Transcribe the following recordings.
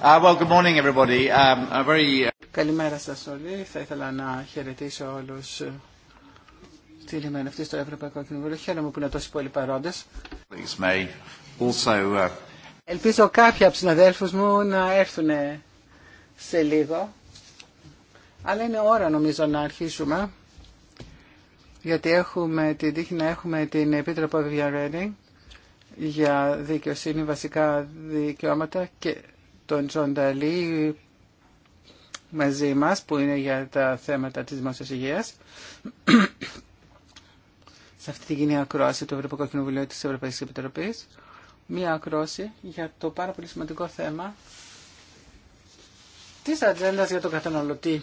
Uh, um, uh, Καλημέρα σας όλοι. Θα ήθελα να χαιρετήσω όλους ε, τη λιμένη αυτή στο Ευρωπαϊκό Κοινοβούλιο. Χαίρομαι που είναι τόσοι πολλοί παρόντες. Uh, Ελπίζω κάποιοι από συναδέλφους μου να έρθουν σε λίγο. Αλλά είναι ώρα νομίζω να αρχίσουμε. Γιατί έχουμε την τύχη να έχουμε την Επίτροπο Vivian για δικαιοσύνη, βασικά δικαιώματα και τον Τζονταλή μαζί μας που είναι για τα θέματα της δημόσιας υγείας. Σε αυτή την κοινή ακρόαση του Ευρωπαϊκού Κοινοβουλίου της Ευρωπαϊκής Επιτροπής. Μία ακρόαση για το πάρα πολύ σημαντικό θέμα της ατζέντα για τον καταναλωτή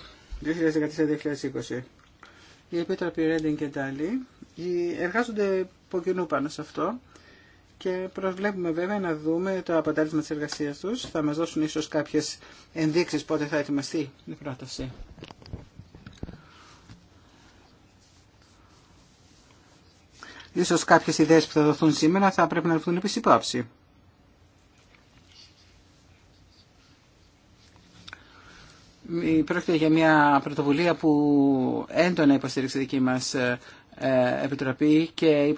2014-2020. Η Επίτροπη Ρέντιν και Ντάλι εργάζονται από κοινού πάνω σε αυτό και προβλέπουμε βέβαια να δούμε το αποτέλεσμα της εργασίας τους. Θα μας δώσουν ίσως κάποιες ενδείξεις πότε θα ετοιμαστεί η πρόταση. Ίσως κάποιες ιδέες που θα δοθούν σήμερα θα πρέπει να ληφθούν επίσης υπόψη. Πρόκειται για μια πρωτοβουλία που έντονα υποστήριξε δική μας ε, ε, Επιτροπή και,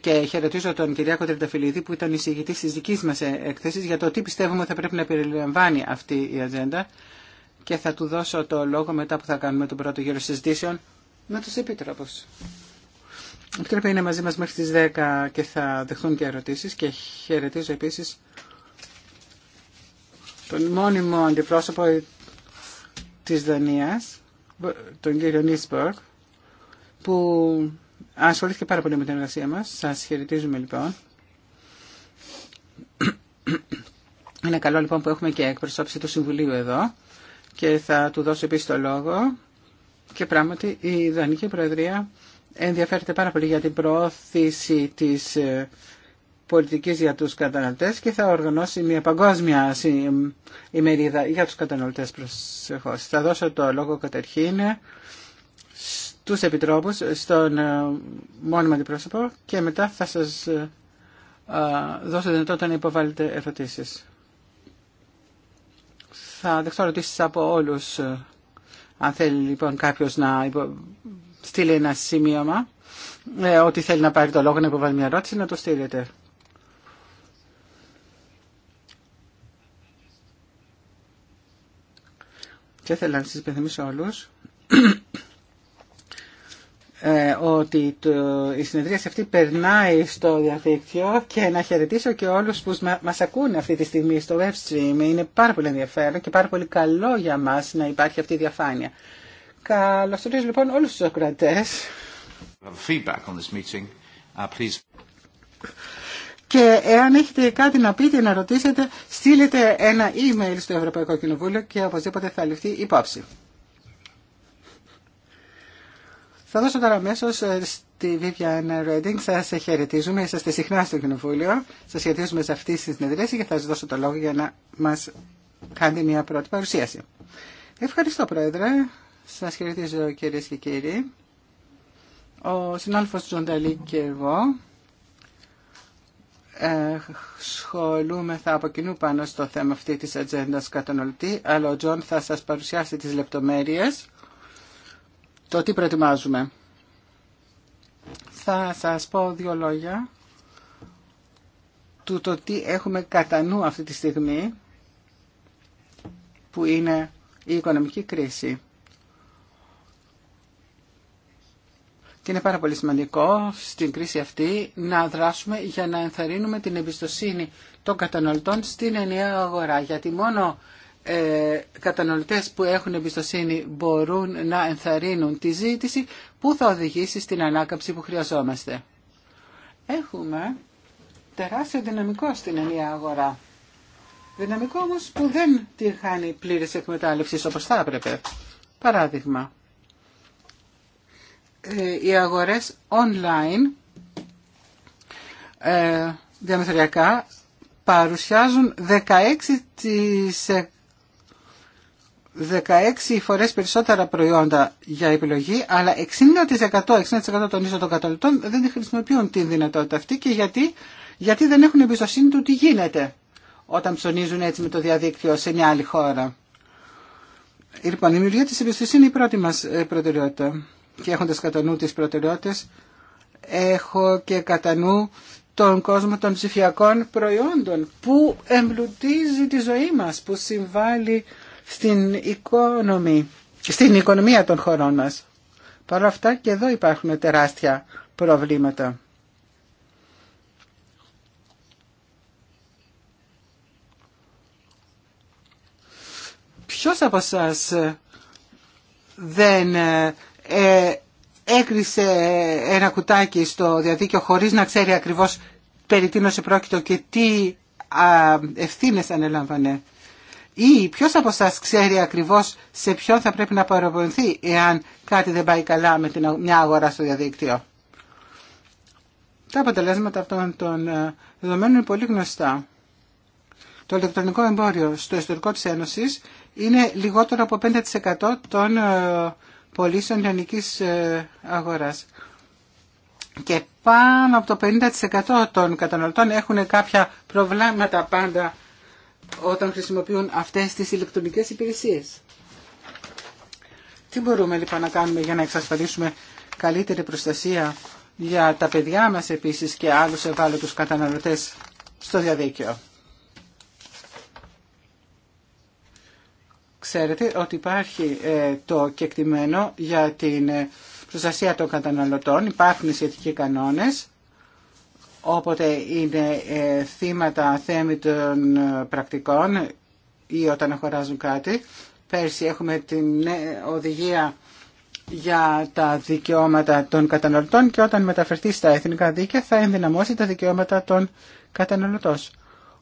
και χαιρετίζω τον κυρία Τρενταφυλλίδη που ήταν εισηγητής της δικής μας έκθεσης ε, για το τι πιστεύουμε θα πρέπει να περιλαμβάνει αυτή η ατζέντα και θα του δώσω το λόγο μετά που θα κάνουμε τον πρώτο γύρο συζητήσεων με τους Επίτροπους. Η Επιτροπή είναι μαζί μας μέχρι τις 10 και θα δεχθούν και ερωτήσεις και χαιρετίζω επίσης τον μόνιμο αντιπρόσωπο της Δανίας, τον κύριο Νίσπορκ, που ασχολήθηκε πάρα πολύ με την εργασία μας. Σας χαιρετίζουμε λοιπόν. Είναι καλό λοιπόν που έχουμε και εκπροσώπηση του Συμβουλίου εδώ και θα του δώσω επίσης το λόγο και πράγματι η Δανική Προεδρία ενδιαφέρεται πάρα πολύ για την προώθηση της ε, πολιτικής για τους καταναλωτές και θα οργανώσει μια παγκόσμια ημερίδα για τους καταναλωτές προσεχώς. Θα δώσω το λόγο καταρχήν τους επιτρόπους στον ε, μόνιμο αντιπρόσωπο και μετά θα σας ε, ε, δώσω δυνατότητα να υποβάλλετε ερωτήσεις. Θα δεχτώ ερωτήσει από όλους. Αν θέλει λοιπόν κάποιος να υπο... στείλει ένα σημείωμα, ότι θέλει να πάρει το λόγο να υποβάλει μια ερώτηση, να το στείλετε. Και θέλω να σας υπενθυμίσω όλους ε, ότι το, η συνεδρία σε αυτή περνάει στο διαδίκτυο και να χαιρετήσω και όλους που μας ακούνε αυτή τη στιγμή στο web stream. Είναι πάρα πολύ ενδιαφέρον και πάρα πολύ καλό για μας να υπάρχει αυτή η διαφάνεια. Καλωσορίζω λοιπόν όλους τους ακροατές. Uh, και εάν έχετε κάτι να πείτε, να ρωτήσετε, στείλετε ένα email στο Ευρωπαϊκό Κοινοβούλιο και οπωσδήποτε θα ληφθεί υπόψη. Θα δώσω τώρα αμέσω ε, στη Vivian Redding. Σα χαιρετίζουμε. Είσαστε συχνά στο Κοινοβούλιο. Σα χαιρετίζουμε σε αυτή τη συνεδρίαση και θα σα δώσω το λόγο για να μα κάνετε μια πρώτη παρουσίαση. Ευχαριστώ, Πρόεδρε. Σα χαιρετίζω, κυρίε και κύριοι. Ο συνάδελφο Τζονταλή και εγώ ε, ασχολούμεθα από κοινού πάνω στο θέμα αυτή της ατζέντα κατανοητή, αλλά ο Τζον θα σας παρουσιάσει τις λεπτομέρειες το τι προετοιμάζουμε. Θα σας πω δύο λόγια του το τι έχουμε κατά νου αυτή τη στιγμή που είναι η οικονομική κρίση. Και είναι πάρα πολύ σημαντικό στην κρίση αυτή να δράσουμε για να ενθαρρύνουμε την εμπιστοσύνη των καταναλωτών στην ενιαία αγορά. Γιατί μόνο ε, που έχουν εμπιστοσύνη μπορούν να ενθαρρύνουν τη ζήτηση που θα οδηγήσει στην ανάκαμψη που χρειαζόμαστε. Έχουμε τεράστιο δυναμικό στην ενιαία αγορά. Δυναμικό όμως που δεν τη χάνει πλήρης εκμετάλλευση, όπως θα έπρεπε. Παράδειγμα, ε, οι αγορές online ε, διαμεθοριακά παρουσιάζουν 16% 16 φορές περισσότερα προϊόντα για επιλογή, αλλά 60%, 60 των ίσων των καταναλωτών δεν χρησιμοποιούν την δυνατότητα αυτή και γιατί, γιατί δεν έχουν εμπιστοσύνη του τι γίνεται όταν ψωνίζουν έτσι με το διαδίκτυο σε μια άλλη χώρα. Λοιπόν, η δημιουργία της εμπιστοσύνη είναι η πρώτη μας ε, προτεραιότητα. Και έχοντας κατά νου τις προτεραιότητες, έχω και κατά νου τον κόσμο των ψηφιακών προϊόντων που εμπλουτίζει τη ζωή μας, που συμβάλλει στην, στην οικονομία των χωρών μας. Παρ' αυτά και εδώ υπάρχουν τεράστια προβλήματα. Ποιος από σας ε, δεν ε, ε, έκρισε ένα κουτάκι στο διαδίκιο χωρίς να ξέρει ακριβώς περί τίνος πρόκειτο και τι α, ευθύνες ανέλαμβανε ή ποιο από εσά ξέρει ακριβώς σε ποιον θα πρέπει να παραπονηθεί εάν κάτι δεν πάει καλά με την, μια αγορά στο διαδίκτυο. Τα αποτελέσματα αυτών των ε, δεδομένων είναι πολύ γνωστά. Το ηλεκτρονικό εμπόριο στο ιστορικό της Ένωσης είναι λιγότερο από 5% των ε, πωλήσεων λιανικής ε, αγοράς. Και πάνω από το 50% των καταναλωτών έχουν κάποια προβλήματα πάντα όταν χρησιμοποιούν αυτές τις ηλεκτρονικές υπηρεσίες. Τι μπορούμε λοιπόν να κάνουμε για να εξασφαλίσουμε καλύτερη προστασία για τα παιδιά μας επίσης και άλλους ευάλωτους καταναλωτές στο διαδίκτυο. Ξέρετε ότι υπάρχει ε, το κεκτημένο για την ε, προστασία των καταναλωτών, υπάρχουν σχετικοί κανόνες όποτε είναι ε, θύματα θέμη των ε, πρακτικών ή όταν αγοράζουν κάτι. Πέρσι έχουμε την ε, οδηγία για τα δικαιώματα των καταναλωτών και όταν μεταφερθεί στα εθνικά δίκαια θα ενδυναμώσει τα δικαιώματα των καταναλωτών.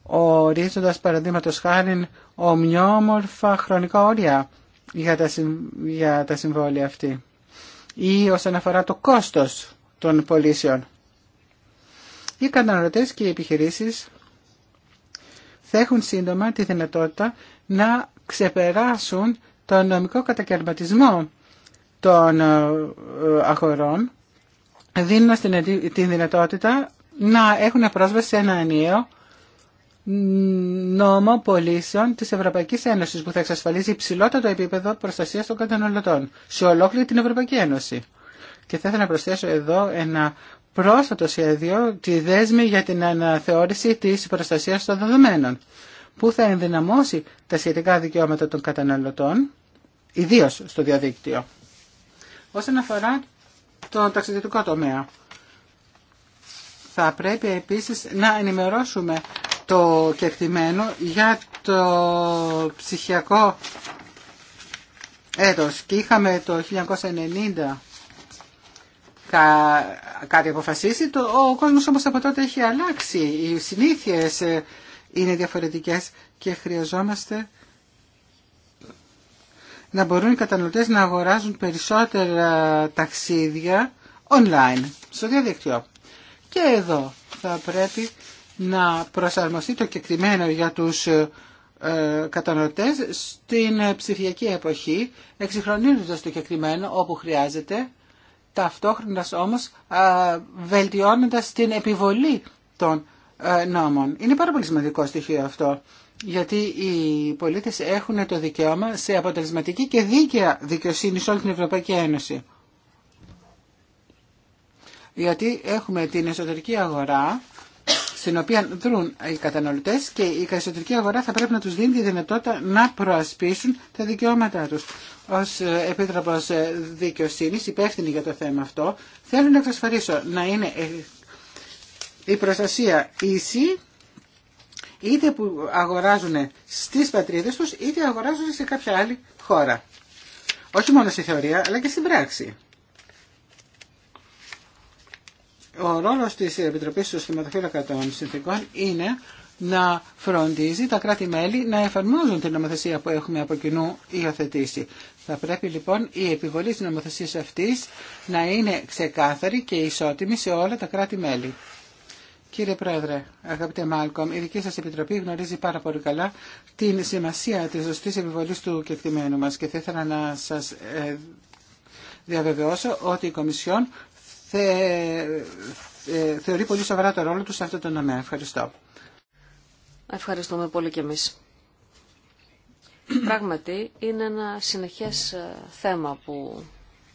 Ορίζοντας παραδείγματος χάρη ομοιόμορφα χρονικά όρια για τα, για τα συμβόλαια αυτή ή όσον αφορά το κόστος των πωλήσεων οι καταναλωτές και οι επιχειρήσεις θα έχουν σύντομα τη δυνατότητα να ξεπεράσουν τον νομικό κατακαιρματισμό των ε, αγορών, δίνοντας τη δυνατότητα να έχουν πρόσβαση σε ένα ενιαίο νόμο πωλήσεων της Ευρωπαϊκής Ένωσης που θα εξασφαλίζει υψηλότερο επίπεδο προστασίας των καταναλωτών σε ολόκληρη την Ευρωπαϊκή Ένωση. Και θα ήθελα να προσθέσω εδώ ένα πρόσφατο σχέδιο τη δέσμη για την αναθεώρηση της προστασίας των δεδομένων, που θα ενδυναμώσει τα σχετικά δικαιώματα των καταναλωτών, ιδίως στο διαδίκτυο. Όσον αφορά τον ταξιδιωτικό τομέα, θα πρέπει επίσης να ενημερώσουμε το κεκτημένο για το ψυχιακό έτος και είχαμε το 1990 κά κάτι αποφασίσει. Το, ο κόσμος όμως από τότε έχει αλλάξει. Οι συνήθειες ε, είναι διαφορετικές και χρειαζόμαστε να μπορούν οι καταναλωτές να αγοράζουν περισσότερα ταξίδια online, στο διαδίκτυο. Και εδώ θα πρέπει να προσαρμοστεί το κεκριμένο για τους ε, καταναλωτές στην ψηφιακή εποχή, εξυγχρονίζοντας το κεκριμένο όπου χρειάζεται ταυτόχρονα όμως βελτιώνοντας την επιβολή των ε, νόμων. Είναι πάρα πολύ σημαντικό στοιχείο αυτό, γιατί οι πολίτες έχουν το δικαίωμα σε αποτελεσματική και δίκαια δικαιοσύνη σε όλη την Ευρωπαϊκή Ένωση. Γιατί έχουμε την εσωτερική αγορά στην οποία δρούν οι καταναλωτέ και η εσωτερική αγορά θα πρέπει να τους δίνει τη δυνατότητα να προασπίσουν τα δικαιώματά τους. Ω ε, επίτροπο ε, δικαιοσύνη, υπεύθυνη για το θέμα αυτό, θέλω να εξασφαλίσω να είναι ε, η προστασία ίση είτε που αγοράζουν στις πατρίδες τους είτε αγοράζουν σε κάποια άλλη χώρα. Όχι μόνο στη θεωρία αλλά και στην πράξη. Ο ρόλος της Επιτροπής του Συστηματοφύλακα των Συνθήκων είναι να φροντίζει τα κράτη-μέλη να εφαρμόζουν την νομοθεσία που έχουμε από κοινού υιοθετήσει. Θα πρέπει λοιπόν η επιβολή της νομοθεσίας αυτής να είναι ξεκάθαρη και ισότιμη σε όλα τα κράτη-μέλη. Κύριε Πρόεδρε, αγαπητέ Μάλκομ, η δική σας Επιτροπή γνωρίζει πάρα πολύ καλά την σημασία της ζωστής επιβολής του κεκτημένου μας και θα ήθελα να σας ε, διαβεβαιώσω ότι η Κομισιόν θε, ε, θεωρεί πολύ σοβαρά το ρόλο του σε αυτό το νομέα. Ευχαριστώ. Ευχαριστούμε πολύ κι εμείς. Πράγματι, είναι ένα συνεχές ε, θέμα που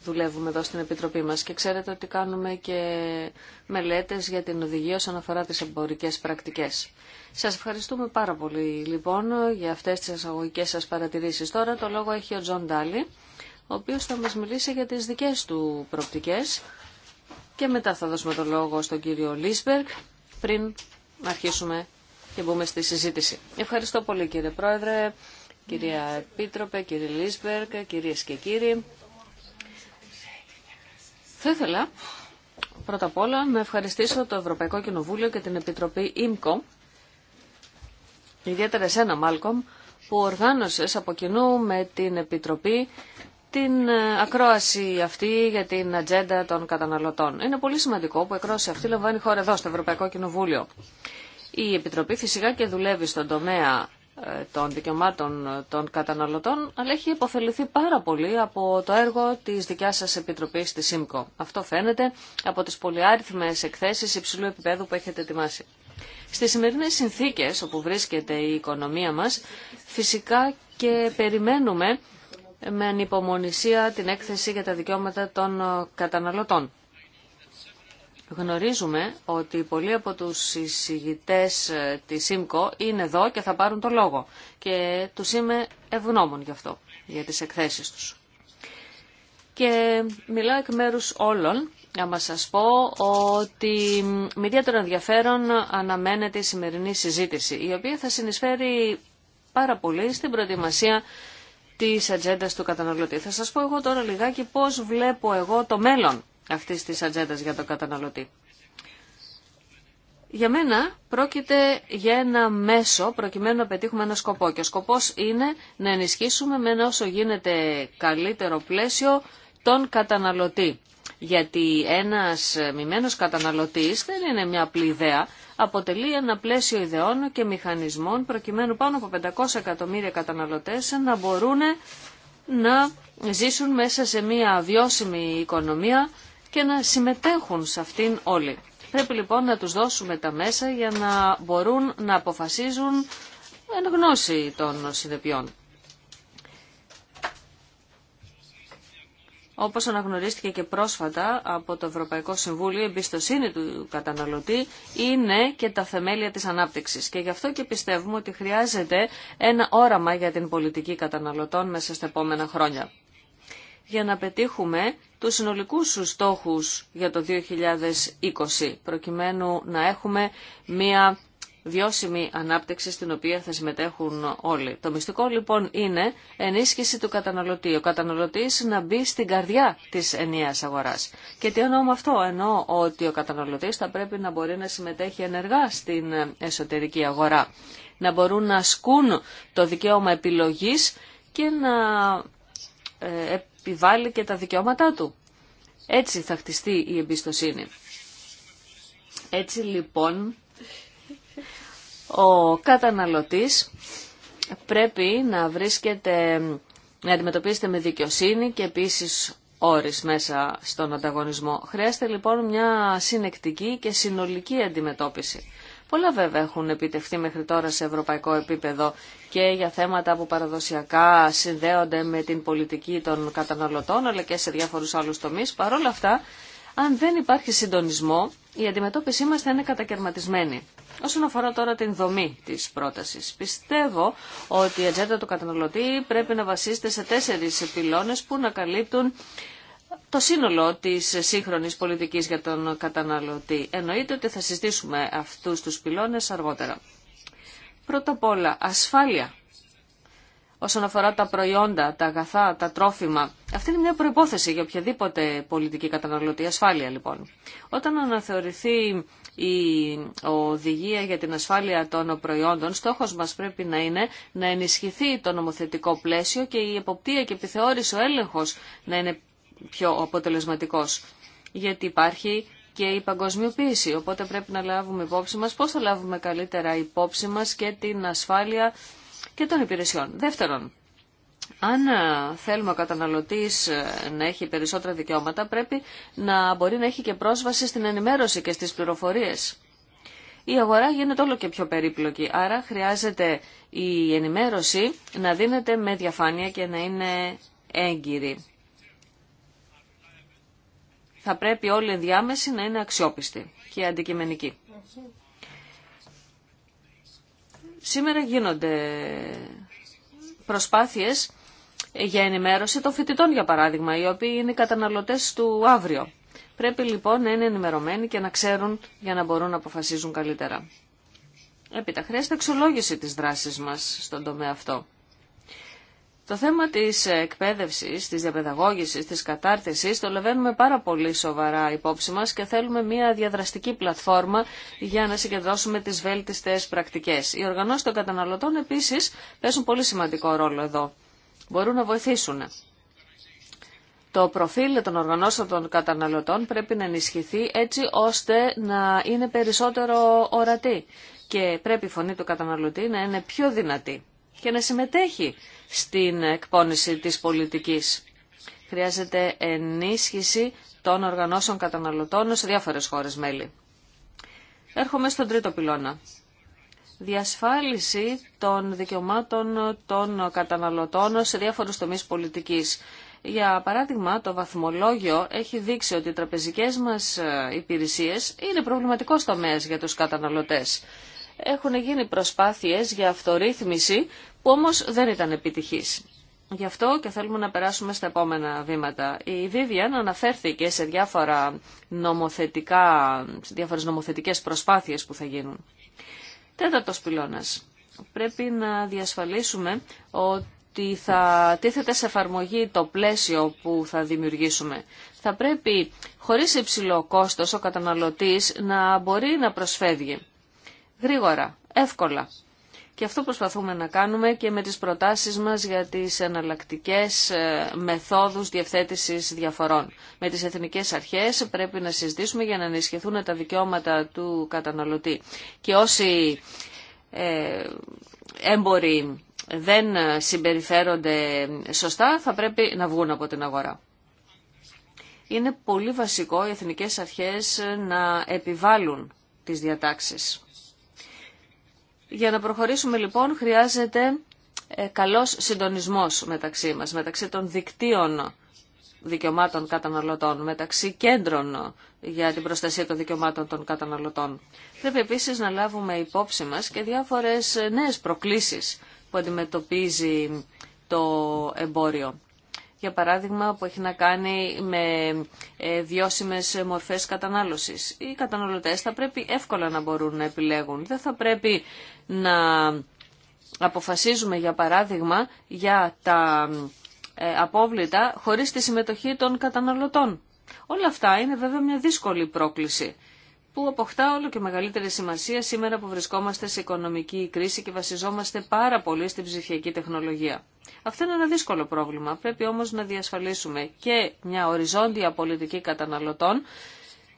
δουλεύουμε εδώ στην Επιτροπή μας και ξέρετε ότι κάνουμε και μελέτες για την οδηγία όσον αφορά τις εμπορικές πρακτικές. Σας ευχαριστούμε πάρα πολύ λοιπόν για αυτές τις αγωγικές σας παρατηρήσεις. Τώρα το λόγο έχει ο Τζον Ντάλι, ο οποίος θα μας μιλήσει για τις δικές του προπτικές και μετά θα δώσουμε το λόγο στον κύριο Λίσμπεργκ πριν να αρχίσουμε και μπούμε στη συζήτηση. Ευχαριστώ πολύ κύριε Πρόεδρε, κυρία Επίτροπε, κύριε Λίσμπεργκ, κύριε και κύριοι. Θα ήθελα πρώτα απ' όλα να ευχαριστήσω το Ευρωπαϊκό Κοινοβούλιο και την Επιτροπή ΙΜΚΟ, ιδιαίτερα εσένα Μάλκομ, που οργάνωσε από κοινού με την Επιτροπή την ε, ακρόαση αυτή για την ατζέντα των καταναλωτών. Είναι πολύ σημαντικό που η ακρόαση αυτή λαμβάνει χώρα εδώ, στο Ευρωπαϊκό Κοινοβούλιο. Η Επιτροπή φυσικά και δουλεύει στον τομέα ε, των δικαιωμάτων ε, των καταναλωτών, αλλά έχει υποφεληθεί πάρα πολύ από το έργο της δικιάς σας Επιτροπής τη ΣΥΜΚΟ. Αυτό φαίνεται από τις πολυάριθμες εκθέσεις υψηλού επίπεδου που έχετε ετοιμάσει. Στις σημερινές συνθήκες όπου βρίσκεται η οικονομία μας, φυσικά και περιμένουμε με ανυπομονησία την έκθεση για τα δικαιώματα των ε, καταναλωτών. Γνωρίζουμε ότι πολλοί από τους εισηγητές ε, της ΣΥΜΚΟ είναι εδώ και θα πάρουν το λόγο και τους είμαι ευγνώμων γι' αυτό, για τις εκθέσεις τους. Και μιλάω εκ μέρους όλων να σας πω ότι με ιδιαίτερο ενδιαφέρον αναμένεται η σημερινή συζήτηση, η οποία θα συνεισφέρει πάρα πολύ στην προετοιμασία Τη ατζέντα του καταναλωτή. Θα σας πω εγώ τώρα λιγάκι πώς βλέπω εγώ το μέλλον αυτή τη ατζέντα για τον καταναλωτή. Για μένα πρόκειται για ένα μέσο προκειμένου να πετύχουμε ένα σκοπό και ο σκοπός είναι να ενισχύσουμε με ένα όσο γίνεται καλύτερο πλαίσιο τον καταναλωτή. Γιατί ένας μημένος καταναλωτής δεν είναι μια απλή ιδέα, αποτελεί ένα πλαίσιο ιδεών και μηχανισμών προκειμένου πάνω από 500 εκατομμύρια καταναλωτές να μπορούν να ζήσουν μέσα σε μια βιώσιμη οικονομία και να συμμετέχουν σε αυτήν όλοι. Πρέπει λοιπόν να τους δώσουμε τα μέσα για να μπορούν να αποφασίζουν εν γνώση των συνεπειών. Όπως αναγνωρίστηκε και πρόσφατα από το Ευρωπαϊκό Συμβούλιο, η εμπιστοσύνη του καταναλωτή είναι και τα θεμέλια της ανάπτυξης. Και γι' αυτό και πιστεύουμε ότι χρειάζεται ένα όραμα για την πολιτική καταναλωτών μέσα στα επόμενα χρόνια. Για να πετύχουμε τους συνολικούς στόχους για το 2020, προκειμένου να έχουμε μία βιώσιμη ανάπτυξη στην οποία θα συμμετέχουν όλοι. Το μυστικό λοιπόν είναι ενίσχυση του καταναλωτή. Ο καταναλωτή να μπει στην καρδιά της ενιαία αγορά. Και τι εννοώ με αυτό. Εννοώ ότι ο καταναλωτή θα πρέπει να μπορεί να συμμετέχει ενεργά στην εσωτερική αγορά. Να μπορούν να ασκούν το δικαίωμα επιλογή και να ε, επιβάλλει και τα δικαιώματά του. Έτσι θα χτιστεί η εμπιστοσύνη. Έτσι λοιπόν ο καταναλωτής πρέπει να βρίσκεται, να αντιμετωπίζεται με δικαιοσύνη και επίσης όρις μέσα στον ανταγωνισμό. Χρειάζεται λοιπόν μια συνεκτική και συνολική αντιμετώπιση. Πολλά βέβαια έχουν επιτευχθεί μέχρι τώρα σε ευρωπαϊκό επίπεδο και για θέματα που παραδοσιακά συνδέονται με την πολιτική των καταναλωτών αλλά και σε διάφορους άλλους τομείς. Παρ' όλα αυτά, αν δεν υπάρχει συντονισμό, η αντιμετώπιση μας θα είναι κατακαιρματισμένη. Όσον αφορά τώρα την δομή της πρότασης, πιστεύω ότι η ατζέντα του καταναλωτή πρέπει να βασίζεται σε τέσσερις πυλώνε που να καλύπτουν το σύνολο της σύγχρονης πολιτικής για τον καταναλωτή. Εννοείται ότι θα συζητήσουμε αυτούς τους πυλώνες αργότερα. Πρώτα απ' όλα, ασφάλεια. Όσον αφορά τα προϊόντα, τα αγαθά, τα τρόφιμα, αυτή είναι μια προϋπόθεση για οποιαδήποτε πολιτική καταναλωτή. Ασφάλεια, λοιπόν. Όταν αναθεωρηθεί η οδηγία για την ασφάλεια των προϊόντων, στόχος μας πρέπει να είναι να ενισχυθεί το νομοθετικό πλαίσιο και η εποπτεία και επιθεώρηση ο έλεγχος να είναι πιο αποτελεσματικός. Γιατί υπάρχει και η παγκοσμιοποίηση, οπότε πρέπει να λάβουμε υπόψη μας πώς θα λάβουμε καλύτερα υπόψη μας και την ασφάλεια και των υπηρεσιών. Δεύτερον, αν ε, θέλουμε ο καταναλωτής ε, να έχει περισσότερα δικαιώματα, πρέπει να μπορεί να έχει και πρόσβαση στην ενημέρωση και στις πληροφορίες. Η αγορά γίνεται όλο και πιο περίπλοκη, άρα χρειάζεται η ενημέρωση να δίνεται με διαφάνεια και να είναι έγκυρη. Θα πρέπει όλη οι να είναι αξιόπιστοι και αντικειμενικοί. Σήμερα γίνονται προσπάθειες για ενημέρωση των φοιτητών, για παράδειγμα, οι οποίοι είναι οι καταναλωτέ του αύριο. Πρέπει λοιπόν να είναι ενημερωμένοι και να ξέρουν για να μπορούν να αποφασίζουν καλύτερα. Έπειτα, χρειάζεται αξιολόγηση τη δράση μα στον τομέα αυτό. Το θέμα τη εκπαίδευση, τη διαπαιδαγώγηση, τη κατάρτιση το λεβαίνουμε πάρα πολύ σοβαρά υπόψη μα και θέλουμε μια διαδραστική πλατφόρμα για να συγκεντρώσουμε τι βέλτιστέ πρακτικέ. Οι οργανώσει των καταναλωτών επίση παίζουν πολύ σημαντικό ρόλο εδώ μπορούν να βοηθήσουν. Το προφίλ των οργανώσεων των καταναλωτών πρέπει να ενισχυθεί έτσι ώστε να είναι περισσότερο ορατή και πρέπει η φωνή του καταναλωτή να είναι πιο δυνατή και να συμμετέχει στην εκπόνηση της πολιτικής. Χρειάζεται ενίσχυση των οργανώσεων καταναλωτών σε διάφορες χώρες μέλη. Έρχομαι στον τρίτο πυλώνα, διασφάλιση των δικαιωμάτων των καταναλωτών σε διάφορους τομείς πολιτικής. Για παράδειγμα, το βαθμολόγιο έχει δείξει ότι οι τραπεζικές μας ε, υπηρεσίες είναι προβληματικός τομέας για τους καταναλωτές. Έχουν γίνει προσπάθειες για αυτορύθμιση που όμως δεν ήταν επιτυχής. Γι' αυτό και θέλουμε να περάσουμε στα επόμενα βήματα. Η Vivian αναφέρθηκε σε διάφορα νομοθετικά, σε διάφορες νομοθετικές προσπάθειες που θα γίνουν. Τέταρτος πυλώνας. Πρέπει να διασφαλίσουμε ότι θα τίθεται σε εφαρμογή το πλαίσιο που θα δημιουργήσουμε. Θα πρέπει χωρίς υψηλό κόστος ο καταναλωτής να μπορεί να προσφεύγει. Γρήγορα, εύκολα και αυτό προσπαθούμε να κάνουμε και με τις προτάσεις μας για τις εναλλακτικέ ε, μεθόδους διευθέτησης διαφορών. Με τις εθνικές αρχές πρέπει να συζητήσουμε για να ενισχυθούν τα δικαιώματα του καταναλωτή. Και όσοι ε, έμποροι δεν συμπεριφέρονται σωστά θα πρέπει να βγουν από την αγορά. Είναι πολύ βασικό οι εθνικές αρχές να επιβάλλουν τις διατάξεις για να προχωρήσουμε λοιπόν χρειάζεται ε, καλός συντονισμός μεταξύ μας, μεταξύ των δικτύων δικαιωμάτων καταναλωτών, μεταξύ κέντρων για την προστασία των δικαιωμάτων των καταναλωτών. Πρέπει επίσης να λάβουμε υπόψη μας και διάφορες ε, νέες προκλήσεις που αντιμετωπίζει το εμπόριο για παράδειγμα, που έχει να κάνει με ε, βιώσιμες μορφές κατανάλωσης. Οι καταναλωτές θα πρέπει εύκολα να μπορούν να επιλέγουν. Δεν θα πρέπει να αποφασίζουμε, για παράδειγμα, για τα ε, απόβλητα χωρίς τη συμμετοχή των καταναλωτών. Όλα αυτά είναι βέβαια μια δύσκολη πρόκληση που αποκτά όλο και μεγαλύτερη σημασία σήμερα που βρισκόμαστε σε οικονομική κρίση και βασιζόμαστε πάρα πολύ στην ψηφιακή τεχνολογία. Αυτό είναι ένα δύσκολο πρόβλημα. Πρέπει όμως να διασφαλίσουμε και μια οριζόντια πολιτική καταναλωτών,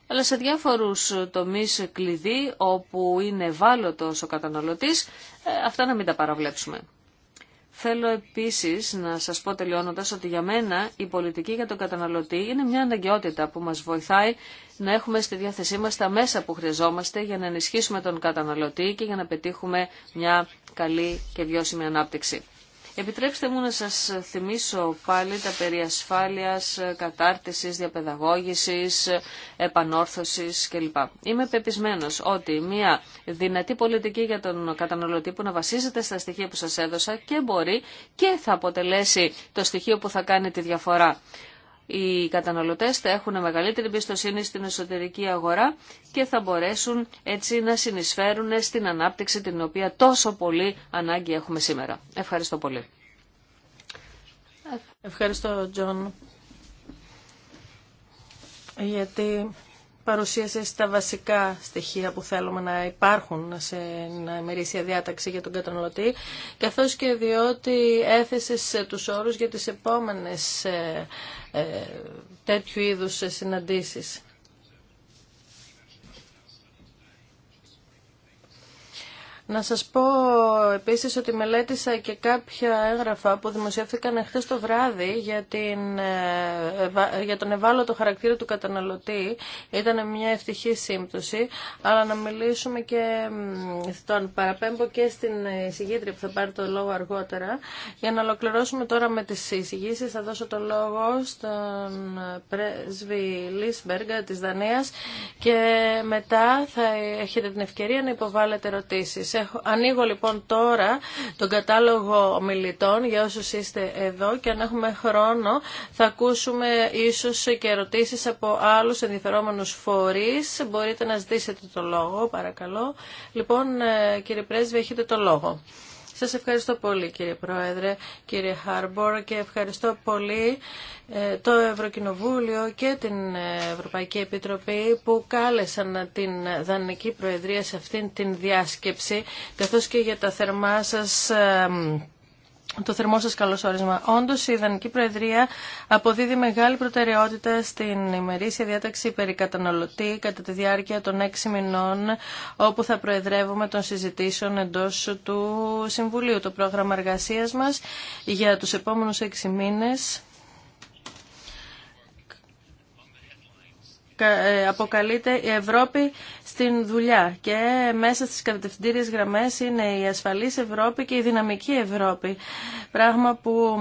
αλλά σε διάφορους τομείς κλειδί όπου είναι ευάλωτος ο καταναλωτής, ε, αυτά να μην τα παραβλέψουμε. Θέλω επίσης να σας πω τελειώνοντα ότι για μένα η πολιτική για τον καταναλωτή είναι μια αναγκαιότητα που μας βοηθάει να έχουμε στη διάθεσή μα τα μέσα που χρειαζόμαστε για να ενισχύσουμε τον καταναλωτή και για να πετύχουμε μια καλή και βιώσιμη ανάπτυξη. Επιτρέψτε μου να σας θυμίσω πάλι τα περί ασφάλειας, κατάρτισης, διαπαιδαγώγησης, επανόρθωσης κλπ. Είμαι πεπισμένος ότι μια δυνατή πολιτική για τον καταναλωτή που να βασίζεται στα στοιχεία που σας έδωσα και μπορεί και θα αποτελέσει το στοιχείο που θα κάνει τη διαφορά. Οι καταναλωτές θα έχουν μεγαλύτερη εμπιστοσύνη στην εσωτερική αγορά και θα μπορέσουν έτσι να συνεισφέρουν στην ανάπτυξη την οποία τόσο πολύ ανάγκη έχουμε σήμερα. Ευχαριστώ πολύ. Ευχαριστώ, Τζον, γιατί παρουσίασε τα βασικά στοιχεία που θέλουμε να υπάρχουν σε μια ημερήσια διάταξη για τον καταναλωτή, καθώ και διότι έθεσε τους όρους για τις επόμενες ε, ε, τέτοιου είδους συναντήσεις. Να σας πω επίσης ότι μελέτησα και κάποια έγγραφα που δημοσιεύθηκαν χθε το βράδυ για, την, ε, για τον ευάλωτο χαρακτήρα του καταναλωτή. Ήταν μια ευτυχή σύμπτωση, αλλά να μιλήσουμε και στον παραπέμπω και στην εισηγήτρια που θα πάρει το λόγο αργότερα. Για να ολοκληρώσουμε τώρα με τις εισηγήσεις θα δώσω το λόγο στον πρέσβη της Δανίας και μετά θα έχετε την ευκαιρία να υποβάλλετε ερωτήσεις. Ανοίγω λοιπόν τώρα τον κατάλογο μιλητών για όσους είστε εδώ και αν έχουμε χρόνο θα ακούσουμε ίσως και ερωτήσεις από άλλους ενδιαφερόμενους φορείς. Μπορείτε να ζητήσετε το λόγο, παρακαλώ. Λοιπόν, ε, κύριε Πρέσβη, έχετε το λόγο. Σας ευχαριστώ πολύ κύριε Πρόεδρε, κύριε Χάρμπορ και ευχαριστώ πολύ ε, το Ευρωκοινοβούλιο και την Ευρωπαϊκή Επιτροπή που κάλεσαν την Δανική Προεδρία σε αυτήν την διάσκεψη καθώς και για τα θερμά σας ε, το θερμό σας καλώς όρισμα. Όντως, η Ιδανική Προεδρία αποδίδει μεγάλη προτεραιότητα στην ημερήσια διάταξη περί καταναλωτή κατά τη διάρκεια των έξι μηνών, όπου θα προεδρεύουμε των συζητήσεων εντός του Συμβουλίου. Το πρόγραμμα εργασίας μας για τους επόμενους έξι μήνες Ε, αποκαλείται η Ευρώπη στην δουλειά και μέσα στις κατευθυντήριες γραμμές είναι η ασφαλής Ευρώπη και η δυναμική Ευρώπη. Πράγμα που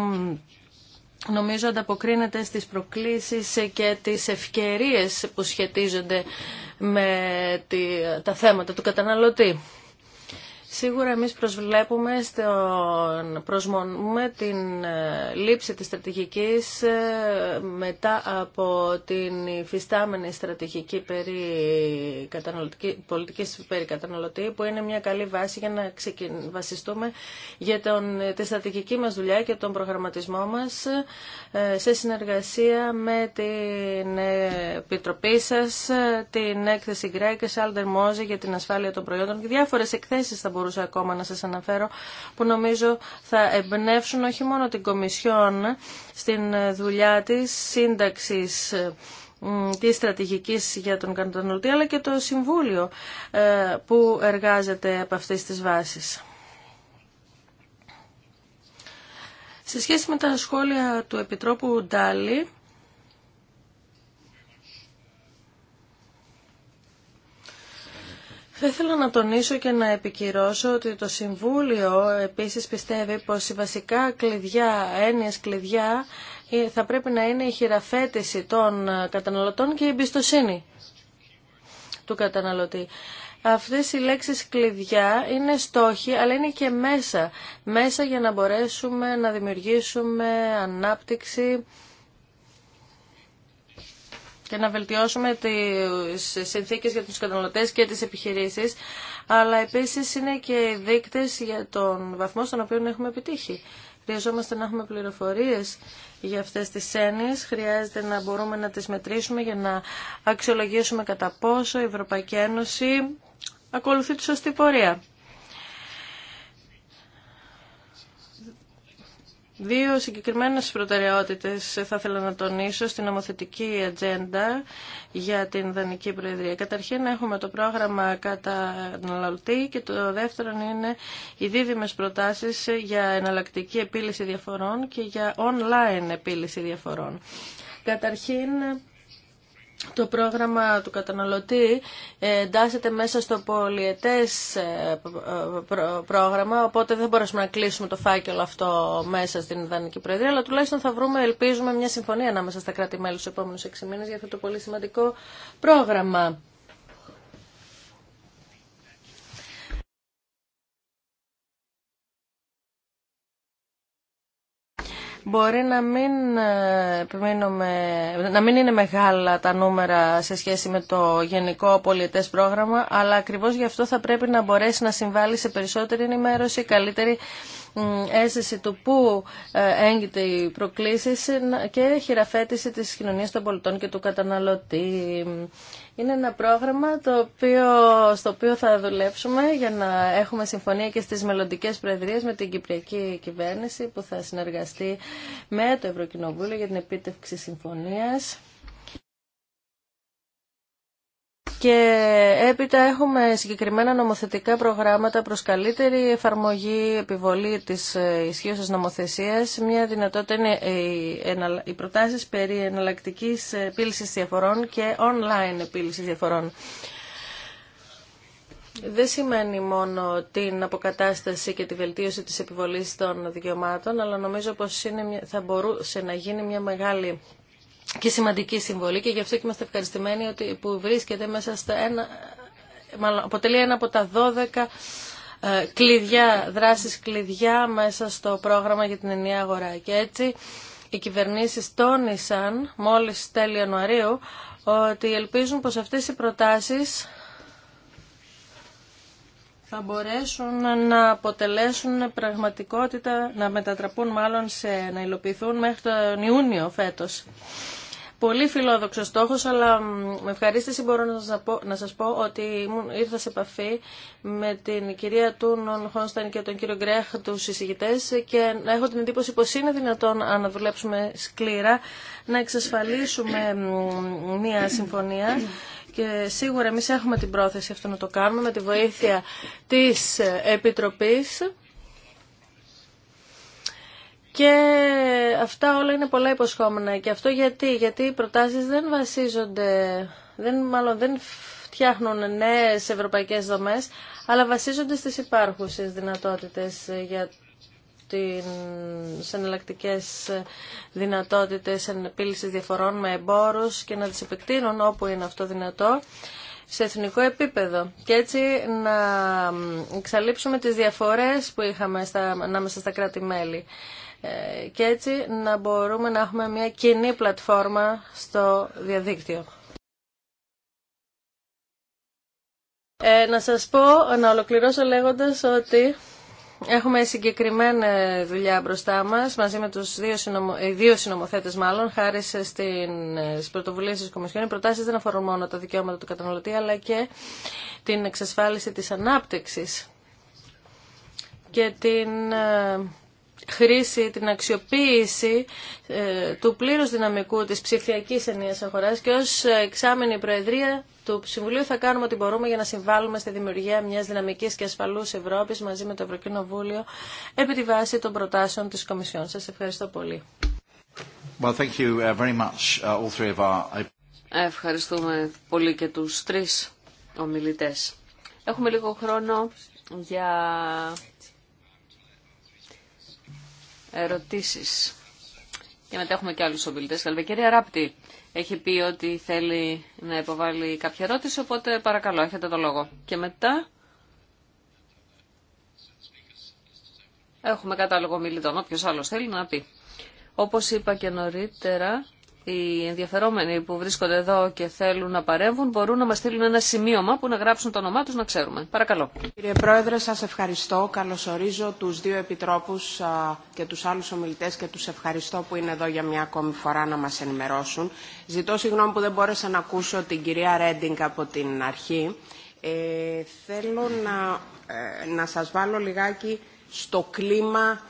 νομίζω ανταποκρίνεται στις προκλήσεις και τις ευκαιρίες που σχετίζονται με τα θέματα του καταναλωτή. Σίγουρα εμείς προσβλέπουμε, στον, προσμονούμε την ε, λήψη της στρατηγικής ε, μετά από την υφιστάμενη στρατηγική περί καταναλωτική, πολιτικής περί καταναλωτή που είναι μια καλή βάση για να βασιστούμε για τον, ε, τη στρατηγική μας δουλειά και τον προγραμματισμό μας σε συνεργασία με την Επιτροπή σας, την έκθεση Γκρέκ, Σάλτερ Μόζε για την ασφάλεια των προϊόντων και διάφορες εκθέσεις θα μπορούσα ακόμα να σας αναφέρω, που νομίζω θα εμπνεύσουν όχι μόνο την Κομισιόν στην δουλειά της σύνταξης της στρατηγικής για τον καταναλωτή, αλλά και το Συμβούλιο ε, που εργάζεται από αυτές τις βάσεις. Σε σχέση με τα σχόλια του Επιτρόπου Ντάλι, Θα ήθελα να τονίσω και να επικυρώσω ότι το Συμβούλιο επίσης πιστεύει πως οι βασικά κλειδιά, έννοιες κλειδιά, ε, θα πρέπει να είναι η χειραφέτηση των ε, καταναλωτών και η εμπιστοσύνη του καταναλωτή. Αυτές οι λέξεις κλειδιά είναι στόχοι, αλλά είναι και μέσα. Μέσα για να μπορέσουμε να δημιουργήσουμε ανάπτυξη, και να βελτιώσουμε τις συνθήκες για τους καταναλωτές και τις επιχειρήσεις, αλλά επίσης είναι και οι δείκτες για τον βαθμό στον οποίο έχουμε επιτύχει. Χρειαζόμαστε να έχουμε πληροφορίες για αυτές τις έννοιες, χρειάζεται να μπορούμε να τις μετρήσουμε για να αξιολογήσουμε κατά πόσο η Ευρωπαϊκή Ένωση ακολουθεί τη σωστή πορεία. Δύο συγκεκριμένες προτεραιότητες θα ήθελα να τονίσω στην νομοθετική ατζέντα για την Δανική Προεδρία. Καταρχήν έχουμε το πρόγραμμα καταναλωτή και το δεύτερο είναι οι δίδυμες προτάσεις για εναλλακτική επίλυση διαφορών και για online επίλυση διαφορών. Καταρχήν το πρόγραμμα του καταναλωτή ε, εντάσσεται μέσα στο πολιετές ε, ε, πρόγραμμα, οπότε δεν μπορέσουμε να κλείσουμε το φάκελο αυτό μέσα στην Ιδανική Προεδρία, αλλά τουλάχιστον θα βρούμε, ελπίζουμε, μια συμφωνία ανάμεσα στα κράτη-μέλη στους επόμενους 6 μήνες για αυτό το πολύ σημαντικό πρόγραμμα. Μπορεί να μην, ε, να μην είναι μεγάλα τα νούμερα σε σχέση με το γενικό πολιτέ πρόγραμμα, αλλά ακριβώς γι' αυτό θα πρέπει να μπορέσει να συμβάλλει σε περισσότερη ενημέρωση, καλύτερη αίσθηση του πού ε, έγκυται η προκλήση ε, και χειραφέτηση της κοινωνίας των πολιτών και του καταναλωτή. Είναι ένα πρόγραμμα το οποίο, στο οποίο θα δουλέψουμε για να έχουμε συμφωνία και στις μελλοντικέ προεδρίες με την Κυπριακή Κυβέρνηση που θα συνεργαστεί με το Ευρωκοινοβούλιο για την επίτευξη συμφωνίας Και έπειτα έχουμε συγκεκριμένα νομοθετικά προγράμματα προς καλύτερη εφαρμογή, επιβολή της ε, ισχύωσης νομοθεσίας. Μια δυνατότητα είναι ε, οι προτάσεις περί εναλλακτικής επίλυσης διαφορών και online επίλυσης διαφορών. Δεν σημαίνει μόνο την αποκατάσταση και τη βελτίωση της επιβολής των δικαιωμάτων, αλλά νομίζω πως θα μπορούσε να γίνει μια μεγάλη και σημαντική συμβολή και γι' αυτό και είμαστε ευχαριστημένοι ότι, που βρίσκεται μέσα στα ένα, αποτελεί ένα από τα 12 ε, κλειδιά, δράσεις κλειδιά μέσα στο πρόγραμμα για την ενιαία αγορά. Και έτσι οι κυβερνήσεις τόνισαν μόλις τέλη Ιανουαρίου ότι ελπίζουν πως αυτές οι προτάσεις θα μπορέσουν να αποτελέσουν πραγματικότητα, να μετατραπούν μάλλον σε, να υλοποιηθούν μέχρι τον Ιούνιο φέτος. Πολύ φιλόδοξο στόχο, αλλά με ευχαρίστηση μπορώ να σα πω, να σας πω ότι ήρθα σε επαφή με την κυρία Τούνον Χόνσταν και τον κύριο Γκρέχ, του συζητητέ, και έχω την εντύπωση πω είναι δυνατόν να δουλέψουμε σκληρά να εξασφαλίσουμε μια συμφωνία και σίγουρα εμεί έχουμε την πρόθεση αυτό να το κάνουμε με τη βοήθεια τη επίτροπή. Και αυτά όλα είναι πολλά υποσχόμενα. Και αυτό γιατί, γιατί οι προτάσεις δεν βασίζονται, δεν, μάλλον δεν φτιάχνουν νέες ευρωπαϊκές δομές, αλλά βασίζονται στις υπάρχουσες δυνατότητες για τις εναλλακτικέ δυνατότητες επίλυσης διαφορών με εμπόρους και να τις επεκτείνουν όπου είναι αυτό δυνατό σε εθνικό επίπεδο και έτσι να εξαλείψουμε τις διαφορές που είχαμε στα, ανάμεσα στα κράτη-μέλη ε, και έτσι να μπορούμε να έχουμε μια κοινή πλατφόρμα στο διαδίκτυο. Ε, να σας πω, να ολοκληρώσω λέγοντας ότι Έχουμε συγκεκριμένη δουλειά μπροστά μας, μαζί με τους δύο, συνομο... δύο συνομοθέτες μάλλον, χάρη στις πρωτοβουλίες της Κομισιόν. Οι προτάσεις δεν αφορούν μόνο τα δικαιώματα του καταναλωτή, αλλά και την εξασφάλιση της ανάπτυξης και την ε, χρήση, την αξιοποίηση ε, του πλήρους δυναμικού της ψηφιακής ενίας αγοράς και ως εξάμενη Προεδρία του Συμβουλίου θα κάνουμε ό,τι μπορούμε για να συμβάλλουμε στη δημιουργία μιας δυναμικής και ασφαλούς Ευρώπης μαζί με το Ευρωκοινοβούλιο επί τη βάση των προτάσεων της Κομισιόν. Σας ευχαριστώ πολύ. Well, thank you uh, very much, uh, all Ευχαριστούμε πολύ και τους τρεις ομιλητές. Έχουμε λίγο χρόνο για ερωτήσεις. Και μετά έχουμε και άλλους ομιλητές. Καλή κυρία Ράπτη έχει πει ότι θέλει να υποβάλει κάποια ερώτηση, οπότε παρακαλώ, έχετε το λόγο. Και μετά έχουμε κατάλογο μιλητών, όποιος άλλος θέλει να πει. Όπως είπα και νωρίτερα, οι ενδιαφερόμενοι που βρίσκονται εδώ και θέλουν να παρέμβουν μπορούν να μας στείλουν ένα σημείωμα που να γράψουν το όνομά τους να ξέρουμε. Παρακαλώ. Κύριε Πρόεδρε, σας ευχαριστώ. Καλωσορίζω τους δύο επιτρόπους και τους άλλους ομιλητές και τους ευχαριστώ που είναι εδώ για μια ακόμη φορά να μας ενημερώσουν. Ζητώ συγγνώμη που δεν μπόρεσα να ακούσω την κυρία Ρέντινγκ από την αρχή. Ε, θέλω να, ε, να σας βάλω λιγάκι στο κλίμα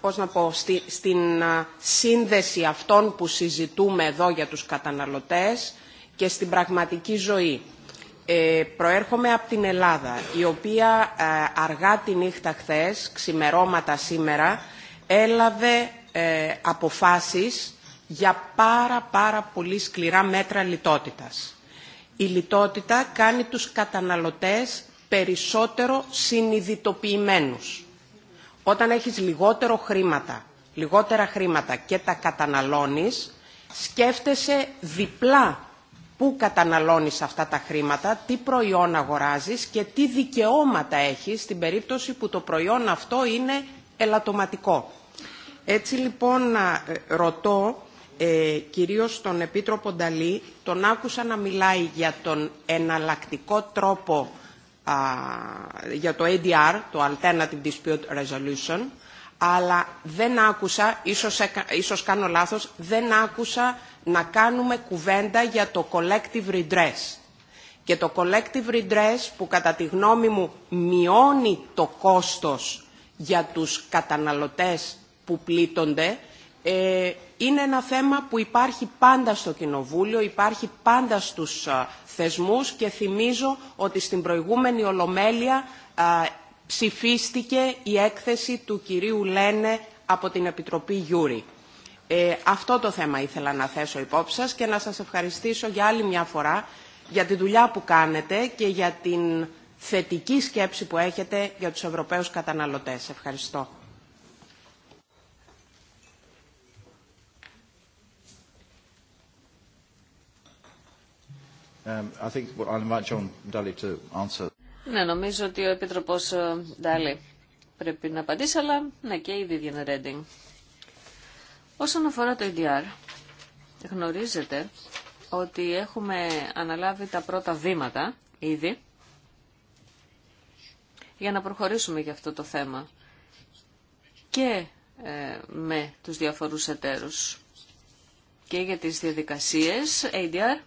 πώς να πω, στη, στην σύνδεση αυτών που συζητούμε εδώ για τους καταναλωτές και στην πραγματική ζωή. Ε, προέρχομαι από την Ελλάδα, η οποία αργά τη νύχτα χθες, ξημερώματα σήμερα, έλαβε ε, αποφάσεις για πάρα πάρα πολύ σκληρά μέτρα λιτότητας. Η λιτότητα κάνει τους καταναλωτές περισσότερο συνειδητοποιημένους όταν έχεις λιγότερο χρήματα, λιγότερα χρήματα και τα καταναλώνεις, σκέφτεσαι διπλά πού καταναλώνεις αυτά τα χρήματα, τι προϊόν αγοράζεις και τι δικαιώματα έχεις στην περίπτωση που το προϊόν αυτό είναι ελαττωματικό. Έτσι λοιπόν να ε, ρωτώ ε, κυρίως τον Επίτροπο Νταλή, τον άκουσα να μιλάει για τον εναλλακτικό τρόπο για το ADR, το Alternative Dispute Resolution, αλλά δεν άκουσα, ίσως, ίσως κάνω λάθος, δεν άκουσα να κάνουμε κουβέντα για το collective redress. Και το collective redress που κατά τη γνώμη μου μειώνει το κόστος για τους καταναλωτές που πλήττονται ε, είναι ένα θέμα που υπάρχει πάντα στο Κοινοβούλιο, υπάρχει πάντα στους θεσμούς και θυμίζω ότι στην προηγούμενη Ολομέλεια ψηφίστηκε η έκθεση του κυρίου Λένε από την Επιτροπή Γιούρη. Ε, αυτό το θέμα ήθελα να θέσω υπόψη σας και να σας ευχαριστήσω για άλλη μια φορά για τη δουλειά που κάνετε και για την θετική σκέψη που έχετε για τους Ευρωπαίους καταναλωτές. Ευχαριστώ. Um, ναι, νομίζω ότι ο Επίτροπος ε, Ντάλι πρέπει να απαντήσει, αλλά ναι, και η Vivian ρέντινγκ. Όσον αφορά το EDR, γνωρίζετε ότι έχουμε αναλάβει τα πρώτα βήματα ήδη για να προχωρήσουμε για αυτό το θέμα και ε, με τους διαφορούς εταίρους και για τις διαδικασίες ADR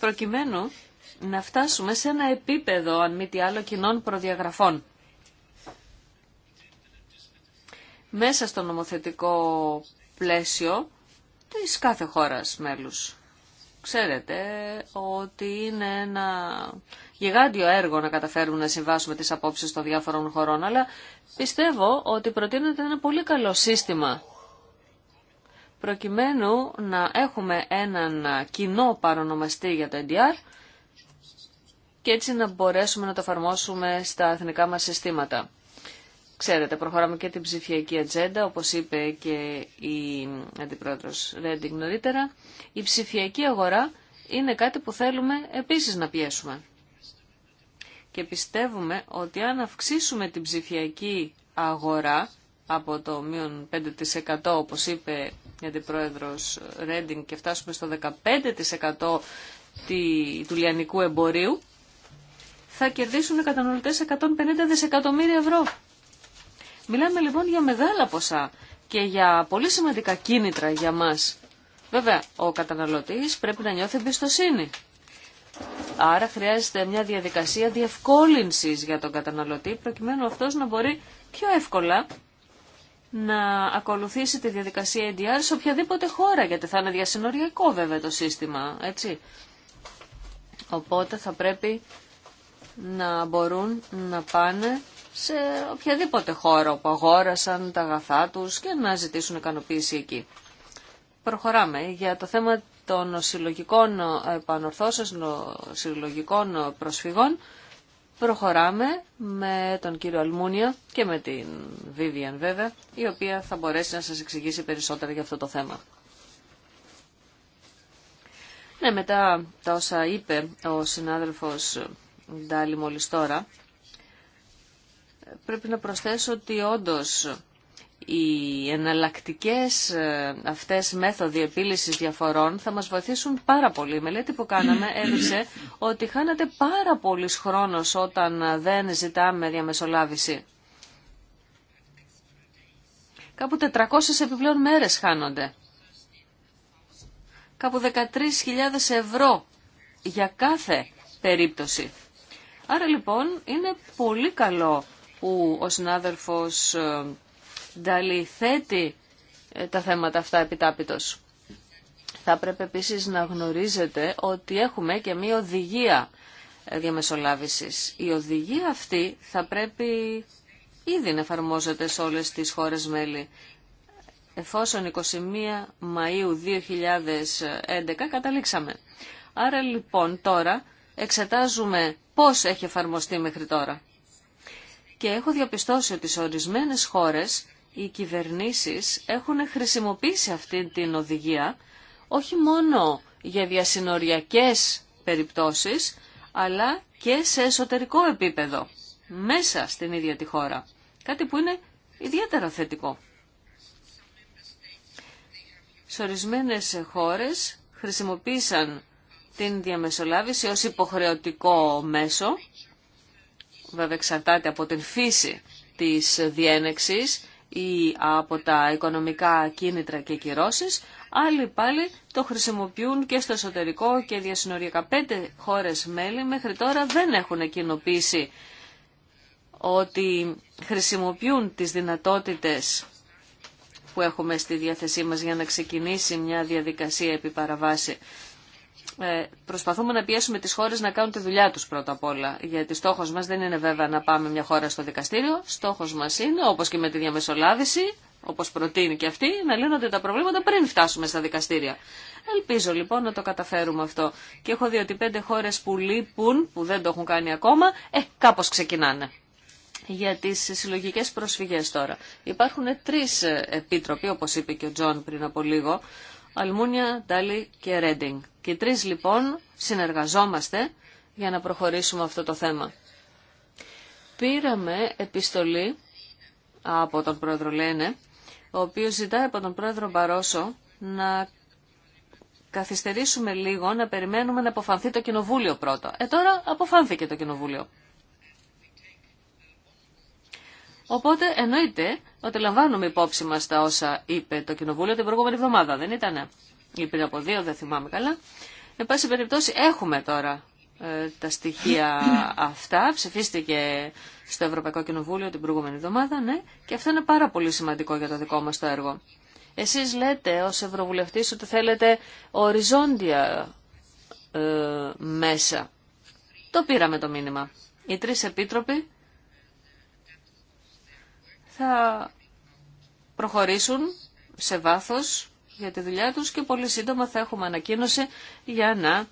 προκειμένου να φτάσουμε σε ένα επίπεδο, αν μη τι άλλο, κοινών προδιαγραφών. Μέσα στο νομοθετικό πλαίσιο της κάθε χώρας μέλους. Ξέρετε ότι είναι ένα γιγάντιο έργο να καταφέρουμε να συμβάσουμε τις απόψεις των διάφορων χωρών, αλλά πιστεύω ότι προτείνεται ένα πολύ καλό σύστημα προκειμένου να έχουμε έναν κοινό παρονομαστή για το NDR και έτσι να μπορέσουμε να το εφαρμόσουμε στα εθνικά μας συστήματα. Ξέρετε, προχωράμε και την ψηφιακή ατζέντα, όπως είπε και η Αντιπρόεδρος Ρέντινγκ νωρίτερα. Η ψηφιακή αγορά είναι κάτι που θέλουμε επίσης να πιέσουμε. Και πιστεύουμε ότι αν αυξήσουμε την ψηφιακή αγορά από το μείον 5% όπως είπε η Αντιπρόεδρος Ρέντινγκ και φτάσουμε στο 15% του λιανικού εμπορίου, θα κερδίσουν οι καταναλωτές 150 δισεκατομμύρια ευρώ. Μιλάμε λοιπόν για μεγάλα ποσά και για πολύ σημαντικά κίνητρα για μας. Βέβαια, ο καταναλωτής πρέπει να νιώθει εμπιστοσύνη. Άρα χρειάζεται μια διαδικασία διευκόλυνσης για τον καταναλωτή, προκειμένου αυτός να μπορεί πιο εύκολα να ακολουθήσει τη διαδικασία EDR σε οποιαδήποτε χώρα, γιατί θα είναι διασυνοριακό βέβαια το σύστημα, έτσι. Οπότε θα πρέπει να μπορούν να πάνε σε οποιαδήποτε χώρο που αγόρασαν τα αγαθά τους και να ζητήσουν ικανοποίηση εκεί. Προχωράμε για το θέμα των συλλογικών επανορθώσεων, συλλογικών προσφυγών. Προχωράμε με τον κύριο Αλμούνια και με την Βίβιαν βέβαια, η οποία θα μπορέσει να σας εξηγήσει περισσότερα για αυτό το θέμα. Ναι, μετά τα όσα είπε ο συνάδελφος Ντάλι μόλις τώρα, πρέπει να προσθέσω ότι όντως οι εναλλακτικές ε, αυτές μέθοδοι επίλυσης διαφορών θα μας βοηθήσουν πάρα πολύ. Η μελέτη που κάναμε έδειξε ότι χάνεται πάρα πολύ χρόνος όταν ε, δεν ζητάμε διαμεσολάβηση. Κάπου 400 επιπλέον μέρες χάνονται. Κάπου 13.000 ευρώ για κάθε περίπτωση. Άρα λοιπόν είναι πολύ καλό που ο συνάδελφος ε, Νταλή θέτει ε, τα θέματα αυτά επιτάπητος. Θα πρέπει επίσης να γνωρίζετε ότι έχουμε και μία οδηγία ε, διαμεσολάβησης. Η οδηγία αυτή θα πρέπει ήδη να εφαρμόζεται σε όλες τις χώρες μέλη. Εφόσον 21 Μαΐου 2011 καταλήξαμε. Άρα λοιπόν τώρα εξετάζουμε πώς έχει εφαρμοστεί μέχρι τώρα. Και έχω διαπιστώσει ότι σε ορισμένες χώρες οι κυβερνήσεις έχουν χρησιμοποιήσει αυτή την οδηγία όχι μόνο για διασυνοριακές περιπτώσεις, αλλά και σε εσωτερικό επίπεδο, μέσα στην ίδια τη χώρα. Κάτι που είναι ιδιαίτερα θετικό. Σε ορισμένες χώρες χρησιμοποίησαν την διαμεσολάβηση ως υποχρεωτικό μέσο, βέβαια εξαρτάται από την φύση της διένεξης ή από τα οικονομικά κίνητρα και κυρώσεις, άλλοι πάλι το χρησιμοποιούν και στο εσωτερικό και διασυνοριακά. Πέντε χώρες μέλη μέχρι τώρα δεν έχουν κοινοποίησει ότι χρησιμοποιούν τις δυνατότητες που έχουμε στη διάθεσή μας για να ξεκινήσει μια διαδικασία επί ε, προσπαθούμε να πιέσουμε τις χώρες να κάνουν τη δουλειά τους πρώτα απ' όλα. Γιατί στόχος μας δεν είναι βέβαια να πάμε μια χώρα στο δικαστήριο. Στόχος μας είναι, όπως και με τη διαμεσολάβηση, όπως προτείνει και αυτή, να λύνονται τα προβλήματα πριν φτάσουμε στα δικαστήρια. Ελπίζω λοιπόν να το καταφέρουμε αυτό. Και έχω δει ότι πέντε χώρες που λείπουν, που δεν το έχουν κάνει ακόμα, ε, κάπως ξεκινάνε. Για τις συλλογικές προσφυγές τώρα. Υπάρχουν τρεις επίτροποι, όπως είπε και ο Τζον πριν από λίγο, Αλμούνια, Ντάλι και Ρέντινγκ. Και οι τρεις λοιπόν συνεργαζόμαστε για να προχωρήσουμε αυτό το θέμα. Πήραμε επιστολή από τον πρόεδρο Λένε, ο οποίος ζητάει από τον πρόεδρο Μπαρόσο να καθυστερήσουμε λίγο, να περιμένουμε να αποφανθεί το κοινοβούλιο πρώτα. Ε, τώρα αποφάνθηκε το κοινοβούλιο. Οπότε εννοείται ότι λαμβάνουμε υπόψη μα τα όσα είπε το Κοινοβούλιο την προηγούμενη εβδομάδα, δεν ήτανε. Ή πριν από δύο, δεν θυμάμαι καλά. Εν πάση περιπτώσει έχουμε τώρα ε, τα στοιχεία αυτά. Ψηφίστηκε στο Ευρωπαϊκό Κοινοβούλιο την προηγούμενη εβδομάδα, ναι. Και αυτό είναι πάρα πολύ σημαντικό για το δικό μας το έργο. Εσείς λέτε ως Ευρωβουλευτής ότι θέλετε οριζόντια ε, μέσα. Το πήραμε το μήνυμα. Οι τρεις επίτροποι θα προχωρήσουν σε βάθος για τη δουλειά τους και πολύ σύντομα θα έχουμε ανακοίνωση για να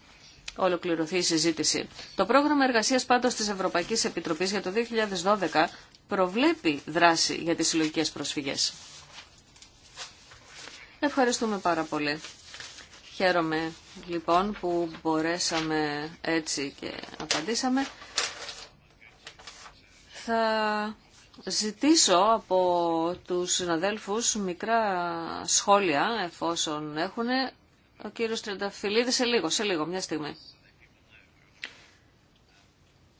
ολοκληρωθεί η συζήτηση. Το πρόγραμμα εργασίας πάντως της Ευρωπαϊκής Επιτροπής για το 2012 προβλέπει δράση για τις συλλογικές προσφυγές. Ευχαριστούμε πάρα πολύ. Χαίρομαι λοιπόν που μπορέσαμε έτσι και απαντήσαμε. Θα ζητήσω από τους συναδέλφους μικρά σχόλια, εφόσον έχουν, ο κύριος Τρενταφυλλίδη σε λίγο, σε λίγο, μια στιγμή.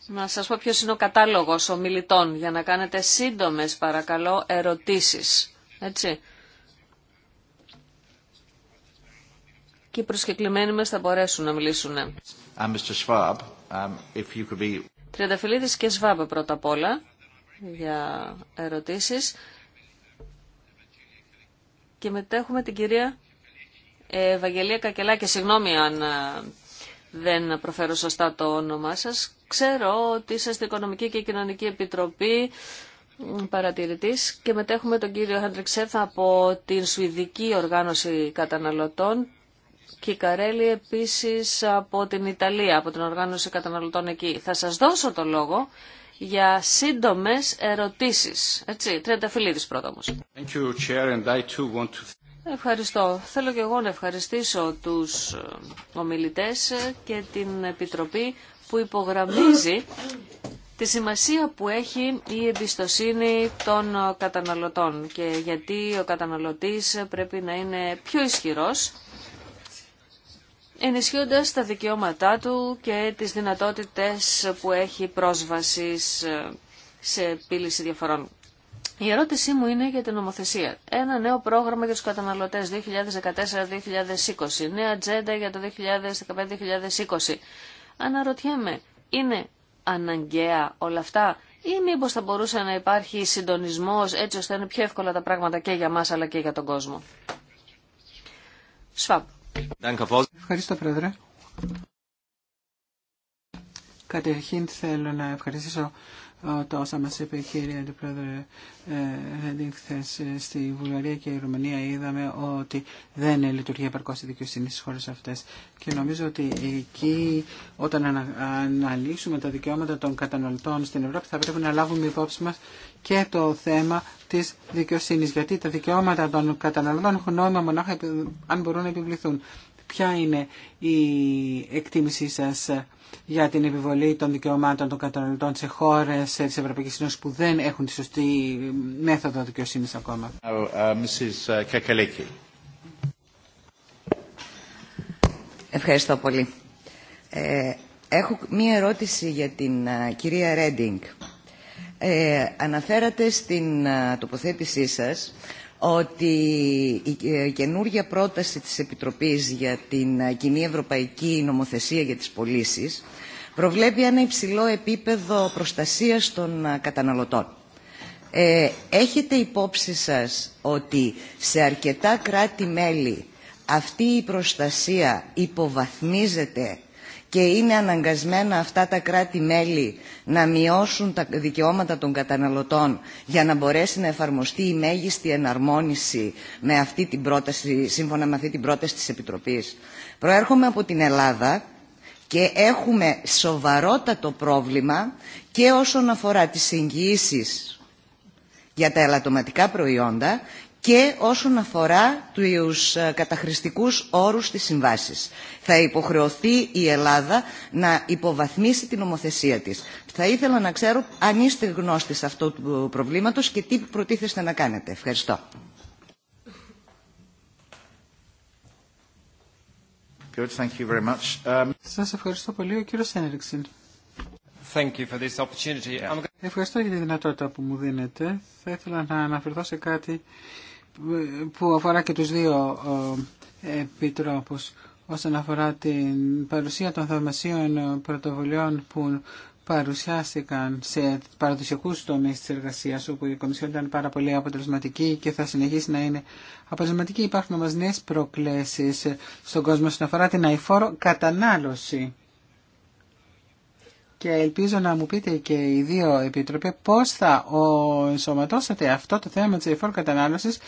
Να σας πω ποιος είναι ο κατάλογος ομιλητών για να κάνετε σύντομες παρακαλώ ερωτήσεις. Έτσι. Και οι προσκεκλημένοι μας θα μπορέσουν να μιλήσουν. Um, be... και Σβάμπε πρώτα απ' όλα για ερωτήσεις. Και μετέχουμε έχουμε την κυρία Ευαγγελία Κακελάκη. Συγγνώμη αν ε, δεν προφέρω σωστά το όνομά σας. Ξέρω ότι είσαστε Οικονομική και Κοινωνική Επιτροπή παρατηρητής και μετέχουμε έχουμε τον κύριο Χάντριξεφ από την Σουηδική Οργάνωση Καταναλωτών και Καρέλη επίσης από την Ιταλία, από την Οργάνωση Καταναλωτών εκεί. Θα σας δώσω το λόγο για σύντομες ερωτήσεις. Έτσι, Τριανταφυλλίδης πρώτα όμως. Ευχαριστώ. Θέλω και εγώ να ευχαριστήσω τους ε, ομιλητές ε, και την Επιτροπή που υπογραμμίζει τη σημασία που έχει η εμπιστοσύνη των ε, καταναλωτών και γιατί ο καταναλωτής πρέπει να είναι πιο ισχυρός ενισχύοντας τα δικαιώματά του και τις δυνατότητες που έχει πρόσβασης ε, σε επίλυση διαφορών. Η ερώτησή μου είναι για την νομοθεσία. Ένα νέο πρόγραμμα για τους καταναλωτές 2014-2020, νέα ατζέντα για το 2015-2020. Αναρωτιέμαι, είναι αναγκαία όλα αυτά ή μήπως θα μπορούσε να υπάρχει συντονισμός έτσι ώστε να είναι πιο εύκολα τα πράγματα και για μας αλλά και για τον κόσμο. ΣΦΑΠ. Ευχαριστώ, Πρόεδρε. Κατεχήν θέλω να ευχαριστήσω τα όσα μας είπε η κυρία Αντιπρόεδρε ε, Ρέντινγκ χθες ε, στη Βουλγαρία και η Ρουμανία είδαμε ότι δεν λειτουργεί επαρκώς η δικαιοσύνη στις χώρες αυτές. Και νομίζω ότι εκεί όταν αναλύσουμε τα δικαιώματα των καταναλωτών στην Ευρώπη θα πρέπει να λάβουμε υπόψη μας και το θέμα της δικαιοσύνης. Γιατί τα δικαιώματα των καταναλωτών έχουν νόημα μονάχα αν μπορούν να επιβληθούν. Ποια είναι η εκτίμησή σας για την επιβολή των δικαιωμάτων των καταναλωτών σε χώρες της Ευρωπαϊκής Ένωσης που δεν έχουν τη σωστή μέθοδο δικαιοσύνης ακόμα. Uh, Ευχαριστώ πολύ. Ε, έχω μία ερώτηση για την ε, κυρία Ρέντινγκ. Ε, αναφέρατε στην ε, τοποθέτησή σας ότι η ε, καινούργια πρόταση της Επιτροπής για την ε, κοινή ευρωπαϊκή νομοθεσία για τις πωλήσει προβλέπει ένα υψηλό επίπεδο προστασίας των ε, καταναλωτών. Ε, έχετε υπόψη σας ότι σε αρκετά κράτη-μέλη αυτή η προστασία υποβαθμίζεται και είναι αναγκασμένα αυτά τα κράτη-μέλη να μειώσουν τα δικαιώματα των καταναλωτών για να μπορέσει να εφαρμοστεί η μέγιστη εναρμόνιση με αυτή την πρόταση, σύμφωνα με αυτή την πρόταση της Επιτροπής. Προέρχομαι από την Ελλάδα και έχουμε σοβαρότατο πρόβλημα και όσον αφορά τις εγγυήσει για τα ελαττωματικά προϊόντα και όσον αφορά τους ε, καταχρηστικούς όρους της συμβάσης. Θα υποχρεωθεί η Ελλάδα να υποβαθμίσει την ομοθεσία της. Θα ήθελα να ξέρω αν είστε γνώστης αυτού του προβλήματος και τι προτίθεστε να κάνετε. Ευχαριστώ. Good, thank you very much. Um, Σας ευχαριστώ πολύ. Ο κύριος Thank you for this opportunity. Ευχαριστώ για τη δυνατότητα που μου δίνετε. Θα ήθελα να αναφερθώ σε κάτι που αφορά και τους δύο επιτρόπους όσον αφορά την παρουσία των θαυμασίων πρωτοβουλειών που παρουσιάστηκαν σε παραδοσιακούς τομείς της εργασίας όπου η Κομισιόν ήταν πάρα πολύ αποτελεσματική και θα συνεχίσει να είναι αποτελεσματική. Υπάρχουν όμως νέες προκλήσεις στον κόσμο όσον αφορά την αηφόρο κατανάλωση και ελπίζω να μου πείτε και οι δύο επίτροπε πώς θα ενσωματώσετε αυτό το θέμα της εφόρου κατανάλωσης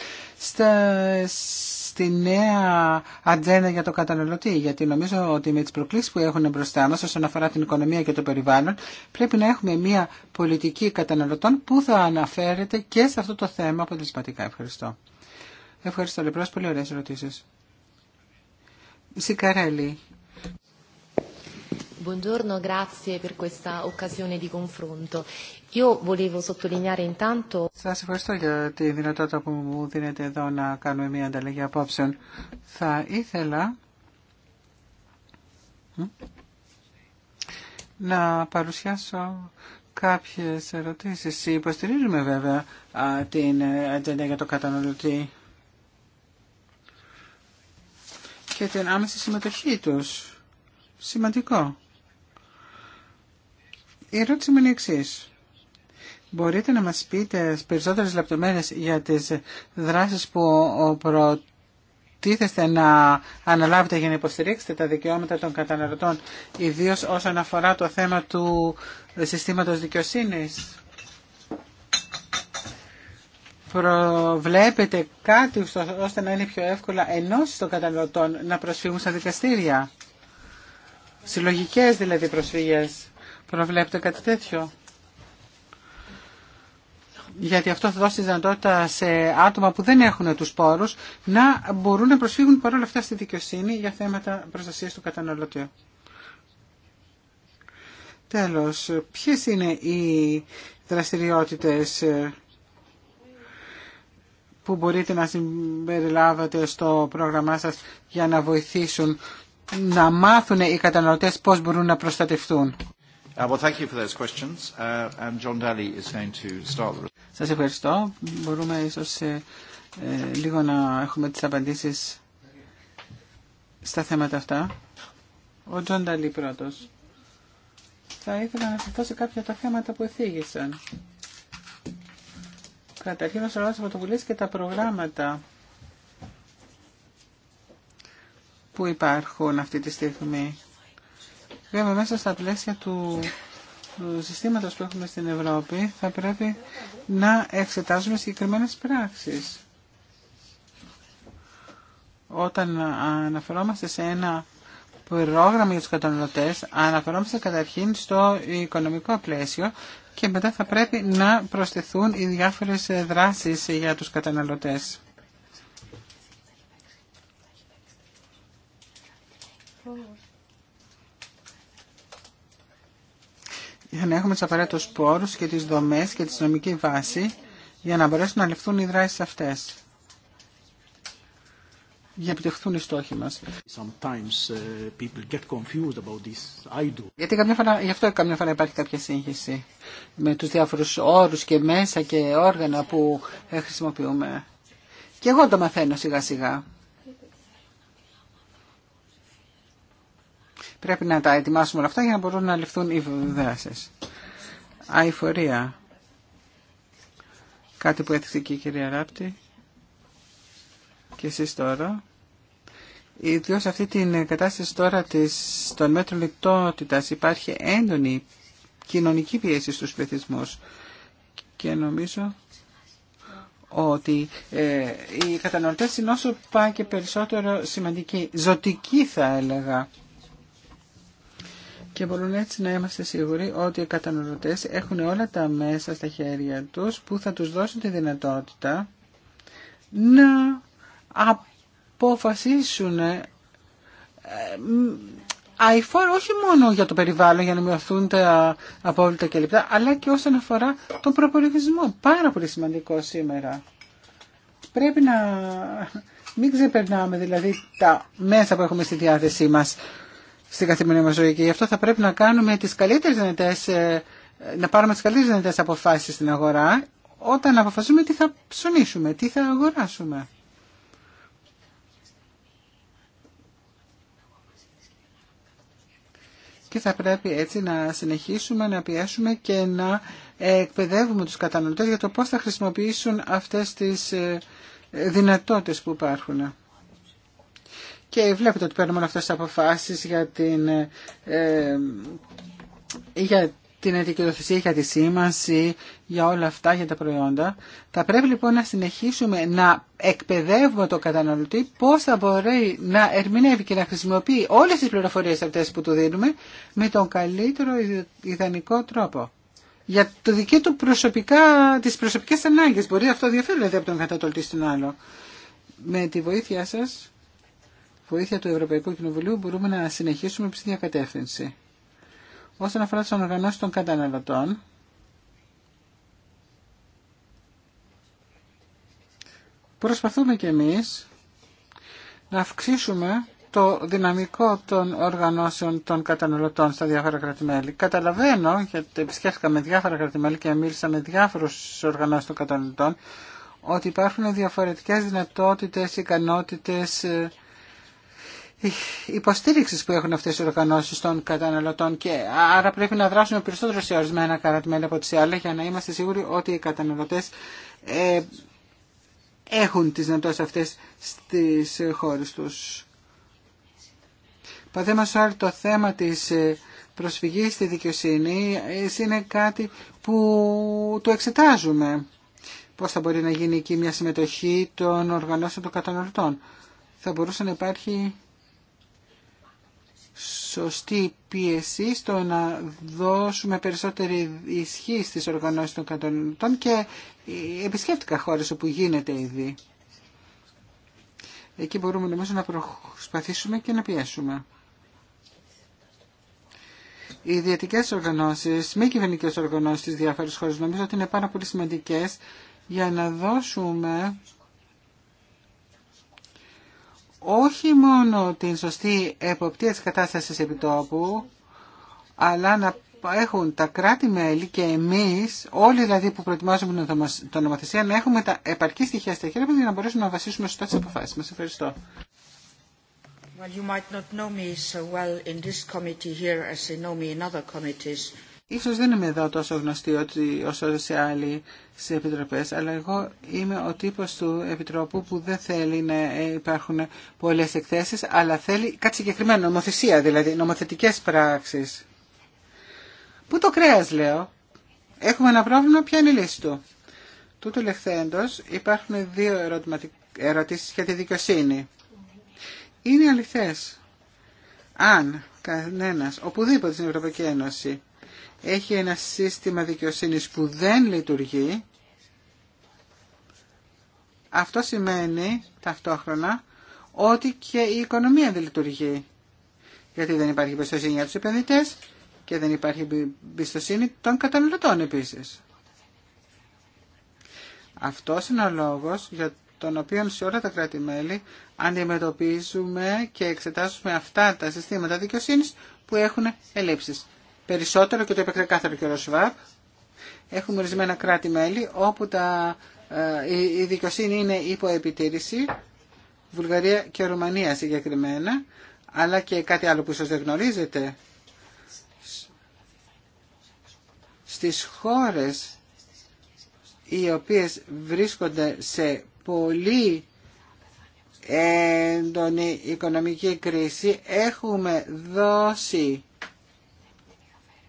στη νέα ατζέντα για το καταναλωτή. Γιατί νομίζω ότι με τις προκλήσεις που έχουν μπροστά μας όσον αφορά την οικονομία και το περιβάλλον πρέπει να έχουμε μια πολιτική καταναλωτών που θα αναφέρεται και σε αυτό το θέμα αποτελεσματικά. Ευχαριστώ. Ευχαριστώ Λεπρός, πολύ ωραίες ερωτήσεις. Σικαρέλη, buongiorno, grazie per questa occasione di confronto. Io volevo sottolineare intanto... Σας ευχαριστώ για τη δυνατότητα που μου δίνετε εδώ να κάνουμε μια ανταλλαγή απόψεων. Θα ήθελα να παρουσιάσω κάποιε ερωτήσει. Υποστηρίζουμε βέβαια την ατζέντα για το καταναλωτή και την άμεση συμμετοχή τους. Σημαντικό. Η ερώτηση μου είναι εξή. Μπορείτε να μας πείτε περισσότερες λεπτομέρειες για τις δράσεις που προτίθεστε να αναλάβετε για να υποστηρίξετε τα δικαιώματα των καταναλωτών, ιδίως όσον αφορά το θέμα του συστήματος δικαιοσύνης. Προβλέπετε κάτι ώστε να είναι πιο εύκολα ενός των καταναλωτών να προσφύγουν στα δικαστήρια. Συλλογικές δηλαδή προσφύγες Προβλέπετε κάτι τέτοιο. Γιατί αυτό θα δώσει δυνατότητα σε άτομα που δεν έχουν τους πόρους να μπορούν να προσφύγουν παρόλα αυτά στη δικαιοσύνη για θέματα προστασίας του καταναλωτή. Τέλος, ποιες είναι οι δραστηριότητες που μπορείτε να συμπεριλάβετε στο πρόγραμμά σας για να βοηθήσουν να μάθουν οι καταναλωτές πώς μπορούν να προστατευτούν. Σας ευχαριστώ. Μπορούμε ίσως ε, ε, λίγο να έχουμε τις απαντήσεις στα θέματα αυτά. Ο Τζον Νταλή πρώτος. Θα ήθελα να σας κάποια τα θέματα που εθίγησαν. Καταρχήν ο το Πρωτοβουλίας και τα προγράμματα που υπάρχουν αυτή τη στιγμή βέβαια μέσα στα πλαίσια του συστήματος που έχουμε στην Ευρώπη θα πρέπει να εξετάζουμε συγκεκριμένες πράξεις. Όταν αναφερόμαστε σε ένα πρόγραμμα για τους καταναλωτές, αναφερόμαστε καταρχήν στο οικονομικό πλαίσιο και μετά θα πρέπει να προσθεθούν οι διάφορες δράσεις για τους καταναλωτές. για να έχουμε τους απαραίτητους πόρους και τις δομές και τη νομική βάση για να μπορέσουν να λεφθούν οι δράσεις αυτές, Για επιτευχθούν οι στόχοι μα. Uh, Γιατί καμιά φορά, γι' αυτό καμιά φορά υπάρχει κάποια σύγχυση με τους διάφορους όρους και μέσα και όργανα που ε, χρησιμοποιούμε. Και εγώ το μαθαίνω σιγά σιγά. Πρέπει να τα ετοιμάσουμε όλα αυτά για να μπορούν να ληφθούν οι δράσεις. Αηφορία. Κάτι που έθιξε και η κυρία Ράπτη. Και εσείς τώρα. Ιδίως αυτή την κατάσταση τώρα της, των μέτρων λιτότητας υπάρχει έντονη κοινωνική πίεση στους πληθυσμούς. Και νομίζω ότι ε, οι κατανοητές είναι όσο πάει και περισσότερο σημαντική, ζωτική θα έλεγα και μπορούν έτσι να είμαστε σίγουροι ότι οι κατανοητές έχουν όλα τα μέσα στα χέρια τους που θα τους δώσουν τη δυνατότητα να αποφασίσουν αηφόρο ε, όχι μόνο για το περιβάλλον για να μειωθούν τα απόλυτα κλπ. αλλά και όσον αφορά τον προπολογισμό. Πάρα πολύ σημαντικό σήμερα. Πρέπει να μην ξεπερνάμε δηλαδή τα μέσα που έχουμε στη διάθεσή μας στην καθημερινή μας ζωή και γι' αυτό θα πρέπει να κάνουμε τις καλύτερες δυνατές, ε, να πάρουμε τις καλύτερες δυνατές αποφάσεις στην αγορά όταν αποφασίζουμε τι θα ψωνίσουμε, τι θα αγοράσουμε. Και θα πρέπει έτσι να συνεχίσουμε να πιέσουμε και να εκπαιδεύουμε τους καταναλωτές για το πώς θα χρησιμοποιήσουν αυτές τις ε, δυνατότητες που υπάρχουν και βλέπετε ότι παίρνουμε αυτές τις αποφάσεις για την, ε, για την ετικετοθεσία, για τη σήμανση, για όλα αυτά, για τα προϊόντα. Θα πρέπει λοιπόν να συνεχίσουμε να εκπαιδεύουμε τον καταναλωτή πώς θα μπορεί να ερμηνεύει και να χρησιμοποιεί όλες τις πληροφορίες αυτές που του δίνουμε με τον καλύτερο ιδανικό τρόπο. Για το δική του προσωπικά, τις προσωπικές ανάγκες. Μπορεί αυτό διαφέρει δηλαδή από τον καταναλωτή στον άλλο. Με τη βοήθειά σας βοήθεια του Ευρωπαϊκού Κοινοβουλίου μπορούμε να συνεχίσουμε στη διακατεύθυνση. Όσον αφορά τις οργανώσεις των καταναλωτών, προσπαθούμε κι εμείς να αυξήσουμε το δυναμικό των οργανώσεων των καταναλωτών στα διάφορα κρατημέλη. Καταλαβαίνω, γιατί επισκέφθηκα με διάφορα κρατημέλη και μίλησα με διάφορους οργανώσεις των καταναλωτών, ότι υπάρχουν διαφορετικές δυνατότητες, ικανότητες, ε, υποστήριξη που έχουν αυτές οι οργανώσεις των καταναλωτών και άρα πρέπει να δράσουμε περισσότερο σε ορισμένα κρατημένα από τι άλλες για να είμαστε σίγουροι ότι οι καταναλωτές ε, έχουν τις δυνατότητες αυτές στις χώρες τους. Παραδείγματος άλλο το θέμα της ε, προσφυγής στη δικαιοσύνη ε, είναι κάτι που το εξετάζουμε. Πώς θα μπορεί να γίνει εκεί μια συμμετοχή των οργανώσεων των καταναλωτών. Θα μπορούσε να υπάρχει σωστή πίεση στο να δώσουμε περισσότερη ισχύ στις οργανώσεις των καταναλωτών και ε, επισκέφτηκα χώρες όπου γίνεται ήδη. Εκεί μπορούμε νομίζω να προσπαθήσουμε και να πιέσουμε. Οι ιδιωτικέ οργανώσει, μη κυβερνητικέ οργανώσει στι διάφορε χώρε νομίζω ότι είναι πάρα πολύ σημαντικέ για να δώσουμε όχι μόνο την σωστή εποπτεία της κατάστασης επιτόπου, αλλά να έχουν τα κράτη-μέλη και εμείς, όλοι δηλαδή που προετοιμάζουμε την νομοθεσία, να έχουμε τα επαρκή στοιχεία στα χέρια μας για να μπορέσουμε να βασίσουμε σωστά τις αποφάσεις μας. Ευχαριστώ. Well, you might not know me so well in this committee here as in other committees. Ίσως δεν είμαι εδώ τόσο γνωστή ότι, όσο σε άλλοι σε επιτροπές, αλλά εγώ είμαι ο τύπος του επιτρόπου που δεν θέλει να υπάρχουν πολλές εκθέσεις, αλλά θέλει κάτι συγκεκριμένο, νομοθεσία δηλαδή, νομοθετικές πράξεις. Πού το κρέας λέω. Έχουμε ένα πρόβλημα, ποια είναι η λύση του. Τούτου λεχθέντος υπάρχουν δύο ερωτήσει ερωτήσεις για τη δικαιοσύνη. Είναι αληθές. Αν κανένας, οπουδήποτε στην Ευρωπαϊκή Ένωση, έχει ένα σύστημα δικαιοσύνης που δεν λειτουργεί, αυτό σημαίνει ταυτόχρονα ότι και η οικονομία δεν λειτουργεί. Γιατί δεν υπάρχει πιστοσύνη για τους επενδυτές και δεν υπάρχει πιστοσύνη των καταναλωτών επίσης. Αυτό είναι ο λόγος για τον οποίο σε όλα τα κράτη-μέλη αντιμετωπίζουμε και εξετάζουμε αυτά τα συστήματα δικαιοσύνης που έχουν ελλείψεις περισσότερο και το είπε ξεκάθαρο και ο Σβάπ. Έχουμε ορισμένα κράτη-μέλη όπου τα, ε, η, δικαιοσύνη είναι υπό επιτήρηση, Βουλγαρία και Ρουμανία συγκεκριμένα, αλλά και κάτι άλλο που ίσως δεν γνωρίζετε. Στις χώρες οι οποίες βρίσκονται σε πολύ έντονη οικονομική κρίση έχουμε δώσει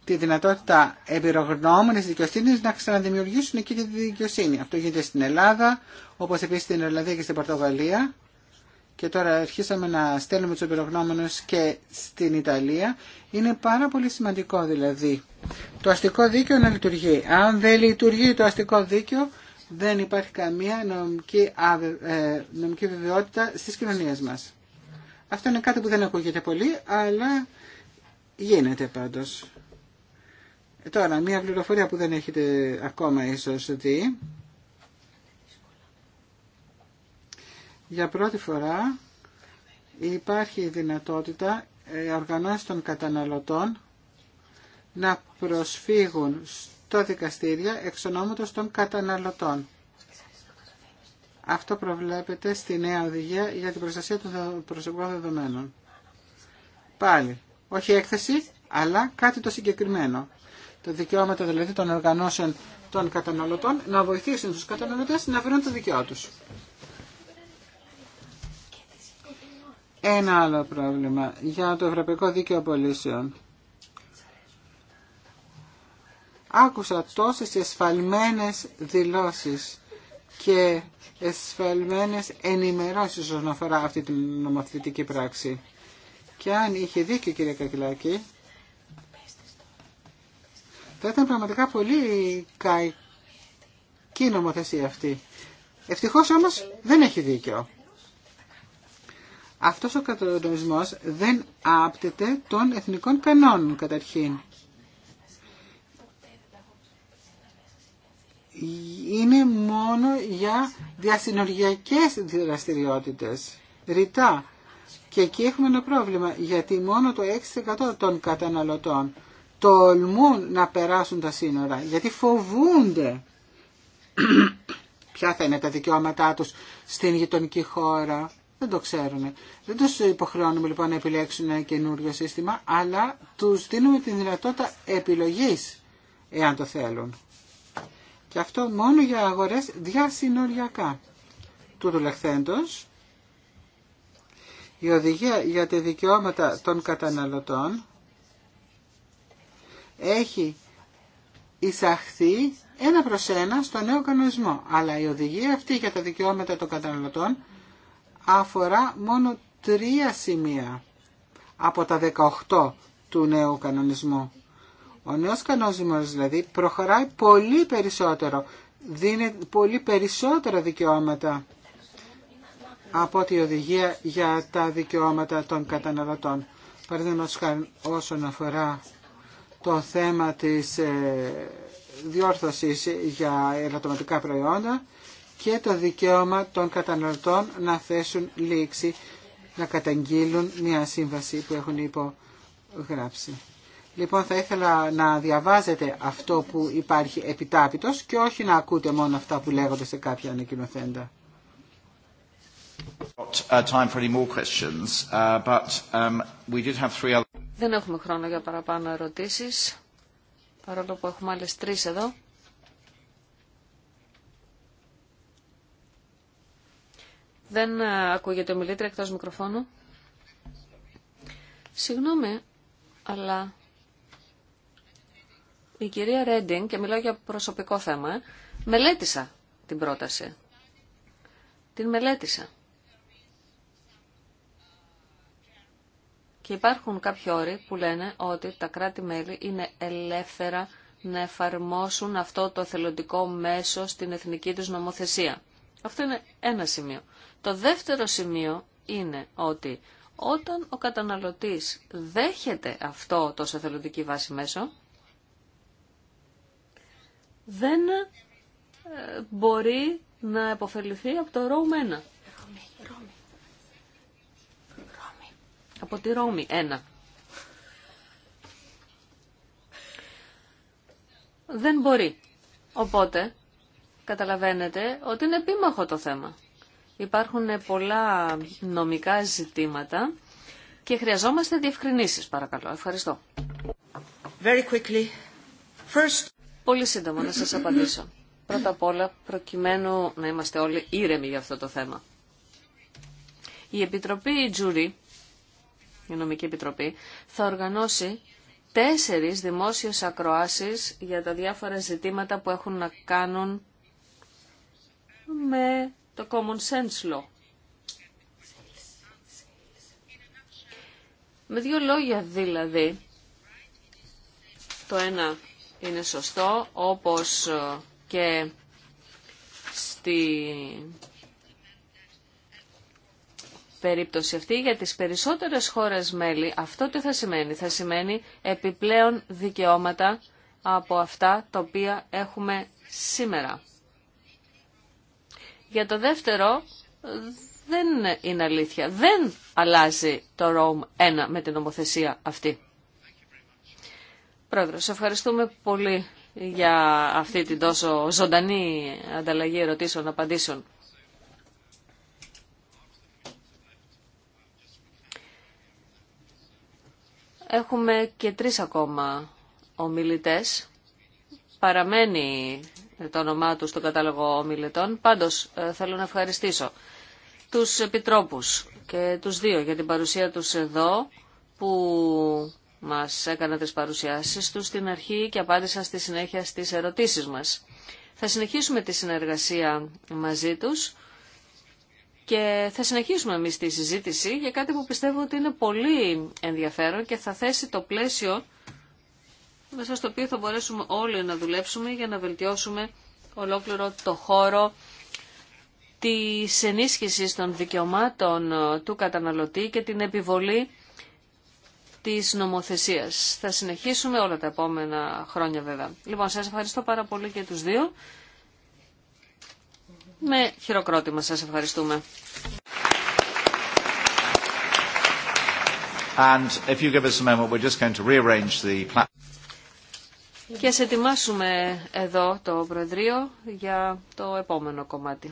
τη δυνατότητα εμπειρογνώμονες δικαιοσύνη να ξαναδημιουργήσουν εκεί τη δικαιοσύνη. Αυτό γίνεται στην Ελλάδα, όπως επίσης στην Ελλάδα και στην Πορτογαλία. Και τώρα αρχίσαμε να στέλνουμε τους εμπειρογνώμονες και στην Ιταλία. Είναι πάρα πολύ σημαντικό δηλαδή το αστικό δίκαιο να λειτουργεί. Αν δεν λειτουργεί το αστικό δίκαιο, δεν υπάρχει καμία νομική, αβε, ε, νομική βεβαιότητα στις κοινωνίες μας. Αυτό είναι κάτι που δεν ακούγεται πολύ, αλλά γίνεται πάντως. Ε, τώρα, μία πληροφορία που δεν έχετε ακόμα ίσως δει. για πρώτη φορά υπάρχει η δυνατότητα ε, οργανώσεις των καταναλωτών να προσφύγουν στο δικαστήριο εξ ονόματος των καταναλωτών. Αυτό προβλέπεται στη νέα οδηγία για την προστασία των προσωπικών δεδομένων. Πάλι, όχι έκθεση, αλλά κάτι το συγκεκριμένο τα δικαιώματα δηλαδή των οργανώσεων των καταναλωτών, να βοηθήσουν τους καταναλωτές να βρουν το δικαιό τους. Ένα άλλο πρόβλημα για το Ευρωπαϊκό Δίκαιο Πολίσεων. Άκουσα τόσες εσφαλμένες δηλώσεις και εσφαλμένες ενημερώσεις όσον αφορά αυτή την νομοθετική πράξη. Και αν είχε δίκιο κύριε Κακυλάκη, θα ήταν πραγματικά πολύ κακή νομοθεσία αυτή. Ευτυχώς όμως δεν έχει δίκιο. Αυτός ο κατονομισμός δεν άπτεται των εθνικών κανόνων καταρχήν. Είναι μόνο για διασυνοριακές δραστηριότητες, ρητά. Και εκεί έχουμε ένα πρόβλημα, γιατί μόνο το 6% των καταναλωτών τολμούν να περάσουν τα σύνορα, γιατί φοβούνται ποια θα είναι τα δικαιώματά τους στην γειτονική χώρα. Δεν το ξέρουν. Δεν τους υποχρεώνουμε λοιπόν να επιλέξουν ένα καινούριο σύστημα, αλλά τους δίνουμε την δυνατότητα επιλογής, εάν το θέλουν. Και αυτό μόνο για αγορές διασυνοριακά. του λεχθέντος, η οδηγία για τα δικαιώματα των καταναλωτών έχει εισαχθεί ένα προς ένα στο νέο κανονισμό. Αλλά η οδηγία αυτή για τα δικαιώματα των καταναλωτών αφορά μόνο τρία σημεία από τα 18 του νέου κανονισμού. Ο νέος κανονισμός δηλαδή προχωράει πολύ περισσότερο, δίνει πολύ περισσότερα δικαιώματα από τη οδηγία για τα δικαιώματα των καταναλωτών. Παραδείγματος όσον αφορά το θέμα της ε, διόρθωσης για ελαττωματικά προϊόντα και το δικαίωμα των καταναλωτών να θέσουν λήξη, να καταγγείλουν μια σύμβαση που έχουν υπογράψει. Λοιπόν, θα ήθελα να διαβάζετε αυτό που υπάρχει επιτάπητος και όχι να ακούτε μόνο αυτά που λέγονται σε κάποια ανακοινοθέντα. for δεν έχουμε χρόνο για παραπάνω ερωτήσεις, παρόλο που έχουμε άλλες τρεις εδώ. Δεν ε, ακούγεται ο μιλήτρια εκτός μικροφώνου. Συγγνώμη, αλλά η κυρία Ρέντιν, και μιλάω για προσωπικό θέμα, ε, μελέτησα την πρόταση. Την μελέτησα. Και υπάρχουν κάποιοι όροι που λένε ότι τα κράτη-μέλη είναι ελεύθερα να εφαρμόσουν αυτό το θελοντικό μέσο στην εθνική τους νομοθεσία. Αυτό είναι ένα σημείο. Το δεύτερο σημείο είναι ότι όταν ο καταναλωτής δέχεται αυτό το θελοντική βάση μέσο, δεν ε, μπορεί να επωφεληθεί από το ροουμένα. από τη Ρώμη 1. Δεν μπορεί. Οπότε, καταλαβαίνετε ότι είναι επίμαχο το θέμα. Υπάρχουν πολλά νομικά ζητήματα και χρειαζόμαστε διευκρινήσεις, παρακαλώ. Ευχαριστώ. Very quickly. First... Πολύ σύντομα να σας απαντήσω. Πρώτα απ' όλα, προκειμένου να είμαστε όλοι ήρεμοι για αυτό το θέμα. Η Επιτροπή Τζουρί η Νομική Επιτροπή, θα οργανώσει τέσσερις δημόσιες ακροάσεις για τα διάφορα ζητήματα που έχουν να κάνουν με το common sense law. Με δύο λόγια δηλαδή, το ένα είναι σωστό, όπως και στη περίπτωση αυτή για τις περισσότερες χώρες μέλη αυτό τι θα σημαίνει. Θα σημαίνει επιπλέον δικαιώματα από αυτά τα οποία έχουμε σήμερα. Για το δεύτερο δεν είναι αλήθεια. Δεν αλλάζει το Rome 1 με την νομοθεσία αυτή. Πρόεδρο, σε ευχαριστούμε πολύ για αυτή την τόσο ζωντανή ανταλλαγή ερωτήσεων-απαντήσεων. Έχουμε και τρεις ακόμα ομιλητές. Παραμένει το όνομά του στον κατάλογο ομιλητών. Πάντως ε, θέλω να ευχαριστήσω τους επιτρόπους και τους δύο για την παρουσία τους εδώ που μας έκαναν τις παρουσιάσεις τους στην αρχή και απάντησαν στη συνέχεια στις ερωτήσεις μας. Θα συνεχίσουμε τη συνεργασία μαζί τους και θα συνεχίσουμε εμείς τη συζήτηση για κάτι που πιστεύω ότι είναι πολύ ενδιαφέρον και θα θέσει το πλαίσιο μέσα στο οποίο θα μπορέσουμε όλοι να δουλέψουμε για να βελτιώσουμε ολόκληρο το χώρο τη ενίσχυσης των δικαιωμάτων του καταναλωτή και την επιβολή της νομοθεσίας. Θα συνεχίσουμε όλα τα επόμενα χρόνια βέβαια. Λοιπόν, σας ευχαριστώ πάρα πολύ και τους δύο με χειροκρότημα σας ευχαριστούμε. And if you give us a moment, we're just going to rearrange the Και σε ετοιμάσουμε εδώ το Προεδρείο για το επόμενο κομμάτι.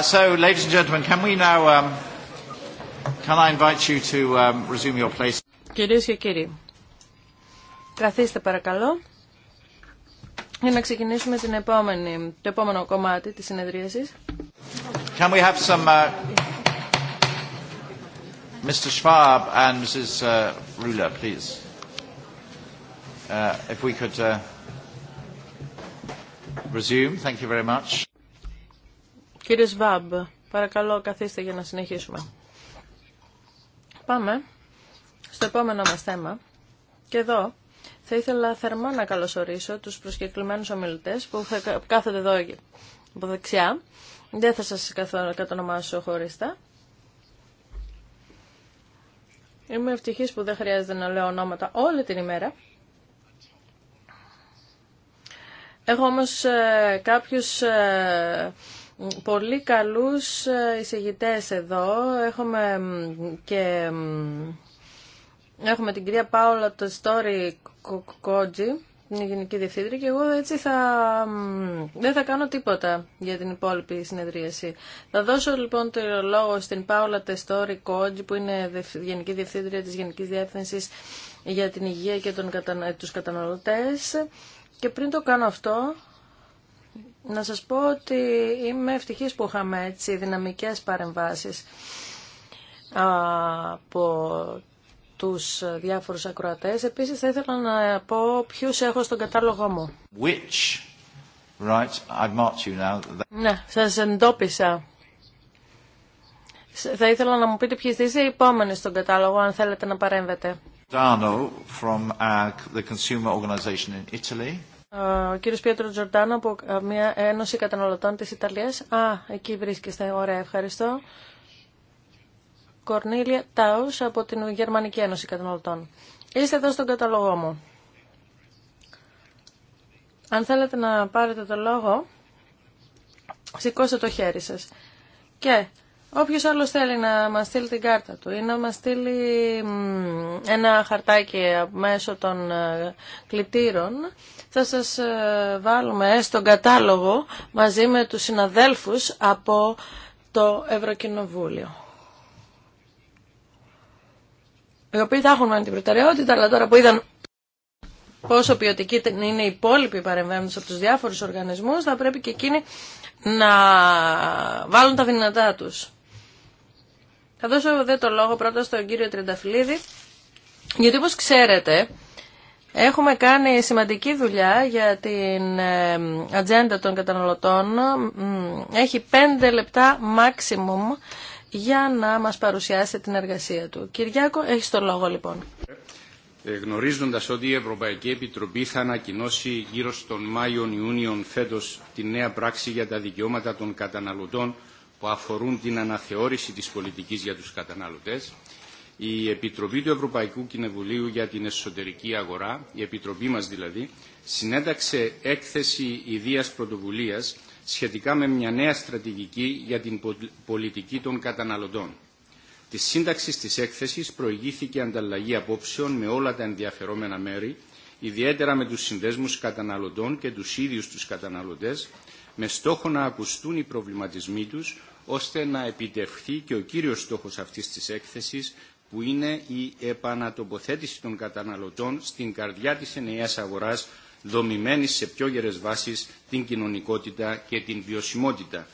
so, ladies and gentlemen, can we now, um, can I invite you to um, resume your place? Κυρίες και κύριοι, καθίστε παρακαλώ για να ξεκινήσουμε την επόμενη, το επόμενο κομμάτι της συνεδρίασης. Can we have some, uh, Mr. Schwab and Mrs. Uh, Ruler, please? Uh, if we could uh, resume, thank you very much. Κύριε Σβάμπ, παρακαλώ καθίστε για να συνεχίσουμε. Πάμε στο επόμενο μας θέμα. Και εδώ θα ήθελα θερμά να καλωσορίσω τους προσκεκλημένους ομιλητές που θα κάθονται εδώ από δεξιά. Δεν θα σας κατονομάσω χωριστά. Είμαι ευτυχής που δεν χρειάζεται να λέω ονόματα όλη την ημέρα. Έχω όμως ε, κάποιους ε, πολύ καλούς ε, εισηγητές εδώ. Έχουμε και έχουμε την κυρία Πάολα το story Κότζι, την Γενική Διευθύντρια και εγώ έτσι θα, δεν θα κάνω τίποτα για την υπόλοιπη συνεδρίαση. Θα δώσω λοιπόν το λόγο στην Πάολα Τεστόρη Κότζη που είναι Γενική Διευθύντρια της Γενικής Διεύθυνσης για την Υγεία και τον, τους καταναλωτές και πριν το κάνω αυτό να σας πω ότι είμαι ευτυχής που είχαμε έτσι δυναμικές παρεμβάσεις από τους διάφορους ακροατές. Επίσης θα ήθελα να πω ποιους έχω στον κατάλογο μου. Which? Right, Ναι, σας εντόπισα. Θα ήθελα να μου πείτε ποιοι είστε οι επόμενοι στον κατάλογο, αν θέλετε να παρέμβετε. Dano from uh, the Consumer Organization in Italy. Ο κύριος Πιέτρο Τζορτάνο από μια Ένωση Καταναλωτών της Ιταλίας. Α, εκεί βρίσκεστε. Ωραία, ευχαριστώ. Κορνίλια Τάους από την Γερμανική Ένωση Καταναλωτών. Είστε εδώ στον καταλογό μου. Αν θέλετε να πάρετε το λόγο, σηκώστε το χέρι σας. Και Όποιο άλλο θέλει να μας στείλει την κάρτα του ή να μας στείλει ένα χαρτάκι μέσω των ε, κλητήρων, θα σας ε, βάλουμε στον κατάλογο μαζί με του συναδέλφους από το Ευρωκοινοβούλιο. Οι οποίοι θα έχουν την προτεραιότητα, αλλά τώρα που είδαν πόσο ποιοτική είναι η υπόλοιπη παρεμβαίνοντες από τους διάφορους οργανισμούς, θα πρέπει και εκείνοι να βάλουν τα δυνατά τους. Θα δώσω δε το λόγο πρώτα στον κύριο Τρενταφυλλίδη, γιατί όπως ξέρετε έχουμε κάνει σημαντική δουλειά για την ε, ατζέντα των καταναλωτών. Έχει πέντε λεπτά maximum για να μας παρουσιάσει την εργασία του. Κυριάκο, έχεις το λόγο λοιπόν. Ε, γνωρίζοντας ότι η Ευρωπαϊκή Επιτροπή θα ανακοινώσει γύρω στον μαιο Ιούνιο φέτος τη νέα πράξη για τα δικαιώματα των καταναλωτών που αφορούν την αναθεώρηση της πολιτικής για τους καταναλωτές, η Επιτροπή του Ευρωπαϊκού Κοινοβουλίου για την Εσωτερική Αγορά, η Επιτροπή μας δηλαδή, συνέταξε έκθεση ιδίας πρωτοβουλίας σχετικά με μια νέα στρατηγική για την πολιτική των καταναλωτών. Τη σύνταξη της έκθεσης προηγήθηκε ανταλλαγή απόψεων με όλα τα ενδιαφερόμενα μέρη, ιδιαίτερα με τους συνδέσμους καταναλωτών και τους ίδιους του καταναλωτέ, με στόχο να ακουστούν οι προβληματισμοί τους, ώστε να επιτευχθεί και ο κύριος στόχος αυτής της έκθεσης που είναι η επανατοποθέτηση των καταναλωτών στην καρδιά της ενιαίας αγοράς δομημένη σε πιο γερές βάσεις την κοινωνικότητα και την βιωσιμότητα.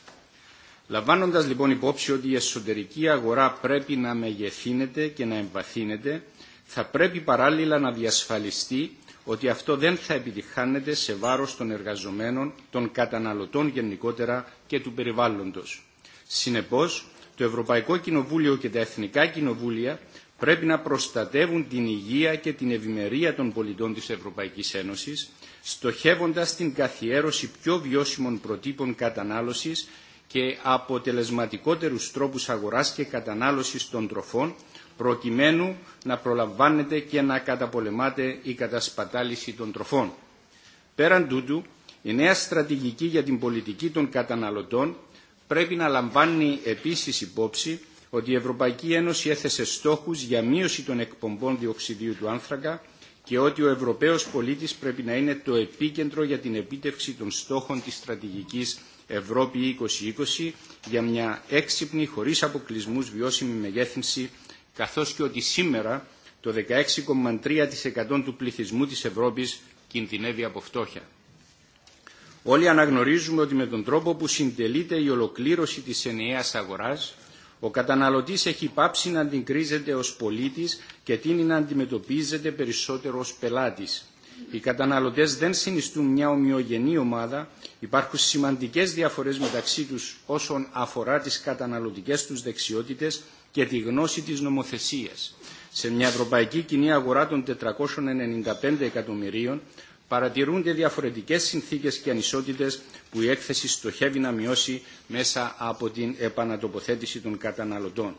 Λαμβάνοντας λοιπόν υπόψη ότι η εσωτερική αγορά πρέπει να μεγεθύνεται και να εμβαθύνεται, θα πρέπει παράλληλα να διασφαλιστεί ότι αυτό δεν θα επιτυχάνεται σε βάρος των εργαζομένων, των καταναλωτών γενικότερα και του περιβάλλοντος. Συνεπώς, το Ευρωπαϊκό Κοινοβούλιο και τα Εθνικά Κοινοβούλια πρέπει να προστατεύουν την υγεία και την ευημερία των πολιτών της Ευρωπαϊκής Ένωσης, στοχεύοντας την καθιέρωση πιο βιώσιμων προτύπων κατανάλωσης και αποτελεσματικότερους τρόπους αγοράς και κατανάλωσης των τροφών, προκειμένου να προλαμβάνεται και να καταπολεμάται η κατασπατάληση των τροφών. Πέραν τούτου, η νέα στρατηγική για την πολιτική των καταναλωτών πρέπει να λαμβάνει επίσης υπόψη ότι η Ευρωπαϊκή Ένωση έθεσε στόχους για μείωση των εκπομπών διοξιδίου του άνθρακα και ότι ο Ευρωπαίος πολίτης πρέπει να είναι το επίκεντρο για την επίτευξη των στόχων της στρατηγικής Ευρώπη 2020 για μια έξυπνη, χωρίς αποκλεισμούς, βιώσιμη μεγέθυνση, καθώς και ότι σήμερα το 16,3% του πληθυσμού της Ευρώπης κινδυνεύει από φτώχεια. Όλοι αναγνωρίζουμε ότι με τον τρόπο που συντελείται η ολοκλήρωση της ενιαίας αγοράς, ο καταναλωτής έχει πάψει να την κρίζεται ως πολίτης και τίνει να αντιμετωπίζεται περισσότερο ως πελάτης. Οι καταναλωτές δεν συνιστούν μια ομοιογενή ομάδα, υπάρχουν σημαντικές διαφορές μεταξύ τους όσον αφορά τις καταναλωτικές τους δεξιότητες και τη γνώση της νομοθεσίας. Σε μια ευρωπαϊκή κοινή αγορά των 495 εκατομμυρίων, παρατηρούνται διαφορετικές συνθήκες και ανισότητες που η έκθεση στοχεύει να μειώσει μέσα από την επανατοποθέτηση των καταναλωτών.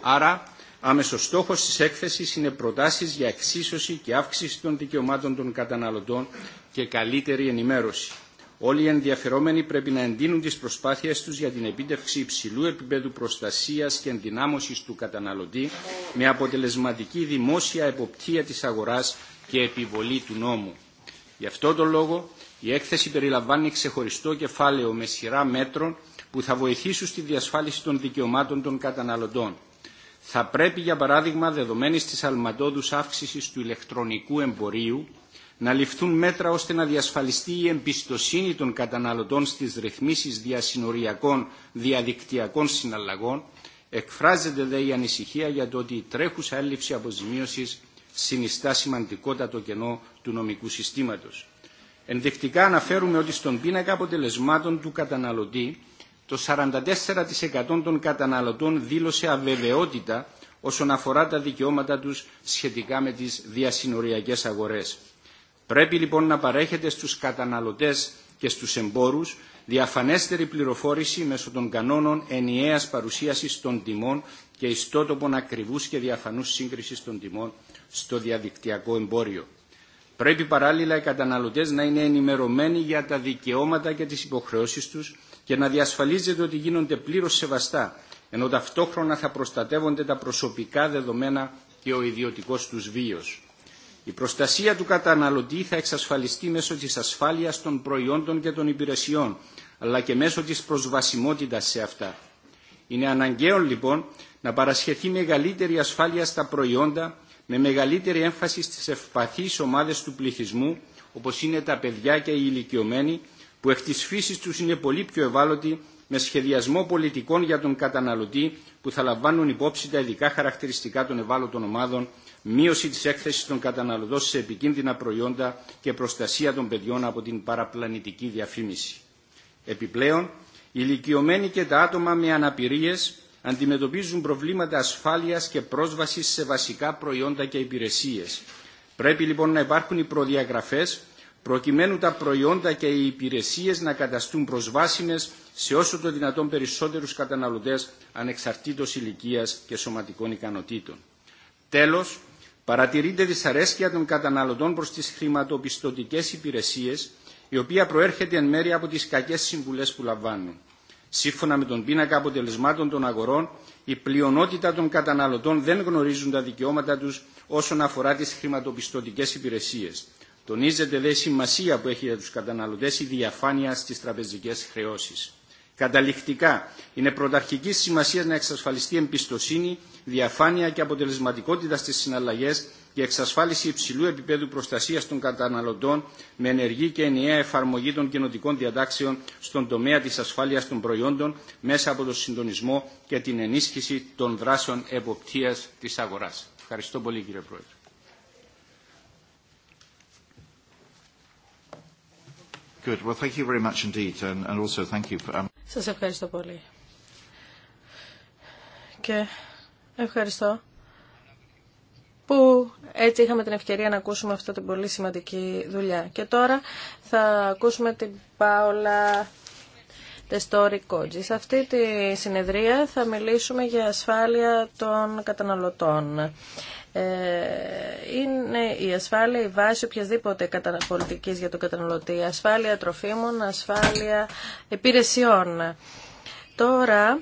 Άρα, άμεσος στόχος της έκθεσης είναι προτάσεις για εξίσωση και αύξηση των δικαιωμάτων των καταναλωτών και καλύτερη ενημέρωση. Όλοι οι ενδιαφερόμενοι πρέπει να εντείνουν τις προσπάθειες τους για την επίτευξη υψηλού επίπεδου προστασίας και ενδυνάμωσης του καταναλωτή με αποτελεσματική δημόσια εποπτεία της αγορά και επιβολή του νόμου. Γι' αυτό τον λόγο η έκθεση περιλαμβάνει ξεχωριστό κεφάλαιο με σειρά μέτρων που θα βοηθήσουν στη διασφάλιση των δικαιωμάτων των καταναλωτών. Θα πρέπει, για παράδειγμα, δεδομένης της αλματόδους αύξησης του ηλεκτρονικού εμπορίου, να ληφθούν μέτρα ώστε να διασφαλιστεί η εμπιστοσύνη των καταναλωτών στις ρυθμίσεις διασυνοριακών διαδικτυακών συναλλαγών, εκφράζεται δε η ανησυχία για το ότι η τρέχουσα έλλειψη αποζημίωση συνιστά σημαντικότατο κενό του νομικού συστήματος. Ενδεικτικά αναφέρουμε ότι στον πίνακα αποτελεσμάτων του καταναλωτή το 44% των καταναλωτών δήλωσε αβεβαιότητα όσον αφορά τα δικαιώματα τους σχετικά με τις διασυνοριακές αγορές. Πρέπει λοιπόν να παρέχεται στους καταναλωτές και στους εμπόρους διαφανέστερη πληροφόρηση μέσω των κανόνων ενιαίας παρουσίασης των τιμών και ιστότοπων ακριβούς και διαφανούς σύγκρισης των τιμών στο διαδικτυακό εμπόριο. Πρέπει παράλληλα οι καταναλωτές να είναι ενημερωμένοι για τα δικαιώματα και τις υποχρεώσεις τους και να διασφαλίζεται ότι γίνονται πλήρως σεβαστά, ενώ ταυτόχρονα θα προστατεύονται τα προσωπικά δεδομένα και ο ιδιωτικός τους βίος. Η προστασία του καταναλωτή θα εξασφαλιστεί μέσω της ασφάλειας των προϊόντων και των υπηρεσιών, αλλά και μέσω της προσβασιμότητας σε αυτά. Είναι αναγκαίο λοιπόν να παρασχεθεί μεγαλύτερη ασφάλεια στα προϊόντα με μεγαλύτερη έμφαση στις ευπαθείς ομάδες του πληθυσμού όπως είναι τα παιδιά και οι ηλικιωμένοι που εκ της φύσης τους είναι πολύ πιο ευάλωτοι με σχεδιασμό πολιτικών για τον καταναλωτή που θα λαμβάνουν υπόψη τα ειδικά χαρακτηριστικά των ευάλωτων ομάδων, μείωση της έκθεσης των καταναλωτών σε επικίνδυνα προϊόντα και προστασία των παιδιών από την παραπλανητική διαφήμιση. Επιπλέον, οι ηλικιωμένοι και τα άτομα με αναπηρίες αντιμετωπίζουν προβλήματα ασφάλειας και πρόσβασης σε βασικά προϊόντα και υπηρεσίες. Πρέπει λοιπόν να υπάρχουν οι προδιαγραφές προκειμένου τα προϊόντα και οι υπηρεσίες να καταστούν προσβάσιμες σε όσο το δυνατόν περισσότερους καταναλωτές ανεξαρτήτως ηλικίας και σωματικών ικανοτήτων. Τέλος, παρατηρείται δυσαρέσκεια των καταναλωτών προς τις χρηματοπιστωτικές υπηρεσίες, η οποία προέρχεται εν μέρει από τις κακές συμβουλές που λαμβάνουν. Σύμφωνα με τον πίνακα αποτελεσμάτων των αγορών, η πλειονότητα των καταναλωτών δεν γνωρίζουν τα δικαιώματα τους όσον αφορά τις χρηματοπιστωτικές υπηρεσίες. Τονίζεται δε η σημασία που έχει για τους καταναλωτές η διαφάνεια στις τραπεζικές χρεώσεις. Καταληκτικά, είναι πρωταρχική σημασία να εξασφαλιστεί εμπιστοσύνη, διαφάνεια και αποτελεσματικότητα στις συναλλαγές και εξασφάλιση υψηλού επίπεδου προστασίας των καταναλωτών με ενεργή και ενιαία εφαρμογή των κοινοτικών διατάξεων στον τομέα της ασφάλειας των προϊόντων μέσα από τον συντονισμό και την ενίσχυση των δράσεων εποπτείας της αγοράς. Ευχαριστώ πολύ κύριε Πρόεδρε. Σας ευχαριστώ πολύ. Και ευχαριστώ που έτσι είχαμε την ευκαιρία να ακούσουμε αυτή την πολύ σημαντική δουλειά. Και τώρα θα ακούσουμε την Πάολα Τεστόρη Κότζη. Σε αυτή τη συνεδρία θα μιλήσουμε για ασφάλεια των καταναλωτών. Ε, είναι η ασφάλεια η βάση οποιασδήποτε πολιτικής για τον καταναλωτή. Ασφάλεια τροφίμων, ασφάλεια υπηρεσιών. Τώρα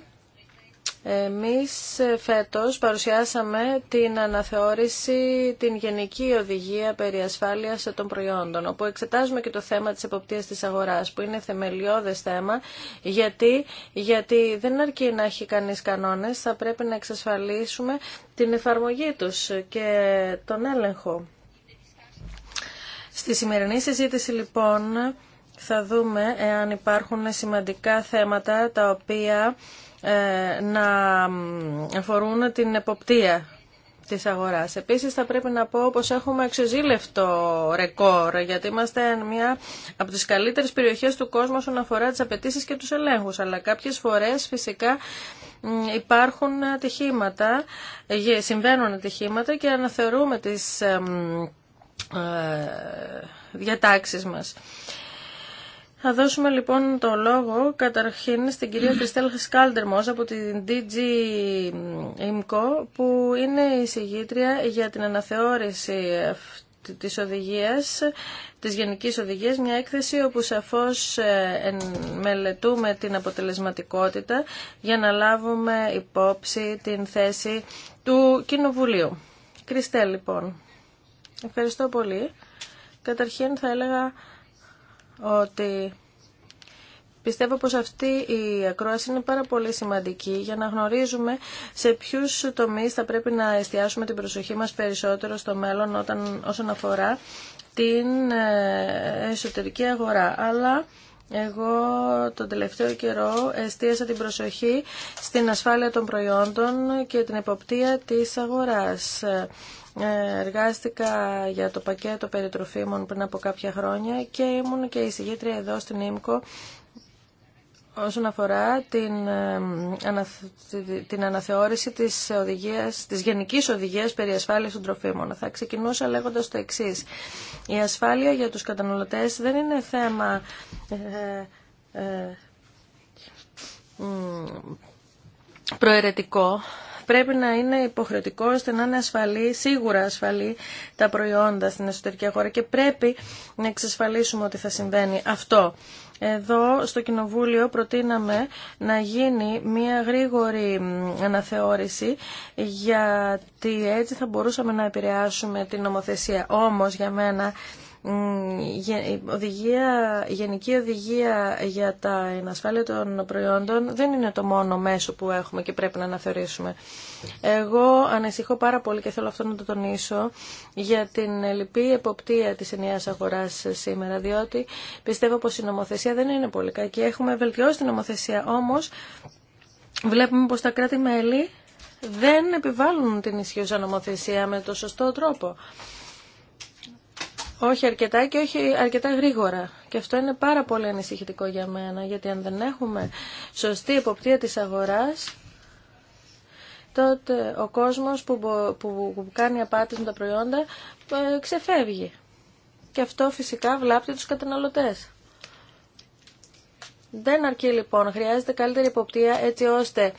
εμείς ε, φέτος παρουσιάσαμε την αναθεώρηση, την Γενική Οδηγία περί ασφάλειας των προϊόντων, όπου εξετάζουμε και το θέμα της εποπτείας της αγοράς, που είναι θεμελιώδες θέμα, γιατί, γιατί δεν αρκεί να έχει κανείς κανόνες, θα πρέπει να εξασφαλίσουμε την εφαρμογή τους και τον έλεγχο. Στη σημερινή συζήτηση λοιπόν θα δούμε εάν υπάρχουν σημαντικά θέματα τα οποία ε, να αφορούν την εποπτεία της αγοράς. Επίσης θα πρέπει να πω πως έχουμε εξεζήλευτο ρεκόρ γιατί είμαστε μια από τις καλύτερες περιοχές του κόσμου όσον αφορά τις απαιτήσει και τους ελέγχους αλλά κάποιες φορές φυσικά υπάρχουν ατυχήματα, συμβαίνουν ατυχήματα και αναθεωρούμε τις ε, ε, διατάξεις μας. Θα δώσουμε λοιπόν το λόγο καταρχήν στην κυρία Κριστέλ Σκάλντερμος από την DG IMCO που είναι η συγγήτρια για την αναθεώρηση της οδηγίας, της γενικής οδηγίας, μια έκθεση όπου σαφώς ε, μελετούμε την αποτελεσματικότητα για να λάβουμε υπόψη την θέση του Κοινοβουλίου. Κριστέλ λοιπόν, ευχαριστώ πολύ. Καταρχήν θα έλεγα ότι Πιστεύω πως αυτή η ακρόαση είναι πάρα πολύ σημαντική για να γνωρίζουμε σε ποιους τομείς θα πρέπει να εστιάσουμε την προσοχή μας περισσότερο στο μέλλον όταν, όσον αφορά την ε, εσωτερική αγορά. Αλλά εγώ τον τελευταίο καιρό εστίασα την προσοχή στην ασφάλεια των προϊόντων και την εποπτεία της αγοράς. Ε, εργάστηκα για το πακέτο περιτροφίμων πριν από κάποια χρόνια και ήμουν και εισηγήτρια εδώ στην ΙΜΚΟ όσον αφορά την, ε, την αναθεώρηση της, οδηγίας, της γενικής οδηγίας περί ασφάλειας των τροφίμων. Θα ξεκινούσα λέγοντας το εξής. Η ασφάλεια για τους καταναλωτές δεν είναι θέμα ε, προαιρετικό, πρέπει να είναι υποχρεωτικό ώστε να είναι ασφαλή, σίγουρα ασφαλή τα προϊόντα στην εσωτερική αγορά και πρέπει να εξασφαλίσουμε ότι θα συμβαίνει αυτό. Εδώ στο Κοινοβούλιο προτείναμε να γίνει μια γρήγορη αναθεώρηση γιατί έτσι θα μπορούσαμε να επηρεάσουμε την νομοθεσία. Όμως για μένα οδηγία, γενική οδηγία για τα ενασφάλεια των προϊόντων δεν είναι το μόνο μέσο που έχουμε και πρέπει να αναθεωρήσουμε. Εγώ ανησυχώ πάρα πολύ και θέλω αυτό να το τονίσω για την λυπή εποπτεία της ενιαίας αγοράς σήμερα, διότι πιστεύω πως η νομοθεσία δεν είναι πολύ κακή. Έχουμε βελτιώσει την νομοθεσία, όμως βλέπουμε πως τα κράτη-μέλη δεν επιβάλλουν την ισχύουσα νομοθεσία με το σωστό τρόπο όχι αρκετά και όχι αρκετά γρήγορα. Και αυτό είναι πάρα πολύ ανησυχητικό για μένα, γιατί αν δεν έχουμε σωστή εποπτεία της αγοράς, τότε ο κόσμος που, κάνει απάτης με τα προϊόντα ε, ξεφεύγει. Και αυτό φυσικά βλάπτει τους καταναλωτές. Δεν αρκεί λοιπόν, χρειάζεται καλύτερη εποπτεία έτσι ώστε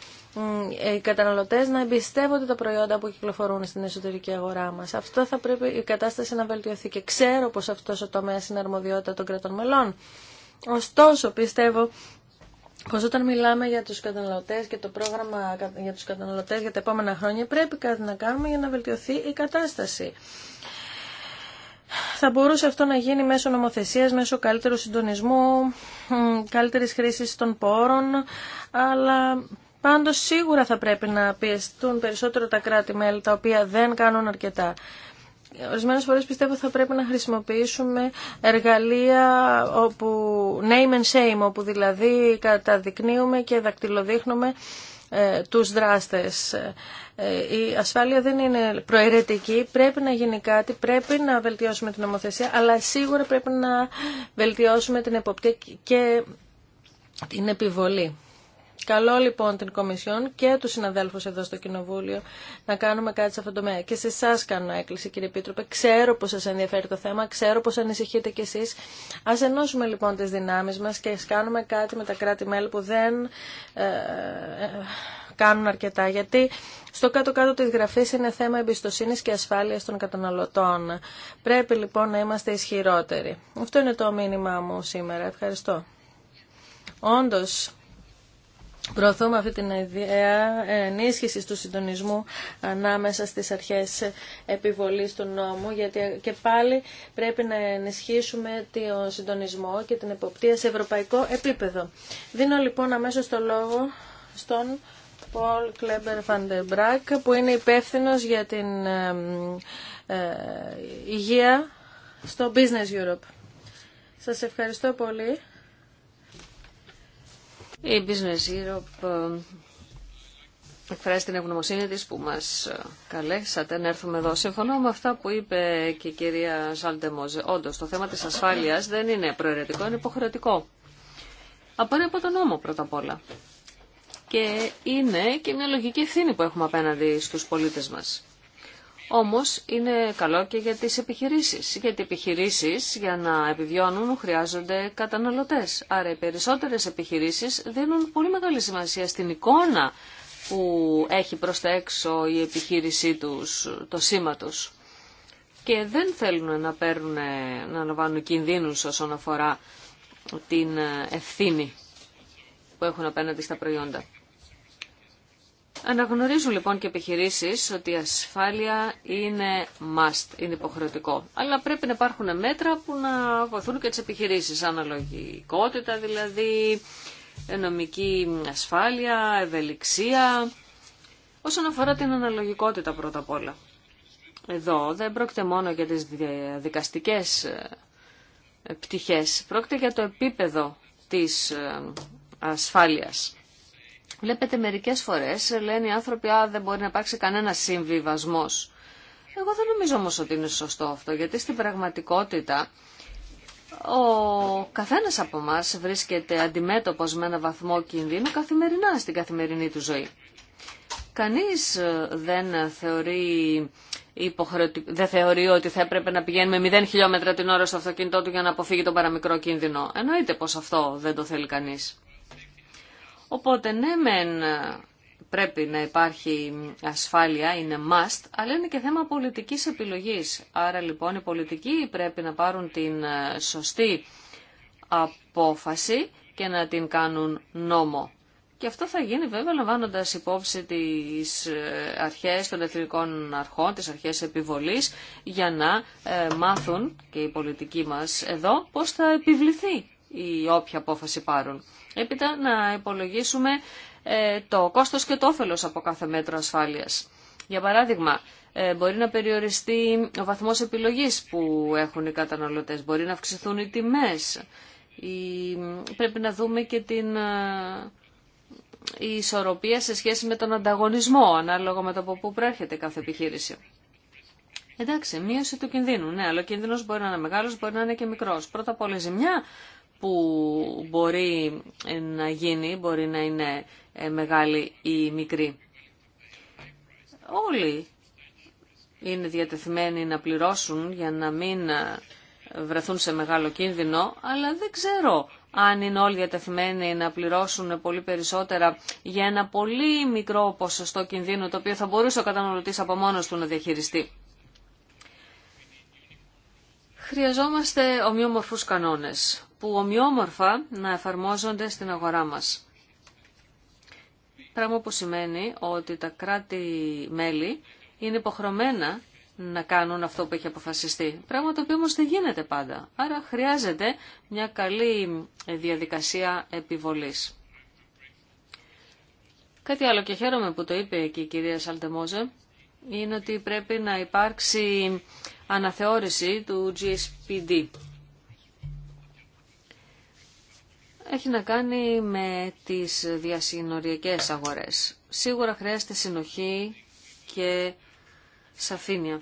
ε, οι καταναλωτές να εμπιστεύονται τα προϊόντα που κυκλοφορούν στην εσωτερική αγορά μας. Αυτό θα πρέπει η κατάσταση να βελτιωθεί και ξέρω πως αυτός ο τομέας είναι αρμοδιότητα των κρατών μελών. Ωστόσο πιστεύω πως όταν μιλάμε για τους καταναλωτές και το πρόγραμμα για τους καταναλωτές για τα επόμενα χρόνια πρέπει κάτι να κάνουμε για να βελτιωθεί η κατάσταση. Θα μπορούσε αυτό να γίνει μέσω νομοθεσίας, μέσω καλύτερου συντονισμού, καλύτερης χρήσης των πόρων, αλλά Πάντω σίγουρα θα πρέπει να πιεστούν περισσότερο τα κράτη-μέλη τα οποία δεν κάνουν αρκετά. Ορισμένε φορέ πιστεύω θα πρέπει να χρησιμοποιήσουμε εργαλεία όπου name and shame, όπου δηλαδή καταδεικνύουμε και δακτυλοδείχνουμε ε, τους δράστες. Ε, η ασφάλεια δεν είναι προαιρετική, πρέπει να γίνει κάτι, πρέπει να βελτιώσουμε την νομοθεσία, αλλά σίγουρα πρέπει να βελτιώσουμε την εποπτεία και την επιβολή. Καλό λοιπόν την Κομισιόν και του συναδέλφου εδώ στο Κοινοβούλιο να κάνουμε κάτι σε αυτό το τομέα. Και σε εσά κάνω έκκληση, κύριε Πίτροπε. Ξέρω πω σα ενδιαφέρει το θέμα, ξέρω πω ανησυχείτε κι εσεί. Α ενώσουμε λοιπόν τι δυνάμει μα και α κάνουμε κάτι με τα κράτη-μέλη που δεν ε, ε κάνουν αρκετά. Γιατί στο κάτω-κάτω τη γραφή είναι θέμα εμπιστοσύνη και ασφάλεια των καταναλωτών. Πρέπει λοιπόν να είμαστε ισχυρότεροι. Αυτό είναι το μήνυμά μου σήμερα. Ευχαριστώ. Όντως, Προωθούμε αυτή την ιδέα ενίσχυση του συντονισμού ανάμεσα στις αρχές επιβολής του νόμου, γιατί και πάλι πρέπει να ενισχύσουμε τον συντονισμό και την εποπτεία σε ευρωπαϊκό επίπεδο. Δίνω λοιπόν αμέσως το λόγο στον Πολ Κλέμπερ Φαντεμπράκ, που είναι υπεύθυνο για την ε, υγεία στο Business Europe. Σας ευχαριστώ πολύ. Η Business Europe ε, εκφράζει την ευγνωμοσύνη της που μας ε, καλέσατε να έρθουμε εδώ. Συμφωνώ με αυτά που είπε και η κυρία Ζαλντεμόζε. Όντως, το θέμα της ασφάλειας δεν είναι προαιρετικό, είναι υποχρεωτικό. από τον νόμο πρώτα απ' όλα. Και είναι και μια λογική ευθύνη που έχουμε απέναντι στους πολίτες μας. Όμως είναι καλό και για τις επιχειρήσεις, γιατί οι επιχειρήσεις για να επιβιώνουν χρειάζονται καταναλωτές. Άρα οι περισσότερες επιχειρήσεις δίνουν πολύ μεγάλη σημασία στην εικόνα που έχει προς τα έξω η επιχείρησή τους, το σήμα Και δεν θέλουν να παίρνουν, να αναβάνουν κινδύνους όσον αφορά την ε, ευθύνη που έχουν απέναντι στα προϊόντα. Αναγνωρίζουν λοιπόν και επιχειρήσει ότι η ασφάλεια είναι must, είναι υποχρεωτικό. Αλλά πρέπει να υπάρχουν μέτρα που να βοηθούν και τι επιχειρήσεις. Αναλογικότητα δηλαδή, νομική ασφάλεια, ευελιξία. Όσον αφορά την αναλογικότητα πρώτα απ' όλα. Εδώ δεν πρόκειται μόνο για τις δικαστικές ε, πτυχές. Πρόκειται για το επίπεδο της ε, ασφάλειας. Βλέπετε μερικές φορές λένε οι άνθρωποι δεν μπορεί να υπάρξει κανένα συμβιβασμός». Εγώ δεν νομίζω όμως ότι είναι σωστό αυτό, γιατί στην πραγματικότητα ο καθένας από εμά βρίσκεται αντιμέτωπος με ένα βαθμό κινδύνου καθημερινά στην καθημερινή του ζωή. Κανείς ε, δεν θεωρεί, υποχρεωτι... δεν θεωρεί ότι θα έπρεπε να πηγαίνουμε 0 χιλιόμετρα την ώρα στο αυτοκίνητό του για να αποφύγει τον παραμικρό κίνδυνο. Εννοείται πως αυτό δεν το θέλει κανείς. Οπότε ναι ε, πρέπει να υπάρχει ασφάλεια, είναι must, αλλά είναι και θέμα πολιτικής επιλογής. Άρα λοιπόν οι πολιτικοί πρέπει να πάρουν την ε, σωστή απόφαση και να την κάνουν νόμο. Και αυτό θα γίνει βέβαια λαμβάνοντα υπόψη τις ε, αρχές των εθνικών αρχών, τις αρχές επιβολής, για να μάθουν και οι πολιτικοί μας εδώ πώς θα επιβληθεί η όποια απόφαση πάρουν. Έπειτα να υπολογίσουμε ε, το κόστος και το όφελος από κάθε μέτρο ασφάλειας. Για παράδειγμα, ε, μπορεί να περιοριστεί ο βαθμός επιλογής που έχουν οι καταναλωτές, μπορεί να αυξηθούν οι τιμές. Πρέπει να δούμε και την ε, η ισορροπία σε σχέση με τον ανταγωνισμό, ανάλογα με το από πού προέρχεται κάθε επιχείρηση. Εντάξει, μείωση του κινδύνου. Ναι, αλλά ο κίνδυνο μπορεί να είναι μεγάλο, μπορεί να είναι και μικρό. Πρώτα απ' όλα, ζημιά που μπορεί να γίνει, μπορεί να είναι ε, μεγάλη ή μικρή. Όλοι είναι διατεθειμένοι να πληρώσουν για να μην ε, βρεθούν σε μεγάλο κίνδυνο, αλλά δεν ξέρω αν είναι όλοι διατεθειμένοι να πληρώσουν πολύ περισσότερα για ένα πολύ μικρό ποσοστό κινδύνου, το οποίο θα μπορούσε ο καταναλωτής από μόνος του να διαχειριστεί. Χρειαζόμαστε ομοιόμορφους κανόνες που ομοιόμορφα να εφαρμόζονται στην αγορά μας. Πράγμα που σημαίνει ότι τα κράτη-μέλη είναι υποχρεωμένα να κάνουν αυτό που έχει αποφασιστεί. Πράγμα το οποίο όμως δεν γίνεται πάντα. Άρα χρειάζεται μια καλή διαδικασία επιβολής. Κάτι άλλο και χαίρομαι που το είπε και η κυρία Σαλτεμόζε, είναι ότι πρέπει να υπάρξει αναθεώρηση του GSPD. έχει να κάνει με τις διασυνοριακές αγορές. Σίγουρα χρειάζεται συνοχή και σαφήνεια.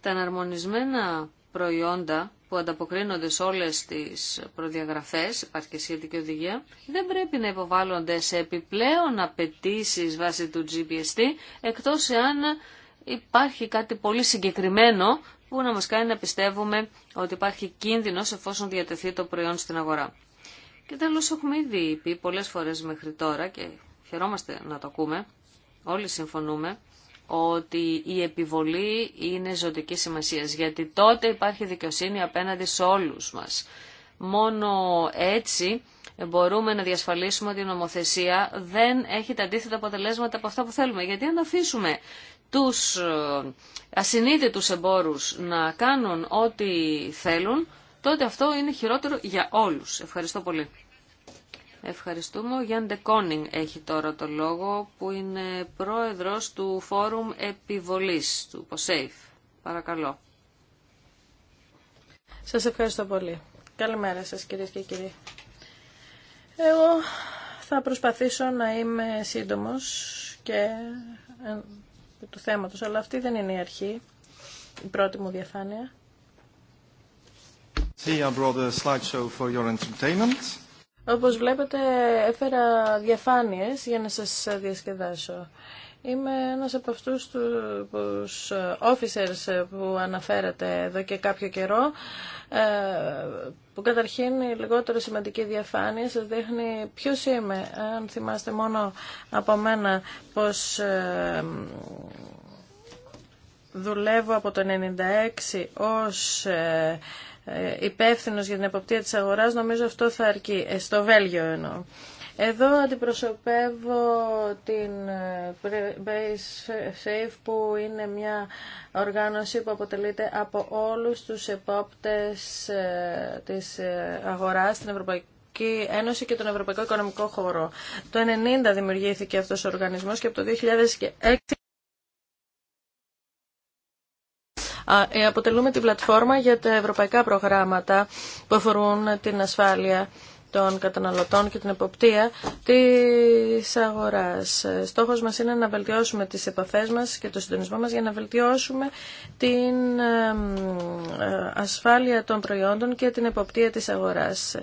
Τα αναρμονισμένα προϊόντα που ανταποκρίνονται σε όλες τις προδιαγραφές, υπάρχει και σχετική οδηγία, δεν πρέπει να υποβάλλονται σε επιπλέον απαιτήσει βάσει του GPST, εκτός εάν υπάρχει κάτι πολύ συγκεκριμένο που να μας κάνει να πιστεύουμε ότι υπάρχει κίνδυνος εφόσον διατεθεί το προϊόν στην αγορά. Και τέλο έχουμε ήδη πει πολλές φορές μέχρι τώρα και χαιρόμαστε να το ακούμε, όλοι συμφωνούμε, ότι η επιβολή είναι ζωτική σημασία, γιατί τότε υπάρχει δικαιοσύνη απέναντι σε όλους μας. Μόνο έτσι μπορούμε να διασφαλίσουμε ότι η νομοθεσία δεν έχει τα αντίθετα αποτελέσματα από αυτά που θέλουμε. Γιατί αν αφήσουμε τους ε, ασυνείδητους εμπόρους να κάνουν ό,τι θέλουν, τότε αυτό είναι χειρότερο για όλους. Ευχαριστώ πολύ. Ευχαριστούμε. Ο Γιάνντε Κόνινγκ έχει τώρα το λόγο που είναι πρόεδρος του Φόρουμ Επιβολής του ΠΟΣΕΙΦ. Παρακαλώ. Σας ευχαριστώ πολύ. Καλημέρα σας κυρίες και κύριοι. Εγώ θα προσπαθήσω να είμαι σύντομος και ε, του θέματος, αλλά αυτή δεν είναι η αρχή, η πρώτη μου διαφάνεια. Όπως βλέπετε έφερα διαφάνειες για να σας διασκεδάσω. Είμαι ένας από αυτούς τους officers που αναφέρατε εδώ και κάποιο καιρό ε, που καταρχήν η λιγότερο σημαντική διαφάνεια σας δείχνει ποιος είμαι. Αν θυμάστε μόνο από μένα πως ε, δουλεύω από το 96 ως ε, ε, υπεύθυνο για την εποπτεία της αγοράς, νομίζω αυτό θα αρκεί. Ε, στο Βέλγιο εννοώ. Εδώ αντιπροσωπεύω την ε, Base Safe που είναι μια οργάνωση που αποτελείται από όλους τους επόπτες της αγοράς στην Ευρωπαϊκή Ένωση και τον Ευρωπαϊκό Οικονομικό Χώρο. Το 1990 δημιουργήθηκε αυτός ο οργανισμός και από το 2006 Ε, αποτελούμε την πλατφόρμα για τα ευρωπαϊκά προγράμματα που αφορούν την ασφάλεια των καταναλωτών και την εποπτεία της αγοράς. Στόχος μας είναι να βελτιώσουμε τις επαφές μας και το συντονισμό μας για να βελτιώσουμε την ε, ασφάλεια των προϊόντων και την εποπτεία της αγοράς.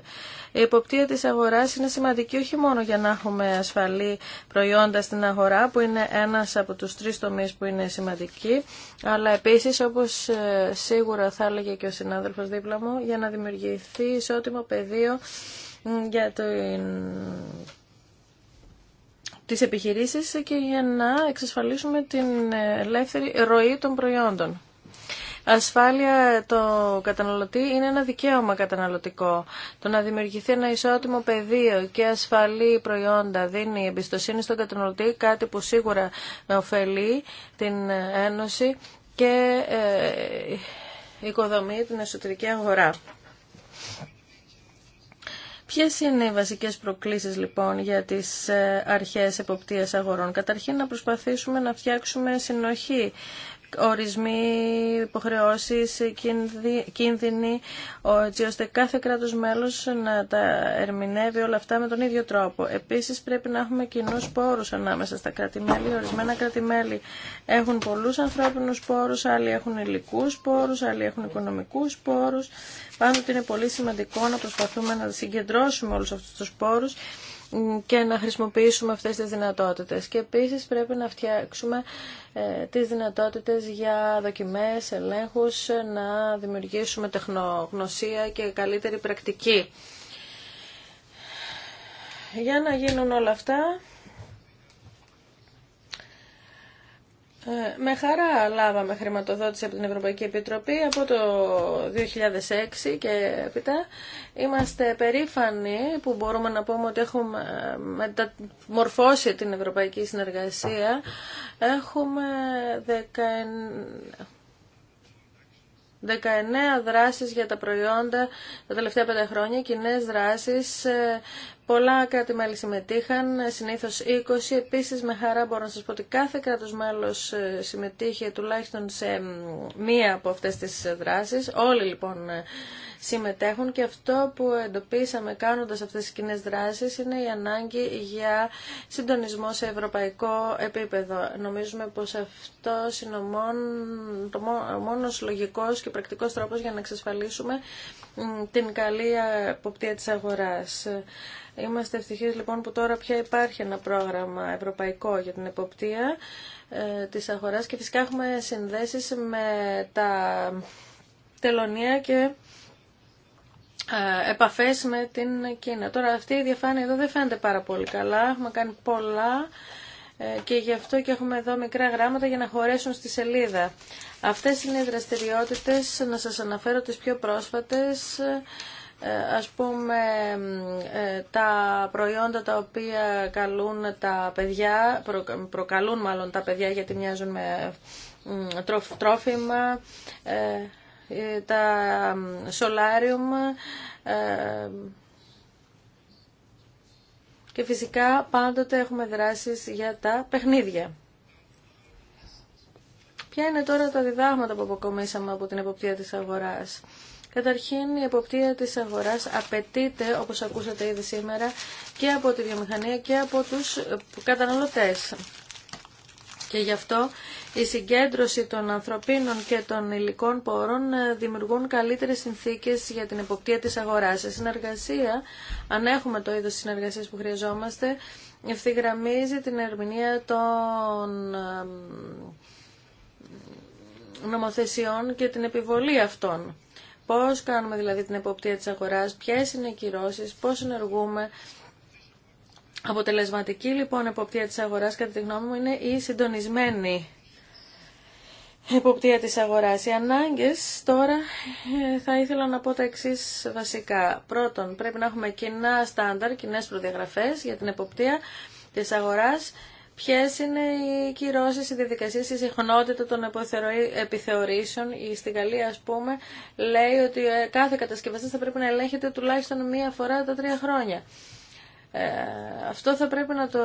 Η εποπτεία της αγοράς είναι σημαντική όχι μόνο για να έχουμε ασφαλή προϊόντα στην αγορά, που είναι ένας από τους τρεις τομείς που είναι σημαντικοί, αλλά επίσης, όπως ε, σίγουρα θα έλεγε και ο συνάδελφος δίπλα μου, για να δημιουργηθεί ισότιμο πεδίο για την ε, τις επιχειρήσεις και για να εξασφαλίσουμε την ε, ελεύθερη ροή των προϊόντων ασφάλεια το καταναλωτή είναι ένα δικαίωμα καταναλωτικό. Το να δημιουργηθεί ένα ισότιμο πεδίο και ασφαλή προϊόντα δίνει εμπιστοσύνη στον καταναλωτή, κάτι που σίγουρα ωφελεί την Ένωση και ε, οικοδομεί την εσωτερική αγορά. Ποιε είναι οι βασικές προκλήσεις λοιπόν για τις ε, αρχές εποπτείας αγορών. Καταρχήν να προσπαθήσουμε να φτιάξουμε συνοχή ορισμοί, υποχρεώσεις, κίνδυνοι, έτσι ώστε κάθε κράτος μέλος να τα ερμηνεύει όλα αυτά με τον ίδιο τρόπο. Επίσης πρέπει να έχουμε κοινού πόρου ανάμεσα στα κράτη-μέλη. Ορισμένα κράτη-μέλη έχουν πολλούς ανθρώπινους πόρους, άλλοι έχουν εχουν υλικού πόρους, άλλοι έχουν οικονομικούς πόρους. Πάντοτε είναι πολύ σημαντικό να προσπαθούμε να συγκεντρώσουμε όλου αυτού του πόρου και να χρησιμοποιήσουμε αυτές τις δυνατότητες. Και επίσης πρέπει να φτιάξουμε ε, τις δυνατότητες για δοκιμές, ελέγχους, να δημιουργήσουμε τεχνογνωσία και καλύτερη πρακτική. Για να γίνουν όλα αυτά, Ε, με χαρά λάβαμε χρηματοδότηση από την Ευρωπαϊκή Επιτροπή από το 2006 και έπειτα. Είμαστε περήφανοι που μπορούμε να πούμε ότι έχουμε ε, μεταμορφώσει την Ευρωπαϊκή Συνεργασία. Έχουμε 19... 19 δράσεις για τα προϊόντα τα τελευταία πέντε χρόνια, κοινέ δράσεις ε, Πολλά κράτη-μέλη συμμετείχαν, συνήθως 20. Επίση, με χαρά μπορώ να σα πω ότι κάθε κράτο μέλο ε, συμμετείχε τουλάχιστον σε μία από αυτές τις ε, δράσεις. Όλοι λοιπόν ε, συμμετέχουν και αυτό που εντοπίσαμε κάνοντας αυτές τις κοινέ δράσεις είναι η ανάγκη για συντονισμό σε ευρωπαϊκό επίπεδο. Νομίζουμε πως αυτό είναι ο, μόνο, μόνος λογικός και πρακτικός τρόπος για να εξασφαλίσουμε την καλή εποπτεία της αγοράς. Είμαστε ευτυχείς λοιπόν που τώρα πια υπάρχει ένα πρόγραμμα ευρωπαϊκό για την εποπτεία ε, της αγοράς και φυσικά έχουμε συνδέσεις με τα τελωνία και επαφές με την Κίνα. Τώρα αυτή η διαφάνεια εδώ δεν φαίνεται πάρα πολύ καλά. Έχουμε κάνει πολλά ε, και γι' αυτό και έχουμε εδώ μικρά γράμματα για να χωρέσουν στη σελίδα. Αυτές είναι οι δραστηριότητες, να σας αναφέρω τις πιο πρόσφατες, ε, ας πούμε ε, τα προϊόντα τα οποία καλούν τα παιδιά, προκαλούν μάλλον τα παιδιά γιατί μοιάζουν με τρόφιμα, ε, τα solarium ε, και φυσικά πάντοτε έχουμε δράσεις για τα παιχνίδια. Ποια είναι τώρα τα διδάγματα που αποκομίσαμε από την εποπτεία της αγοράς. Καταρχήν η εποπτεία της αγοράς απαιτείται, όπως ακούσατε ήδη σήμερα, και από τη βιομηχανία και από τους καταναλωτές. Και γι' αυτό η συγκέντρωση των ανθρωπίνων και των υλικών πόρων ε, δημιουργούν καλύτερες συνθήκες για την εποπτεία της αγοράς. Η συνεργασία, αν έχουμε το είδος συνεργασίας που χρειαζόμαστε, ευθυγραμμίζει την ερμηνεία των νομοθεσιών και την επιβολή αυτών. Πώς κάνουμε δηλαδή την εποπτεία της αγοράς, ποιες είναι οι κυρώσεις, πώς συνεργούμε... Αποτελεσματική λοιπόν εποπτεία της αγοράς κατά τη γνώμη μου είναι η συντονισμένη εποπτεία της αγοράς. Οι ανάγκες τώρα ε, θα ήθελα να πω τα εξή βασικά. Πρώτον, πρέπει να έχουμε κοινά στάνταρ, κοινέ προδιαγραφές για την εποπτεία της αγοράς. Ποιε είναι οι κυρώσει, οι διαδικασίε, η συχνότητα των επιθεωρήσεων. στη Γαλλία, α πούμε, λέει ότι ε, κάθε κατασκευαστή θα πρέπει να ελέγχεται τουλάχιστον μία φορά τα τρία χρόνια. Ε, αυτό θα πρέπει να το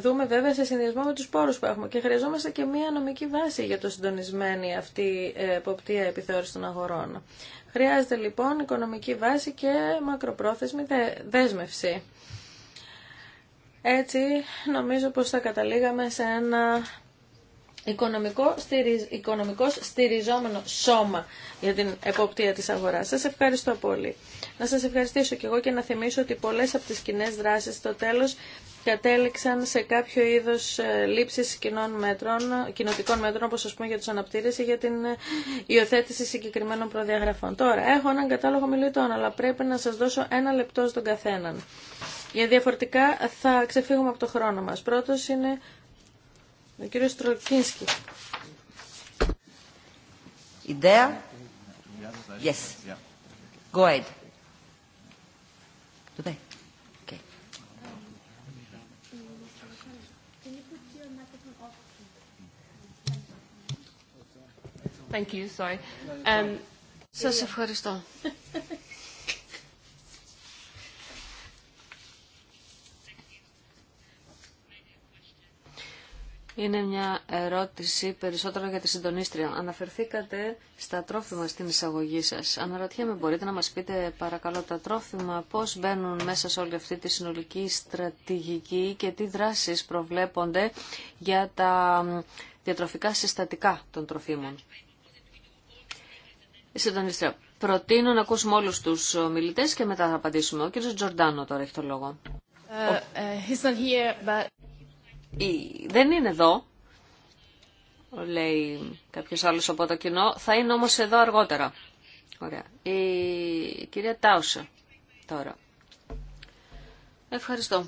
δούμε βέβαια σε συνδυασμό με τους πόρους που έχουμε και χρειαζόμαστε και μία νομική βάση για το συντονισμένη αυτή ε, εποπτεία επιθεώρηση των αγορών. Χρειάζεται λοιπόν οικονομική βάση και μακροπρόθεσμη δέσμευση. Έτσι νομίζω πως θα καταλήγαμε σε ένα οικονομικό, στηριζ, οικονομικός στηριζόμενο σώμα για την εποπτεία της αγοράς. Σας ευχαριστώ πολύ. Να σας ευχαριστήσω και εγώ και να θυμίσω ότι πολλές από τις κοινέ δράσεις στο τέλος κατέληξαν σε κάποιο είδος ε, λήψης κοινών μέτρων, κοινοτικών μέτρων, όπως ας πούμε για τους αναπτύρες ή για την ε, υιοθέτηση συγκεκριμένων προδιαγραφών. Τώρα, έχω έναν κατάλογο μιλητών, αλλά πρέπει να σας δώσω ένα λεπτό στον καθέναν. Για διαφορετικά θα ξεφύγουμε από το χρόνο μας. Πρώτος είναι ο κύριος Τρολκίνσκι. Ιδέα. Yes. Go ahead. Today. Okay. Thank you. Sorry. Um, σας ευχαριστώ. Είναι μια ερώτηση περισσότερο για τη συντονίστρια. Αναφερθήκατε στα τρόφιμα στην εισαγωγή σας. Αναρωτιέμαι, μπορείτε να μας πείτε παρακαλώ τα τρόφιμα, πώς μπαίνουν μέσα σε όλη αυτή τη συνολική στρατηγική και τι δράσεις προβλέπονται για τα διατροφικά συστατικά των τροφίμων. Συντονίστρια, προτείνω να ακούσουμε όλου του μιλητέ και μετά θα απαντήσουμε. Ο κύριος Τζορντάνο τώρα έχει το λόγο. Ε, ε, δεν είναι εδώ, λέει κάποιο άλλο από το κοινό, θα είναι όμω εδώ αργότερα. Ωραία. Η κυρία Τάουσα τώρα. Ευχαριστώ.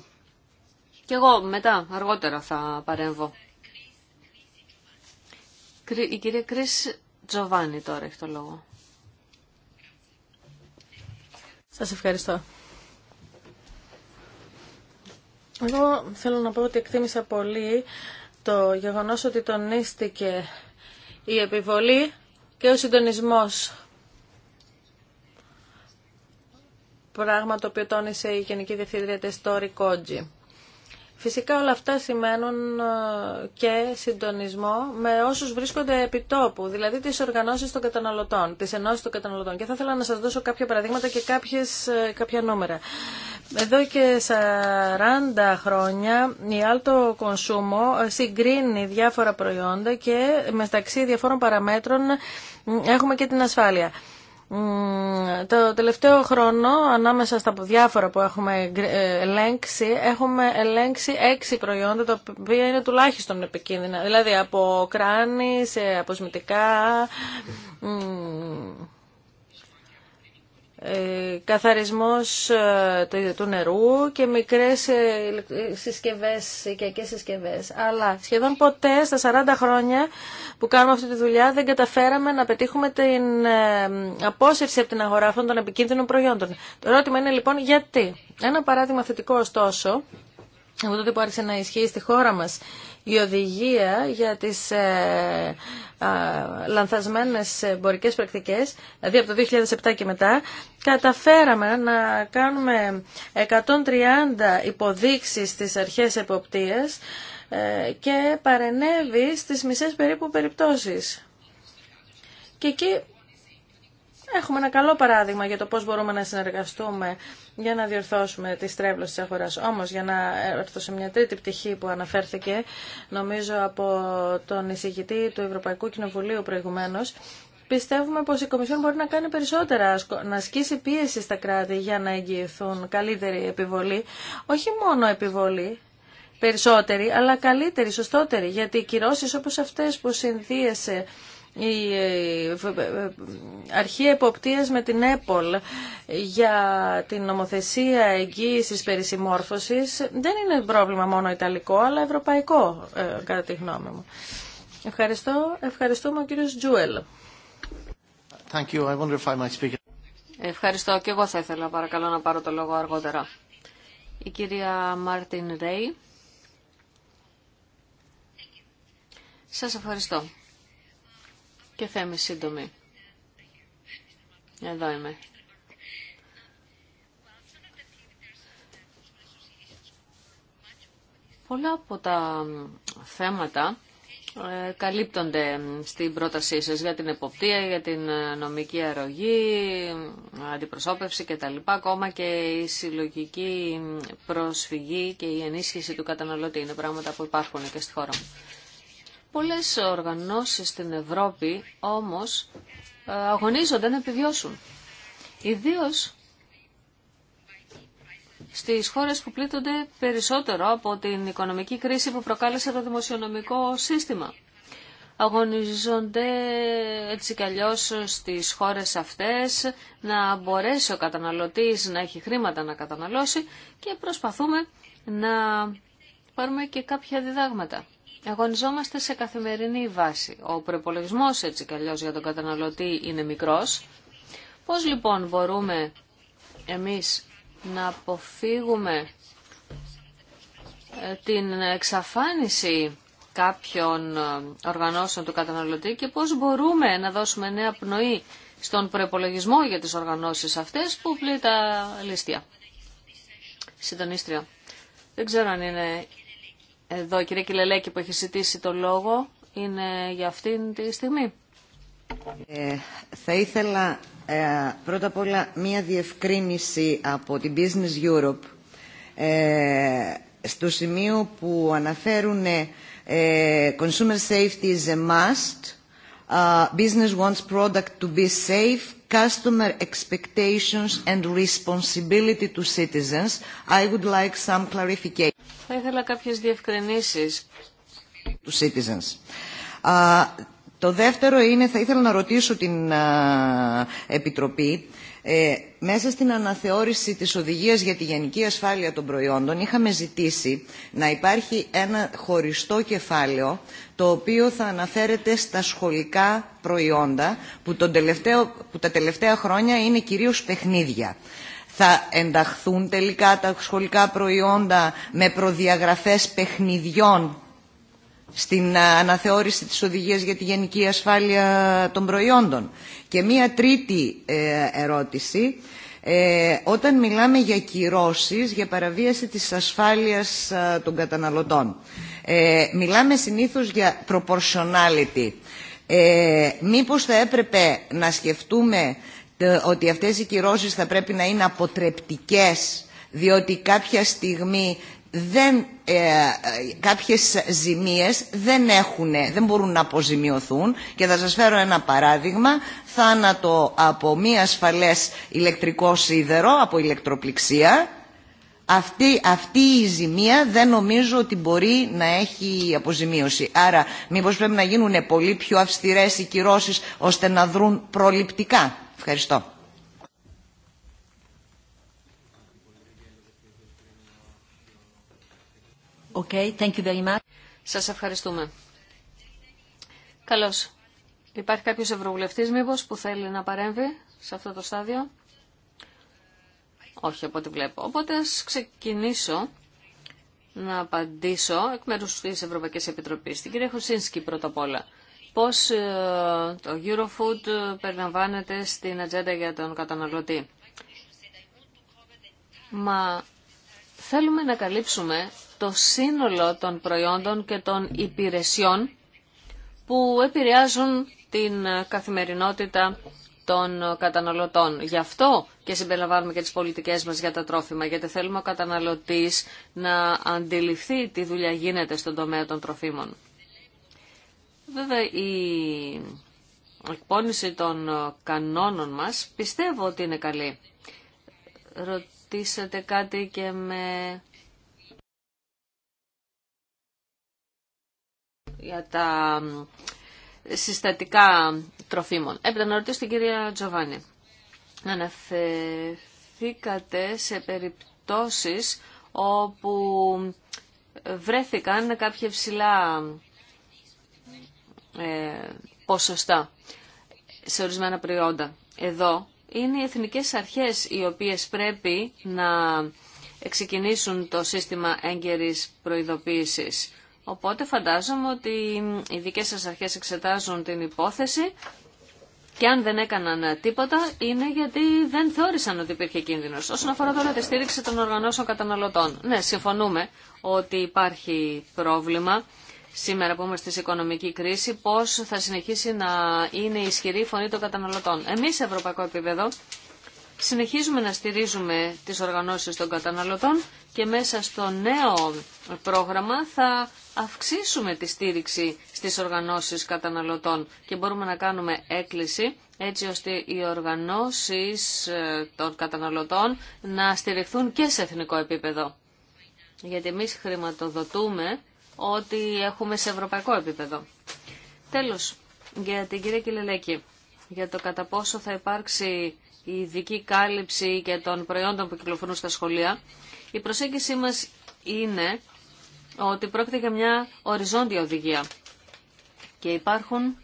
Και εγώ μετά, αργότερα θα παρέμβω. Η κυρία Κρίς Τζοβάνι τώρα έχει το λόγο. Σας ευχαριστώ. Εγώ θέλω να πω ότι εκτίμησα πολύ το γεγονός ότι τονίστηκε η επιβολή και ο συντονισμός. Πράγμα το οποίο τόνισε η Γενική Διευθύντρια Τεστόρη Κότζη. Φυσικά όλα αυτά σημαίνουν ε, και συντονισμό με όσους βρίσκονται επί τόπου, δηλαδή τις οργανώσεις των καταναλωτών, τις ενώσεις των καταναλωτών. Και θα ήθελα να σας δώσω κάποια παραδείγματα και κάποιες, ε, κάποια νούμερα. Εδώ και 40 χρόνια η Άλτο Κονσούμο συγκρίνει διάφορα προϊόντα και μεταξύ διαφόρων παραμέτρων έχουμε και την ασφάλεια. Το τελευταίο χρόνο, ανάμεσα στα διάφορα που έχουμε ε, ελέγξει, έχουμε ελέγξει έξι προϊόντα τα οποία είναι τουλάχιστον επικίνδυνα. Δηλαδή από κράνη σε αποσμητικά, ε, καθαρισμός ε, του νερού και μικρές ε, συσκευές, οικιακές συσκευές. Αλλά σχεδόν ποτέ στα 40 χρόνια που κάνουμε αυτή τη δουλειά δεν καταφέραμε να πετύχουμε την απόσυρση από την αγορά αυτών των επικίνδυνων προϊόντων. Το ερώτημα είναι λοιπόν γιατί. Ένα παράδειγμα θετικό ωστόσο, από τότε που άρχισε να ισχύει στη χώρα μας η οδηγία για τις ε, ε λανθασμένες πρακτικές, δηλαδή από το 2007 και μετά, καταφέραμε να κάνουμε 130 υποδείξεις στις αρχές εποπτείας ε, και παρενέβη στις μισές περίπου περιπτώσεις. Και εκεί έχουμε ένα καλό παράδειγμα για το πώς μπορούμε να συνεργαστούμε για να διορθώσουμε τη στρέβλωση της αγοράς. Όμως, για να έρθω σε μια τρίτη πτυχή που αναφέρθηκε, νομίζω από τον εισηγητή του Ευρωπαϊκού Κοινοβουλίου προηγουμένως, Πιστεύουμε πως η Κομισιόν μπορεί να κάνει περισσότερα, να ασκήσει πίεση στα κράτη για να εγγυηθούν καλύτερη επιβολή. Όχι μόνο επιβολή, περισσότερη, αλλά καλύτερη, σωστότερη. Γιατί οι κυρώσεις όπως αυτές που συνδύεσαι η ε, ε, ε, αρχή εποπτείας με την ΕΠΟΛ για την νομοθεσία εγγύησης περί δεν είναι πρόβλημα μόνο ιταλικό αλλά ευρωπαϊκό κατά τη γνώμη μου. Ευχαριστώ. Ευχαριστούμε ο κύριος Τζούελ. Ευχαριστώ. Και εγώ θα ήθελα παρακαλώ να πάρω το λόγο αργότερα. Η κυρία Μάρτιν Ρέι. Σας ευχαριστώ και θα είμαι σύντομη. Εδώ είμαι. Πολλά από τα θέματα ε, καλύπτονται στην πρότασή σας για την εποπτεία, για την ε, νομική αρρωγή, αντιπροσώπευση κτλ. Ακόμα και η συλλογική προσφυγή και η ενίσχυση του καταναλωτή είναι πράγματα που υπάρχουν και στη χώρα μου. Πολλές οργανώσεις στην Ευρώπη όμως ε, αγωνίζονται να επιβιώσουν. Ιδίως στις χώρες που πλήττονται περισσότερο από την οικονομική κρίση που προκάλεσε το δημοσιονομικό σύστημα. Αγωνίζονται έτσι κι αλλιώς στις χώρες αυτές να μπορέσει ο καταναλωτής να έχει χρήματα να καταναλώσει και προσπαθούμε να πάρουμε και κάποια διδάγματα. Αγωνιζόμαστε σε καθημερινή βάση. Ο προπολογισμό έτσι κι αλλιώς, για τον καταναλωτή είναι μικρός. Πώς λοιπόν μπορούμε εμείς να αποφύγουμε ε, την εξαφάνιση κάποιων ε, οργανώσεων του καταναλωτή και πώς μπορούμε να δώσουμε νέα πνοή στον προπολογισμό για τις οργανώσεις αυτές που πλήττει τα ληστεία. Συντονίστρια. Δεν ξέρω αν είναι εδώ η κυρία Κιλελέκη που έχει ζητήσει το λόγο είναι για αυτήν τη στιγμή. Ε, θα ήθελα ε, πρώτα απ' όλα μία διευκρίνηση από την Business Europe ε, στο σημείο που αναφέρουν «Consumer safety is a must. Uh, business wants product to be safe customer expectations and responsibility to citizens. I would like some clarification. Θα ήθελα κάποιες διευκρινήσεις. To citizens. Uh, το δεύτερο είναι, θα ήθελα να ρωτήσω την uh, Επιτροπή, ε, μέσα στην αναθεώρηση της οδηγίας για τη γενική ασφάλεια των προϊόντων είχαμε ζητήσει να υπάρχει ένα χωριστό κεφάλαιο το οποίο θα αναφέρεται στα σχολικά προϊόντα που, τον τελευταίο, που τα τελευταία χρόνια είναι κυρίως παιχνίδια. Θα ενταχθούν τελικά τα σχολικά προϊόντα με προδιαγραφές παιχνιδιών στην αναθεώρηση της οδηγίας για τη γενική ασφάλεια των προϊόντων. Και μία τρίτη ε, ερώτηση. Ε, όταν μιλάμε για κυρώσεις, για παραβίαση της ασφάλειας των καταναλωτών, ε, μιλάμε συνήθως για proportionality. Ε, μήπως θα έπρεπε να σκεφτούμε ε, ότι αυτές οι κυρώσεις θα πρέπει να είναι αποτρεπτικές διότι κάποια στιγμή δεν, ε, κάποιες ζημίες δεν, έχουν, δεν μπορούν να αποζημιωθούν και θα σας φέρω ένα παράδειγμα θάνατο από μία ασφαλές ηλεκτρικό σίδερο από ηλεκτροπληξία αυτή, αυτή η ζημία δεν νομίζω ότι μπορεί να έχει αποζημίωση. Άρα μήπως πρέπει να γίνουν πολύ πιο αυστηρές οι κυρώσεις ώστε να δρουν προληπτικά. Ευχαριστώ. Okay, Σας ευχαριστούμε. Καλώς. Υπάρχει κάποιος ευρωβουλευτής μήπως που θέλει να παρέμβει σε αυτό το στάδιο. Όχι από ό,τι βλέπω. Οπότε ας ξεκινήσω να απαντήσω εκ μέρου τη Ευρωπαϊκή Επιτροπή, Την κυρία Χωσίνσκη πρώτα απ' όλα. Πώς ε, το Eurofood περιλαμβάνεται στην ατζέντα για τον καταναλωτή. Μα θέλουμε να καλύψουμε το σύνολο των προϊόντων και των υπηρεσιών που επηρεάζουν την καθημερινότητα των καταναλωτών. Γι' αυτό και συμπεριλαμβάνουμε και τις πολιτικές μας για τα τρόφιμα, γιατί θέλουμε ο καταναλωτής να αντιληφθεί τι δουλειά γίνεται στον τομέα των τροφίμων. Βέβαια, η εκπόνηση των κανόνων μας πιστεύω ότι είναι καλή. Ρωτήσατε κάτι και με για τα συστατικά τροφίμων. Έπειτα να ρωτήσω την κυρία Τζοβάνη. Αναφερθήκατε σε περιπτώσεις όπου βρέθηκαν κάποια ψηλά ε, ποσοστά σε ορισμένα προϊόντα. Εδώ είναι οι εθνικές αρχές οι οποίες πρέπει να ξεκινήσουν το σύστημα έγκαιρης προειδοποίησης. Οπότε φαντάζομαι ότι οι δικές σας αρχές εξετάζουν την υπόθεση και αν δεν έκαναν τίποτα είναι γιατί δεν θεώρησαν ότι υπήρχε κίνδυνος. Όσον αφορά τώρα τη στήριξη των οργανώσεων καταναλωτών. Ναι, συμφωνούμε ότι υπάρχει πρόβλημα σήμερα που είμαστε στην οικονομική κρίση, πώς θα συνεχίσει να είναι ισχυρή η φωνή των καταναλωτών. Εμείς σε ευρωπαϊκό επίπεδο συνεχίζουμε να στηρίζουμε τις οργανώσεις των καταναλωτών και μέσα στο νέο πρόγραμμα θα αυξήσουμε τη στήριξη στις οργανώσεις καταναλωτών και μπορούμε να κάνουμε έκκληση έτσι ώστε οι οργανώσεις ε, των καταναλωτών να στηριχθούν και σε εθνικό επίπεδο. Γιατί εμεί χρηματοδοτούμε ό,τι έχουμε σε ευρωπαϊκό επίπεδο. Τέλος, για την κυρία Κιλελέκη, για το κατά πόσο θα υπάρξει η ειδική κάλυψη και των προϊόντων που κυκλοφορούν στα σχολεία, η προσέγγιση μας είναι ότι πρόκειται για μια οριζόντια οδηγία και υπάρχουν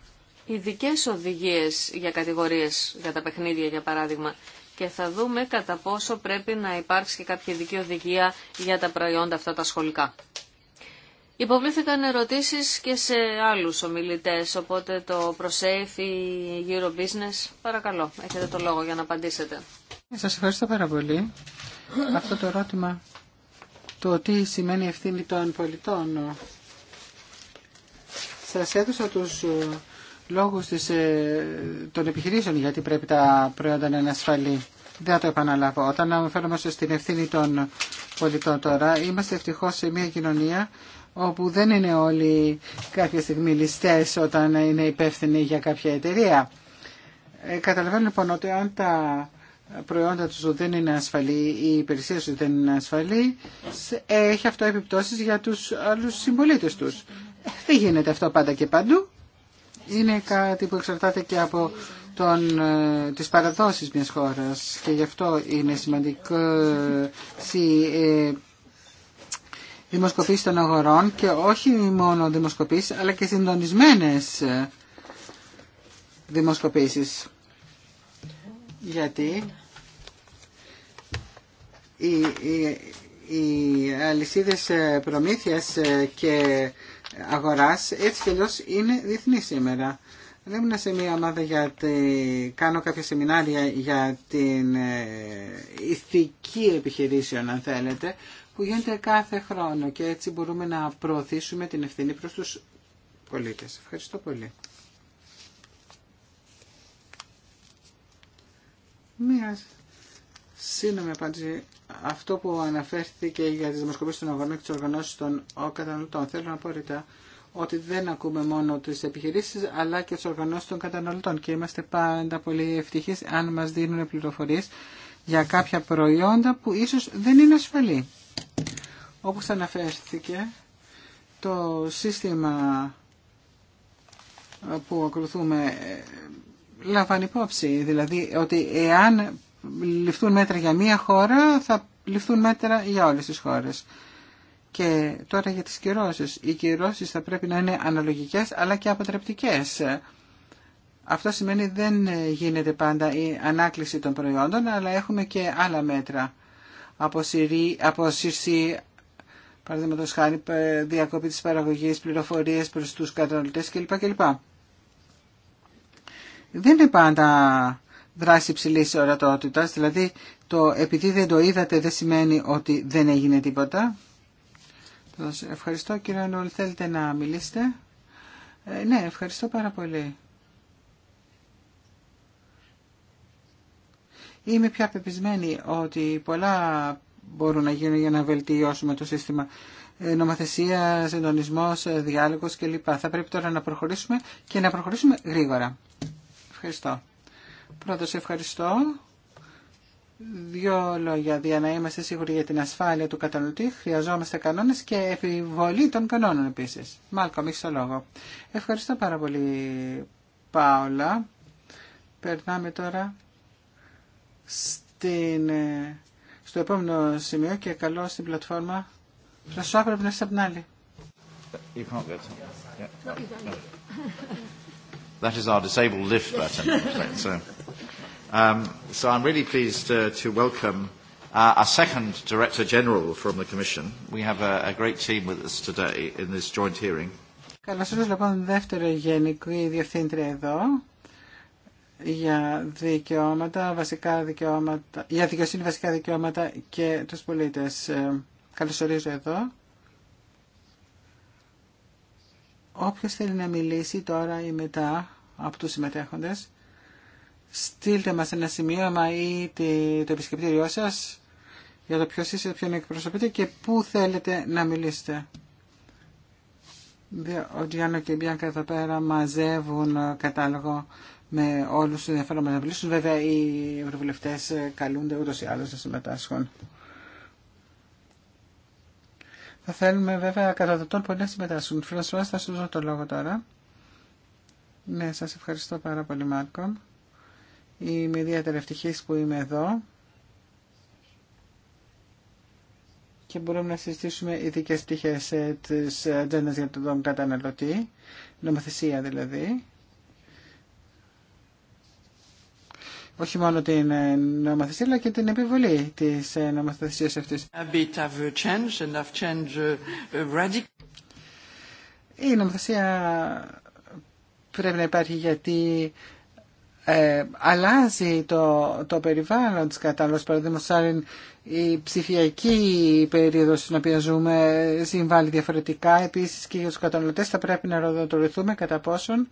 ειδικέ οδηγίες για κατηγορίες, για τα παιχνίδια για παράδειγμα και θα δούμε κατά πόσο πρέπει να υπάρξει και κάποια ειδική οδηγία για τα προϊόντα αυτά τα σχολικά. Υποβλήθηκαν ερωτήσεις και σε άλλους ομιλητές, οπότε το ProSafe ή EuroBusiness Business, παρακαλώ, έχετε το λόγο για να απαντήσετε. σα ευχαριστώ πάρα πολύ. Αυτό το ερώτημα το τι σημαίνει ευθύνη των πολιτών. Σας έδωσα τους ε, λόγους της, ε, των επιχειρήσεων γιατί πρέπει τα προϊόντα να είναι ασφαλή. Δεν θα το επαναλάβω. Όταν αναφέρομαι στην ευθύνη των πολιτών τώρα, είμαστε ευτυχώς σε μια κοινωνία όπου δεν είναι όλοι κάποια στιγμή ληστές όταν είναι υπεύθυνοι για κάποια εταιρεία. Ε, καταλαβαίνω λοιπόν ότι αν τα προϊόντα τους δεν είναι ασφαλή, η υπηρεσία τους δεν είναι ασφαλή, έχει αυτό επιπτώσεις για τους άλλους συμπολίτες τους. Ε, δεν γίνεται αυτό πάντα και παντού. Είναι κάτι που εξαρτάται και από τον ε, τις παραδόσεις μιας χώρας και γι' αυτό είναι σημαντικό η ε, δημοσκοπήσεις των αγορών και όχι μόνο δημοσκοπήσεις αλλά και συντονισμένες δημοσκοπήσεις γιατί οι, οι, οι αλυσίδες ε, προμήθειας ε, και αγοράς έτσι κι είναι διεθνή σήμερα. Ήμουν σε μια ομάδα γιατί κάνω κάποια σεμινάρια για την ε, ηθική επιχειρήσεων αν θέλετε που γίνεται κάθε χρόνο και έτσι μπορούμε να προωθήσουμε την ευθύνη προς τους πολίτες. Ευχαριστώ πολύ. Μία σύνομη απάντηση. Αυτό που αναφέρθηκε για τι δημοσκοπήσει των αγωνών και τι οργανώσει των καταναλωτών. Θέλω να πω ρητά ότι δεν ακούμε μόνο τις επιχειρήσεις αλλά και τις οργανώσεις των καταναλωτών και είμαστε πάντα πολύ ευτυχεί αν μας δίνουν πληροφορίε για κάποια προϊόντα που ίσως δεν είναι ασφαλή. Όπω αναφέρθηκε, το σύστημα που ακολουθούμε λαμβάνει υπόψη. Δηλαδή ότι εάν ληφθούν μέτρα για μία χώρα θα ληφθούν μέτρα για όλες τις χώρες. Και τώρα για τις κυρώσεις. Οι κυρώσεις θα πρέπει να είναι αναλογικές αλλά και αποτρεπτικές. Αυτό σημαίνει δεν γίνεται πάντα η ανάκληση των προϊόντων, αλλά έχουμε και άλλα μέτρα. από σειρή, παραδείγματο χάρη, διακοπή της παραγωγής, πληροφορίες προς τους καταναλωτές κλπ δεν είναι πάντα δράση υψηλή ορατότητα, δηλαδή το επειδή δεν το είδατε δεν σημαίνει ότι δεν έγινε τίποτα. Ευχαριστώ κύριε Νόλ. θέλετε να μιλήσετε. Ε, ναι, ευχαριστώ πάρα πολύ. Είμαι πια πεπισμένη ότι πολλά μπορούν να γίνουν για να βελτιώσουμε το σύστημα ε, νομοθεσία, εντονισμός, ε, διάλογος κλπ. Θα πρέπει τώρα να προχωρήσουμε και να προχωρήσουμε γρήγορα. Ευχαριστώ. Πρώτος ευχαριστώ. Δύο λόγια, για να είμαστε σίγουροι για την ασφάλεια του καταναλωτή, χρειαζόμαστε κανόνες και επιβολή των κανόνων επίσης. Μάλκο, έχεις το λόγο. Ευχαριστώ πάρα πολύ, Πάολα. Περνάμε τώρα στην, ε, στο επόμενο σημείο και καλώ στην πλατφόρμα. σου πρέπει να είσαι από την That is our disabled lift button. so, um, so I'm really pleased to welcome our second Director General from the Commission. We have a, great team with us today in this joint hearing. Καλώς ήρθατε λοιπόν δεύτερη γενική διευθύντρια εδώ για δικαιώματα, βασικά δικαιώματα, για δικαιοσύνη βασικά δικαιώματα και τους πολίτες. Καλώς ορίζω εδώ Όποιος θέλει να μιλήσει τώρα ή μετά από τους συμμετέχοντες, στείλτε μας ένα σημείωμα ή το επισκεπτήριό σας για το ποιος είσαι, ποιον εκπροσωπείτε και πού θέλετε να μιλήσετε. Ο Τζιάννο και η Μπιάνκα εδώ πέρα μαζεύουν κατάλογο με όλους τους ενδιαφέρον να μιλήσουν. Βέβαια οι ευρωβουλευτές καλούνται ούτως ή άλλως να συμμετάσχουν. Θα Θέλουμε βέβαια κατά το πολύ να συμμετάσχουν. Φιλοσφά, θα σου δώσω το λόγο τώρα. Ναι, σας ευχαριστώ πάρα πολύ Μάρκο. Είμαι ιδιαίτερα ευτυχής που είμαι εδώ και μπορούμε να συζητήσουμε ειδικέ πτυχέ ε, τη ατζέντα για τον καταναλωτή, νομοθεσία δηλαδή. όχι μόνο την ε, νομοθεσία αλλά και την επιβολή της ε, νομοθεσίας αυτής. Η νομοθεσία πρέπει να υπάρχει γιατί ε, αλλάζει το, το περιβάλλον της κατάλληλος. Παραδείγματος η ψηφιακή περίοδος στην οποία ζούμε συμβάλλει διαφορετικά. Επίσης και για τους καταναλωτές θα πρέπει να ροδοτορηθούμε κατά πόσον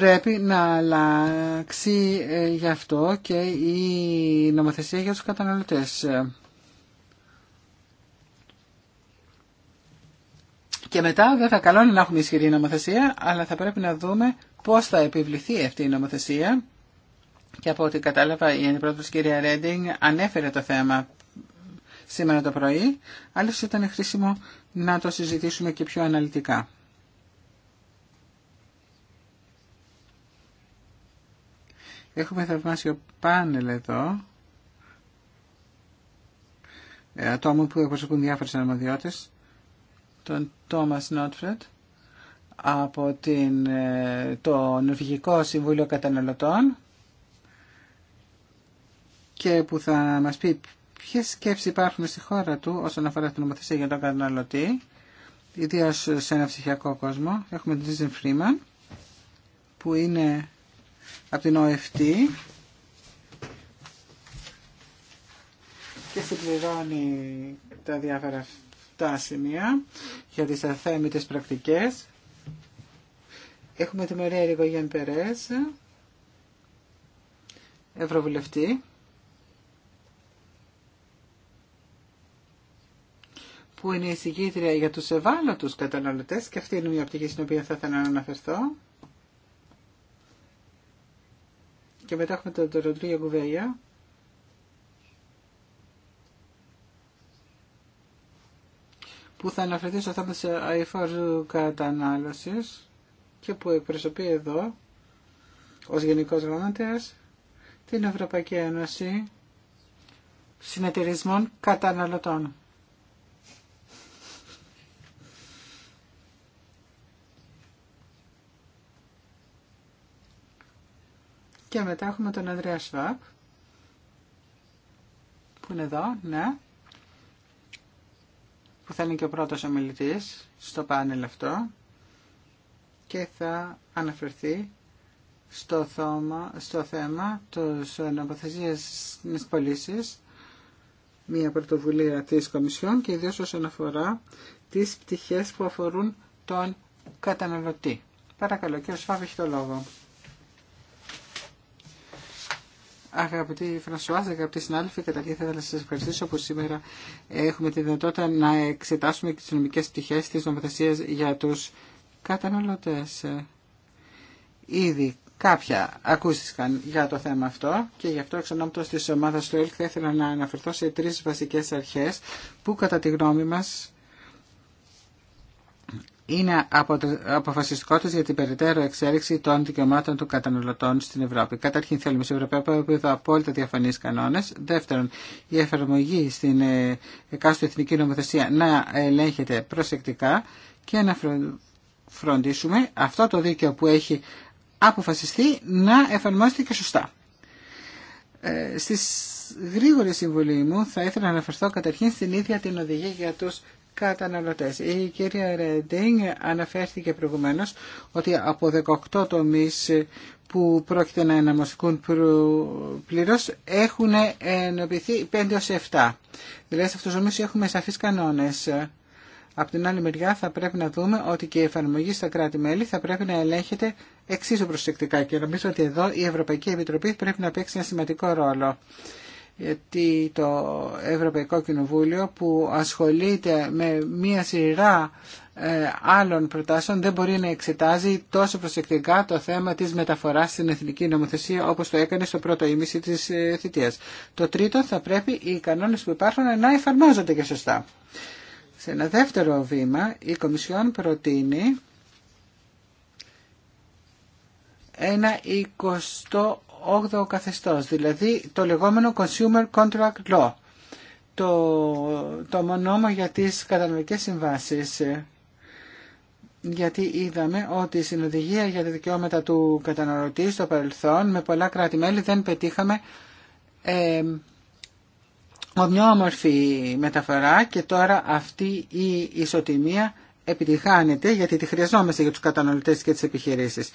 πρέπει να αλλάξει ε, γι' αυτό και η νομοθεσία για τους καταναλωτές. Και μετά βέβαια καλό είναι να έχουμε ισχυρή νομοθεσία, αλλά θα πρέπει να δούμε πώς θα επιβληθεί αυτή η νομοθεσία. Και από ό,τι κατάλαβα η αντιπρόεδρος κυρία Ρέντινγκ ανέφερε το θέμα σήμερα το πρωί, άλλωστε ήταν χρήσιμο να το συζητήσουμε και πιο αναλυτικά. Έχουμε θαυμάσιο πάνελ εδώ ε, ατόμων που εκπροσωπούν διάφορε αρμοδιότητε. τον Τόμα Νότφρετ από την, ε, το Νορβηγικό Συμβούλιο Καταναλωτών και που θα μας πει ποιε σκέψεις υπάρχουν στη χώρα του όσον αφορά την νομοθεσία για τον καταναλωτή ιδίω σε ένα ψυχιακό κόσμο. Έχουμε τον Τζίζεν Φρήμαν που είναι από την ΟΕΦΤΗ και συμπληρώνει τα διάφορα αυτά σημεία για τις αθέμητες πρακτικές. Έχουμε τη Μαρία Ρηγογέν Περές, Ευρωβουλευτή, που είναι η συγκήτρια για τους ευάλωτους καταναλωτές και αυτή είναι μια οπτική στην οποία θα ήθελα να αναφερθώ. Και μετά έχουμε τον Ροντρίγιο Γκουβέια. που θα αναφερθεί στο θέμα τη αϊφόρου κατανάλωση και που εκπροσωπεί εδώ ως Γενικός Γραμματέας την Ευρωπαϊκή Ένωση Συνεταιρισμών Καταναλωτών. Και μετά έχουμε τον Ανδρέα Σβάπ, που είναι εδώ, ναι, που θα είναι και ο πρώτος ομιλητής στο πάνελ αυτό και θα αναφερθεί στο, στο θέμα της νομοθεσίας της πωλήσει μια πρωτοβουλία της Κομισιόν και ιδίως όσον αφορά τις πτυχές που αφορούν τον καταναλωτή. Παρακαλώ, κύριο Σφάβ, έχει το λόγο. Αγαπητοί Φρανσουάς, αγαπητοί συνάδελφοι, καταρχήν θα ήθελα να σα ευχαριστήσω που σήμερα έχουμε τη δυνατότητα να εξετάσουμε και τις νομικές πτυχές της νομοθεσίας για τους καταναλωτέ. Ήδη κάποια ακούστηκαν για το θέμα αυτό και γι' αυτό εξ τη ομάδα του ΕΛΚ θα ήθελα να αναφερθώ σε τρει βασικέ αρχέ που κατά τη γνώμη μα είναι αποφασιστικότητα για την περαιτέρω εξέλιξη των δικαιωμάτων των καταναλωτών στην Ευρώπη. Καταρχήν, θέλουμε σε ευρωπαϊκό επίπεδο απόλυτα διαφανεί κανόνε. Δεύτερον, η εφαρμογή στην ε, εκάστοτε εθνική νομοθεσία να ελέγχεται προσεκτικά και να φροντίσουμε αυτό το δίκαιο που έχει αποφασιστεί να εφαρμόζεται και σωστά. Ε, στις γρήγορη συμβουλή μου θα ήθελα να αναφερθώ καταρχήν στην ίδια την οδηγία για τους καταναλωτές. Η κυρία Ρέντινγκ αναφέρθηκε προηγουμένως ότι από 18 τομείς που πρόκειται να εναμοστικούν πλήρω, έχουν ενωπηθεί 5 ως 7. Δηλαδή σε αυτούς τους τομείς έχουμε σαφείς κανόνες. Από την άλλη μεριά θα πρέπει να δούμε ότι και η εφαρμογή στα κράτη-μέλη θα πρέπει να ελέγχεται εξίσου προσεκτικά και νομίζω ότι εδώ η Ευρωπαϊκή Επιτροπή πρέπει να παίξει ένα σημαντικό ρόλο γιατί το Ευρωπαϊκό Κοινοβούλιο που ασχολείται με μία σειρά ε, άλλων προτάσεων δεν μπορεί να εξετάζει τόσο προσεκτικά το θέμα της μεταφοράς στην εθνική νομοθεσία όπως το έκανε στο πρώτο ήμιση της ε, θητείας. Το τρίτο θα πρέπει οι κανόνες που υπάρχουν να εφαρμόζονται και σωστά. Σε ένα δεύτερο βήμα η Κομισιόν προτείνει ένα 8ο καθεστώς, δηλαδή το λεγόμενο Consumer Contract Law, το, το για τις κατανοητικές συμβάσεις. Γιατί είδαμε ότι η συνοδηγία για τα δικαιώματα του καταναλωτή στο παρελθόν με πολλά κράτη-μέλη δεν πετύχαμε ε, ομοιόμορφη μεταφορά και τώρα αυτή η ισοτιμία επιτυχάνεται γιατί τη χρειαζόμαστε για τους καταναλωτές και τις επιχειρήσεις.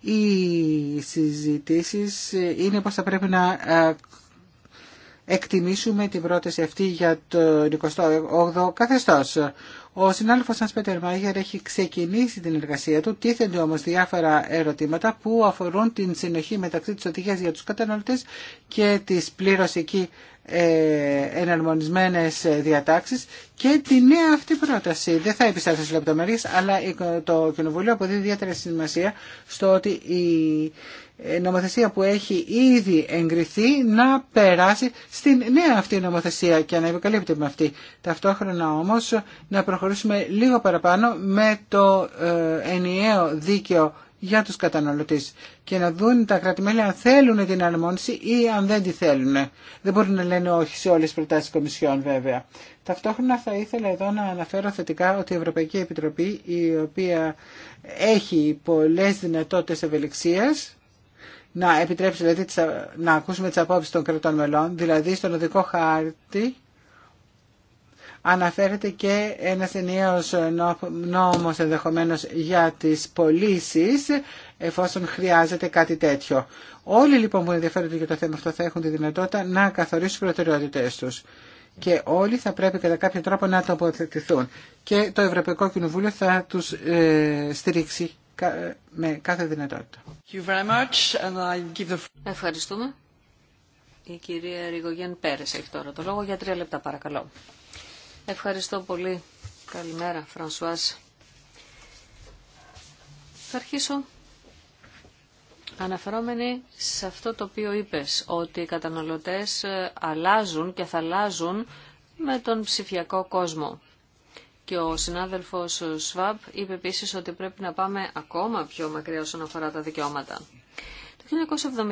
Οι συζητήσεις είναι πως θα πρέπει να ε, εκτιμήσουμε την πρόταση αυτή για το 28ο καθεστώς. Ο συνάδελφος Σαν Πέτερ Μάγερ έχει ξεκινήσει την εργασία του, τίθενται όμως διάφορα ερωτήματα που αφορούν την συνοχή μεταξύ της οδηγίας για τους καταναλωτές και της πλήρωσης εκεί ε, εναρμονισμένες διατάξεις και τη νέα αυτή πρόταση. Δεν θα επιστάσει στις λεπτομέρειες, αλλά το Κοινοβουλίο αποδίδει ιδιαίτερη σημασία στο ότι η ε, νομοθεσία που έχει ήδη εγκριθεί να περάσει στην νέα αυτή νομοθεσία και να επικαλύπτει με αυτή. Ταυτόχρονα όμως να προχωρήσουμε λίγο παραπάνω με το ε, ενιαίο δίκαιο για τους καταναλωτές και να δουν τα κράτη-μέλη αν θέλουν την αρμόνιση ή αν δεν τη θέλουν. Δεν μπορούν να λένε όχι σε όλες τις προτάσεις Κομισιόν βέβαια. Ταυτόχρονα θα ήθελα εδώ να αναφέρω θετικά ότι η Ευρωπαϊκή Επιτροπή η οποία έχει πολλές δυνατότητες ευελιξίας να επιτρέψει δηλαδή να ακούσουμε τις απόψεις των κρατών μελών, δηλαδή στον οδικό χάρτη Αναφέρεται και ένας ενιαίος νόμος ενδεχομένω για τις πωλήσει εφόσον χρειάζεται κάτι τέτοιο. Όλοι λοιπόν που ενδιαφέρονται για το θέμα αυτό θα έχουν τη δυνατότητα να καθορίσουν προτεραιότητές τους και όλοι θα πρέπει κατά κάποιο τρόπο να τοποθετηθούν. Και το Ευρωπαϊκό Κοινοβούλιο θα τους ε, στηρίξει με κάθε δυνατότητα. Ευχαριστούμε. Η κυρία Ριγογέν Πέρες έχει τώρα το λόγο για τρία λεπτά παρακαλώ. Ευχαριστώ πολύ. Καλημέρα, Φρανσουάς. Θα αρχίσω αναφερόμενοι σε αυτό το οποίο είπες, ότι οι καταναλωτές ε, αλλάζουν και θα αλλάζουν με τον ψηφιακό κόσμο. Και ο συνάδελφος ΣΒΑΠ είπε επίσης ότι πρέπει να πάμε ακόμα πιο μακριά όσον αφορά τα δικαιώματα. Το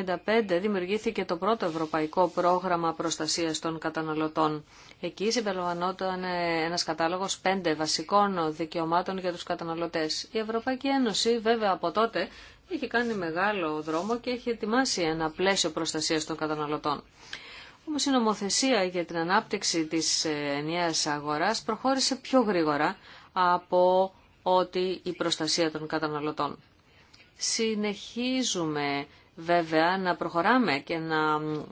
1975 δημιουργήθηκε το πρώτο ευρωπαϊκό πρόγραμμα προστασίας των καταναλωτών Εκεί συμπεριλαμβανόταν ε, ένας κατάλογος πέντε βασικών δικαιωμάτων για τους καταναλωτές. Η Ευρωπαϊκή Ένωση βέβαια από τότε έχει κάνει μεγάλο δρόμο και έχει ετοιμάσει ένα πλαίσιο προστασία των καταναλωτών. Όμως η νομοθεσία για την ανάπτυξη της ε, ενιαίας αγοράς προχώρησε πιο γρήγορα από ότι η προστασία των καταναλωτών. Συνεχίζουμε βέβαια να προχωράμε και να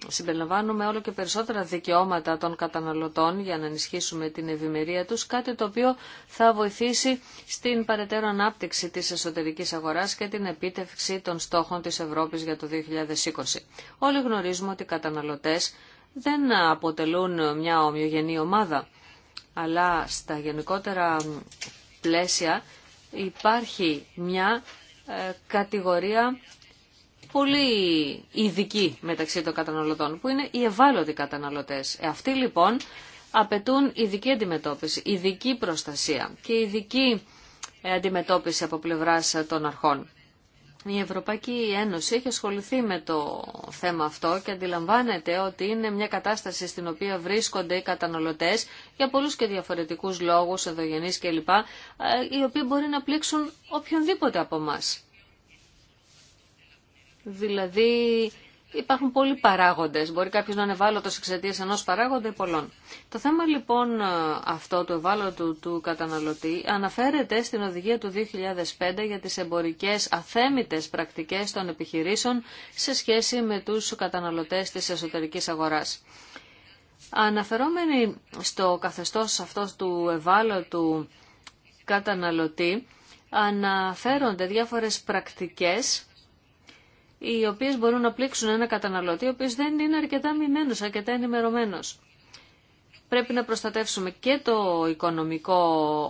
συμπεριλαμβάνουμε όλο και περισσότερα δικαιώματα των καταναλωτών για να ενισχύσουμε την ευημερία τους, κάτι το οποίο θα βοηθήσει στην παρετέρω ανάπτυξη της εσωτερικής αγοράς και την επίτευξη των στόχων της Ευρώπης για το 2020. Όλοι γνωρίζουμε ότι οι καταναλωτές δεν αποτελούν μια ομοιογενή ομάδα, αλλά στα γενικότερα πλαίσια υπάρχει μια ε, κατηγορία πολύ ειδικοί μεταξύ των καταναλωτών, που είναι οι ευάλωτοι καταναλωτές. Ε, αυτοί λοιπόν απαιτούν ειδική αντιμετώπιση, ειδική προστασία και ειδική ε, αντιμετώπιση από πλευράς των αρχών. Η Ευρωπαϊκή Ένωση έχει ασχοληθεί με το θέμα αυτό και αντιλαμβάνεται ότι είναι μια κατάσταση στην οποία βρίσκονται οι καταναλωτές για πολλούς και διαφορετικούς λόγους, εδωγενείς κλπ, ε, οι οποίοι μπορεί να πλήξουν οποιονδήποτε από εμά. Δηλαδή υπάρχουν πολλοί παράγοντες. Μπορεί κάποιος να είναι ευάλωτος εξαιτία ενός παράγοντα ή πολλών. Το θέμα λοιπόν αυτό του ευάλωτου του καταναλωτή αναφέρεται στην οδηγία του 2005 για τις εμπορικές αθέμητες πρακτικές των επιχειρήσεων σε σχέση με τους καταναλωτές της εσωτερικής αγοράς. Αναφερόμενοι στο καθεστώς αυτό του ευάλωτου καταναλωτή, αναφέρονται διάφορες πρακτικές οι οποίε μπορούν να πλήξουν ένα καταναλωτή, ο οποίο δεν είναι αρκετά μημένο, αρκετά ενημερωμένο. Πρέπει να προστατεύσουμε και το οικονομικό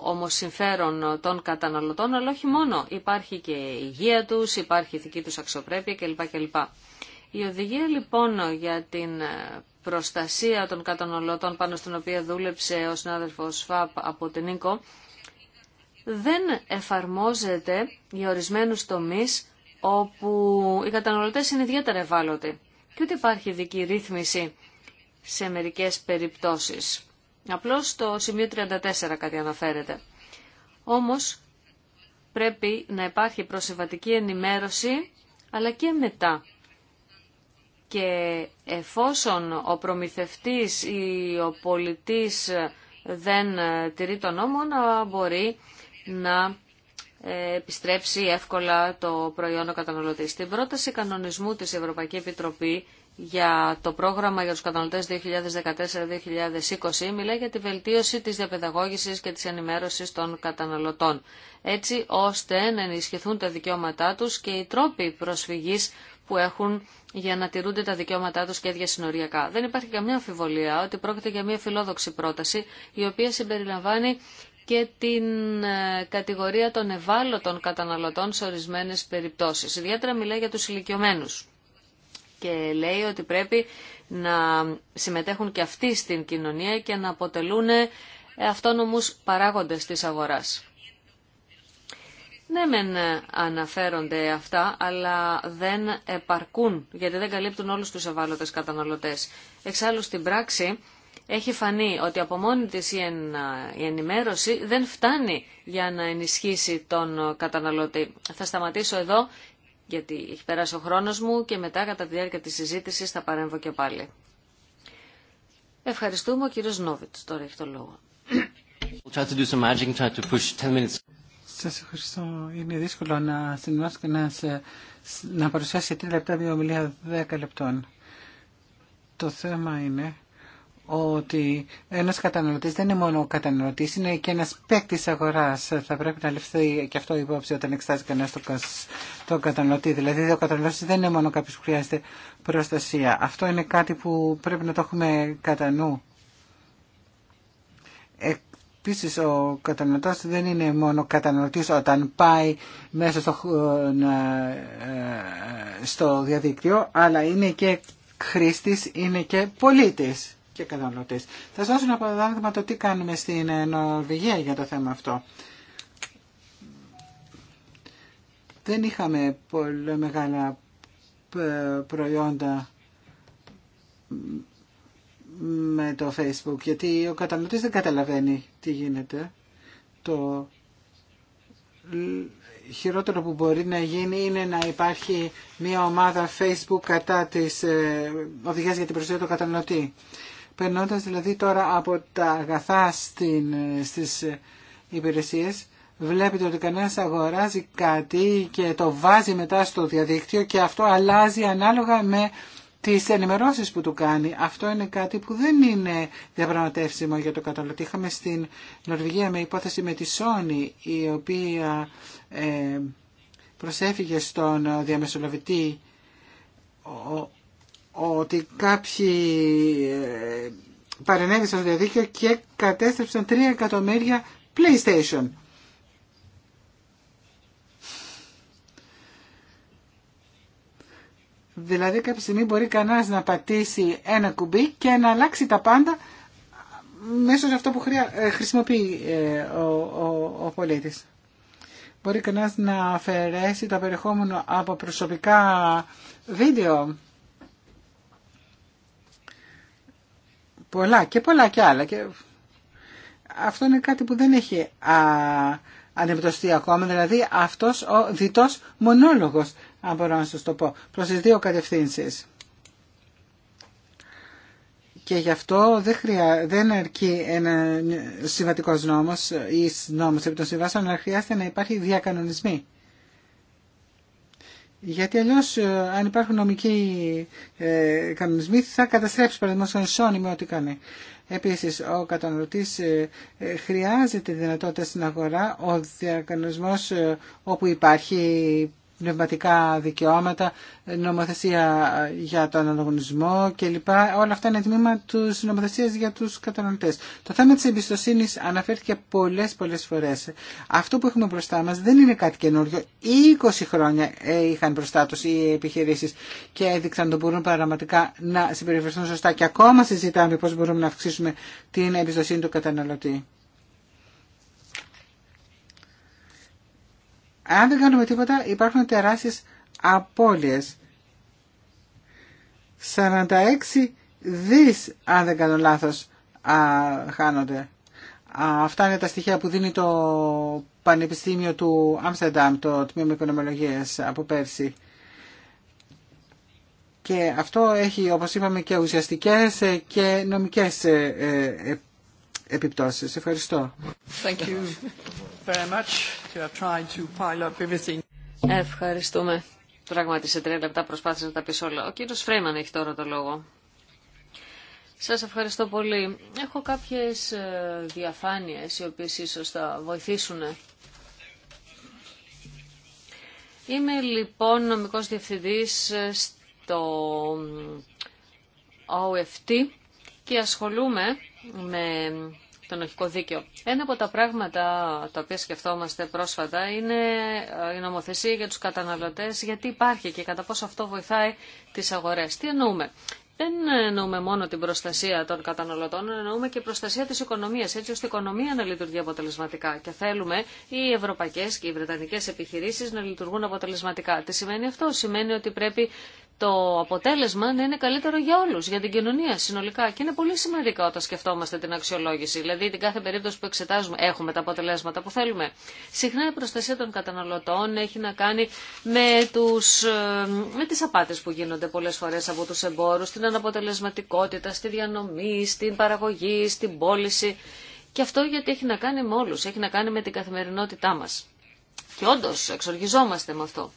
όμως συμφέρον των καταναλωτών, αλλά όχι μόνο. Υπάρχει και η υγεία του, υπάρχει η ηθική του αξιοπρέπεια κλπ. κλπ. Η οδηγία λοιπόν για την προστασία των καταναλωτών πάνω στην οποία δούλεψε ο συνάδελφος ΦΑΠ από την ΙΚΟ δεν εφαρμόζεται για ορισμένους τομείς όπου οι καταναλωτές είναι ιδιαίτερα ευάλωτοι και ότι υπάρχει ειδική ρύθμιση σε μερικές περιπτώσεις. Απλώς στο σημείο 34 κάτι αναφέρεται. Όμως πρέπει να υπάρχει προσεβατική ενημέρωση αλλά και μετά. Και εφόσον ο προμηθευτής ή ο πολιτής δεν τηρεί τον νόμο να μπορεί να επιστρέψει εύκολα το προϊόν ο καταναλωτής. Στην πρόταση κανονισμού τη Ευρωπαϊκή Επιτροπή για το πρόγραμμα για τους καταναλωτές 2014-2020 μιλάει για τη βελτίωση της διαπαιδαγώγησης και της ενημέρωσης των καταναλωτών, έτσι ώστε να ενισχυθούν τα δικαιώματά τους και οι τρόποι προσφυγής που έχουν για να τηρούνται τα δικαιώματά τους και διασυνοριακά. Δεν υπάρχει καμία αμφιβολία ότι πρόκειται για μια φιλόδοξη πρόταση η οποία συμπεριλαμβάνει και την ε, κατηγορία των ευάλωτων καταναλωτών σε ορισμένες περιπτώσεις. Ιδιαίτερα μιλάει για τους ηλικιωμένου. και λέει ότι πρέπει να συμμετέχουν και αυτοί στην κοινωνία και να αποτελούν ε, αυτόνομους παράγοντες της αγοράς. Ναι, μεν ε, αναφέρονται αυτά, αλλά δεν επαρκούν, γιατί δεν καλύπτουν όλους τους ευάλωτες καταναλωτές. Εξάλλου στην πράξη, έχει φανεί ότι από μόνη της η ενημέρωση δεν φτάνει για να ενισχύσει τον καταναλωτή. Θα σταματήσω εδώ γιατί έχει περάσει ο χρόνος μου και μετά κατά τη διάρκεια της συζήτησης θα παρέμβω και πάλι. Ευχαριστούμε. Ο κύριος Νόβιτς τώρα έχει το λόγο. Σα ευχαριστώ. Είναι δύσκολο να συνδυάσω και να, σε, να παρουσιάσει 3 λεπτά μια ομιλία δέκα λεπτών. Το θέμα είναι ότι ένας καταναλωτή δεν είναι μόνο καταναλωτή, είναι και ένας παίκτη αγοράς. Θα πρέπει να ληφθεί και αυτό υπόψη όταν εξετάζει κανένας τον καταναλωτή. Δηλαδή ο καταναλωτή δεν είναι μόνο κάποιος που χρειάζεται προστασία. Αυτό είναι κάτι που πρέπει να το έχουμε κατά νου. Επίση, ο καταναλωτή δεν είναι μόνο καταναλωτή όταν πάει μέσα στο, ε, ε, στο διαδίκτυο, αλλά είναι και χρήστης, είναι και πολίτης και Θα σας δώσω ένα παράδειγμα το τι κάνουμε στην ε, Νορβηγία για το θέμα αυτό. Δεν είχαμε πολύ μεγάλα ε, προϊόντα με το Facebook, γιατί ο καταναλωτή δεν καταλαβαίνει τι γίνεται. Το χειρότερο που μπορεί να γίνει είναι να υπάρχει μια ομάδα Facebook κατά της ε, για την προσοχή του καταναλωτή περνώντας δηλαδή τώρα από τα αγαθά στην, στις υπηρεσίες, βλέπετε ότι κανένας αγοράζει κάτι και το βάζει μετά στο διαδίκτυο και αυτό αλλάζει ανάλογα με τις ενημερώσεις που του κάνει. Αυτό είναι κάτι που δεν είναι διαπραγματεύσιμο για το καταναλωτή. Είχαμε στην Νορβηγία με υπόθεση με τη Sony, η οποία ε, προσέφυγε στον διαμεσολαβητή ότι κάποιοι ε, παρενέβησαν στο διαδίκτυο και κατέστρεψαν 3 εκατομμύρια PlayStation. Δηλαδή κάποια στιγμή μπορεί κανάς να πατήσει ένα κουμπί και να αλλάξει τα πάντα μέσω σε αυτό που ε, χρησιμοποιεί ε, ο, ο, ο πολίτης. Μπορεί κανάς να αφαιρέσει τα περιεχόμενο από προσωπικά βίντεο πολλά και πολλά και άλλα. Και αυτό είναι κάτι που δεν έχει α, ακόμα, δηλαδή αυτός ο διτός μονόλογος, αν μπορώ να σας το πω, προς τις δύο κατευθύνσεις. Και γι' αυτό δεν, χρειά, δεν αρκεί ένα συμβατικός νόμος ή νόμος επί των συμβάσεων, αλλά χρειάζεται να υπάρχει διακανονισμή. Γιατί αλλιώ, ε, αν υπάρχουν νομικοί ε, κανονισμοί, θα καταστρέψει παραδείγματο τον με ό,τι κάνει. Επίση, ο καταναλωτή ε, χρειάζεται δυνατότητα στην αγορά. Ο διακανονισμό όπου υπάρχει πνευματικά δικαιώματα, νομοθεσία για τον ανταγωνισμό κλπ. Όλα αυτά είναι τμήμα της νομοθεσίας για τους καταναλωτές. Το θέμα της εμπιστοσύνης αναφέρθηκε πολλές πολλές φορές. Αυτό που έχουμε μπροστά μας δεν είναι κάτι καινούριο. 20 χρόνια είχαν μπροστά τους οι επιχειρήσεις και έδειξαν ότι μπορούν πραγματικά να συμπεριφερθούν σωστά και ακόμα συζητάμε πώς μπορούμε να αυξήσουμε την εμπιστοσύνη του καταναλωτή. Αν δεν κάνουμε τίποτα υπάρχουν τεράστιες απώλειες. 46 δις, αν δεν κάνω λάθος, α, χάνονται. αυτά είναι τα στοιχεία που δίνει το Πανεπιστήμιο του Άμστερνταμ, το Τμήμα Οικονομολογίας από πέρσι. Και αυτό έχει, όπως είπαμε, και ουσιαστικές ε, και νομικές ε, ε, επιπτώσεις. Ευχαριστώ. Thank you very Ευχαριστούμε. Πράγματι σε τρία λεπτά προσπάθησα να τα πεις όλα. Ο κύριος Φρέιμαν έχει τώρα το λόγο. Σας ευχαριστώ πολύ. Έχω κάποιες ε, διαφάνειες οι οποίες ίσως θα βοηθήσουν. Είμαι λοιπόν νομικός διευθυντής ε, στο OFT και ασχολούμαι με το νοχικό δίκαιο. Ένα από τα πράγματα τα οποία σκεφτόμαστε πρόσφατα είναι ε, η νομοθεσία για τους καταναλωτές, γιατί υπάρχει και κατά πόσο αυτό βοηθάει τις αγορές. Τι εννοούμε. Δεν εννοούμε μόνο την προστασία των καταναλωτών, εννοούμε και προστασία της οικονομίας, έτσι ώστε η οικονομία να λειτουργεί αποτελεσματικά. Και θέλουμε οι ευρωπαϊκές και οι βρετανικές επιχειρήσεις να λειτουργούν αποτελεσματικά. Τι σημαίνει αυτό, σημαίνει ότι πρέπει το αποτέλεσμα να είναι καλύτερο για όλου, για την κοινωνία συνολικά. Και είναι πολύ σημαντικό όταν σκεφτόμαστε την αξιολόγηση. Δηλαδή την κάθε περίπτωση που εξετάζουμε έχουμε τα αποτελέσματα που θέλουμε. Συχνά η προστασία των καταναλωτών έχει να κάνει με, τους, ε, με τις απάτες που γίνονται πολλέ φορέ από του εμπόρου, την αναποτελεσματικότητα, στη διανομή, στην παραγωγή, στην πώληση. Και αυτό γιατί έχει να κάνει με όλου, έχει να κάνει με την καθημερινότητά μα. Και όντω, εξοργιζόμαστε με αυτό.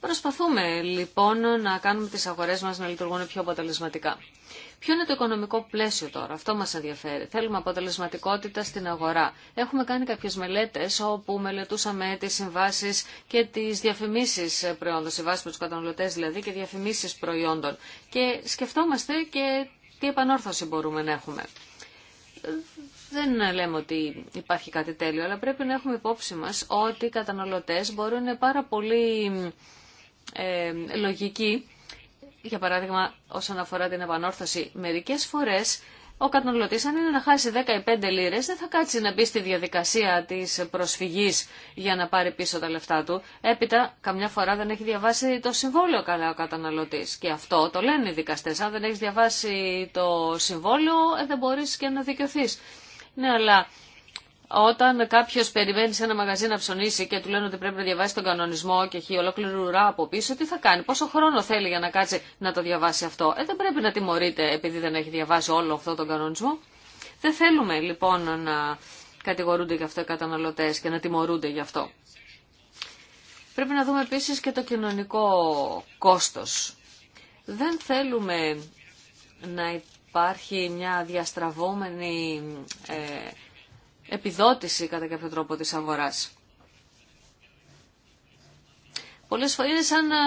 Προσπαθούμε λοιπόν να κάνουμε τις αγορές μας να λειτουργούν πιο αποτελεσματικά. Ποιο είναι το οικονομικό πλαίσιο τώρα, αυτό μας ενδιαφέρει. Θέλουμε αποτελεσματικότητα στην αγορά. Έχουμε κάνει κάποιες μελέτες όπου μελετούσαμε τις συμβάσεις και τις διαφημίσεις προϊόντων, συμβάσεις με τους καταναλωτές δηλαδή και διαφημίσεις προϊόντων. Και σκεφτόμαστε και τι επανόρθωση μπορούμε να έχουμε. Δεν λέμε ότι υπάρχει κάτι τέλειο, αλλά πρέπει να έχουμε υπόψη μας ότι οι καταναλωτές μπορούν πάρα πολύ ε, λογική, για παράδειγμα όσον αφορά την επανόρθωση, μερικές φορές ο καταναλωτής αν είναι να χάσει 15 λίρες δεν θα κάτσει να μπει στη διαδικασία της προσφυγής για να πάρει πίσω τα λεφτά του. Έπειτα καμιά φορά δεν έχει διαβάσει το συμβόλαιο καλά ο καταναλωτής και αυτό το λένε οι δικαστές. Αν δεν έχει διαβάσει το συμβόλαιο ε, δεν μπορείς και να δικαιωθεί. Ναι, αλλά όταν κάποιο περιμένει σε ένα μαγαζί να ψωνίσει και του λένε ότι πρέπει να διαβάσει τον κανονισμό και έχει ολόκληρη ουρά από πίσω, τι θα κάνει, πόσο χρόνο θέλει για να κάτσει να το διαβάσει αυτό. Ε, δεν πρέπει να τιμωρείται επειδή δεν έχει διαβάσει όλο αυτό τον κανονισμό. Δεν θέλουμε λοιπόν να κατηγορούνται γι' αυτό οι καταναλωτέ και να τιμωρούνται γι' αυτό. Πρέπει να δούμε επίση και το κοινωνικό κόστο. Δεν θέλουμε να υπάρχει μια διαστραβόμενη. Ε, επιδότηση κατά κάποιο τρόπο της αγοράς. Πολλές φορές είναι σαν ε,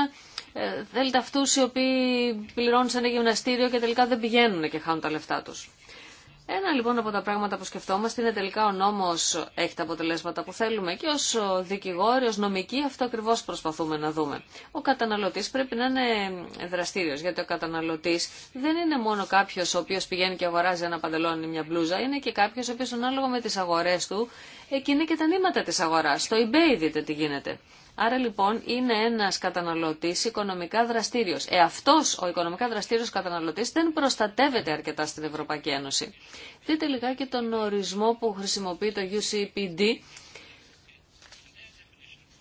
ε, δέλτα αυτούς οι οποίοι πληρώνουν σε ένα γυμναστήριο και τελικά δεν πηγαίνουν και χάνουν τα λεφτά τους. Ένα λοιπόν από τα πράγματα που σκεφτόμαστε είναι τελικά ο νόμος έχει τα αποτελέσματα που θέλουμε και ως δικηγόροι, ως νομικοί αυτό ακριβώς προσπαθούμε να δούμε. Ο καταναλωτής πρέπει να είναι δραστήριος γιατί ο καταναλωτής δεν είναι μόνο κάποιος ο οποίος πηγαίνει και αγοράζει ένα παντελόνι μια μπλούζα, είναι και κάποιος ο οποίος ανάλογα με τις αγορές του εκείνη και τα νήματα της αγοράς. Στο eBay δείτε τι γίνεται. Άρα λοιπόν είναι ένας καταναλωτής οικονομικά δραστηριο. Ε, ο οικονομικά δραστηριο Καταναλωτή δεν προστατεύεται αρκετά στην Ευρωπαϊκή Ένωση. Δείτε λιγάκι τον ορισμό που χρησιμοποιεί το UCPD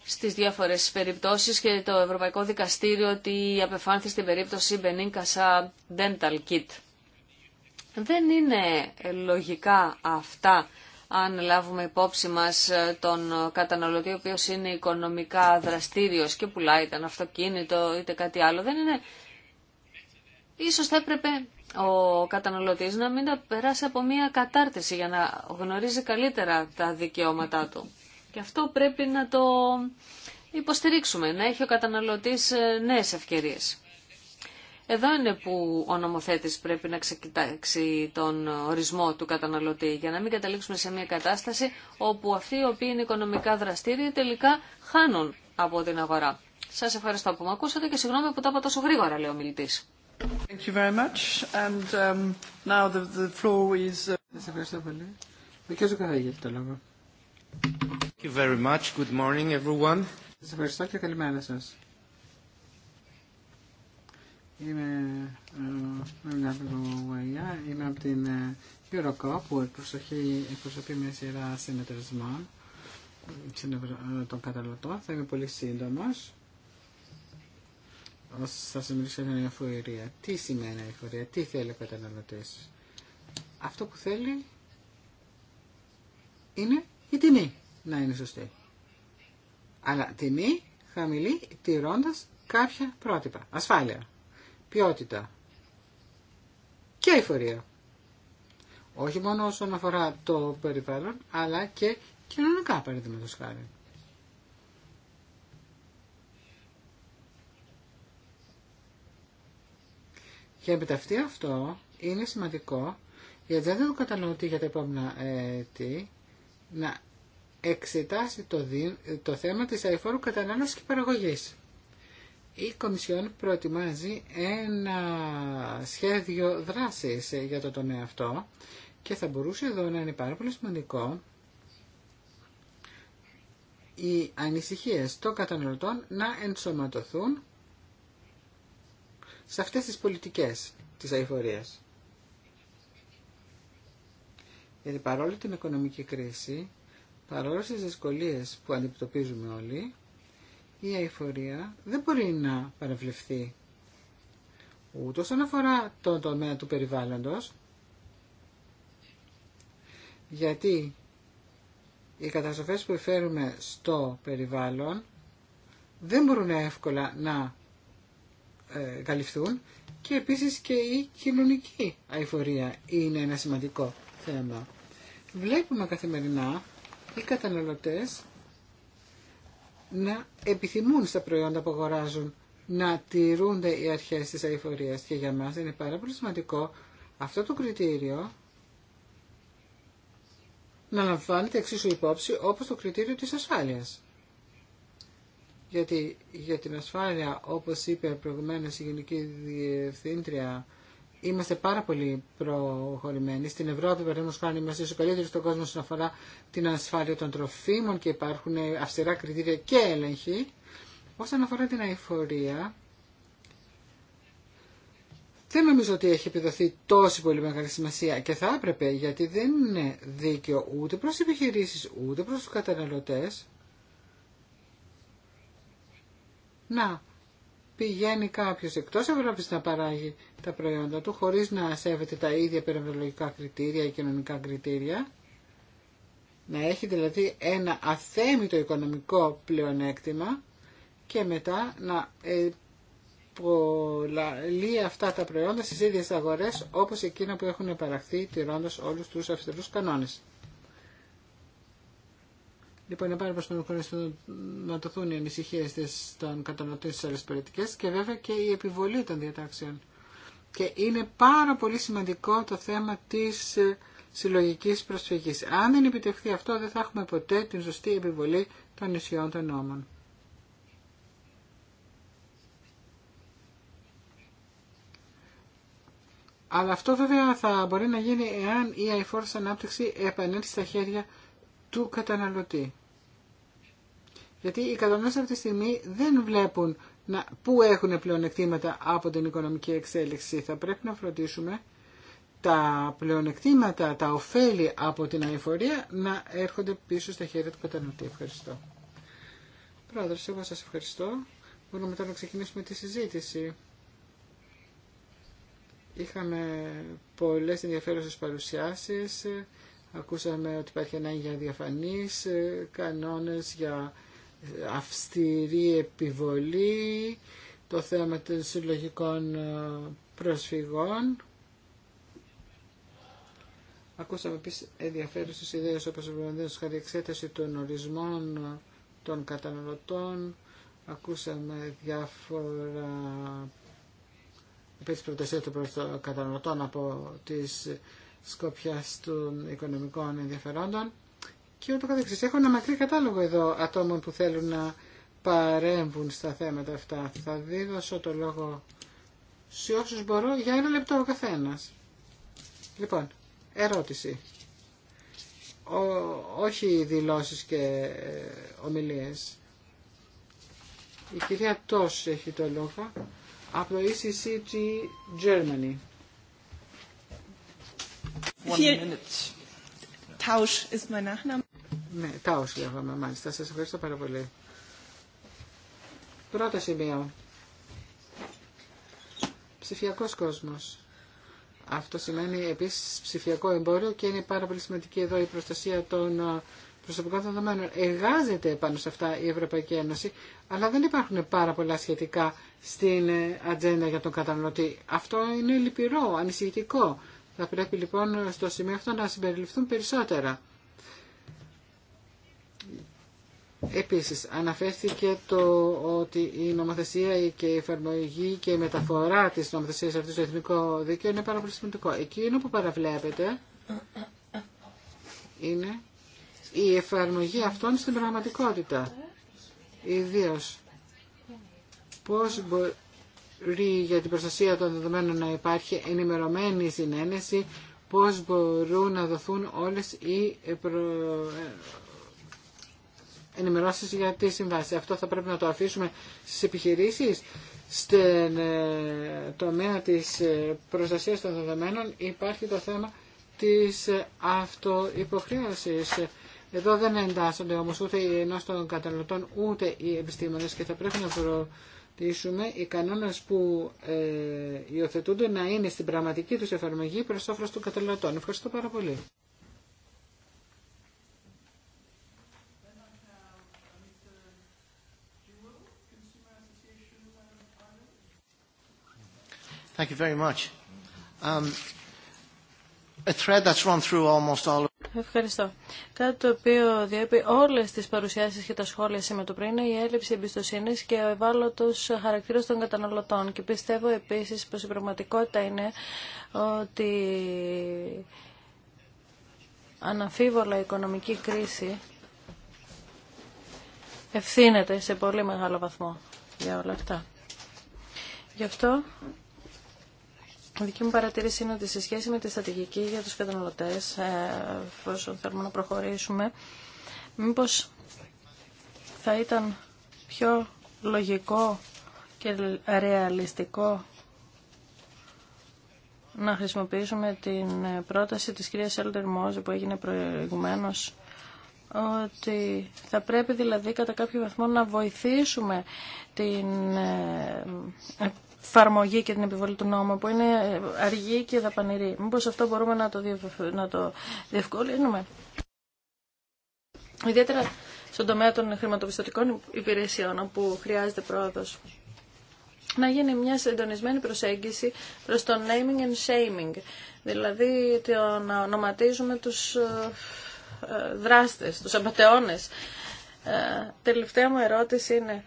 στις διάφορες περιπτώσεις και το Ευρωπαϊκό Δικαστήριο ότι απεφάνθη στην περίπτωση Casa Dental Kit. Δεν είναι λογικά αυτά αν λάβουμε υπόψη μας ε, τον καταναλωτή ο οποίος είναι οικονομικά δραστήριος και πουλάει είτε ένα αυτοκίνητο είτε κάτι άλλο, δεν είναι... Ίσως θα έπρεπε ο καταναλωτής να μην περάσει από μια κατάρτιση για να γνωρίζει καλύτερα τα δικαιώματά του. Και αυτό πρέπει να το υποστηρίξουμε, να έχει ο καταναλωτής ε, νέες ευκαιρίες. Εδώ είναι που ο νομοθέτης πρέπει να ξεκοιτάξει τον ορισμό του καταναλωτή για να μην καταλήξουμε σε μια κατάσταση όπου αυτοί οι οποίοι είναι οικονομικά δραστήριοι τελικά χάνουν από την αγορά. Σας ευχαριστώ που με ακούσατε και συγγνώμη που τα είπα τόσο γρήγορα, λέει ο μιλητής. Thank Good morning, Είμαι ε, είμαι από την ε, Eurocop που εκπροσωπεί μια σειρά συνεταιρισμών ε, των καταναλωτών. Θα είμαι πολύ σύντομο. Θα σα μιλήσω για την εφορία. Τι σημαίνει εφορία, τι θέλει ο καταναλωτή. Αυτό που θέλει είναι η τιμή να είναι σωστή. Αλλά τιμή χαμηλή τηρώντα κάποια πρότυπα. Ασφάλεια ποιότητα και αηφορία. Όχι μόνο όσον αφορά το περιβάλλον, αλλά και κοινωνικά παραδείγματο χάρη. Για επιταυτεί αυτό είναι σημαντικό γιατί δεν το κατανοητή για τα επόμενα έτη να εξετάσει το, το θέμα της αηφόρου κατανάλωσης και παραγωγής η Κομισιόν προετοιμάζει ένα σχέδιο δράσης για το τομέα αυτό και θα μπορούσε εδώ να είναι πάρα πολύ σημαντικό οι ανησυχίες των καταναλωτών να ενσωματωθούν σε αυτές τις πολιτικές της αηφορίας. Γιατί παρόλο την οικονομική κρίση, παρόλο τις δυσκολίες που αντιμετωπίζουμε όλοι, η αηφορία δεν μπορεί να παραβλεφθεί. ούτως αναφορά αφορά το τομέα του περιβάλλοντος, γιατί οι καταστροφές που φέρουμε στο περιβάλλον δεν μπορούν εύκολα να ε, καλυφθούν και επίσης και η κοινωνική αηφορία είναι ένα σημαντικό θέμα. Βλέπουμε καθημερινά οι καταναλωτές να επιθυμούν στα προϊόντα που αγοράζουν να τηρούνται οι αρχές της αηφορίας και για μας είναι πάρα πολύ σημαντικό αυτό το κριτήριο να λαμβάνεται εξίσου υπόψη όπως το κριτήριο της ασφάλειας. Γιατί για την ασφάλεια, όπως είπε προηγουμένως η Γενική Διευθύντρια είμαστε πάρα πολύ προχωρημένοι. Στην Ευρώπη, παραδείγματο χάρη, είμαστε στου καλύτερου στον κόσμο όσον αφορά την ασφάλεια των τροφίμων και υπάρχουν αυστηρά κριτήρια και έλεγχη. Όσον αφορά την αηφορία, δεν νομίζω ότι έχει επιδοθεί τόση πολύ μεγάλη σημασία και θα έπρεπε γιατί δεν είναι δίκαιο ούτε προς επιχειρήσεις ούτε προς τους καταναλωτές να πηγαίνει κάποιο εκτό Ευρώπη να παράγει τα προϊόντα του χωρί να σέβεται τα ίδια περιβαλλοντικά κριτήρια ή κοινωνικά κριτήρια, να έχει δηλαδή ένα αθέμητο οικονομικό πλεονέκτημα και μετά να πολλαλεί αυτά τα προϊόντα στις ίδιες αγορές όπως εκείνα που έχουν παραχθεί τηρώντας όλους τους αυστηρούς κανόνες. Λοιπόν, είναι πάρα πολύ χρόνο να τοθούν οι ανησυχίε των καταναλωτών στι άλλε πολιτικέ και βέβαια και η επιβολή των διατάξεων. Και είναι πάρα πολύ σημαντικό το θέμα τη ε, συλλογική προσφυγή. Αν δεν επιτευχθεί αυτό, δεν θα έχουμε ποτέ την σωστή επιβολή των νησιών των νόμων. Αλλά αυτό βέβαια θα μπορεί να γίνει εάν η αϊφόρος ανάπτυξη επανέλθει στα χέρια του καταναλωτή. Γιατί οι κατανόητε αυτή τη στιγμή δεν βλέπουν να, πού έχουν πλεονεκτήματα από την οικονομική εξέλιξη. Θα πρέπει να φροντίσουμε τα πλεονεκτήματα, τα ωφέλη από την αηφορία να έρχονται πίσω στα χέρια του καταναλωτή. Ευχαριστώ. Πρόεδρος, εγώ σα ευχαριστώ. Μπορούμε τώρα να ξεκινήσουμε τη συζήτηση. Είχαμε πολλέ ενδιαφέρουσε παρουσιάσει. Ακούσαμε ότι υπάρχει ανάγκη για διαφανείς ε, κανόνες, για αυστηρή επιβολή, το θέμα των συλλογικών ε, προσφυγών. Ακούσαμε επίση ενδιαφέρουσε ιδέε όπω χάρη εξέταση των ορισμών ε, των καταναλωτών. Ακούσαμε διάφορα επίση προτεσία των καταναλωτών από τη σκοπιά των οικονομικών ενδιαφερόντων και ούτω καθεξής. Έχω ένα μακρύ κατάλογο εδώ ατόμων που θέλουν να παρέμβουν στα θέματα αυτά. Θα δίδωσω το λόγο σε όσους μπορώ για ένα λεπτό ο καθένας. Λοιπόν, ερώτηση. όχι δηλώσεις και ε, ομιλίες. Η κυρία Τός έχει το λόγο από το ECCG Germany. Tausch ist mein Nachname. Ναι, Τάος λέγαμε μάλιστα. Σας ευχαριστώ πάρα πολύ. Πρώτο σημείο. Ψηφιακός κόσμος. Αυτό σημαίνει επίσης ψηφιακό εμπόριο και είναι πάρα πολύ σημαντική εδώ η προστασία των ε, προσωπικών δεδομένων. Εγάζεται πάνω σε αυτά η Ευρωπαϊκή Ένωση, αλλά δεν υπάρχουν πάρα πολλά σχετικά στην ε, ατζέντα για τον καταναλωτή. Αυτό είναι λυπηρό, ανησυχητικό. Θα πρέπει λοιπόν στο σημείο αυτό να συμπεριληφθούν περισσότερα. Επίσης, αναφέρθηκε το ότι η νομοθεσία και η εφαρμογή και η μεταφορά της νομοθεσίας αυτής στο εθνικό δίκαιο είναι πάρα πολύ σημαντικό. Εκείνο που παραβλέπετε είναι η εφαρμογή αυτών στην πραγματικότητα. Ιδίω πώς μπορεί για την προστασία των δεδομένων να υπάρχει ενημερωμένη συνένεση, πώς μπορούν να δοθούν όλες οι ενημερώσεις για τη συμβάση. Αυτό θα πρέπει να το αφήσουμε στι επιχειρήσεις. Στην ε, τομέα της ε, προστασίας των δεδομένων υπάρχει το θέμα της ε, αυτοποχρέωση. Εδώ δεν εντάσσονται όμω ούτε οι ενό των καταναλωτών ούτε οι επιστήμονες και θα πρέπει να προωθήσουμε οι κανόνες που ε, υιοθετούνται να είναι στην πραγματική του εφαρμογή προς όφελο των καταναλωτών. Ευχαριστώ πάρα πολύ. Thank you very much. Um, a thread that's run through almost all Ευχαριστώ. Κάτι το οποίο διέπει όλε τι παρουσιάσει και τα σχόλια σήμερα το πριν είναι η έλλειψη εμπιστοσύνη και ο ευάλωτο χαρακτήρα των καταναλωτών. Και πιστεύω επίση πω η πραγματικότητα είναι ότι αναμφίβολα η οικονομική κρίση ευθύνεται σε πολύ μεγάλο βαθμό για όλα αυτά. Γι' αυτό η δική μου παρατήρηση είναι ότι σε σχέση με τη στρατηγική για τους καταναλωτές, ε, εφόσον θέλουμε να προχωρήσουμε, μήπως θα ήταν πιο λογικό και ρεαλιστικό να χρησιμοποιήσουμε την πρόταση της κυρίας Έλτερ Μόζε που έγινε προηγουμένως ότι θα πρέπει δηλαδή κατά κάποιο βαθμό να βοηθήσουμε την ε, εφαρμογή και την επιβολή του νόμου που είναι αργή και δαπανηρή. Μήπως αυτό μπορούμε να το, να το διευκολύνουμε. Ιδιαίτερα στον τομέα των χρηματοπιστωτικών υπηρεσιών όπου χρειάζεται πρόοδος. Να γίνει μια συντονισμένη προσέγγιση προς το naming and shaming. Δηλαδή το να ονοματίζουμε τους ε, ε, δράστες, τους απαταιώνες. Ε, τελευταία μου ερώτηση είναι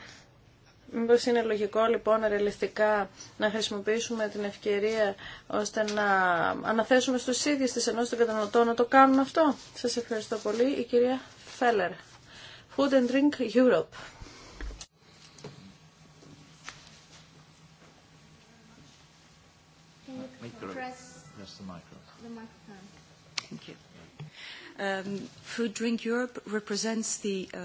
Μήπως είναι λογικό λοιπόν ρεαλιστικά να χρησιμοποιήσουμε την ευκαιρία ώστε να αναθέσουμε στους ίδιους της ενός των καταναλωτών να το κάνουν αυτό. Σας ευχαριστώ πολύ. Η κυρία Φέλλερ. Food and Drink Europe. Um, Food Drink Europe represents the uh,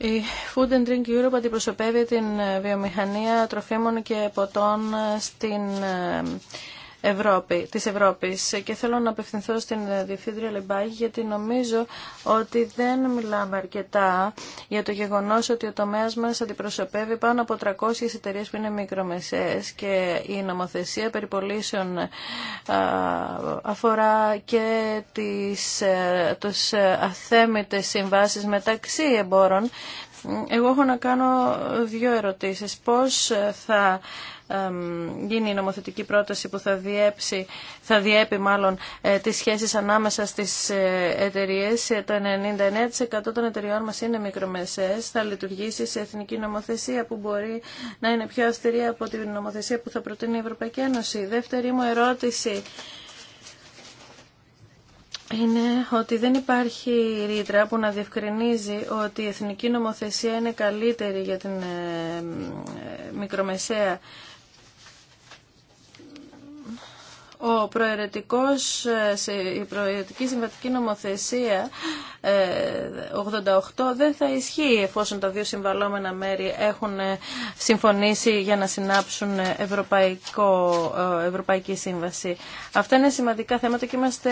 Η Food and Drink Europe αντιπροσωπεύει την ε, βιομηχανία τροφίμων και ποτών ε, στην ε, Ευρώπη, της Ευρώπης και θέλω να απευθυνθώ στην ε, Διευθύντρια Λεμπάγη γιατί νομίζω ότι δεν μιλάμε αρκετά για το γεγονός ότι ο τομέας μας αντιπροσωπεύει πάνω από 300 εταιρείε που είναι μικρομεσαίες και η νομοθεσία περιπολίσεων ε, αφορά και τις, ε, τους αθέμητες συμβάσεις μεταξύ εμπόρων εγώ έχω να κάνω δύο ερωτήσεις. Πώς θα γίνει η νομοθετική πρόταση που θα, διέψει, θα διέπει μάλλον ε, τις σχέσεις ανάμεσα στις ε, εταιρείε. Ε, το 99% των εταιριών μας είναι μικρομεσαίες. Θα λειτουργήσει σε εθνική νομοθεσία που μπορεί να είναι πιο αυστηρή από την νομοθεσία που θα προτείνει η Ευρωπαϊκή Ένωση. δεύτερη μου ερώτηση είναι ότι δεν υπάρχει ρήτρα που να διευκρινίζει ότι η εθνική νομοθεσία είναι καλύτερη για την μικρομεσαία ο προαιρετικός, η προαιρετική συμβατική νομοθεσία 88 ε, δεν θα ισχύει εφόσον τα δύο συμβαλόμενα μέρη έχουν ε, συμφωνήσει για να συνάψουν ευρωπαϊκό, ε, Ευρωπαϊκή Σύμβαση. Αυτά είναι σημαντικά θέματα και είμαστε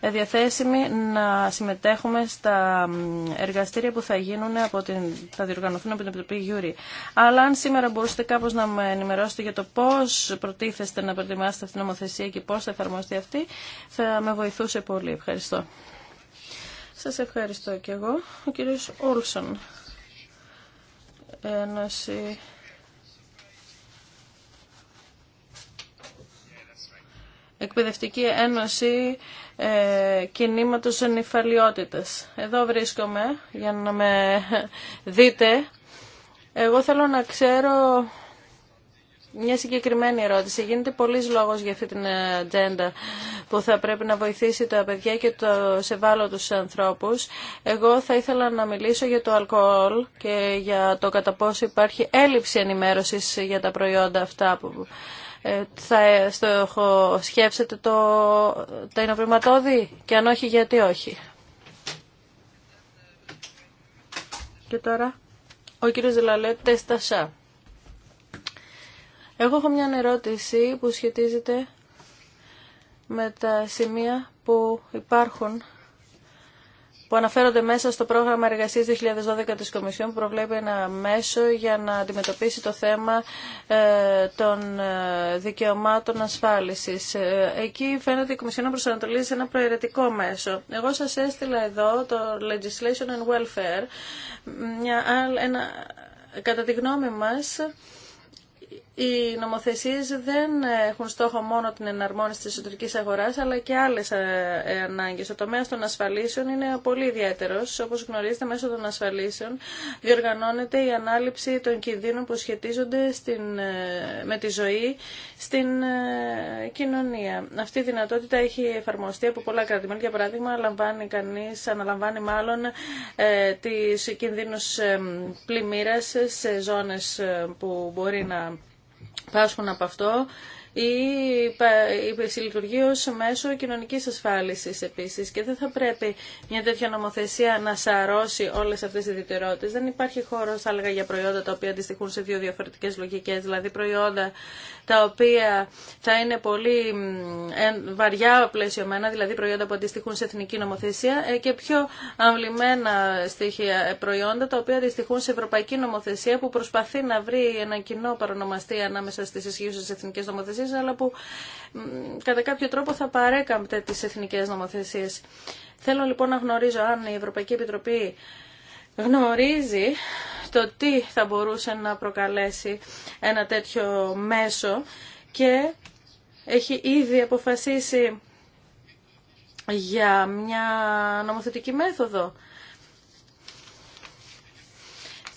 διαθέσιμοι να συμμετέχουμε στα εργαστήρια που θα γίνουν από την, θα διοργανωθούν από την Επιτροπή Γιούρι. Αλλά αν σήμερα μπορούσατε κάπως να με ενημερώσετε για το πώς προτίθεστε να προετοιμάσετε αυτή την νομοθεσία και πώς θα εφαρμοστεί αυτή θα με βοηθούσε πολύ. Ευχαριστώ. Σας ευχαριστώ και εγώ. Ο κύριος Όλσον. Εκπαιδευτική Ένωση ε, Κινήματος Ενυφαλιότητας. Εδώ βρίσκομαι για να με δείτε. Εγώ θέλω να ξέρω μια συγκεκριμένη ερώτηση. Γίνεται πολλής λόγος για αυτή την ατζέντα που θα πρέπει να βοηθήσει τα παιδιά και το σε βάλω τους ανθρώπους. Εγώ θα ήθελα να μιλήσω για το αλκοόλ και για το κατά πόσο υπάρχει έλλειψη ενημέρωσης για τα προϊόντα αυτά που ε, θα στο, σκέψετε το, τα εινοπνευματόδη και αν όχι γιατί όχι. Και τώρα ο κύριος Δελαλέ Τεστασά. Εγώ έχω μια ερώτηση που σχετίζεται με τα σημεία που υπάρχουν που αναφέρονται μέσα στο πρόγραμμα εργασίας 2012 της Κομισιόν που προβλέπει ένα μέσο για να αντιμετωπίσει το θέμα ε, των ε, δικαιωμάτων ασφάλισης. Ε, εκεί φαίνεται η Κομισιόν να προσανατολίζει ένα προαιρετικό μέσο. Εγώ σας έστειλα εδώ το Legislation and Welfare, μια, ένα, κατά τη γνώμη μας οι νομοθεσίες δεν έχουν στόχο μόνο την εναρμόνιση της εσωτερική αγοράς, αλλά και άλλες ε, ε, ανάγκες. Ο τομέα των ασφαλίσεων είναι πολύ ιδιαίτερος. Όπως γνωρίζετε, μέσω των ασφαλίσεων διοργανώνεται η ανάληψη των κινδύνων που σχετίζονται ε, με τη ζωή στην κοινωνία. Αυτή η δυνατότητα έχει εφαρμοστεί από πολλά κρατημένα. Για παράδειγμα, λαμβάνει κανείς, αναλαμβάνει μάλλον τις κινδύνους πλημμύρας σε ζώνες που μπορεί να πάσχουν από αυτό ή συλλειτουργεί ως μέσο κοινωνικής ασφάλισης επίσης και δεν θα πρέπει μια τέτοια νομοθεσία να σαρώσει όλες αυτές τις ιδιαιτερότητες. Δεν υπάρχει χώρος, θα έλεγα, για προϊόντα τα οποία αντιστοιχούν σε δύο διαφορετικές λογικές, δηλαδή προϊόντα τα οποία θα είναι πολύ βαριά πλαισιωμένα, δηλαδή προϊόντα που αντιστοιχούν σε εθνική νομοθεσία ε, και πιο αμβλημένα στοιχεία ε, προϊόντα τα οποία αντιστοιχούν σε ευρωπαϊκή νομοθεσία που προσπαθεί να βρει ένα κοινό παρονομαστή ανάμεσα στις ισχύουσες εθνικές νομοθεσίες αλλά που κατά κάποιο τρόπο θα παρέκαμπτε τις εθνικές νομοθεσίες. Θέλω λοιπόν να γνωρίζω αν η Ευρωπαϊκή Επιτροπή γνωρίζει το τι θα μπορούσε να προκαλέσει ένα τέτοιο μέσο και έχει ήδη αποφασίσει για μια νομοθετική μέθοδο.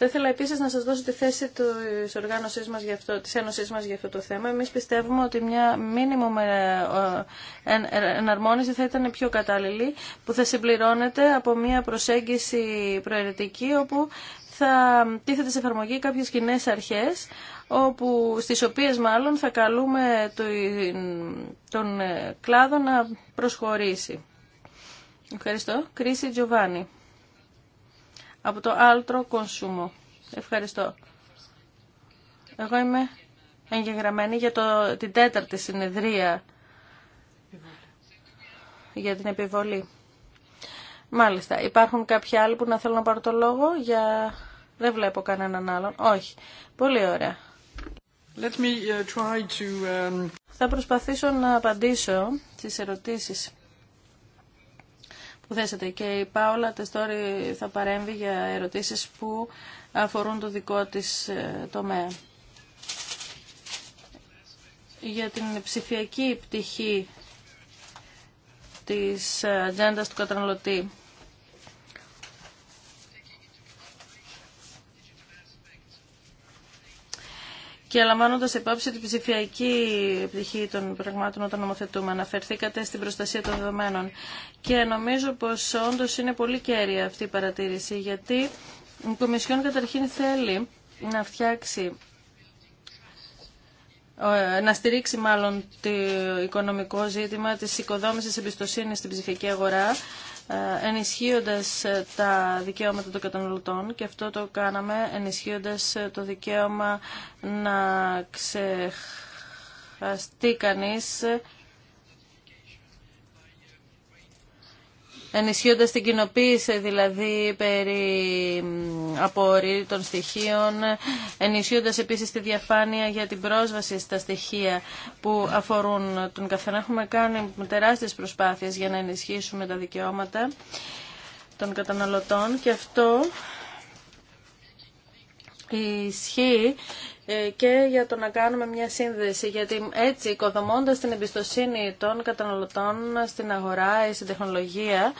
Θα ήθελα επίσης να σας δώσω τη θέση τη Ένωση μα για αυτό, Ένωσής για αυτό το θέμα. Εμείς πιστεύουμε ότι μια μήνυμο ε, ε, εναρμόνιση θα ήταν πιο κατάλληλη, που θα συμπληρώνεται από μια προσέγγιση προαιρετική, όπου θα τίθεται σε εφαρμογή κάποιες κοινέ αρχές, στι στις οποίες μάλλον θα καλούμε τον ε, κλάδο να προσχωρήσει. Ευχαριστώ. Κρίση Τζοβάνι από το Altro Consumo. Ευχαριστώ. Εγώ είμαι εγγεγραμμένη για το, την τέταρτη συνεδρία για την επιβολή. Μάλιστα. Υπάρχουν κάποιοι άλλοι που να θέλουν να πάρουν το λόγο για... Δεν βλέπω κανέναν άλλον. Όχι. Πολύ ωραία. Let uh, um, Θα προσπαθήσω να απαντήσω στις ερωτήσεις που Και η Πάολα Τεστόρη θα παρέμβει για ερωτήσεις που αφορούν το δικό της ε, τομέα. Για την ψηφιακή πτυχή της ε, ατζέντα του καταναλωτή. και λαμβάνοντα υπόψη την ψηφιακή πτυχή των πραγμάτων όταν νομοθετούμε. Αναφερθήκατε στην προστασία των δεδομένων. Και νομίζω πω όντω είναι πολύ κέρια αυτή η παρατήρηση, γιατί η Κομισιόν καταρχήν θέλει να φτιάξει ε, να στηρίξει μάλλον το οικονομικό ζήτημα της οικοδόμησης εμπιστοσύνης στην ψηφιακή αγορά ε, ενισχύοντας ε, τα δικαιώματα των καταναλωτών και αυτό το κάναμε ενισχύοντας το δικαίωμα να ξεχαστεί κανείς ενισχύοντας την κοινοποίηση δηλαδή περί των στοιχείων, ενισχύοντας επίση τη διαφάνεια για την πρόσβαση στα στοιχεία που αφορούν τον καθένα. Έχουμε κάνει τεράστιε προσπάθειες για να ενισχύσουμε τα δικαιώματα των καταναλωτών και αυτό ισχύει ε, και για το να κάνουμε μια σύνδεση, γιατί έτσι οικοδομώντας την εμπιστοσύνη των καταναλωτών στην αγορά ή στην τεχνολογία,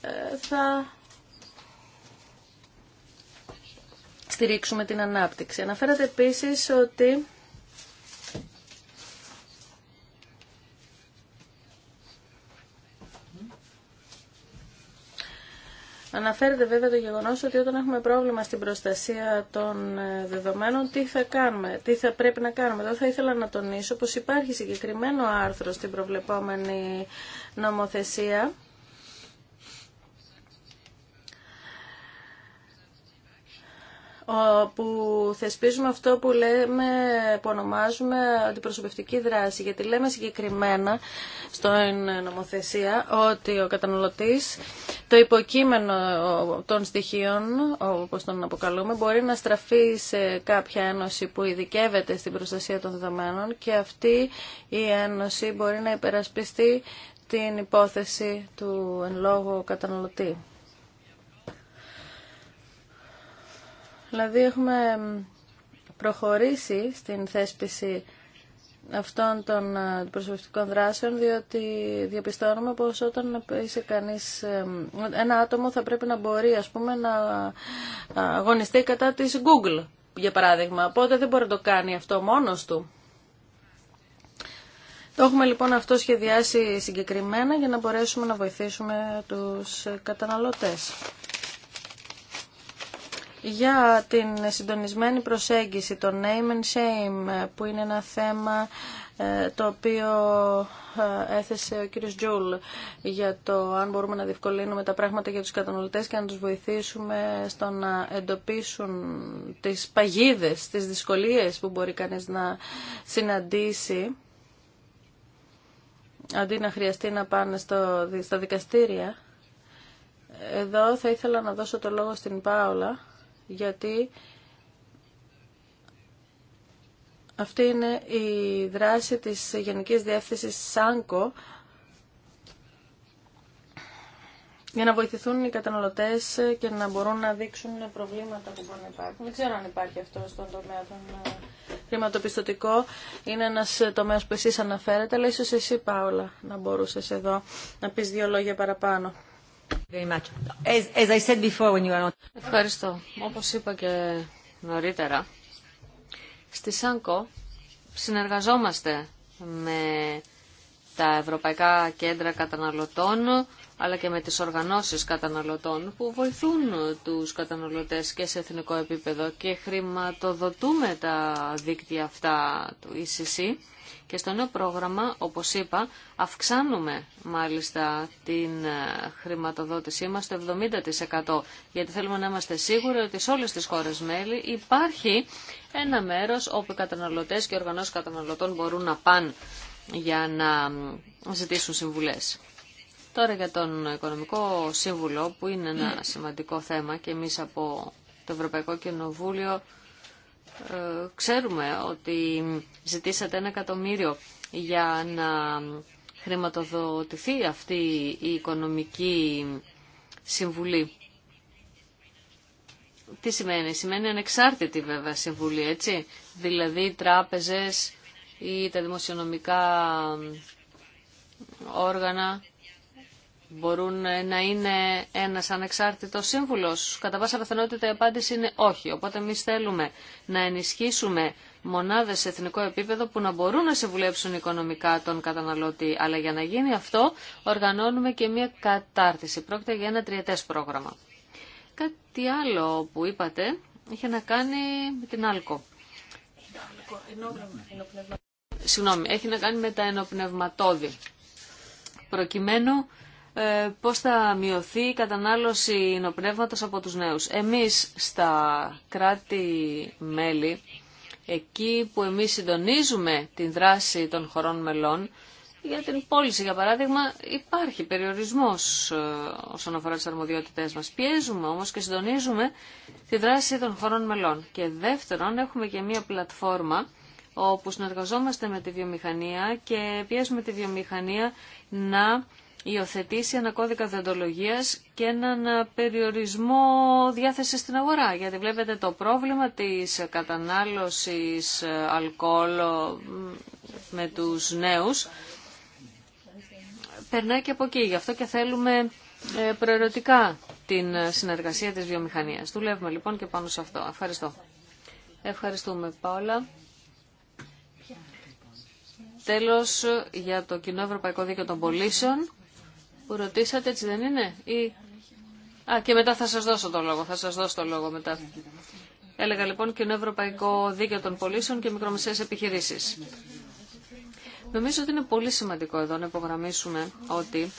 ε, θα στηρίξουμε την ανάπτυξη. Αναφέρατε επίσης ότι Αναφέρεται βέβαια το γεγονός ότι όταν έχουμε πρόβλημα στην προστασία των ε, δεδομένων, τι θα κάνουμε, τι θα πρέπει να κάνουμε. Εδώ θα ήθελα να τονίσω πως υπάρχει συγκεκριμένο άρθρο στην προβλεπόμενη νομοθεσία που θεσπίζουμε αυτό που, λέμε, που ονομάζουμε αντιπροσωπευτική δράση. Γιατί λέμε συγκεκριμένα στην νομοθεσία ότι ο καταναλωτής το υποκείμενο των στοιχείων, όπως τον αποκαλούμε, μπορεί να στραφεί σε κάποια ένωση που ειδικεύεται στην προστασία των δεδομένων και αυτή η ένωση μπορεί να υπερασπιστεί την υπόθεση του εν λόγω καταναλωτή. Δηλαδή έχουμε προχωρήσει στην θέσπιση αυτών των ε, προσωπικών δράσεων διότι διαπιστώνουμε πως όταν είσαι κανείς ε, ένα άτομο θα πρέπει να μπορεί ας πούμε να αγωνιστεί κατά της Google για παράδειγμα οπότε δεν μπορεί να το κάνει αυτό μόνος του το έχουμε λοιπόν αυτό σχεδιάσει συγκεκριμένα για να μπορέσουμε να βοηθήσουμε τους καταναλωτές για την συντονισμένη προσέγγιση, το name and shame, που είναι ένα θέμα ε, το οποίο ε, έθεσε ο κύριος Τζούλ για το αν μπορούμε να διευκολύνουμε τα πράγματα για τους κατανοητές και να τους βοηθήσουμε στο να εντοπίσουν τις παγίδες, τις δυσκολίες που μπορεί κανείς να συναντήσει αντί να χρειαστεί να πάνε στο, στα δικαστήρια. Εδώ θα ήθελα να δώσω το λόγο στην Πάολα γιατί αυτή είναι η δράση της Γενικής Διεύθυνσης ΣΑΝΚΟ για να βοηθηθούν οι καταναλωτές και να μπορούν να δείξουν προβλήματα που μπορεί να υπάρχουν. Δεν ξέρω αν υπάρχει αυτό στον τομέα των ε, χρηματοπιστωτικό. Είναι ένας ε, τομέας που εσείς αναφέρετε, αλλά ίσως εσύ Πάολα να μπορούσες εδώ να πεις δύο λόγια παραπάνω. Ευχαριστώ. Όπως είπα και νωρίτερα, στη ΣΑΝΚΟ συνεργαζόμαστε με τα Ευρωπαϊκά Κέντρα Καταναλωτών αλλά και με τις οργανώσεις καταναλωτών που βοηθούν τους καταναλωτές και σε εθνικό επίπεδο και χρηματοδοτούμε τα δίκτυα αυτά του ECC και στο νέο πρόγραμμα, όπως είπα, αυξάνουμε μάλιστα την ε, χρηματοδότησή μας το 70% γιατί θέλουμε να είμαστε σίγουροι ότι σε όλες τις χώρες μέλη υπάρχει ένα μέρος όπου οι καταναλωτές και οι οργανώσεις καταναλωτών μπορούν να πάνε για να ζητήσουν συμβουλές. Τώρα για τον Οικονομικό Σύμβουλο, που είναι ένα σημαντικό θέμα και εμείς από το Ευρωπαϊκό Κοινοβούλιο ε, ξέρουμε ότι ζητήσατε ένα εκατομμύριο για να χρηματοδοτηθεί αυτή η Οικονομική Συμβουλή. Τι σημαίνει, σημαίνει ανεξάρτητη βέβαια συμβουλή, έτσι, δηλαδή τράπεζες ή τα δημοσιονομικά όργανα Μπορούν να είναι ένας ανεξάρτητος σύμβουλος. Κατά πάσα πιθανότητα η απάντηση είναι όχι. Οπότε εμεί θέλουμε να ενισχύσουμε μονάδες σε εθνικό επίπεδο που να μπορούν να συμβουλέψουν οικονομικά τον καταναλώτη. Αλλά για να γίνει αυτό οργανώνουμε και μια κατάρτιση. Πρόκειται για ένα τριετές πρόγραμμα. Κάτι άλλο που είπατε είχε να κάνει με την άλκο. Συγγνώμη, έχει να κάνει με τα ενοπνευματόδη. Προκειμένου ε, πώς θα μειωθεί η κατανάλωση νοπνεύματος από τους νέους. Εμείς στα κράτη-μέλη, εκεί που εμείς συντονίζουμε την δράση των χωρών μελών, για την πώληση, για παράδειγμα, υπάρχει περιορισμός ε, όσον αφορά τις αρμοδιότητές μας. Πιέζουμε όμως και συντονίζουμε τη δράση των χωρών μελών. Και δεύτερον, έχουμε και μία πλατφόρμα όπου συνεργαζόμαστε με τη βιομηχανία και πιέζουμε τη βιομηχανία να υιοθετήσει ένα κώδικα δεντολογίας και έναν ε, περιορισμό διάθεσης στην αγορά. Γιατί βλέπετε το πρόβλημα της κατανάλωσης ε, αλκοόλ ε, με τους νέους περνάει και από εκεί. Γι' αυτό και θέλουμε προαιρετικά την συνεργασία της βιομηχανίας. Δουλεύουμε λοιπόν και πάνω σε αυτό. Ευχαριστώ. Ευχαριστούμε Πάολα. Τέλος, για το Κοινό Ευρωπαϊκό Δίκαιο των Πολίσεων, που ρωτήσατε, έτσι δεν είναι. Ή... Α, και μετά θα σας δώσω το λόγο, θα σας δώσω το λόγο μετά. Έλεγα λοιπόν και το ευρωπαϊκό δίκαιο των πολίσεων και μικρομεσαίες επιχειρήσεις. Νομίζω ότι είναι πολύ σημαντικό εδώ να υπογραμμίσουμε ότι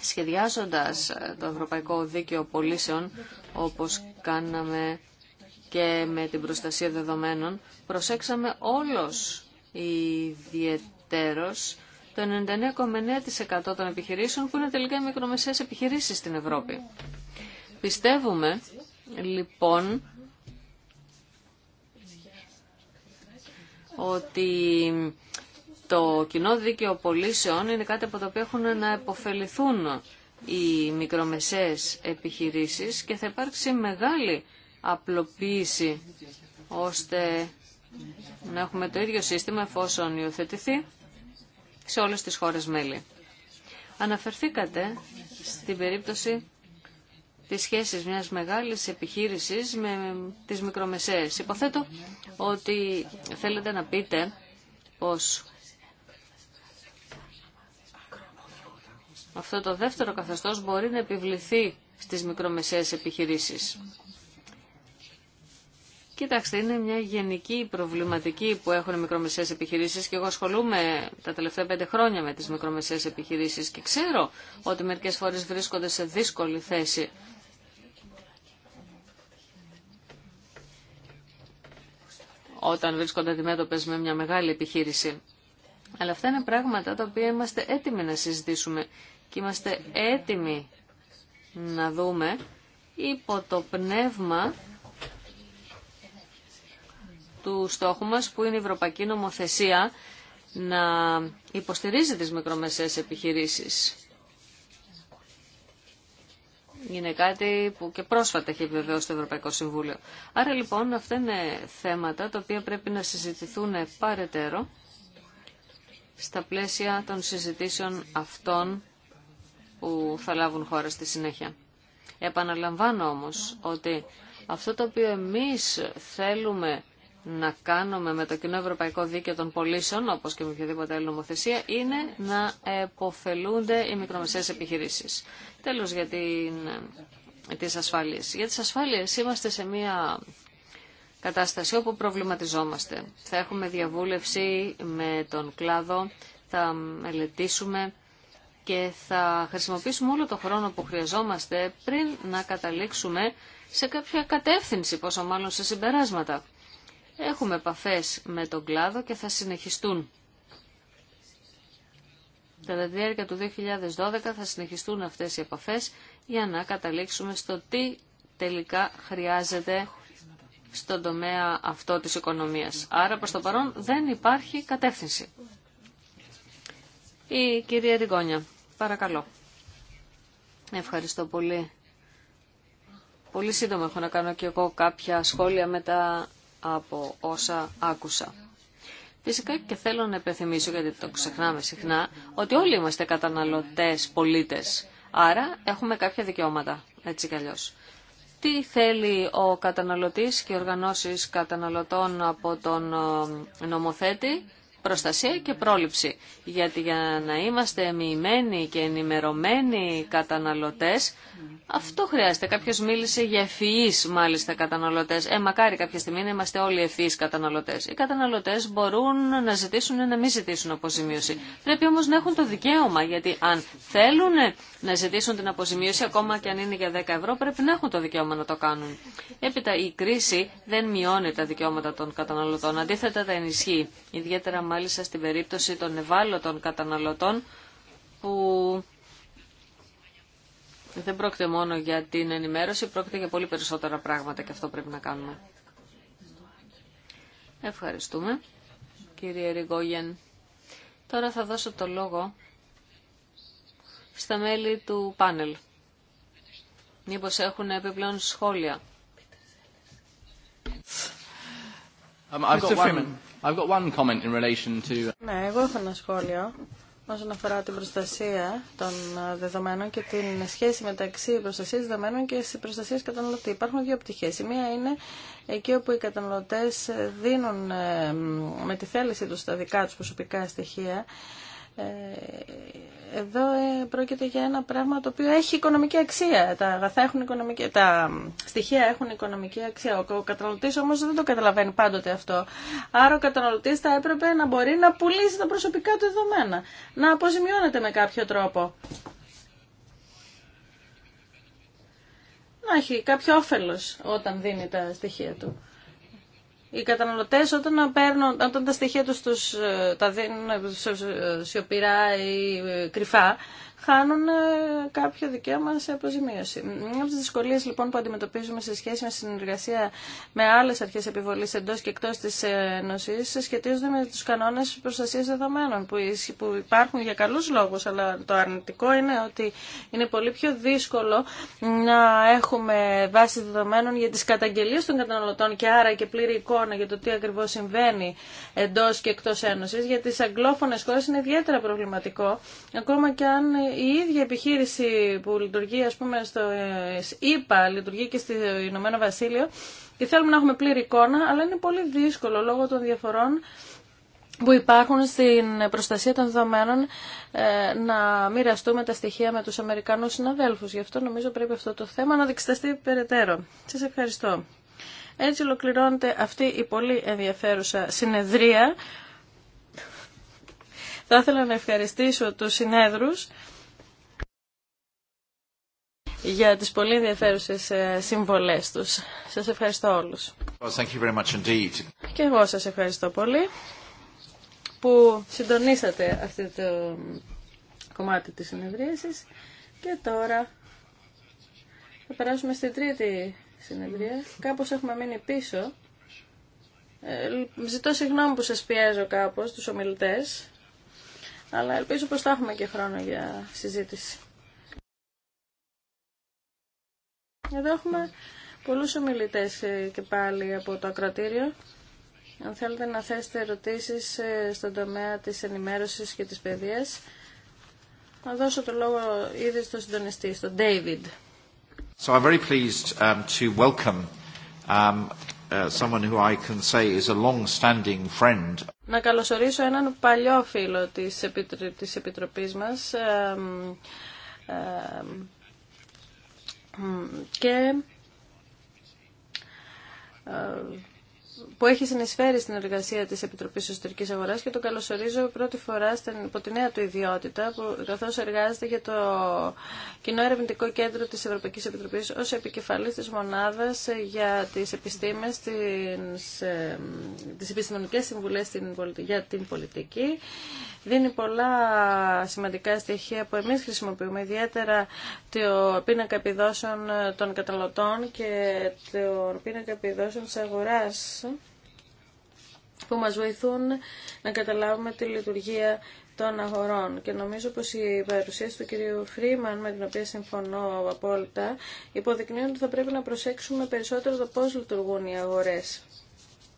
σχεδιάζοντας ε, το ευρωπαϊκό δίκαιο πολίσεων, όπως κάναμε και με την προστασία δεδομένων, προσέξαμε όλος ιδιαιτέρως το 99,9% των επιχειρήσεων που είναι τελικά οι μικρομεσαίες επιχειρήσεις στην Ευρώπη. Πιστεύουμε λοιπόν ότι το κοινό δίκαιο πολίσεων είναι κάτι από το οποίο έχουν να επωφεληθούν οι μικρομεσαίες επιχειρήσεις και θα υπάρξει μεγάλη απλοποίηση ώστε να έχουμε το ίδιο σύστημα εφόσον υιοθετηθεί σε όλες τις χώρες μέλη. Αναφερθήκατε στην περίπτωση της σχέσης μιας μεγάλης επιχείρησης με τις μικρομεσαίες. Υποθέτω ότι θέλετε να πείτε πως αυτό το δεύτερο καθεστώς μπορεί να επιβληθεί στις μικρομεσαίες επιχειρήσεις. Κοιτάξτε, είναι μια γενική προβληματική που έχουν οι μικρομεσαίες επιχειρήσεις και εγώ ασχολούμαι τα τελευταία πέντε χρόνια με τις μικρομεσαίες επιχειρήσεις και ξέρω ότι μερικές φορές βρίσκονται σε δύσκολη θέση. όταν βρίσκονται αντιμέτωπε με μια μεγάλη επιχείρηση. Αλλά αυτά είναι πράγματα τα οποία είμαστε έτοιμοι να συζητήσουμε και είμαστε έτοιμοι να δούμε υπό το πνεύμα του στόχου μας που είναι η Ευρωπαϊκή Νομοθεσία να υποστηρίζει τις μικρομεσαίες επιχειρήσεις. Είναι κάτι που και πρόσφατα έχει επιβεβαιώσει το Ευρωπαϊκό Συμβούλιο. Άρα λοιπόν αυτά είναι θέματα τα οποία πρέπει να συζητηθούν παρετέρω στα πλαίσια των συζητήσεων αυτών που θα λάβουν χώρα στη συνέχεια. Επαναλαμβάνω όμως ότι αυτό το οποίο εμείς θέλουμε να κάνουμε με το κοινό ευρωπαϊκό δίκαιο των πολίσεων, όπω και με οποιαδήποτε άλλη νομοθεσία, είναι να εποφελούνται οι μικρομεσαίες επιχειρήσει. Τέλο για την, ε, τις ασφάλειες. Για τι ασφάλειε, είμαστε σε μια κατάσταση όπου προβληματιζόμαστε. Θα έχουμε διαβούλευση με τον κλάδο, θα μελετήσουμε και θα χρησιμοποιήσουμε όλο το χρόνο που χρειαζόμαστε πριν να καταλήξουμε σε κάποια κατεύθυνση, πόσο μάλλον σε συμπεράσματα. Έχουμε επαφές με τον κλάδο και θα συνεχιστούν. τα τη διάρκεια του 2012 θα συνεχιστούν αυτές οι επαφές για να καταλήξουμε στο τι τελικά χρειάζεται στον τομέα αυτό της οικονομίας. Άρα προς το παρόν δεν υπάρχει κατεύθυνση. Η κυρία Ριγόνια, παρακαλώ. Ευχαριστώ πολύ. Πολύ σύντομα έχω να κάνω και εγώ κάποια σχόλια με τα από όσα άκουσα. Φυσικά και θέλω να επιθυμίσω, γιατί το ξεχνάμε συχνά, ότι όλοι είμαστε καταναλωτές, πολίτες. Άρα έχουμε κάποια δικαιώματα, έτσι κι αλλιώς. Τι θέλει ο καταναλωτής και οργανώσεις καταναλωτών από τον ε, νομοθέτη, προστασία και πρόληψη. Γιατί για να είμαστε μοιημένοι και ενημερωμένοι καταναλωτές, αυτό χρειάζεται. Κάποιος μίλησε για ευφυείς μάλιστα καταναλωτές. Ε, μακάρι κάποια στιγμή να είμαστε όλοι ευφυείς καταναλωτές. Οι καταναλωτές μπορούν να ζητήσουν ή να μην ζητήσουν αποζημίωση. Πρέπει όμως να έχουν το δικαίωμα, γιατί αν θέλουν να ζητήσουν την αποζημίωση, ακόμα και αν είναι για 10 ευρώ, πρέπει να έχουν το δικαίωμα να το κάνουν. Έπειτα η κρίση δεν μειώνει τα δικαιώματα των καταναλωτών. Αντίθετα τα ενισχύει. Ιδιαίτερα μάλιστα στην περίπτωση των ευάλωτων καταναλωτών που δεν πρόκειται μόνο για την ενημέρωση, πρόκειται για πολύ περισσότερα πράγματα και αυτό πρέπει να κάνουμε. Ευχαριστούμε, κύριε Ριγόγεν. Τώρα θα δώσω το λόγο στα μέλη του πάνελ. Μήπω έχουν επιπλέον σχόλια. I've got one comment in relation to... Uh, ναι, εγώ έχω ένα σχόλιο όσον αφορά την προστασία των ε, δεδομένων και την σχέση μεταξύ προστασία δεδομένων και προστασία καταναλωτή. Υπάρχουν δύο πτυχέ. Η μία είναι εκεί όπου οι καταναλωτέ ε, δίνουν ε, με τη θέλησή του τα δικά του προσωπικά στοιχεία ε, εδώ ε, πρόκειται για ένα πράγμα το οποίο έχει οικονομική αξία. Τα αγαθά έχουν οικονομική, τα στοιχεία έχουν οικονομική αξία. Ο καταναλωτή όμω δεν το καταλαβαίνει πάντοτε αυτό. Άρα ο καταναλωτή θα έπρεπε να μπορεί να πουλήσει τα προσωπικά του δεδομένα. Να αποζημιώνεται με κάποιο τρόπο. Να έχει κάποιο όφελος όταν δίνει τα στοιχεία του οι καταναλωτέ, όταν, παίρνουν, όταν τα στοιχεία του τους ε, τα δίνουν ε, σιωπηρά ή ε, κρυφά χάνουν ε, κάποιο δικαίωμα σε αποζημίωση. Μια από τι δυσκολίε λοιπόν που αντιμετωπίζουμε σε σχέση με συνεργασία με άλλε αρχέ επιβολή εντό και εκτό τη ε, Ένωση σχετίζονται με του κανόνε προστασία δεδομένων που υπάρχουν για καλού λόγου, αλλά το αρνητικό είναι ότι είναι πολύ πιο δύσκολο να έχουμε βάση δεδομένων για τι καταγγελίε των καταναλωτών και άρα και πλήρη εικόνα για το τι ακριβώ συμβαίνει εντό και εκτό Ένωση. Για τι αγγλόφωνε χώρε είναι ιδιαίτερα προβληματικό, ακόμα και αν η ίδια επιχείρηση που λειτουργεί ας πούμε στο ΕΠΑ, λειτουργεί και στο Ηνωμένο Βασίλειο και θέλουμε να έχουμε πλήρη εικόνα, αλλά είναι πολύ δύσκολο λόγω των διαφορών που υπάρχουν στην προστασία των δεδομένων ε, να μοιραστούμε τα στοιχεία με τους Αμερικανούς συναδέλφους. Γι' αυτό νομίζω πρέπει αυτό το θέμα να διεξεταστεί περαιτέρω. Σας ευχαριστώ. Έτσι ολοκληρώνεται αυτή η πολύ ενδιαφέρουσα συνεδρία. Θα ήθελα να ευχαριστήσω τους συνέδρους για τις πολύ ενδιαφέρουσες ε, συμβολές τους. Σας ευχαριστώ όλους. thank Και εγώ σας ευχαριστώ πολύ που συντονίσατε αυτό το κομμάτι της συνεδρίασης και τώρα θα περάσουμε στη τρίτη συνεδρία. Κάπως έχουμε μείνει πίσω. Ε, ζητώ συγγνώμη που σας πιέζω κάπως τους ομιλητές, αλλά ελπίζω πως θα έχουμε και χρόνο για συζήτηση. Εδώ έχουμε πολλούς ομιλητές ε, και πάλι από το ακροτήριο. Αν θέλετε να θέσετε ερωτήσεις ε, στον τομέα της ενημέρωσης και της παιδείας, θα δώσω το λόγο ήδη στον συντονιστή, στον David. So I'm very pleased um, to welcome um, uh, someone who I can say is a long-standing friend. Να καλωσορίσω έναν παλιό φίλο της, Επιτρο... της Επιτροπής μας, um, και ε, που έχει συνεισφέρει στην εργασία της Επιτροπής Εσωτερικής Αγοράς και τον καλωσορίζω πρώτη φορά στην, υπό τη νέα του ιδιότητα, που, καθώς εργάζεται για το Κοινό Ερευνητικό Κέντρο της Ευρωπαϊκής Επιτροπής ως επικεφαλής της μονάδας για τις επιστήμες, τι τις επιστημονικές συμβουλές για την πολιτική. Δίνει πολλά σημαντικά στοιχεία που εμείς χρησιμοποιούμε, ιδιαίτερα το πίνακα επιδόσεων των καταναλωτών και το πίνακα επιδόσεων της αγοράς που μας βοηθούν να καταλάβουμε τη λειτουργία των αγορών. Και νομίζω πως η παρουσίαση του κυρίου Φρήμαν, με την οποία συμφωνώ απόλυτα, υποδεικνύουν ότι θα πρέπει να προσέξουμε περισσότερο το πώς λειτουργούν οι αγορές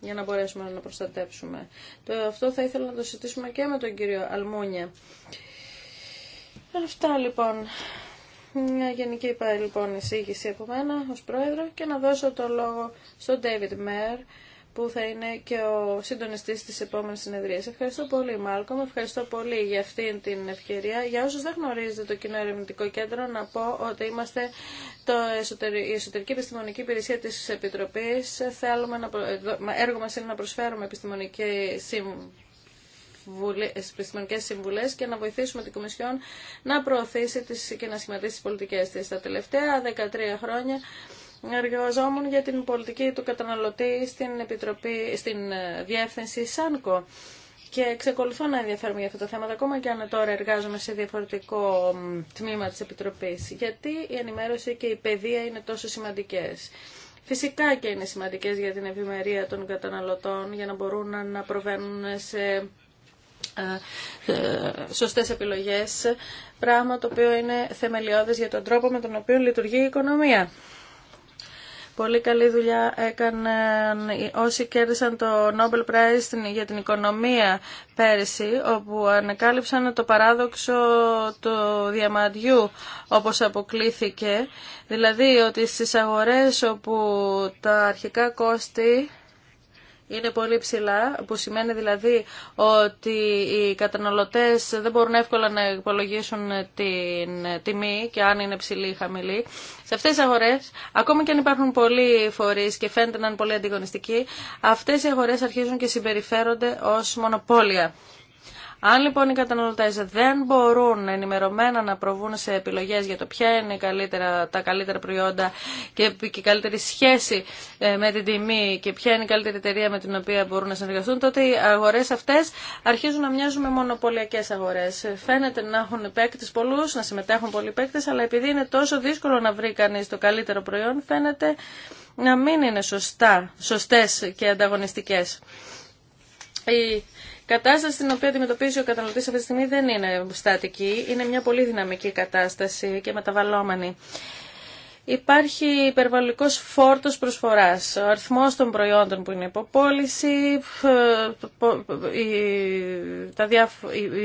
για να μπορέσουμε να προστατέψουμε. Το, αυτό θα ήθελα να το συζητήσουμε και με τον κύριο Αλμούνια. Αυτά λοιπόν. Μια γενική είπα, λοιπόν εισήγηση από μένα ως πρόεδρο και να δώσω το λόγο στον David Μέρ που θα είναι και ο συντονιστής της επόμενης συνεδρίας. Ευχαριστώ πολύ Μάλκομ, ευχαριστώ πολύ για αυτή την ευκαιρία. Για όσους δεν γνωρίζετε το Κοινό Ερευνητικό Κέντρο, να πω ότι είμαστε το η Εσωτερική Επιστημονική Υπηρεσία της Επιτροπής. Θέλουμε να, έργο μας είναι να προσφέρουμε επιστημονική σύμβουλη επιστημονικέ συμβουλέ και να βοηθήσουμε την Κομισιόν να προωθήσει τις, και να σχηματίσει τι πολιτικέ τη. Τα τελευταία 13 χρόνια εργαζόμουν για την πολιτική του καταναλωτή στην, Επιτροπή, στην ε, διεύθυνση ΣΑΝΚΟ και εξακολουθώ να ενδιαφέρομαι για αυτά τα θέματα, ακόμα και αν τώρα εργάζομαι σε διαφορετικό τμήμα της Επιτροπής, γιατί η ενημέρωση και η παιδεία είναι τόσο σημαντικές. Φυσικά και είναι σημαντικές για την ευημερία των καταναλωτών, για να μπορούν να προβαίνουν σε ε, ε, σωστές επιλογές, πράγμα το οποίο είναι θεμελιώδες για τον τρόπο με τον οποίο λειτουργεί η οικονομία. Πολύ καλή δουλειά έκαναν όσοι κέρδισαν το Nobel Prize για την οικονομία πέρυσι, όπου ανακάλυψαν το παράδοξο του διαμαντιού, όπως αποκλήθηκε. Δηλαδή ότι στις αγορές όπου τα αρχικά κόστη είναι πολύ ψηλά, που σημαίνει δηλαδή ότι οι καταναλωτές δεν μπορούν εύκολα να υπολογίσουν την τιμή και αν είναι ψηλή ή χαμηλή. Σε αυτές τις αγορές, ακόμα και αν υπάρχουν πολλοί φορείς και φαίνεται να είναι πολύ αντιγωνιστικοί, αυτές οι αγορές αρχίζουν και συμπεριφέρονται ως μονοπόλια. Αν λοιπόν οι καταναλωτέ δεν μπορούν ενημερωμένα να προβούν σε επιλογέ για το ποια είναι καλύτερα, τα καλύτερα προϊόντα και η καλύτερη σχέση ε, με την τιμή και ποια είναι η καλύτερη εταιρεία με την οποία μπορούν να συνεργαστούν, τότε οι αγορέ αυτέ αρχίζουν να μοιάζουν με μονοπωλιακέ αγορές. Φαίνεται να έχουν παίκτε πολλού, να συμμετέχουν πολλοί παίκτε, αλλά επειδή είναι τόσο δύσκολο να βρει κανεί το καλύτερο προϊόν, φαίνεται να μην είναι σωστέ και ανταγωνιστικές. Η κατάσταση την οποία αντιμετωπίζει ο καταναλωτή αυτή τη στιγμή δεν είναι στατική. Είναι μια πολύ δυναμική κατάσταση και μεταβαλλόμενη. Υπάρχει υπερβαλλικός φόρτος προσφοράς, ο αριθμός των προϊόντων που είναι υποπόληση,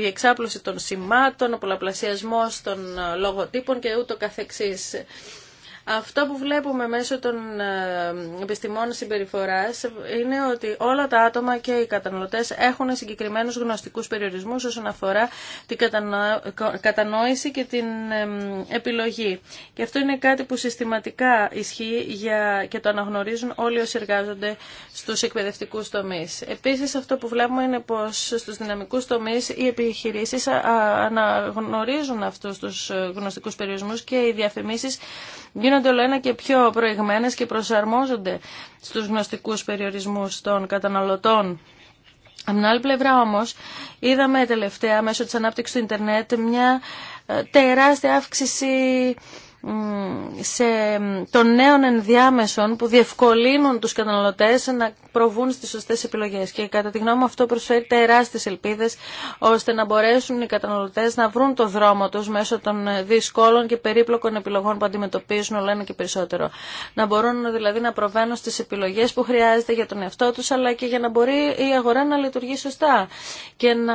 η εξάπλωση των σημάτων, ο πολλαπλασιασμός των λογοτύπων και ούτω καθεξής. Αυτό που βλέπουμε μέσω των ε, επιστημών συμπεριφοράς είναι ότι όλα τα άτομα και οι καταναλωτές έχουν συγκεκριμένους γνωστικούς περιορισμούς όσον αφορά την κατανόηση και την επιλογή. Και αυτό είναι κάτι που συστηματικά ισχύει για... και το αναγνωρίζουν όλοι όσοι εργάζονται στους εκπαιδευτικούς τομείς. Επίσης αυτό που βλέπουμε είναι πως στους δυναμικούς τομείς οι επιχειρήσεις αναγνωρίζουν αυτούς τους ε, γνωστικούς περιορισμούς και οι διαφημίσεις γίνονται όλο ένα και πιο προηγμένες και προσαρμόζονται στους γνωστικούς περιορισμούς των καταναλωτών. Από την άλλη πλευρά όμως είδαμε τελευταία μέσω της ανάπτυξης του Ιντερνετ μια ε, τεράστια αύξηση σε, των νέων ενδιάμεσων που διευκολύνουν τους καταναλωτές να προβούν στις σωστές επιλογές και κατά τη γνώμη μου αυτό προσφέρει τεράστιες ελπίδες ώστε να μπορέσουν οι καταναλωτές να βρουν το δρόμο τους μέσω των δύσκολων και περίπλοκων επιλογών που αντιμετωπίζουν όλο ένα και περισσότερο. Να μπορούν δηλαδή να προβαίνουν στις επιλογές που χρειάζεται για τον εαυτό τους αλλά και για να μπορεί η αγορά να λειτουργεί σωστά και να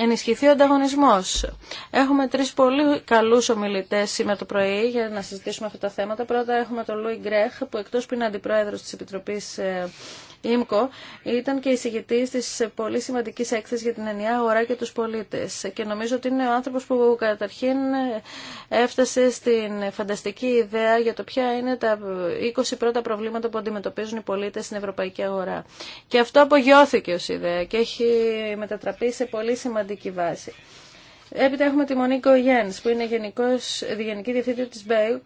ενισχυθεί ο ανταγωνισμός. Έχουμε τρεις πολύ καλούς ομιλητές σήμερα το πρωί για να συζητήσουμε αυτά τα θέματα. Πρώτα έχουμε τον Λούι Γκρέχ που εκτό που είναι αντιπρόεδρο τη επιτροπή ε, ΙΜΚΟ ήταν και εισηγητή τη πολύ σημαντική έκθεση για την ενιαία αγορά και του πολίτε. Και νομίζω ότι είναι ο άνθρωπο που καταρχήν ε, έφτασε στην φανταστική ιδέα για το ποια είναι τα 20 πρώτα προβλήματα που αντιμετωπίζουν οι πολίτε στην ευρωπαϊκή αγορά. Και αυτό απογειώθηκε ω ιδέα και έχει μετατραπεί σε πολύ σημαντική βάση. Έπειτα έχουμε τη Μονίκο Γιένς, που είναι γενικός, γενική διευθύντρια τη ΜΠΕΟΚ,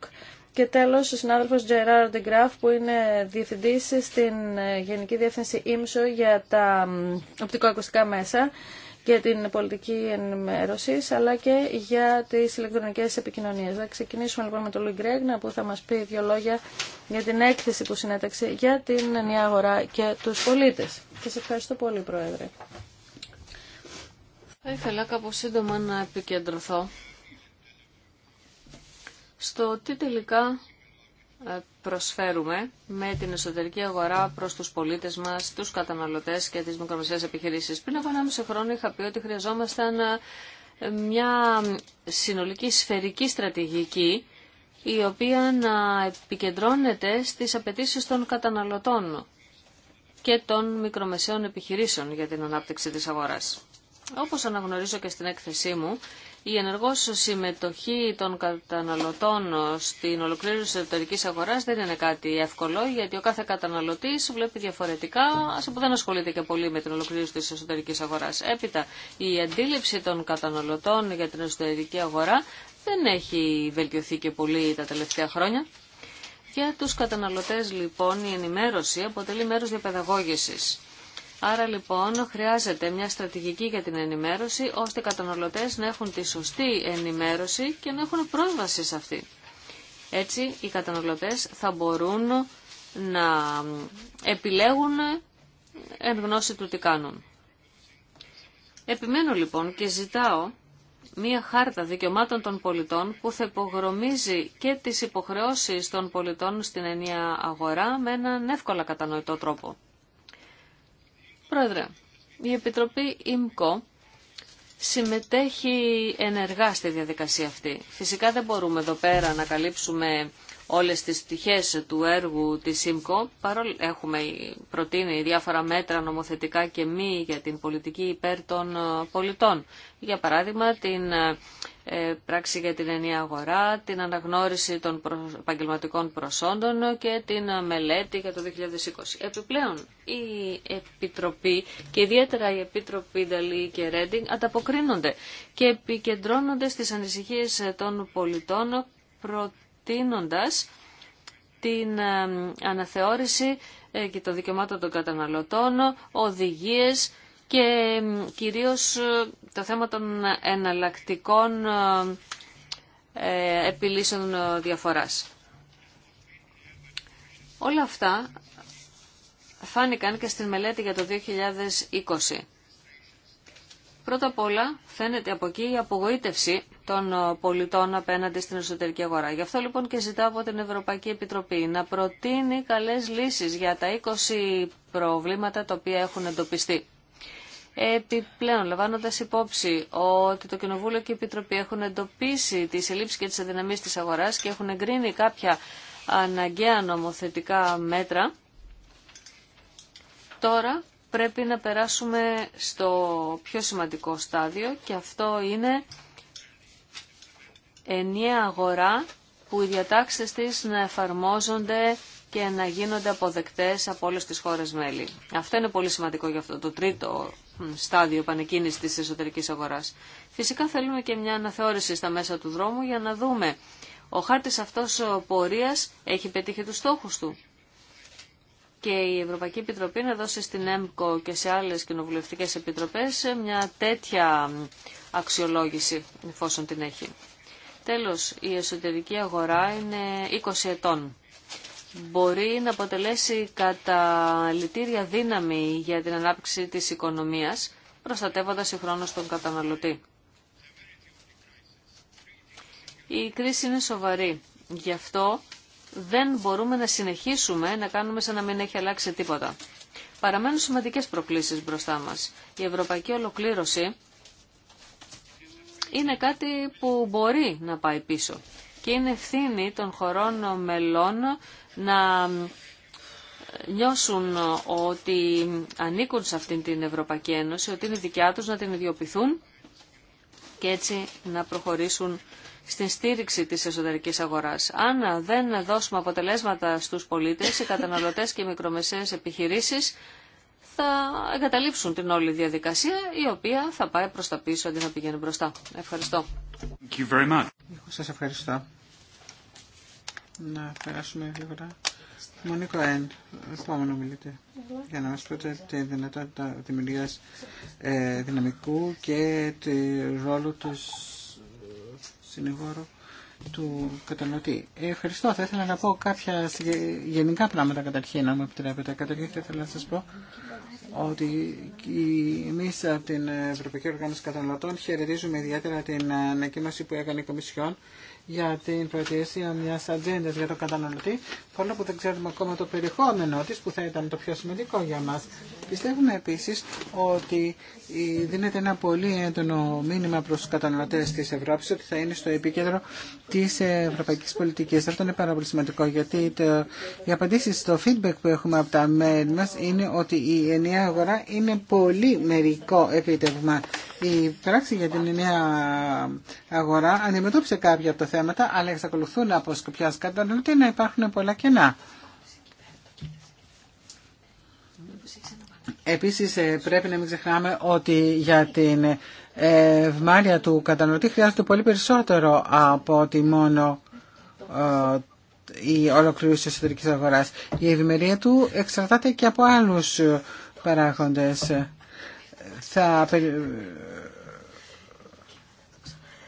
και τέλος ο συνάδελφος Τζεραρ Ντεγκράφ, που είναι διευθυντής στην ε, Γενική Διεύθυνση ΙΜΣΟ για τα οπτικοακουστικά μέσα και την πολιτική ενημέρωση, αλλά και για τις ηλεκτρονικέ επικοινωνίες. Θα ξεκινήσουμε λοιπόν με τον Λουι Γκρέγνα που θα μας πει δύο λόγια για την έκθεση που συνέταξε για την νέα αγορά και τους πολίτες. Σα ευχαριστώ πολύ Πρόεδρε. Θα ήθελα κάπως σύντομα να επικεντρωθώ στο τι τελικά ε, προσφέρουμε με την εσωτερική αγορά προς τους πολίτες μας, τους καταναλωτές και τις μικρομεσαίες επιχειρήσεις. Πριν από μισό χρόνο είχα πει ότι χρειαζόμασταν ε, μια συνολική σφαιρική στρατηγική η οποία να επικεντρώνεται στις απαιτήσεις των καταναλωτών και των μικρομεσαίων επιχειρήσεων για την ανάπτυξη της αγοράς. Όπως αναγνωρίζω και στην έκθεσή μου, η ενεργός συμμετοχή των καταναλωτών στην ολοκλήρωση της εσωτερικής αγοράς δεν είναι κάτι εύκολο, γιατί ο κάθε καταναλωτής βλέπει διαφορετικά, ας που δεν ασχολείται και πολύ με την ολοκλήρωση της εσωτερικής αγοράς. Έπειτα, η αντίληψη των καταναλωτών για την εσωτερική αγορά δεν έχει βελτιωθεί και πολύ τα τελευταία χρόνια. Για τους καταναλωτές λοιπόν η ενημέρωση αποτελεί μέρος διαπαιδαγώγησης. Άρα λοιπόν χρειάζεται μια στρατηγική για την ενημέρωση ώστε οι καταναλωτές να έχουν τη σωστή ενημέρωση και να έχουν πρόσβαση σε αυτή. Έτσι οι καταναλωτές θα μπορούν να επιλέγουν εν γνώση του τι κάνουν. Επιμένω λοιπόν και ζητάω μία χάρτα δικαιωμάτων των πολιτών που θα υπογρομίζει και τις υποχρεώσεις των πολιτών στην ενία αγορά με έναν εύκολα κατανοητό τρόπο. Πρόεδρε, η Επιτροπή ΙΜΚΟ συμμετέχει ενεργά στη διαδικασία αυτή. Φυσικά δεν μπορούμε εδώ πέρα να καλύψουμε όλες τις πτυχές του έργου της ΣΥΜΚΟ. Παρόλο έχουμε προτείνει διάφορα μέτρα νομοθετικά και μη για την πολιτική υπέρ των ε, πολιτών. Για παράδειγμα την ε, ε, πράξη για την ενιαία αγορά, την αναγνώριση των επαγγελματικών προσόντων και την μελέτη για το 2020. Επιπλέον, η Επιτροπή και ιδιαίτερα η Επίτροπη Δαλή και Ρέντινγκ ανταποκρίνονται και επικεντρώνονται στις ανησυχίες των πολιτών προτείνοντας την ε, αναθεώρηση ε, και των δικαιωμάτων των καταναλωτών, οδηγίες και κυρίως το θέμα των εναλλακτικών ε, επιλύσεων διαφοράς. Όλα αυτά φάνηκαν και στην μελέτη για το 2020. Πρώτα απ' όλα φαίνεται από εκεί η απογοήτευση των πολιτών απέναντι στην εσωτερική αγορά. Γι' αυτό λοιπόν και ζητάω από την Ευρωπαϊκή Επιτροπή να προτείνει καλές λύσεις για τα 20 προβλήματα τα οποία έχουν εντοπιστεί. Επιπλέον, λαμβάνοντα υπόψη ότι το Κοινοβούλιο και η Επιτροπή έχουν εντοπίσει τι ελλείψει και τι αδυναμίε τη αγορά και έχουν εγκρίνει κάποια αναγκαία νομοθετικά μέτρα, τώρα πρέπει να περάσουμε στο πιο σημαντικό στάδιο και αυτό είναι ενιαία αγορά που οι διατάξεις της να εφαρμόζονται και να γίνονται αποδεκτές από όλες τις χώρες μέλη. Αυτό είναι πολύ σημαντικό για αυτό το τρίτο στάδιο πανεκκίνησης της εσωτερικής αγοράς. Φυσικά θέλουμε και μια αναθεώρηση στα μέσα του δρόμου για να δούμε ο χάρτης αυτός πορείας έχει πετύχει τους στόχους του. Και η Ευρωπαϊκή Επιτροπή να δώσει στην ΕΜΚΟ και σε άλλες κοινοβουλευτικές επιτροπές μια τέτοια αξιολόγηση εφόσον την έχει. Τέλος, η εσωτερική αγορά είναι 20 ετών μπορεί να αποτελέσει καταλητήρια δύναμη για την ανάπτυξη της οικονομίας, προστατεύοντας συγχρόνως τον καταναλωτή. Η κρίση είναι σοβαρή. Γι' αυτό δεν μπορούμε να συνεχίσουμε να κάνουμε σαν να μην έχει αλλάξει τίποτα. Παραμένουν σημαντικές προκλήσεις μπροστά μας. Η ευρωπαϊκή ολοκλήρωση είναι κάτι που μπορεί να πάει πίσω και είναι ευθύνη των χωρών μελών να νιώσουν ότι ανήκουν σε αυτήν την Ευρωπαϊκή Ένωση, ότι είναι δικιά τους να την ιδιοποιηθούν και έτσι να προχωρήσουν στην στήριξη της εσωτερικής αγοράς. Αν δεν δώσουμε αποτελέσματα στους πολίτες, οι καταναλωτές και οι μικρομεσαίες επιχειρήσεις θα εγκαταλείψουν την όλη διαδικασία, η οποία θα πάει προς τα πίσω αντί να πηγαίνει μπροστά. Ευχαριστώ. Σας ευχαριστώ. Να περάσουμε γρήγορα. Μονίκο Εν, επόμενο μιλείτε, για να μας πείτε τη δυνατότητα δημιουργίας ε, δυναμικού και τη ρόλου του ε, συνηγόρου του καταναλωτή. Ε, ευχαριστώ. Θα ήθελα να πω κάποια γενικά πράγματα καταρχήν, αν μου επιτρέπετε. Καταρχήν θα ήθελα να σας πω ότι εμεί από την Ευρωπαϊκή Οργάνωση Καταναλωτών χαιρετίζουμε ιδιαίτερα την ανακοίνωση που έκανε η Κομισιόν για την προετοιμασία μια ατζέντα για τον καταναλωτή, παρόλο που δεν ξέρουμε ακόμα το περιεχόμενο τη, που θα ήταν το πιο σημαντικό για μα. Πιστεύουμε επίση ότι δίνεται ένα πολύ έντονο μήνυμα προ του καταναλωτέ τη Ευρώπη ότι θα είναι στο επίκεντρο τη ευρωπαϊκή πολιτική. Αυτό είναι πάρα πολύ σημαντικό, γιατί το, οι απαντήσει στο feedback που έχουμε από τα μέλη μα είναι ότι η ενιαία αγορά είναι πολύ μερικό επίτευγμα η πράξη για την νέα αγορά αντιμετώπισε κάποια από τα θέματα, αλλά εξακολουθούν από σκοπιά καταναλωτή να υπάρχουν πολλά κενά. Επίσης ε, πρέπει να μην ξεχνάμε ότι για την ευμάρεια του καταναλωτή χρειάζεται πολύ περισσότερο από ότι μόνο ε, η ολοκλήρωση της εσωτερικής αγοράς. Η ευημερία του εξαρτάται και από άλλους παράγοντες θα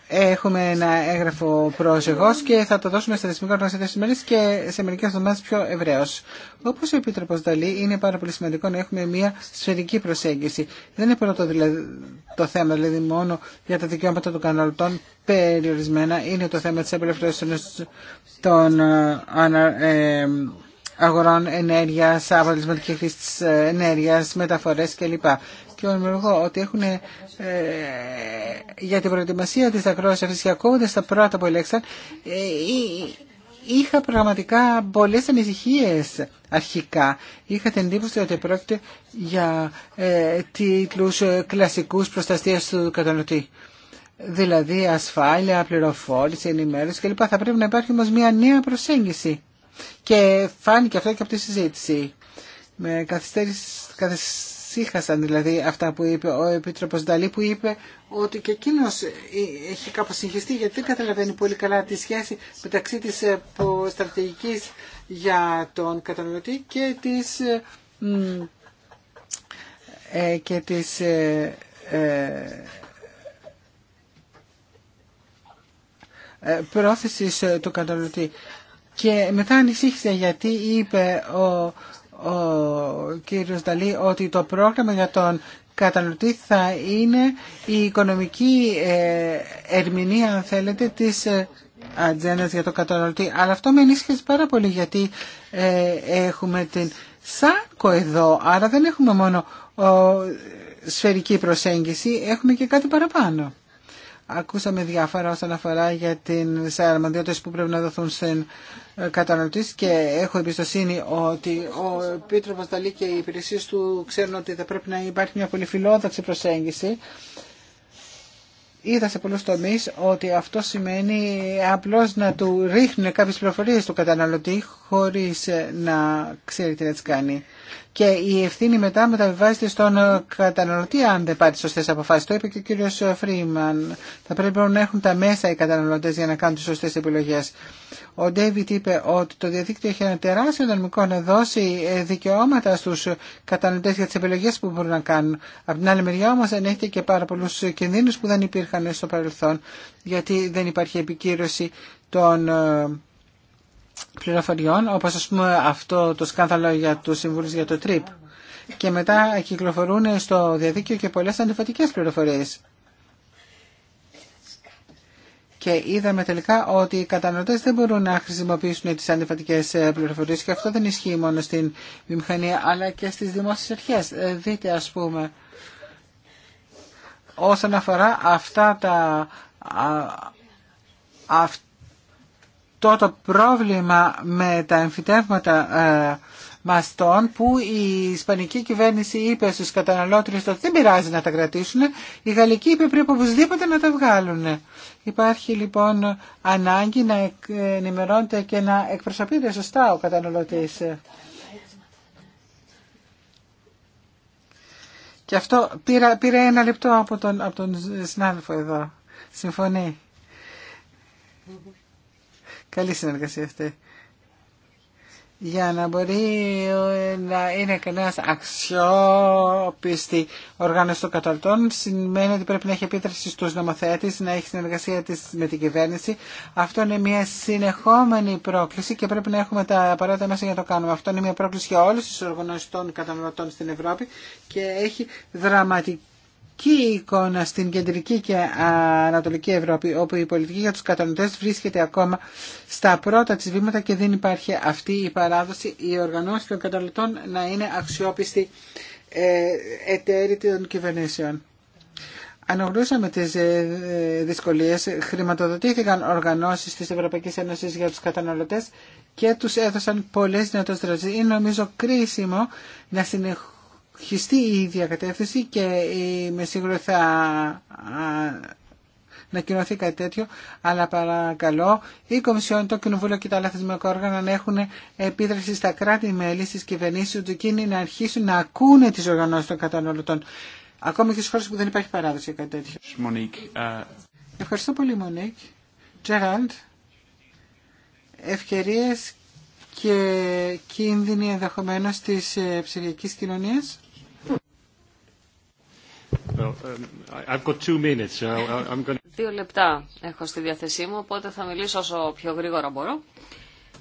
έχουμε ένα έγγραφο πρόσεγό και θα το δώσουμε στα θεσμικά τη ημέρα και σε μερικέ εβδομάδε πιο ευρέω. Όπω ο Επίτροπο Δαλή, είναι πάρα πολύ σημαντικό να έχουμε μια σφαιρική προσέγγιση. Δεν είναι πρώτο δηλαδή, το θέμα, δηλαδή μόνο για τα δικαιώματα των καναλωτών περιορισμένα, είναι το θέμα τη απελευθέρωση των ε, ε, αγορών ενέργεια, αποτελεσματική χρήση τη ε, ενέργεια, μεταφορέ κλπ ότι έχουν ε, για την προετοιμασία της ακρόασης αυτής και ακούγοντας τα πρώτα που ελέγξαν, ε, είχα πραγματικά πολλές ανησυχίες αρχικά. Είχα την εντύπωση ότι πρόκειται για ε, τίτλους ε, κλασικούς προστασίας του κατανοητή Δηλαδή ασφάλεια, πληροφόρηση, ενημέρωση κλπ. Θα πρέπει να υπάρχει όμως μια νέα προσέγγιση. Και φάνηκε αυτό και από τη συζήτηση. Με καθυστέρηση, καθυσ σύχασαν δηλαδή αυτά που είπε ο Επίτροπος Νταλή που είπε ότι και εκείνο ε, έχει κάπως συγχυστεί γιατί δεν καταλαβαίνει πολύ καλά τη σχέση μεταξύ της ε, στρατηγικής για τον καταναλωτή και της, ε, και της πρόθεσης του καταναλωτή. Και μετά ανησύχησε γιατί είπε ο ο κύριος Νταλή ότι το πρόγραμμα για τον καταναλωτή θα είναι η οικονομική ε, ερμηνεία, αν θέλετε, της ε, ατζέντα για τον καταναλωτή. Αλλά αυτό με ενίσχυσε πάρα πολύ γιατί ε, έχουμε την σάκο εδώ, άρα δεν έχουμε μόνο σφαιρική προσέγγιση, έχουμε και κάτι παραπάνω. Ακούσαμε διάφορα όσον αφορά για την αρμοδιότητε που πρέπει να δοθούν στην ε, καταναλωτή. και έχω εμπιστοσύνη ότι ο Επίτροπος Δαλή και οι υπηρεσίε του ξέρουν ότι θα πρέπει να υπάρχει μια πολύ φιλόδοξη προσέγγιση είδα σε πολλούς τομείς ότι αυτό σημαίνει απλώς να του ρίχνουν κάποιες πληροφορίες του καταναλωτή χωρίς ε, να ξέρει τι να τις κάνει. Και η ευθύνη μετά μεταβιβάζεται στον καταναλωτή αν δεν πάρει σωστές αποφάσεις. Το είπε και ο κύριος Φρήμαν. Θα πρέπει να έχουν τα μέσα οι καταναλωτές για να κάνουν τις σωστέ επιλογές. Ο Ντέιβιτ είπε ότι το διαδίκτυο έχει ένα τεράστιο δομικό να δώσει ε, δικαιώματα στου κατανοητέ για τι επιλογέ που μπορούν να κάνουν. Από την άλλη μεριά όμως ενέχεται και πάρα πολλού κινδύνους που δεν υπήρχαν στο παρελθόν γιατί δεν υπάρχει επικύρωση των ε, πληροφοριών όπω α πούμε αυτό το σκάνδαλο για του συμβούλου για το TRIP και μετά κυκλοφορούν στο διαδίκτυο και πολλέ αντιφατικέ πληροφορίε. Και είδαμε τελικά ότι οι καταναλωτέ δεν μπορούν να χρησιμοποιήσουν τι αντιφατικέ ε, πληροφορίε και αυτό δεν ισχύει μόνο στην βιομηχανία αλλά και στι δημόσιε αρχέ. Ε, δείτε, α πούμε, όσον αφορά αυτά τα. αυτό το πρόβλημα με τα εμφυτεύματα ε, μαστών που η Ισπανική κυβέρνηση είπε στους καταναλώτες ότι δεν πειράζει να τα κρατήσουν, η Γαλλική είπε πρέπει οπωσδήποτε να τα βγάλουν. Υπάρχει λοιπόν ανάγκη να ενημερώνεται και να εκπροσωπείται σωστά ο καταναλωτής. Και αυτό πήρα, ένα λεπτό από τον, από τον συνάδελφο εδώ. Συμφωνεί. Καλή συνεργασία αυτή για να μπορεί ε, να είναι κανένας αξιόπιστη οργάνωση των καταναλωτών σημαίνει ότι πρέπει να έχει επίτρεση στους νομοθέτες, να έχει συνεργασία της με την κυβέρνηση. Αυτό είναι μια συνεχόμενη πρόκληση και πρέπει να έχουμε τα απαραίτητα μέσα για να το κάνουμε. Αυτό είναι μια πρόκληση για όλες τις οργανώσεις των καταναλωτών στην Ευρώπη και έχει δραματική θετική εικόνα στην κεντρική και ανατολική Ευρώπη, όπου η πολιτική για τους κατανοητές βρίσκεται ακόμα στα πρώτα της βήματα και δεν υπάρχει αυτή η παράδοση, η οργανώση των καταναλωτών να είναι αξιόπιστη ε, εταίρη των κυβερνήσεων. Αναγνωρίσαμε τις ε, δυσκολίες, χρηματοδοτήθηκαν οργανώσεις της Ευρωπαϊκής Ένωσης για τους καταναλωτές και τους έδωσαν πολλές δυνατότητες. Είναι νομίζω κρίσιμο να συνεχίσουμε χιστεί η ίδια κατεύθυνση και ε, με σίγουρο θα να κοινωθεί κάτι τέτοιο, αλλά παρακαλώ η Κομισιόν, το Κοινοβούλιο και τα άλλα θεσμικά όργανα να έχουν επίδραση στα κράτη-μέλη, στι κυβερνήσει του εκείνοι να αρχίσουν να ακούνε τι οργανώσει των καταναλωτών. Ακόμη και στι χώρε που δεν υπάρχει παράδοση για κάτι τέτοιο. Monique, uh... Ε, Ευχαριστώ πολύ, Μονίκ. Τζεραντ, ευκαιρίε και κίνδυνοι ενδεχομένω τη ε, ψηφιακή κοινωνία. Δύο λεπτά έχω στη διάθεσή μου, οπότε θα μιλήσω όσο πιο γρήγορα μπορώ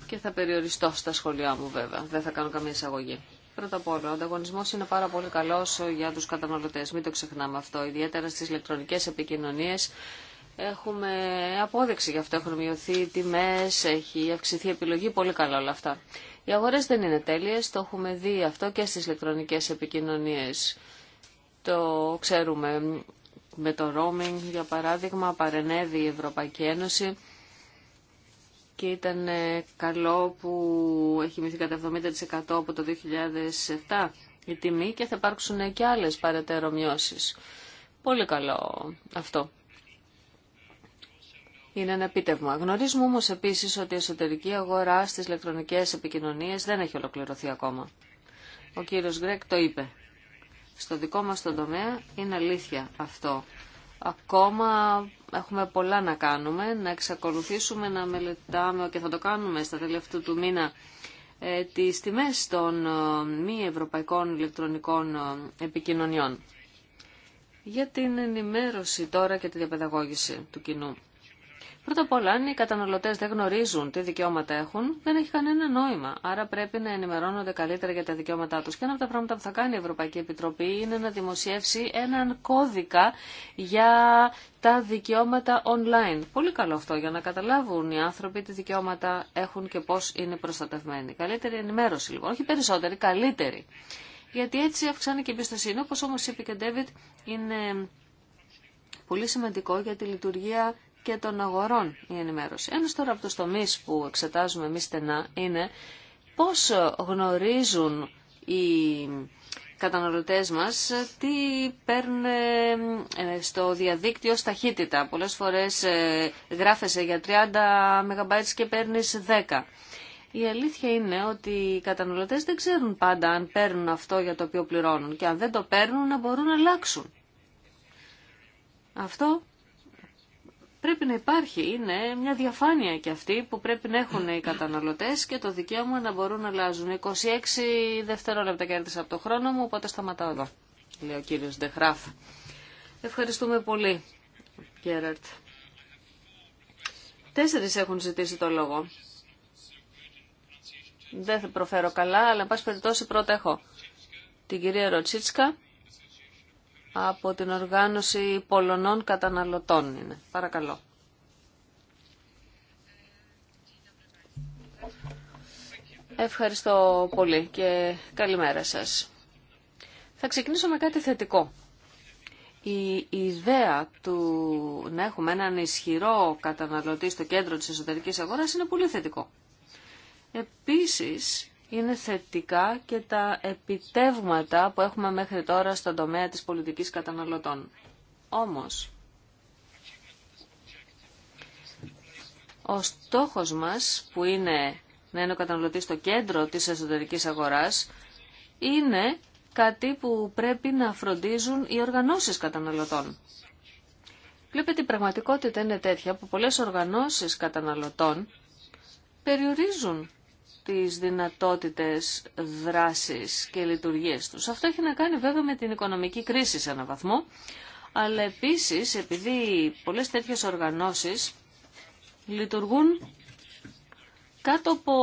και θα περιοριστώ στα σχολιά μου βέβαια. Δεν θα κάνω καμία εισαγωγή. Πρώτα απ' όλα, ο ανταγωνισμό είναι πάρα πολύ καλό για του καταναλωτέ. Μην το ξεχνάμε αυτό. Ιδιαίτερα στι ηλεκτρονικέ επικοινωνίε έχουμε απόδειξη γι' αυτό. Έχουν μειωθεί οι τιμέ, έχει αυξηθεί η επιλογή. Πολύ καλά όλα αυτά. Οι αγορέ δεν είναι τέλειε. Το έχουμε δει αυτό και στι ηλεκτρονικέ επικοινωνίε. Το ξέρουμε με το roaming, για παράδειγμα, παρενέβη η Ευρωπαϊκή Ένωση και ήταν ε, καλό που έχει μειωθεί κατά 70% από το 2007 η τιμή και θα υπάρξουν και άλλες παρατέρω Πολύ καλό αυτό. Είναι ένα επίτευγμα. Γνωρίζουμε όμως επίσης ότι η εσωτερική αγορά στις ηλεκτρονικές επικοινωνίες δεν έχει ολοκληρωθεί ακόμα. Ο κύριος Γκρέκ το είπε στο δικό μας τον τομέα είναι αλήθεια αυτό. Ακόμα έχουμε πολλά να κάνουμε, να εξακολουθήσουμε να μελετάμε και θα το κάνουμε στα τελευταία του μήνα ε, τις τιμές των ε, μη ευρωπαϊκών ηλεκτρονικών ε, επικοινωνιών. Για την ενημέρωση τώρα και τη διαπαιδαγώγηση του κοινού. Πρώτα απ' όλα, αν οι καταναλωτέ δεν γνωρίζουν τι δικαιώματα έχουν, δεν έχει κανένα νόημα. Άρα πρέπει να ενημερώνονται καλύτερα για τα δικαιώματά του Και ένα από τα πράγματα που θα κάνει η Ευρωπαϊκή Επιτροπή είναι να δημοσιεύσει έναν κώδικα για τα δικαιώματα online. Πολύ καλό αυτό για να καταλάβουν οι άνθρωποι τι δικαιώματα έχουν και πώ είναι προστατευμένοι. Καλύτερη ενημέρωση λοιπόν, όχι περισσότερη, καλύτερη. Γιατί έτσι αυξάνει και η εμπιστοσύνη. όπω όμω είπε και David, είναι πολύ σημαντικό για τη λειτουργία και των αγορών η ενημέρωση. Ένας τώρα από τους τομείς που εξετάζουμε εμείς στενά είναι πώς γνωρίζουν οι καταναλωτές μας τι παίρνουν ε, στο διαδίκτυο σταχύτητα. Πολλές φορές ε, γράφεσαι για 30 MB και παίρνεις 10. Η αλήθεια είναι ότι οι καταναλωτές δεν ξέρουν πάντα αν παίρνουν αυτό για το οποίο πληρώνουν και αν δεν το παίρνουν να μπορούν να αλλάξουν. Αυτό πρέπει να υπάρχει. Είναι μια διαφάνεια και αυτή που πρέπει να έχουν οι καταναλωτές και το δικαίωμα να μπορούν να αλλάζουν. 26 δευτερόλεπτα κέρδισα από το χρόνο μου, οπότε σταματάω εδώ, λέει ο κύριος Ντεχράφ. Ευχαριστούμε πολύ, Γκέραρτ. Τέσσερις έχουν ζητήσει το λόγο. Δεν θα προφέρω καλά, αλλά εν πάση περιπτώσει πρώτα έχω την κυρία Ροτσίτσκα, από την οργάνωση Πολωνών Καταναλωτών είναι. Παρακαλώ. Ευχαριστώ πολύ και καλημέρα σας. Θα ξεκινήσω με κάτι θετικό. Η ιδέα του να έχουμε έναν ισχυρό καταναλωτή στο κέντρο της εσωτερικής αγοράς είναι πολύ θετικό. Επίσης, είναι θετικά και τα επιτεύγματα που έχουμε μέχρι τώρα στον τομέα της πολιτικής καταναλωτών. Όμως, ο στόχος μας που είναι να είναι ο καταναλωτής στο κέντρο της εσωτερικής αγοράς είναι κάτι που πρέπει να φροντίζουν οι οργανώσεις καταναλωτών. Βλέπετε η πραγματικότητα είναι τέτοια που πολλές οργανώσεις καταναλωτών περιορίζουν τις δυνατότητες δράσης και λειτουργίες τους. Αυτό έχει να κάνει βέβαια με την οικονομική κρίση σε έναν βαθμό, αλλά επίσης επειδή πολλές τέτοιες οργανώσεις λειτουργούν κάτω από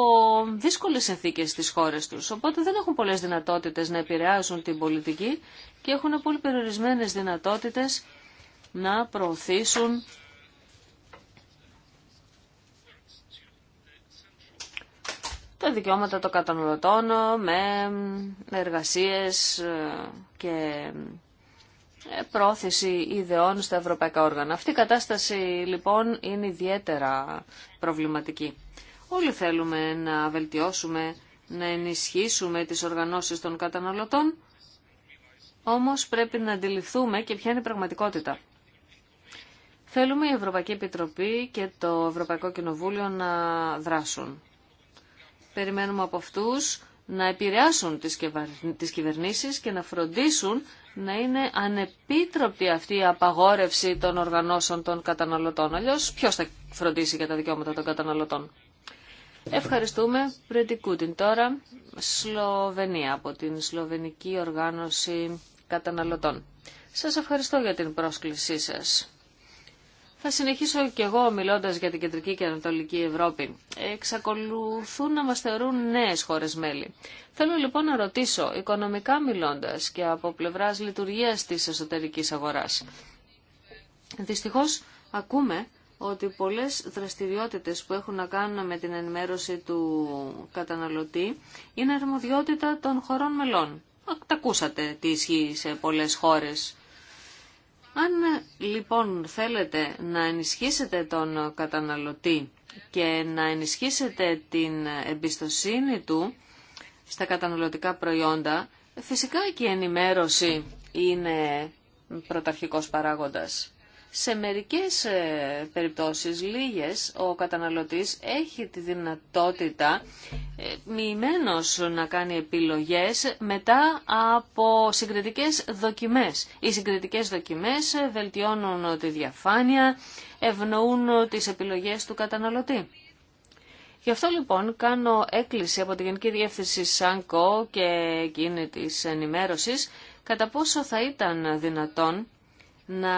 δύσκολες συνθήκες στις χώρες τους, οπότε δεν έχουν πολλές δυνατότητες να επηρεάζουν την πολιτική και έχουν πολύ περιορισμένες δυνατότητες να προωθήσουν τα δικαιώματα των καταναλωτών με εργασίες ε, και ε, πρόθεση ιδεών στα ευρωπαϊκά όργανα. Αυτή η κατάσταση λοιπόν είναι ιδιαίτερα προβληματική. Όλοι θέλουμε να βελτιώσουμε, να ενισχύσουμε τις οργανώσεις των καταναλωτών, όμως πρέπει να αντιληφθούμε και ποια είναι η πραγματικότητα. Θέλουμε η Ευρωπαϊκή Επιτροπή και το Ευρωπαϊκό Κοινοβούλιο να δράσουν. Περιμένουμε από αυτούς να επηρεάσουν τις κυβερνήσεις και να φροντίσουν να είναι ανεπίτροπτη αυτή η απαγόρευση των οργανώσεων των καταναλωτών. Αλλιώς ποιος θα φροντίσει για τα δικαιώματα των καταναλωτών. Ευχαριστούμε. κούτιν τώρα, Σλοβενία, από την Σλοβενική Οργάνωση Καταναλωτών. Σας ευχαριστώ για την πρόσκλησή σας. Θα συνεχίσω κι εγώ μιλώντας για την Κεντρική και Ανατολική Ευρώπη. Εξακολουθούν να μας θεωρούν νέες χώρες μέλη. Θέλω λοιπόν να ρωτήσω, οικονομικά μιλώντας και από πλευράς λειτουργίας της εσωτερικής αγοράς. Δυστυχώς ακούμε ότι πολλές δραστηριότητες που έχουν να κάνουν με την ενημέρωση του καταναλωτή είναι αρμοδιότητα των χωρών μελών. Τα ακούσατε τι ισχύει σε πολλές χώρες αν λοιπόν θέλετε να ενισχύσετε τον καταναλωτή και να ενισχύσετε την εμπιστοσύνη του στα καταναλωτικά προϊόντα, φυσικά και η ενημέρωση είναι πρωταρχικός παράγοντας σε μερικές ε, περιπτώσεις, λίγες, ο καταναλωτής έχει τη δυνατότητα ε, μοιημένος να κάνει επιλογές μετά από συγκριτικές δοκιμές. Οι συγκριτικές δοκιμές ε, βελτιώνουν τη διαφάνεια, ευνοούν τις επιλογές του καταναλωτή. Γι' αυτό λοιπόν κάνω έκκληση από τη Γενική Διεύθυνση ΣΑΝΚΟ και εκείνη της ενημέρωσης κατά πόσο θα ήταν δυνατόν να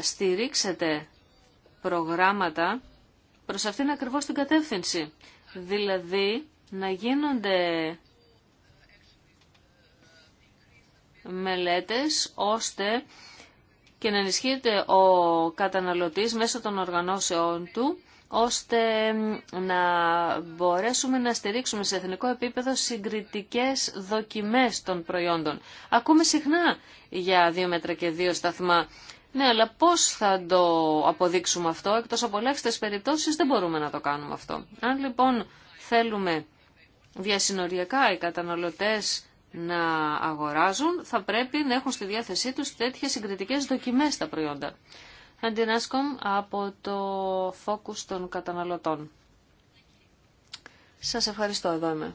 στηρίξετε προγράμματα προς αυτήν ακριβώς την κατεύθυνση. Δηλαδή να γίνονται μελέτες ώστε και να ενισχύεται ο καταναλωτής μέσω των οργανώσεών του ώστε να μπορέσουμε να στηρίξουμε σε εθνικό επίπεδο συγκριτικές δοκιμές των προϊόντων. Ακούμε συχνά για δύο μέτρα και δύο σταθμά. Ναι, αλλά πώς θα το αποδείξουμε αυτό, εκτός από ελάχιστες περιπτώσεις δεν μπορούμε να το κάνουμε αυτό. Αν λοιπόν θέλουμε διασυνοριακά οι καταναλωτές να αγοράζουν, θα πρέπει να έχουν στη διάθεσή τους τέτοιες συγκριτικές δοκιμές στα προϊόντα. Αντινάσκομ από το φόκους των καταναλωτών. Σας ευχαριστώ, εδώ είμαι.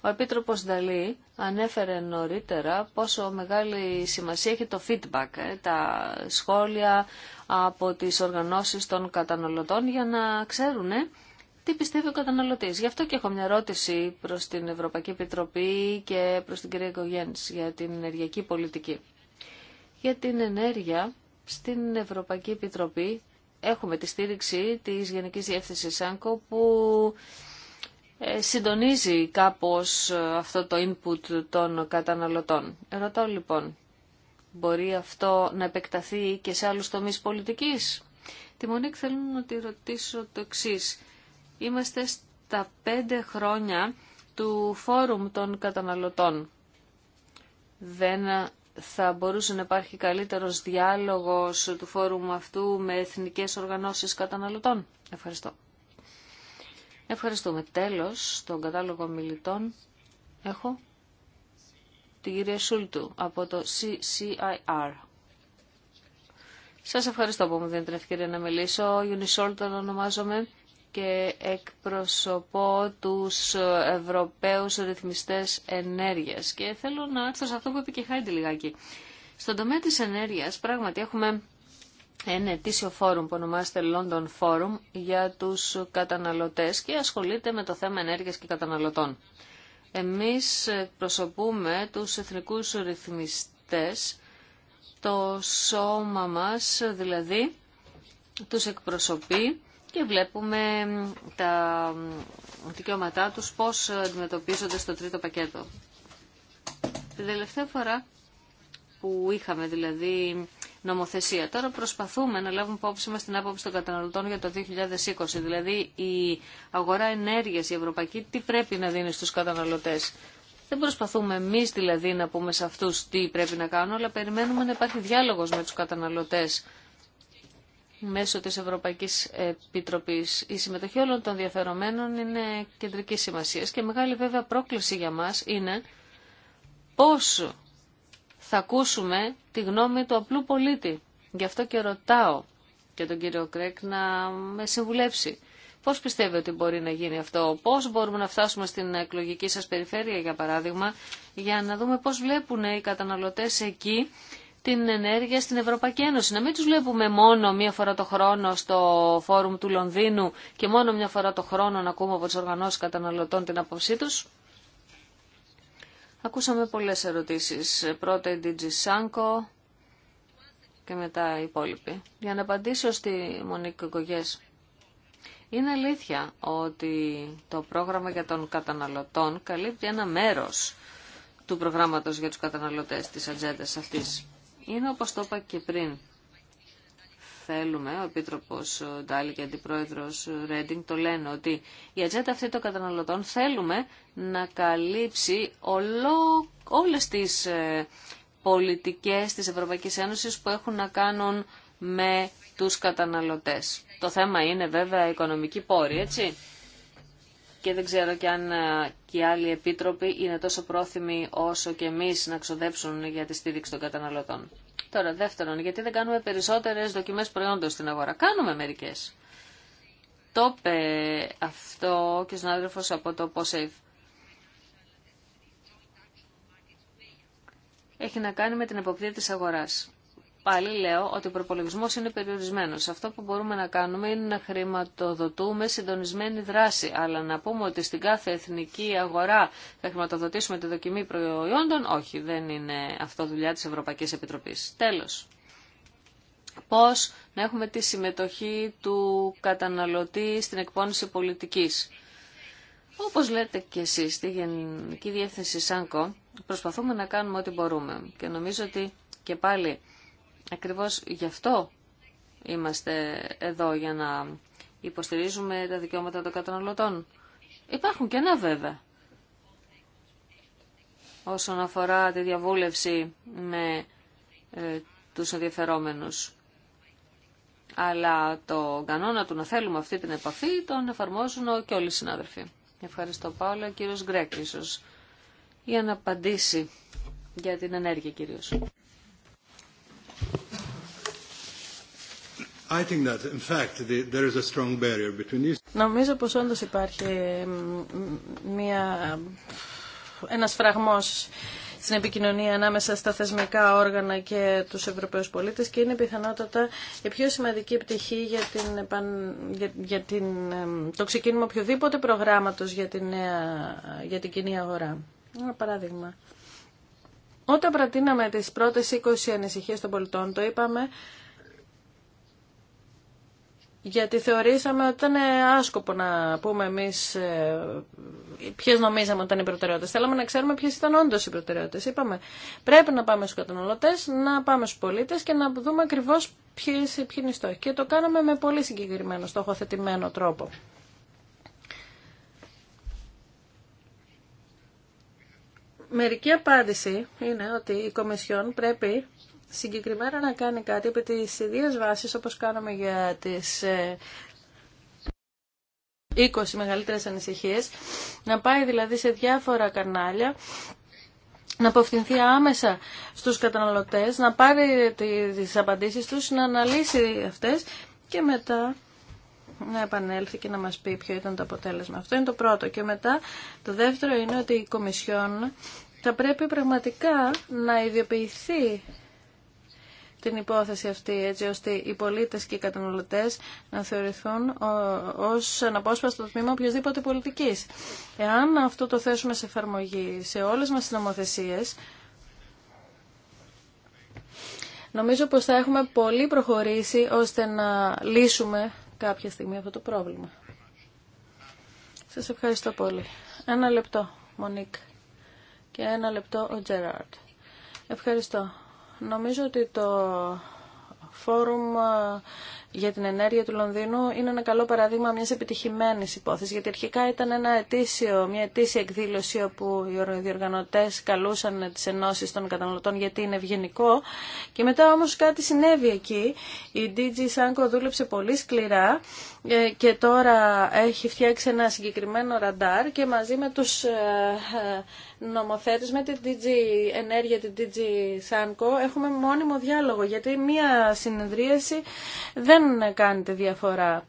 Ο Επίτροπος Νταλή ανέφερε νωρίτερα πόσο μεγάλη σημασία έχει το feedback, ε, τα σχόλια από τις οργανώσεις των καταναλωτών για να ξέρουν ε, τι πιστεύει ο καταναλωτής. Γι' αυτό και έχω μια ερώτηση προς την Ευρωπαϊκή Επιτροπή και προς την κυρία Κογέννης για την ενεργειακή πολιτική. Για την ενέργεια στην Ευρωπαϊκή Επιτροπή έχουμε τη στήριξη της Γενικής Διεύθυνσης ΣΑΝΚΟ που ε, συντονίζει κάπως ε, αυτό το input των καταναλωτών. Ρωτάω λοιπόν, μπορεί αυτό να επεκταθεί και σε άλλους τομείς πολιτικής. Τη Μονίκ θέλω να τη ρωτήσω το εξή. Είμαστε στα πέντε χρόνια του Φόρουμ των Καταναλωτών. Δεν θα μπορούσε να υπάρχει καλύτερος διάλογος του φόρουμ αυτού με εθνικές οργανώσεις καταναλωτών. Ευχαριστώ. Ευχαριστούμε. Τέλος, στον κατάλογο μιλητών έχω την κυρία Σούλτου από το CCIR. Σας ευχαριστώ που μου δίνετε την ευκαιρία να μιλήσω. Unisol τον ονομάζομαι και εκπροσωπώ τους Ευρωπαίους ρυθμιστές ενέργειας και θέλω να έρθω σε αυτό που είπε και Χάιντι λιγάκι. Στον τομέα της ενέργειας πράγματι έχουμε ένα ετήσιο φόρουμ που ονομάζεται London Forum για τους καταναλωτές και ασχολείται με το θέμα ενέργειας και καταναλωτών. Εμείς προσωπούμε τους εθνικούς ρυθμιστές, το σώμα μας δηλαδή τους εκπροσωπεί και βλέπουμε τα δικαιώματά τους πώς αντιμετωπίζονται στο τρίτο πακέτο. Την τελευταία φορά που είχαμε δηλαδή νομοθεσία. Τώρα προσπαθούμε να λάβουμε υπόψη μας την άποψη των καταναλωτών για το 2020. Δηλαδή η αγορά ενέργειας, η ευρωπαϊκή, τι πρέπει να δίνει στους καταναλωτές. Δεν προσπαθούμε εμεί δηλαδή να πούμε σε αυτού τι πρέπει να κάνουν, αλλά περιμένουμε να υπάρχει διάλογο με του καταναλωτέ μέσω της Ευρωπαϊκής Επιτροπής. Η συμμετοχή όλων των διαφερομένων είναι κεντρική σημασία και μεγάλη βέβαια πρόκληση για μας είναι πώς θα ακούσουμε τη γνώμη του απλού πολίτη. Γι' αυτό και ρωτάω και τον κύριο Κρέκ να με συμβουλέψει. Πώς πιστεύει ότι μπορεί να γίνει αυτό, πώς μπορούμε να φτάσουμε στην εκλογική σας περιφέρεια για παράδειγμα, για να δούμε πώς βλέπουν οι καταναλωτές εκεί την ενέργεια στην Ευρωπαϊκή Ένωση. Να μην τους βλέπουμε μόνο μία φορά το χρόνο στο φόρουμ του Λονδίνου και μόνο μία φορά το χρόνο να ακούμε από τις οργανώσεις καταναλωτών την άποψή του Ακούσαμε πολλές ερωτήσεις. Πρώτα η DG Sanko και μετά οι υπόλοιποι. Για να απαντήσω στη Μονίκη Κογκογιές. Είναι αλήθεια ότι το πρόγραμμα για τον καταναλωτών καλύπτει ένα μέρος του προγράμματος για τους καταναλωτές της ατζέντα αυτής είναι όπως το είπα και πριν. Θέλουμε, ο Επίτροπος Ντάλι και Αντιπρόεδρος Ρέντινγκ το λένε ότι η ατζέντα αυτή των καταναλωτών θέλουμε να καλύψει ολό, όλες τις ε, πολιτικές της Ευρωπαϊκής Ένωσης που έχουν να κάνουν με τους καταναλωτές. Το θέμα είναι βέβαια οικονομική πόρη, έτσι και δεν ξέρω και αν ε, και οι άλλοι επίτροποι είναι τόσο πρόθυμοι όσο και εμείς να ξοδέψουν για τη στήριξη των καταναλωτών. Τώρα, δεύτερον, γιατί δεν κάνουμε περισσότερες δοκιμές προϊόντων στην αγορά. Κάνουμε μερικές. Το είπε αυτό και ο συνάδελφος από το POSAVE. Έχει να κάνει με την εποπτεία της αγοράς. Πάλι λέω ότι ο προπολογισμό είναι περιορισμένο. Αυτό που μπορούμε να κάνουμε είναι να χρηματοδοτούμε συντονισμένη δράση. Αλλά να πούμε ότι στην κάθε εθνική αγορά θα χρηματοδοτήσουμε τη δοκιμή προϊόντων, όχι, δεν είναι αυτό δουλειά τη Ευρωπαϊκή Επιτροπή. Τέλο. Πώ να έχουμε τη συμμετοχή του καταναλωτή στην εκπόνηση πολιτική. Όπως λέτε και εσείς στη Γενική Διεύθυνση ΣΑΝΚΟ, προσπαθούμε να κάνουμε ό,τι μπορούμε. Και νομίζω ότι και πάλι Ακριβώς γι' αυτό είμαστε εδώ για να υποστηρίζουμε τα δικαιώματα των καταναλωτών. Υπάρχουν και ένα βέβαια όσον αφορά τη διαβούλευση με ε, τους ενδιαφερόμενους. Αλλά το κανόνα του να θέλουμε αυτή την επαφή τον εφαρμόζουν και όλοι οι συνάδελφοι. Ευχαριστώ Πάολο. Κύριος Γκρέκ ίσως για να απαντήσει για την ενέργεια κυρίως. Νομίζω πως όντως υπάρχει μια, ένας φραγμός στην επικοινωνία ανάμεσα στα θεσμικά όργανα και τους Ευρωπαίους πολίτες και είναι πιθανότατα η πιο σημαντική πτυχή για, την, για, για την, το ξεκίνημα οποιοδήποτε προγράμματος για την, για την κοινή αγορά. Ένα παράδειγμα. Όταν προτείναμε τις πρώτες 20 ανησυχίες των πολιτών, το είπαμε γιατί θεωρήσαμε ότι ήταν ε, άσκοπο να πούμε εμείς ε, ποιε νομίζαμε ότι ήταν οι προτεραιότητε. Θέλαμε να ξέρουμε ποιε ήταν όντω οι προτεραιότητε. Είπαμε πρέπει να πάμε στους καταναλωτέ, να πάμε στους πολίτες και να δούμε ακριβώς ποιε είναι οι στόχοι. Και το κάναμε με πολύ συγκεκριμένο στόχοθετημένο τρόπο. Μερική απάντηση είναι ότι η Κομισιόν πρέπει συγκεκριμένα να κάνει κάτι επί τις ιδίες βάσεις όπως κάνουμε για τις 20 ε, μεγαλύτερες ανησυχίες, να πάει δηλαδή σε διάφορα κανάλια να απευθυνθεί άμεσα στους καταναλωτές, να πάρει τις απαντήσεις τους, να αναλύσει αυτές και μετά να επανέλθει και να μας πει ποιο ήταν το αποτέλεσμα. Αυτό είναι το πρώτο. Και μετά το δεύτερο είναι ότι η Κομισιόν θα πρέπει πραγματικά να ιδιοποιηθεί την υπόθεση αυτή έτσι ώστε οι πολίτες και οι καταναλωτές να θεωρηθούν ως αναπόσπαστο τμήμα οποιασδήποτε πολιτικής. Εάν αυτό το θέσουμε σε εφαρμογή σε όλες μας τις νομοθεσίες, νομίζω πως θα έχουμε πολύ προχωρήσει ώστε να λύσουμε κάποια στιγμή αυτό το πρόβλημα. Σας ευχαριστώ πολύ. Ένα λεπτό, Μονίκ. Και ένα λεπτό, ο Τζεράρτ. Ευχαριστώ. Νομίζω ότι το φόρουμ για την ενέργεια του Λονδίνου είναι ένα καλό παράδειγμα μιας επιτυχημένης υπόθεσης, γιατί αρχικά ήταν ένα ετήσιο, μια ετήσια εκδήλωση όπου οι διοργανωτές καλούσαν τις ενώσεις των καταναλωτών γιατί είναι ευγενικό και μετά όμως κάτι συνέβη εκεί. Η DG Sanko δούλεψε πολύ σκληρά ε, και τώρα έχει φτιάξει ένα συγκεκριμένο ραντάρ και μαζί με τους ε, ε, νομοθέτες, με την DG Ενέργεια, την DG Sanko, έχουμε μόνιμο διάλογο, γιατί μία συνεδρίαση δεν δεν κάνετε διαφορά.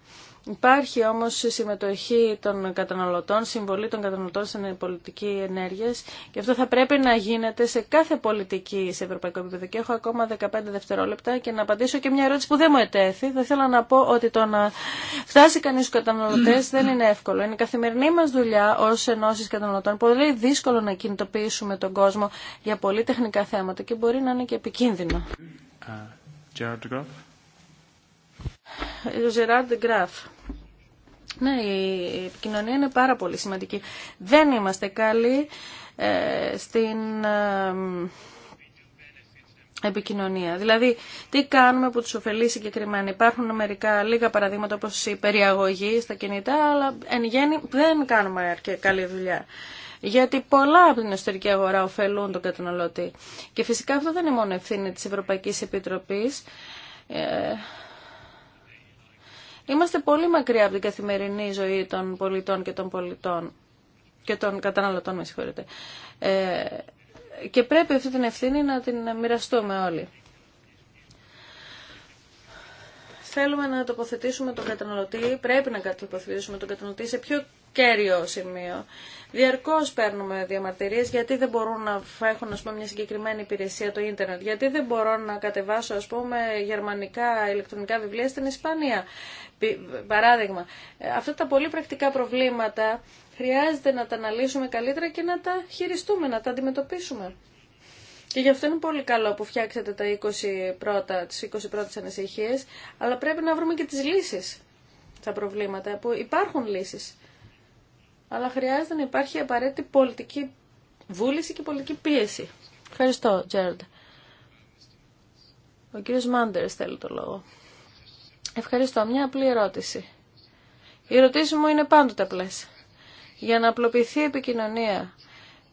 Υπάρχει όμως συμμετοχή των καταναλωτών, συμβολή των καταναλωτών στην πολιτική ενέργεια και αυτό θα πρέπει να γίνεται σε κάθε πολιτική σε ευρωπαϊκό επίπεδο. Και έχω ακόμα 15 δευτερόλεπτα και να απαντήσω και μια ερώτηση που δεν μου ετέθη. Θα ήθελα να πω ότι το να φτάσει κανείς στους καταναλωτές δεν είναι εύκολο. Είναι η καθημερινή μας δουλειά ως ενώσει καταναλωτών. Πολύ δύσκολο να κινητοποιήσουμε τον κόσμο για πολύ τεχνικά θέματα και μπορεί να είναι και επικίνδυνο. Uh, ο Ζεράρντ Γκράφ. Ναι, η επικοινωνία είναι πάρα πολύ σημαντική. Δεν είμαστε καλοί ε, στην... Ε, επικοινωνία. Δηλαδή, τι κάνουμε που τους ωφελεί συγκεκριμένα. Υπάρχουν μερικά λίγα παραδείγματα όπως η περιαγωγή στα κινητά, αλλά εν γέννη δεν κάνουμε αρκετά καλή δουλειά. Γιατί πολλά από την εσωτερική αγορά ωφελούν τον καταναλωτή. Και φυσικά αυτό δεν είναι μόνο ευθύνη τη Ευρωπαϊκή Επιτροπή. Ε, Είμαστε πολύ μακριά από την καθημερινή ζωή των πολιτών και των πολιτών και των καταναλωτών, με συγχωρείτε. Ε, και πρέπει αυτή την ευθύνη να την μοιραστούμε όλοι. Θέλουμε να τοποθετήσουμε τον καταναλωτή, πρέπει να τοποθετήσουμε τον καταναλωτή σε πιο κέριο σημείο. Διαρκώ παίρνουμε διαμαρτυρίε γιατί δεν μπορούν να έχουν ας πούμε, μια συγκεκριμένη υπηρεσία το ίντερνετ, γιατί δεν μπορώ να κατεβάσω ας πούμε, γερμανικά ηλεκτρονικά βιβλία στην Ισπανία. Παράδειγμα, αυτά τα πολύ πρακτικά προβλήματα χρειάζεται να τα αναλύσουμε καλύτερα και να τα χειριστούμε, να τα αντιμετωπίσουμε. Και γι' αυτό είναι πολύ καλό που φτιάξετε τα 20 πρώτα, τις 20 πρώτες ανησυχίες, αλλά πρέπει να βρούμε και τις λύσεις στα προβλήματα, που υπάρχουν λύσεις αλλά χρειάζεται να υπάρχει απαραίτητη πολιτική βούληση και πολιτική πίεση. Ευχαριστώ, Τζέρντ. Ο κύριος Μάντερς θέλει το λόγο. Ευχαριστώ. Μια απλή ερώτηση. Η ερωτήση μου είναι πάντοτε απλέ. Για να απλοποιηθεί η επικοινωνία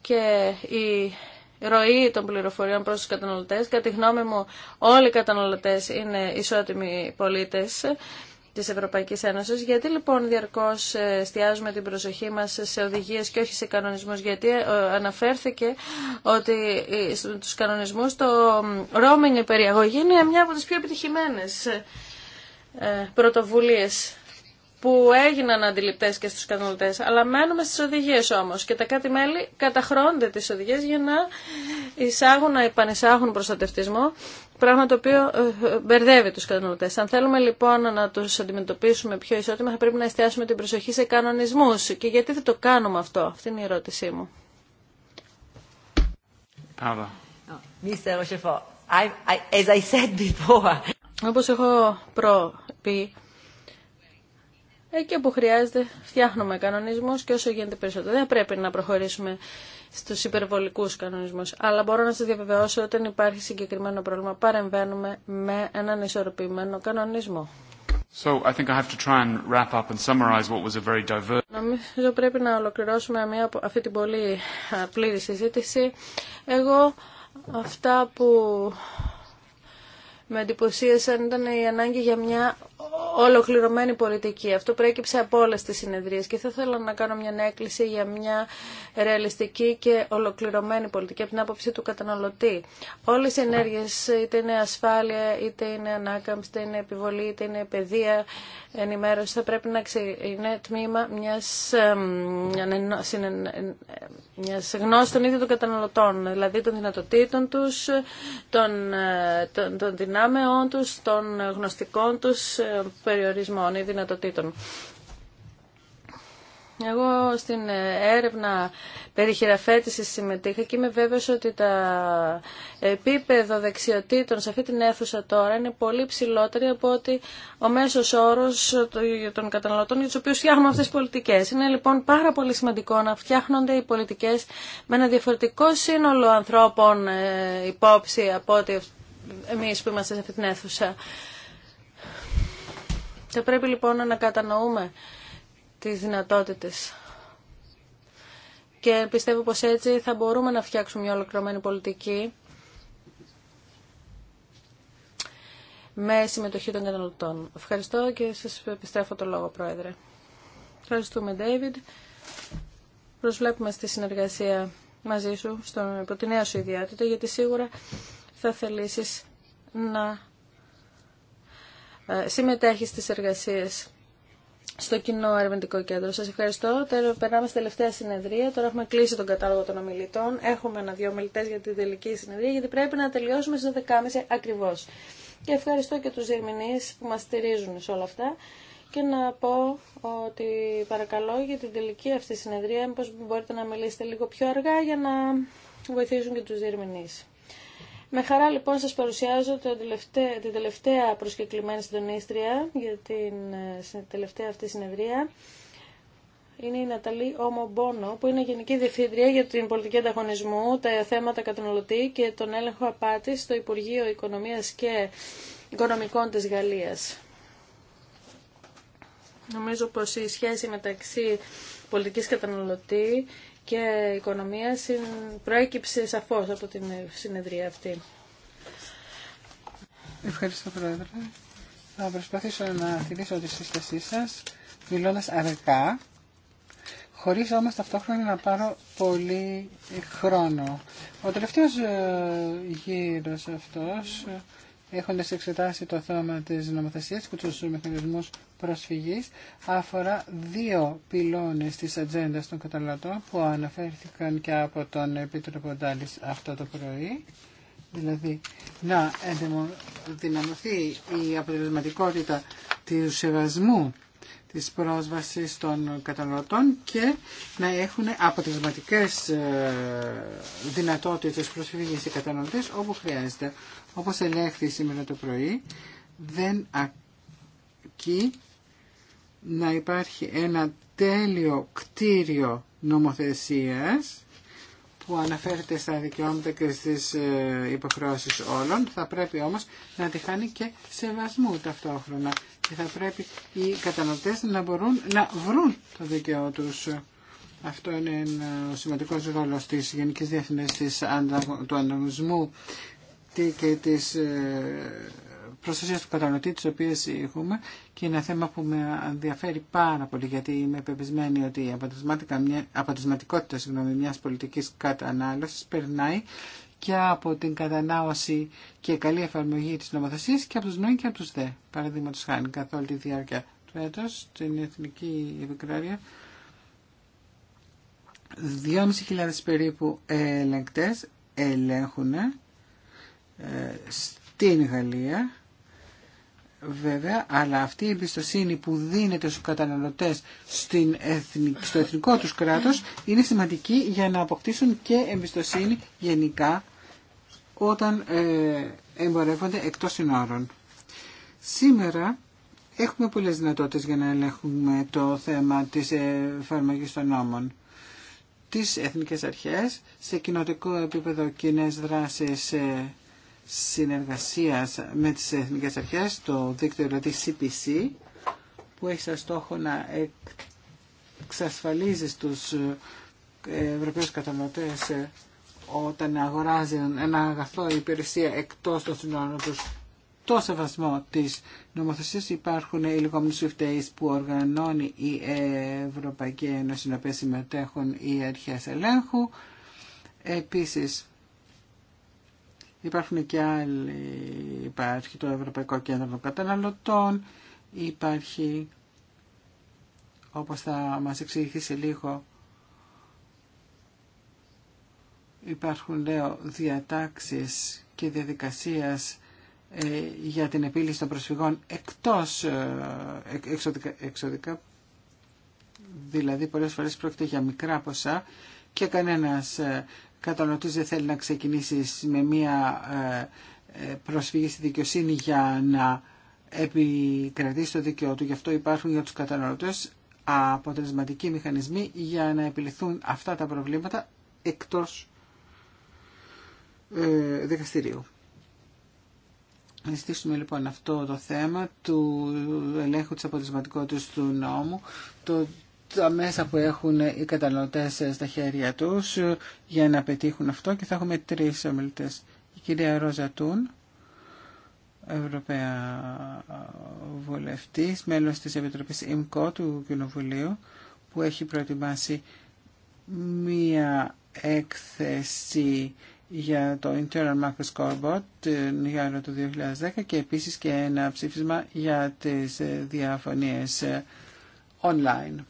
και η ροή των πληροφοριών προς τους καταναλωτές, κατά τη γνώμη μου όλοι οι καταναλωτές είναι ισότιμοι πολίτες, της Ευρωπαϊκής Ένωσης. Γιατί λοιπόν διαρκώς ε, εστιάζουμε την προσοχή μας σε οδηγίες και όχι σε κανονισμούς. Γιατί ε, αναφέρθηκε ότι ε, στους κανονισμούς το roaming περιαγωγή είναι μια από τις πιο επιτυχημένες πρωτοβουλίες που έγιναν αντιληπτέ και στου καταναλωτέ. Αλλά μένουμε στι οδηγίε όμω. Και τα κάτι μέλη καταχρώνται τι οδηγίε για να εισάγουν, να επανεισάγουν προστατευτισμό Πράγμα το οποίο ε, μπερδεύει τους κατανοητέ. Αν θέλουμε λοιπόν να του αντιμετωπίσουμε πιο ισότιμα θα πρέπει να εστιάσουμε την προσοχή σε κανονισμού. Και γιατί δεν το κάνουμε αυτό. Αυτή είναι η ερώτησή μου. Όπω Όπως έχω προπεί, εκεί που χρειάζεται φτιάχνουμε κανονισμούς και όσο γίνεται περισσότερο. Δεν πρέπει να προχωρήσουμε στους υπερβολικούς κανονισμούς. Αλλά μπορώ να σας διαβεβαιώσω όταν υπάρχει συγκεκριμένο πρόβλημα παρεμβαίνουμε με έναν ισορροπημένο κανονισμό. Νομίζω πρέπει να ολοκληρώσουμε μια, αυτή την πολύ πλήρη συζήτηση. Εγώ αυτά που με εντυπωσίασαν ήταν η ανάγκη για μια ολοκληρωμένη πολιτική. Αυτό προέκυψε από όλες τις συνεδρίες και θα ήθελα να κάνω μια έκκληση για μια ρεαλιστική και ολοκληρωμένη πολιτική από την άποψη του καταναλωτή. Όλες οι ενέργειες, είτε είναι ασφάλεια, είτε είναι ανάκαμψη, είτε είναι επιβολή, είτε είναι παιδεία, ενημέρωση, θα πρέπει να είναι τμήμα μιας, μιας των ίδιων των καταναλωτών, δηλαδή των δυνατοτήτων τους, των, ε, δυνάμεών τους, των γνωστικών τους, ε, περιορισμών ή δυνατοτήτων. Εγώ στην έρευνα περί χειραφέτησης συμμετείχα και είμαι βέβαιος ότι τα επίπεδο δεξιοτήτων σε αυτή την αίθουσα τώρα είναι πολύ ψηλότερη από ότι ο μέσος όρος των καταναλωτών για τους οποίους φτιάχνουμε αυτές τις πολιτικές. Είναι λοιπόν πάρα πολύ σημαντικό να φτιάχνονται οι πολιτικές με ένα διαφορετικό σύνολο ανθρώπων ε, υπόψη από ότι εμείς που είμαστε σε αυτή την αίθουσα. Θα πρέπει λοιπόν να κατανοούμε τις δυνατότητες και πιστεύω πως έτσι θα μπορούμε να φτιάξουμε μια ολοκληρωμένη πολιτική με συμμετοχή των καταναλωτών. Ευχαριστώ και σας επιστρέφω το λόγο, Πρόεδρε. Ευχαριστούμε, Ντέιβιντ. Προσβλέπουμε στη συνεργασία μαζί σου, στον, από τη νέα σου ιδιότητα, γιατί σίγουρα θα θελήσεις να ε, συμμετέχει στις εργασίες στο κοινό ερευνητικό κέντρο. Σας ευχαριστώ. Τώρα περνάμε στη τελευταία συνεδρία. Τώρα έχουμε κλείσει τον κατάλογο των ομιλητών. Έχουμε ένα-δύο ομιλητέ για τη τελική συνεδρία, γιατί πρέπει να τελειώσουμε στις 12.30 ακριβώς. Και ευχαριστώ και τους διερμηνείς που μας στηρίζουν σε όλα αυτά. Και να πω ότι παρακαλώ για την τελική αυτή συνεδρία, μήπως μπορείτε να μιλήσετε λίγο πιο αργά για να βοηθήσουν και τους διερμηνείς. Με χαρά λοιπόν σας παρουσιάζω το τελευταία, την τελευταία προσκεκλημένη συντονίστρια για την ε, τελευταία αυτή συνεδρία. Είναι η Ναταλή Ομομπόνο, που είναι Γενική Διευθύντρια για την Πολιτική Ανταγωνισμού, τα θέματα καταναλωτή και τον έλεγχο απάτη στο Υπουργείο Οικονομίας και Οικονομικών της Γαλλίας. Νομίζω πως η σχέση μεταξύ πολιτικής καταναλωτή και οικονομία προέκυψε σαφώς από την συνεδρία αυτή. Ευχαριστώ Πρόεδρε. Θα προσπαθήσω να θυμίσω τη σύστασή σας μιλώντας αρκά χωρίς όμως ταυτόχρονα να πάρω πολύ χρόνο. Ο τελευταίος ε, γύρος αυτός ε, έχοντας εξετάσει το θέμα της νομοθεσίας και τους μηχανισμούς προσφυγής αφορά δύο πυλώνες της ατζέντα των καταναλωτών που αναφέρθηκαν και από τον Επίτροπο Ντάλης αυτό το πρωί δηλαδή να ενδυναμωθεί η αποτελεσματικότητα του σεβασμού της πρόσβασης των καταναλωτών και να έχουν αποτελεσματικές ε, δυνατότητες προσφυγής οι καταναλωτές όπου χρειάζεται όπως ελέγχθη σήμερα το πρωί, δεν ακεί να υπάρχει ένα τέλειο κτίριο νομοθεσίας που αναφέρεται στα δικαιώματα και στις ε, υποχρεώσεις όλων, θα πρέπει όμως να τη χάνει και σεβασμού ταυτόχρονα και θα πρέπει οι καταναλωτές να μπορούν να βρουν το δικαίωτο τους. Αυτό είναι ένα σημαντικό ρόλο τη Γενική Διεθνή του Ανταγωνισμού και ε, προστασίας του κατανοητή τις οποίες έχουμε και είναι ένα θέμα που με ενδιαφέρει πάρα πολύ γιατί είμαι πεπισμένη ότι η αποτελεσματικότητα συγγνώμη, μιας πολιτικής κατανάλωσης περνάει και από την κατανάωση και καλή εφαρμογή της νομοθεσίας και από τους νόη και από τους δε. Παραδείγματο χάνει καθ' όλη τη διάρκεια του έτος στην Εθνική Επικράρεια 2.500 περίπου ελεγκτές ελέγχουν στην Γαλλία βέβαια, αλλά αυτή η εμπιστοσύνη που δίνεται στους καταναλωτές στην στο εθνικό τους κράτος είναι σημαντική για να αποκτήσουν και εμπιστοσύνη γενικά όταν ε, εμπορεύονται εκτός συνόρων. Σήμερα έχουμε πολλές δυνατότητες για να ελέγχουμε το θέμα της εφαρμογής των νόμων. Τις εθνικές αρχές, σε κοινοτικό επίπεδο κοινέ δράσεις ε, συνεργασίας με τις εθνικές αρχές, το δίκτυο δηλαδή CPC, που έχει σαν στόχο να εξασφαλίζει στους ε, Ευρωπαίους καταναλωτές ε, όταν αγοράζει ένα αγαθό υπηρεσία εκτός των συνόρων τους το σεβασμό της νομοθεσίας υπάρχουν οι λεγόμενοι που οργανώνει η Ευρωπαϊκή Ένωση να συμμετέχουν οι αρχές ελέγχου. Επίσης, Υπάρχουν και άλλοι. Υπάρχει το Ευρωπαϊκό Κέντρο των Καταναλωτών. Υπάρχει, όπως θα μας εξηγηθεί σε λίγο, υπάρχουν, λέω, διατάξεις και διαδικασίες ε, για την επίλυση των προσφυγών εκτός ε, εξωτικά, δηλαδή πολλές φορές πρόκειται για μικρά ποσά και κανένας ε, καταναλωτής δεν θέλει να ξεκινήσει με μία ε, ε, προσφυγή στη δικαιοσύνη για να επικρατήσει το δίκαιό του. Γι' αυτό υπάρχουν για τους καταναλωτές αποτελεσματικοί μηχανισμοί για να επιληθούν αυτά τα προβλήματα εκτός ε, δικαστηρίου. Να ζητήσουμε λοιπόν αυτό το θέμα του ελέγχου της αποτελεσματικότητας του νόμου, το τα μέσα που έχουν οι καταναλωτέ στα χέρια του για να πετύχουν αυτό και θα έχουμε τρεις ομιλητέ. Η κυρία Ρόζα Τούν, Ευρωπαία Βουλευτή, μέλος της Επιτροπής ΙΜΚΟ του Κοινοβουλίου, που έχει προετοιμάσει μία έκθεση για το Internal Market Scoreboard την Ιάρα του 2010 και επίσης και ένα ψήφισμα για τις διαφωνίες online.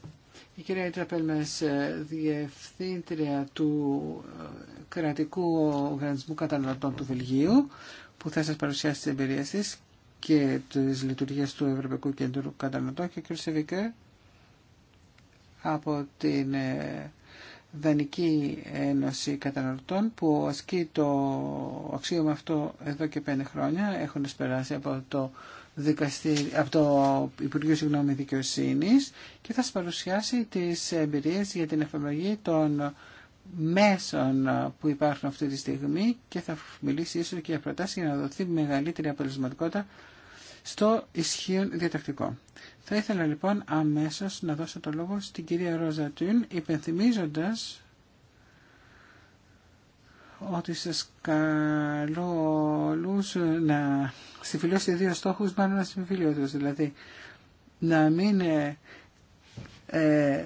Η κυρία Ιτραπέλ μας, ε, διευθύντρια του ε, κρατικού οργανισμού καταναλωτών του Βελγίου, που θα σας παρουσιάσει τις εμπειρίες της και τις λειτουργίες του Ευρωπαϊκού Κέντρου Καταναλωτών και ο Σεβικέ από την ε, Δανική Ένωση Καταναλωτών που ασκεί το αξίωμα αυτό εδώ και πέντε χρόνια έχουν περάσει από το δικαστήρι, από το Υπουργείο Συγγνώμη Δικαιοσύνης και θα σα παρουσιάσει τις εμπειρίες για την εφαρμογή των μέσων που υπάρχουν αυτή τη στιγμή και θα μιλήσει ίσως και για προτάσεις για να δοθεί μεγαλύτερη αποτελεσματικότητα στο ισχύον διατακτικό. Θα ήθελα λοιπόν αμέσως να δώσω το λόγο στην κυρία Ρόζα Τουν υπενθυμίζοντας ότι σας καλώ όλους να συμφιλώσετε δύο στόχους μάλλον να συμφιλώσετε δηλαδή να μην ε, ε,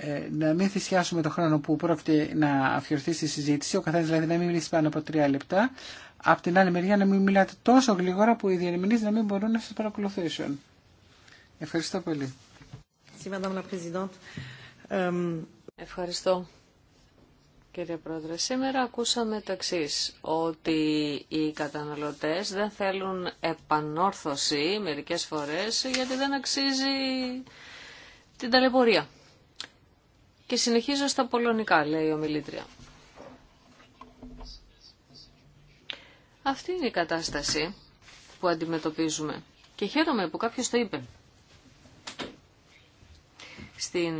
ε, να μην θυσιάσουμε το χρόνο που πρόκειται να αφιερθεί στη συζήτηση, ο καθένα δηλαδή να μην μιλήσει πάνω από τρία λεπτά. Απ' την άλλη μεριά να μην μιλάτε τόσο γλυκόρα που οι διερμηνεί να μην μπορούν να σα παρακολουθήσουν. Ευχαριστώ πολύ. Euh, Ευχαριστώ κύριε Πρόεδρε. Σήμερα ακούσαμε το εξή ότι οι καταναλωτές δεν θέλουν επανόρθωση μερικές φορές γιατί δεν αξίζει την ταλαιπωρία. Και συνεχίζω στα πολωνικά, λέει ο Μιλήτρια. Αυτή είναι η κατάσταση που αντιμετωπίζουμε και χαίρομαι που κάποιος το είπε. Στην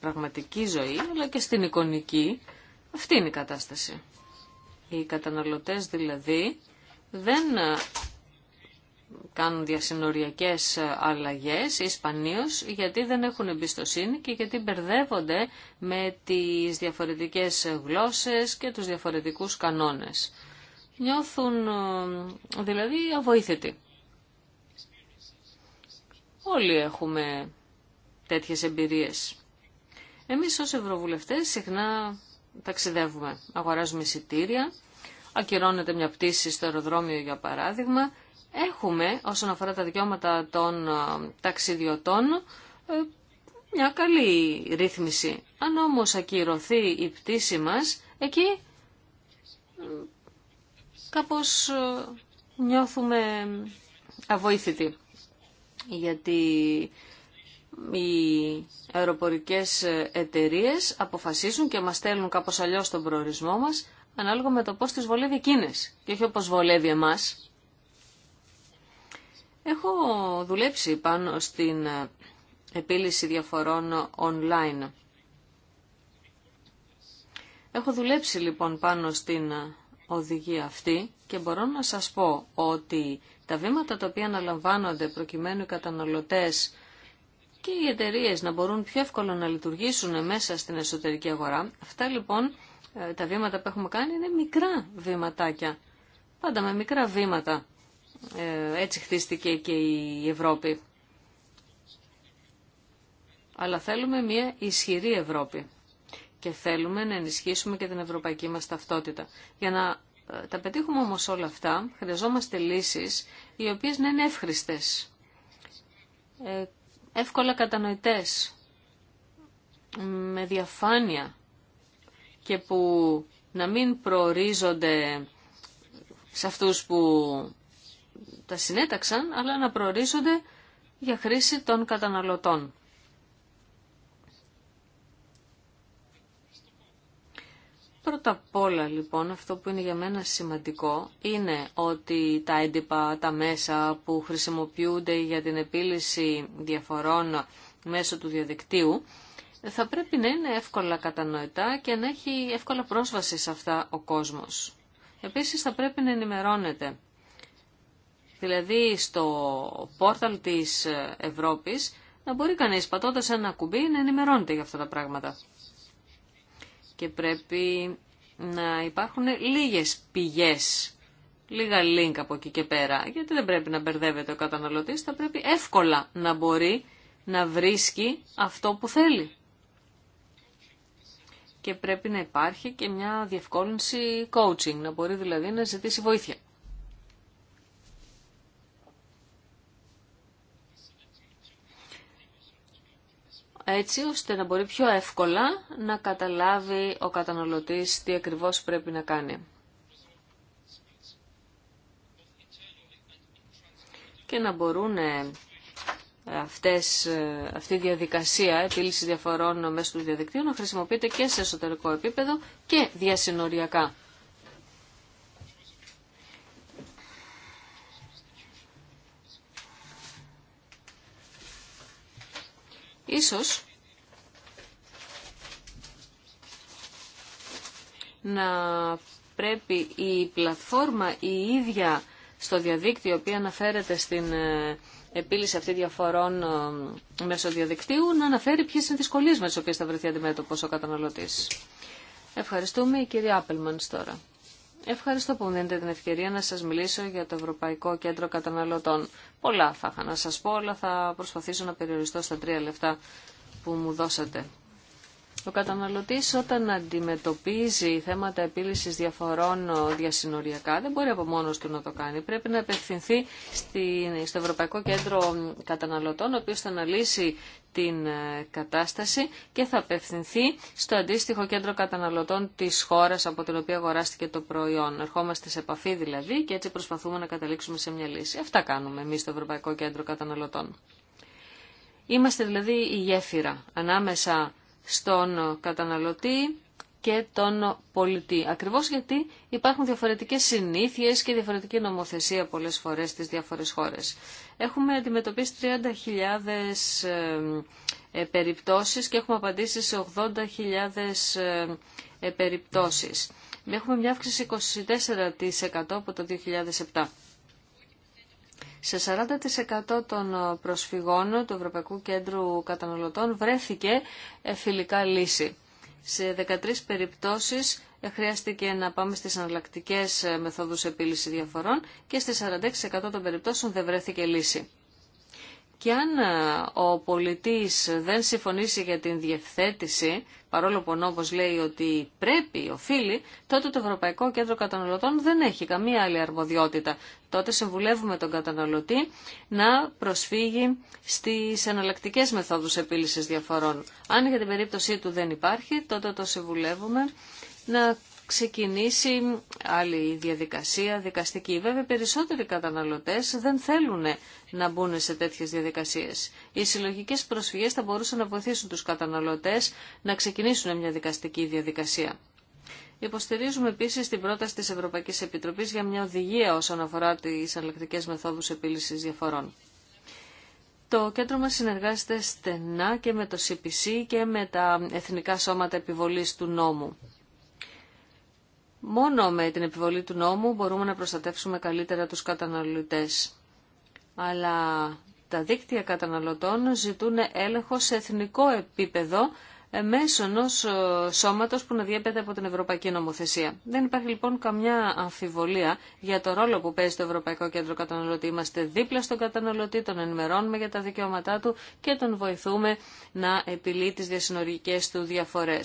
πραγματική ζωή, αλλά και στην εικονική, αυτή είναι η κατάσταση. Οι καταναλωτές δηλαδή δεν ε, κάνουν διασυνοριακές αλλαγές ισπανίως γιατί δεν έχουν εμπιστοσύνη και γιατί μπερδεύονται με τις διαφορετικές γλώσσες και τους διαφορετικούς κανόνες. Νιώθουν ε, δηλαδή αβοήθητοι. Όλοι έχουμε τέτοιες εμπειρίες. Εμείς ως Ευρωβουλευτές συχνά ταξιδεύουμε. Αγοράζουμε εισιτήρια, ακυρώνεται μια πτήση στο αεροδρόμιο για παράδειγμα. Έχουμε όσον αφορά τα δικαιώματα των ε, ταξιδιωτών ε, μια καλή ρύθμιση. Αν όμως ακυρωθεί η πτήση μας, εκεί ε, κάπως νιώθουμε αβοήθητοι. Γιατί οι αεροπορικές εταιρείες αποφασίζουν και μας στέλνουν κάπως αλλιώς τον προορισμό μας ανάλογα με το πώς τις βολεύει εκείνες και όχι όπως βολεύει εμάς. Έχω δουλέψει πάνω στην επίλυση διαφορών online. Έχω δουλέψει λοιπόν πάνω στην οδηγία αυτή και μπορώ να σας πω ότι τα βήματα τα οποία αναλαμβάνονται προκειμένου οι καταναλωτές και οι εταιρείε να μπορούν πιο εύκολα να λειτουργήσουν μέσα στην εσωτερική αγορά. Αυτά λοιπόν ε, τα βήματα που έχουμε κάνει είναι μικρά βήματάκια. Πάντα με μικρά βήματα. Ε, έτσι χτίστηκε και η Ευρώπη. Αλλά θέλουμε μια ισχυρή Ευρώπη. Και θέλουμε να ενισχύσουμε και την ευρωπαϊκή μας ταυτότητα. Για να ε, τα πετύχουμε όμως όλα αυτά, χρειαζόμαστε λύσεις οι οποίες να είναι εύχριστες εύκολα κατανοητές, με διαφάνεια και που να μην προορίζονται σε αυτούς που τα συνέταξαν, αλλά να προορίζονται για χρήση των καταναλωτών. Πρώτα απ' όλα λοιπόν αυτό που είναι για μένα σημαντικό είναι ότι τα έντυπα, τα μέσα που χρησιμοποιούνται για την επίλυση διαφορών μέσω του διαδικτύου θα πρέπει να είναι εύκολα κατανοητά και να έχει εύκολα πρόσβαση σε αυτά ο κόσμος. Επίσης θα πρέπει να ενημερώνεται. Δηλαδή στο πόρταλ της Ευρώπης να μπορεί κανείς πατώντας ένα κουμπί να ενημερώνεται για αυτά τα πράγματα και πρέπει να υπάρχουν λίγες πηγές, λίγα link από εκεί και πέρα, γιατί δεν πρέπει να μπερδεύεται ο καταναλωτής, θα πρέπει εύκολα να μπορεί να βρίσκει αυτό που θέλει. Και πρέπει να υπάρχει και μια διευκόλυνση coaching, να μπορεί δηλαδή να ζητήσει βοήθεια. έτσι ώστε να μπορεί πιο εύκολα να καταλάβει ο καταναλωτής τι ακριβώς πρέπει να κάνει. Και να μπορούν ε, αυτές, ε, αυτή η διαδικασία επίλυση διαφορών μέσω του διαδικτύου να χρησιμοποιείται και σε εσωτερικό επίπεδο και διασυνοριακά. Ίσως να πρέπει η πλατφόρμα η ίδια στο διαδίκτυο, η οποία αναφέρεται στην ε, επίλυση αυτή διαφορών ε, μέσω διαδικτύου, να αναφέρει ποιες είναι οι δυσκολίες με τις οποίες θα βρεθεί αντιμέτωπος ο καταναλωτής. Ευχαριστούμε η κυρία Άπελμανς τώρα. Ευχαριστώ που μου δίνετε την ευκαιρία να σας μιλήσω για το Ευρωπαϊκό Κέντρο Καταναλωτών. Πολλά θα είχα να σας πω, αλλά θα προσπαθήσω να περιοριστώ στα τρία λεφτά που μου δώσατε. Ο καταναλωτής όταν αντιμετωπίζει θέματα επίλυσης διαφορών διασυνοριακά δεν μπορεί από μόνος του να το κάνει. Πρέπει να απευθυνθεί στο Ευρωπαϊκό Κέντρο Καταναλωτών, ο οποίος θα αναλύσει την ε, κατάσταση και θα απευθυνθεί στο αντίστοιχο κέντρο καταναλωτών της χώρας από την οποία αγοράστηκε το προϊόν. Ερχόμαστε σε επαφή δηλαδή και έτσι προσπαθούμε να καταλήξουμε σε μια λύση. Αυτά κάνουμε εμείς στο Ευρωπαϊκό Κέντρο Καταναλωτών. Είμαστε δηλαδή η γέφυρα ανάμεσα στον καταναλωτή και τον πολιτή. Ακριβώς γιατί υπάρχουν διαφορετικές συνήθειες και διαφορετική νομοθεσία πολλές φορές στις διάφορες χώρες. Έχουμε αντιμετωπίσει 30.000 ε, ε, περιπτώσεις και έχουμε απαντήσει σε 80.000 ε, περιπτώσεις. Έχουμε μια αύξηση 24% από το 2007. Σε 40% των ε, προσφυγών του Ευρωπαϊκού Κέντρου Καταναλωτών βρέθηκε ε, φιλικά λύση. Σε 13 περιπτώσεις ε, χρειάστηκε να πάμε στις αναλλακτικέ μεθόδους επίλυσης διαφορών και στις 46% των περιπτώσεων δεν βρέθηκε λύση. Και αν ε, ο πολιτής δεν συμφωνήσει για την διευθέτηση, παρόλο που ο νόμος λέει ότι πρέπει, οφείλει, τότε το Ευρωπαϊκό Κέντρο Καταναλωτών δεν έχει καμία άλλη αρμοδιότητα. Τότε συμβουλεύουμε τον καταναλωτή να προσφύγει στις εναλλακτικές μεθόδους επίλυσης διαφορών. Αν για την περίπτωσή του δεν υπάρχει, τότε το συμβουλεύουμε να ξεκινήσει άλλη διαδικασία δικαστική. Βέβαια, περισσότεροι καταναλωτές δεν θέλουν να μπουν σε τέτοιες διαδικασίες. Οι συλλογικέ προσφυγές θα μπορούσαν να βοηθήσουν τους καταναλωτές να ξεκινήσουν μια δικαστική διαδικασία. Υποστηρίζουμε επίση την πρόταση τη Ευρωπαϊκή Επιτροπή για μια οδηγία όσον αφορά τι αλλακτικέ μεθόδου επίλυση διαφορών. Το κέντρο μα συνεργάζεται στενά και με το CPC και με τα Εθνικά Σώματα επιβολή του Νόμου. Μόνο με την επιβολή του νόμου μπορούμε να προστατεύσουμε καλύτερα τους καταναλωτές. Αλλά τα δίκτυα καταναλωτών ζητούν έλεγχο σε εθνικό επίπεδο ε, μέσω ενό ε, σώματο που να διέπεται από την Ευρωπαϊκή Νομοθεσία. Δεν υπάρχει λοιπόν καμιά αμφιβολία για το ρόλο που παίζει το Ευρωπαϊκό Κέντρο Καταναλωτή. Είμαστε δίπλα στον καταναλωτή, τον ενημερώνουμε για τα δικαιώματά του και τον βοηθούμε να επιλύει τι διασυνοργικές του διαφορέ.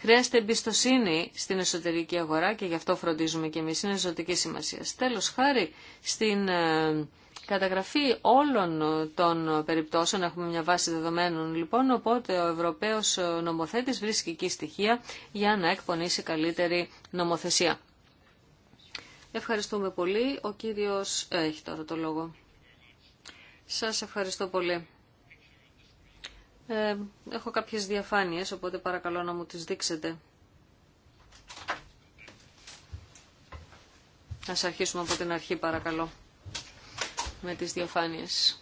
Χρειάζεται εμπιστοσύνη στην εσωτερική αγορά και γι' αυτό φροντίζουμε και εμείς. Είναι ζωτική σημασία. Τέλος, χάρη στην ε, καταγραφή όλων των περιπτώσεων, έχουμε μια βάση δεδομένων λοιπόν, οπότε ο Ευρωπαίος νομοθέτης βρίσκει εκεί στοιχεία για να εκπονήσει καλύτερη νομοθεσία. Ευχαριστούμε πολύ. Ο κύριος έχει τώρα το λόγο. Σας ευχαριστώ πολύ. Ε, έχω κάποιες διαφάνειες, οπότε παρακαλώ να μου τις δείξετε. Ας αρχίσουμε από την αρχή παρακαλώ με τις διαφάνειες.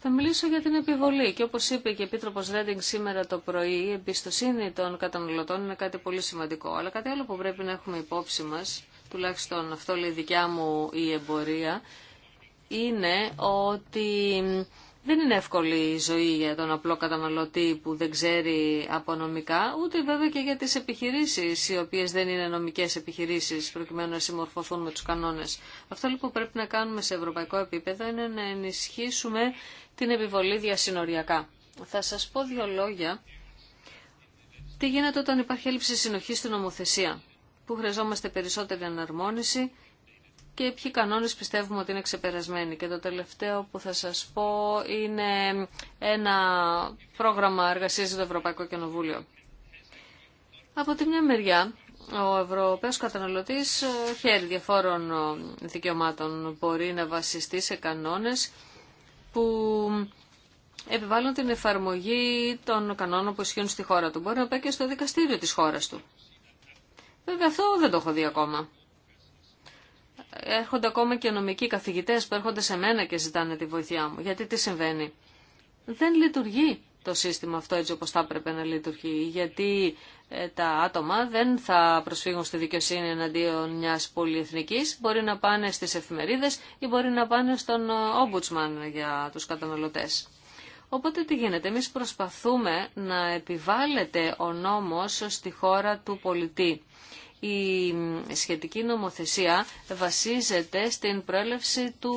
Θα μιλήσω για την επιβολή και όπως είπε και η Επίτροπος Ρέντινγκ σήμερα το πρωί, η εμπιστοσύνη των καταναλωτών είναι κάτι πολύ σημαντικό. Αλλά κάτι άλλο που πρέπει να έχουμε υπόψη μας, τουλάχιστον αυτό λέει δικιά μου η εμπορία, είναι ότι δεν είναι εύκολη η ζωή για τον απλό καταναλωτή που δεν ξέρει απονομικά, ούτε βέβαια και για τις επιχειρήσεις, οι οποίες δεν είναι νομικές επιχειρήσεις, προκειμένου να συμμορφωθούν με τους κανόνες. Αυτό λοιπόν που πρέπει να κάνουμε σε ευρωπαϊκό επίπεδο είναι να ενισχύσουμε την επιβολή διασυνοριακά. Θα σας πω δύο λόγια. Τι γίνεται όταν υπάρχει έλλειψη συνοχή στην νομοθεσία, που χρειαζόμαστε περισσότερη αναρμόνιση, και ποιοι κανόνες πιστεύουμε ότι είναι ξεπερασμένοι. Και το τελευταίο που θα σας πω είναι ένα πρόγραμμα εργασίας το Ευρωπαϊκό Κοινοβούλιο. Από τη μια μεριά, ο Ευρωπαίος καταναλωτής ε, χαίρει διαφόρων ε, δικαιωμάτων. Μπορεί να βασιστεί σε κανόνες που επιβάλλουν την εφαρμογή των κανόνων που ισχύουν στη χώρα του. Μπορεί να πάει και στο δικαστήριο της χώρας του. Βέβαια αυτό δεν το έχω δει ακόμα έρχονται ακόμα και νομικοί καθηγητές που έρχονται σε μένα και ζητάνε τη βοήθειά μου. Γιατί τι συμβαίνει. Δεν λειτουργεί το σύστημα αυτό έτσι όπως θα έπρεπε να λειτουργεί. Γιατί ε, τα άτομα δεν θα προσφύγουν στη δικαιοσύνη εναντίον μιας πολυεθνικής. Μπορεί να πάνε στις εφημερίδες ή μπορεί να πάνε στον ομπουτσμαν ε, για τους καταναλωτές. Οπότε τι γίνεται. Εμείς προσπαθούμε να επιβάλλεται ο νόμος στη χώρα του πολιτή η σχετική νομοθεσία βασίζεται στην προέλευση του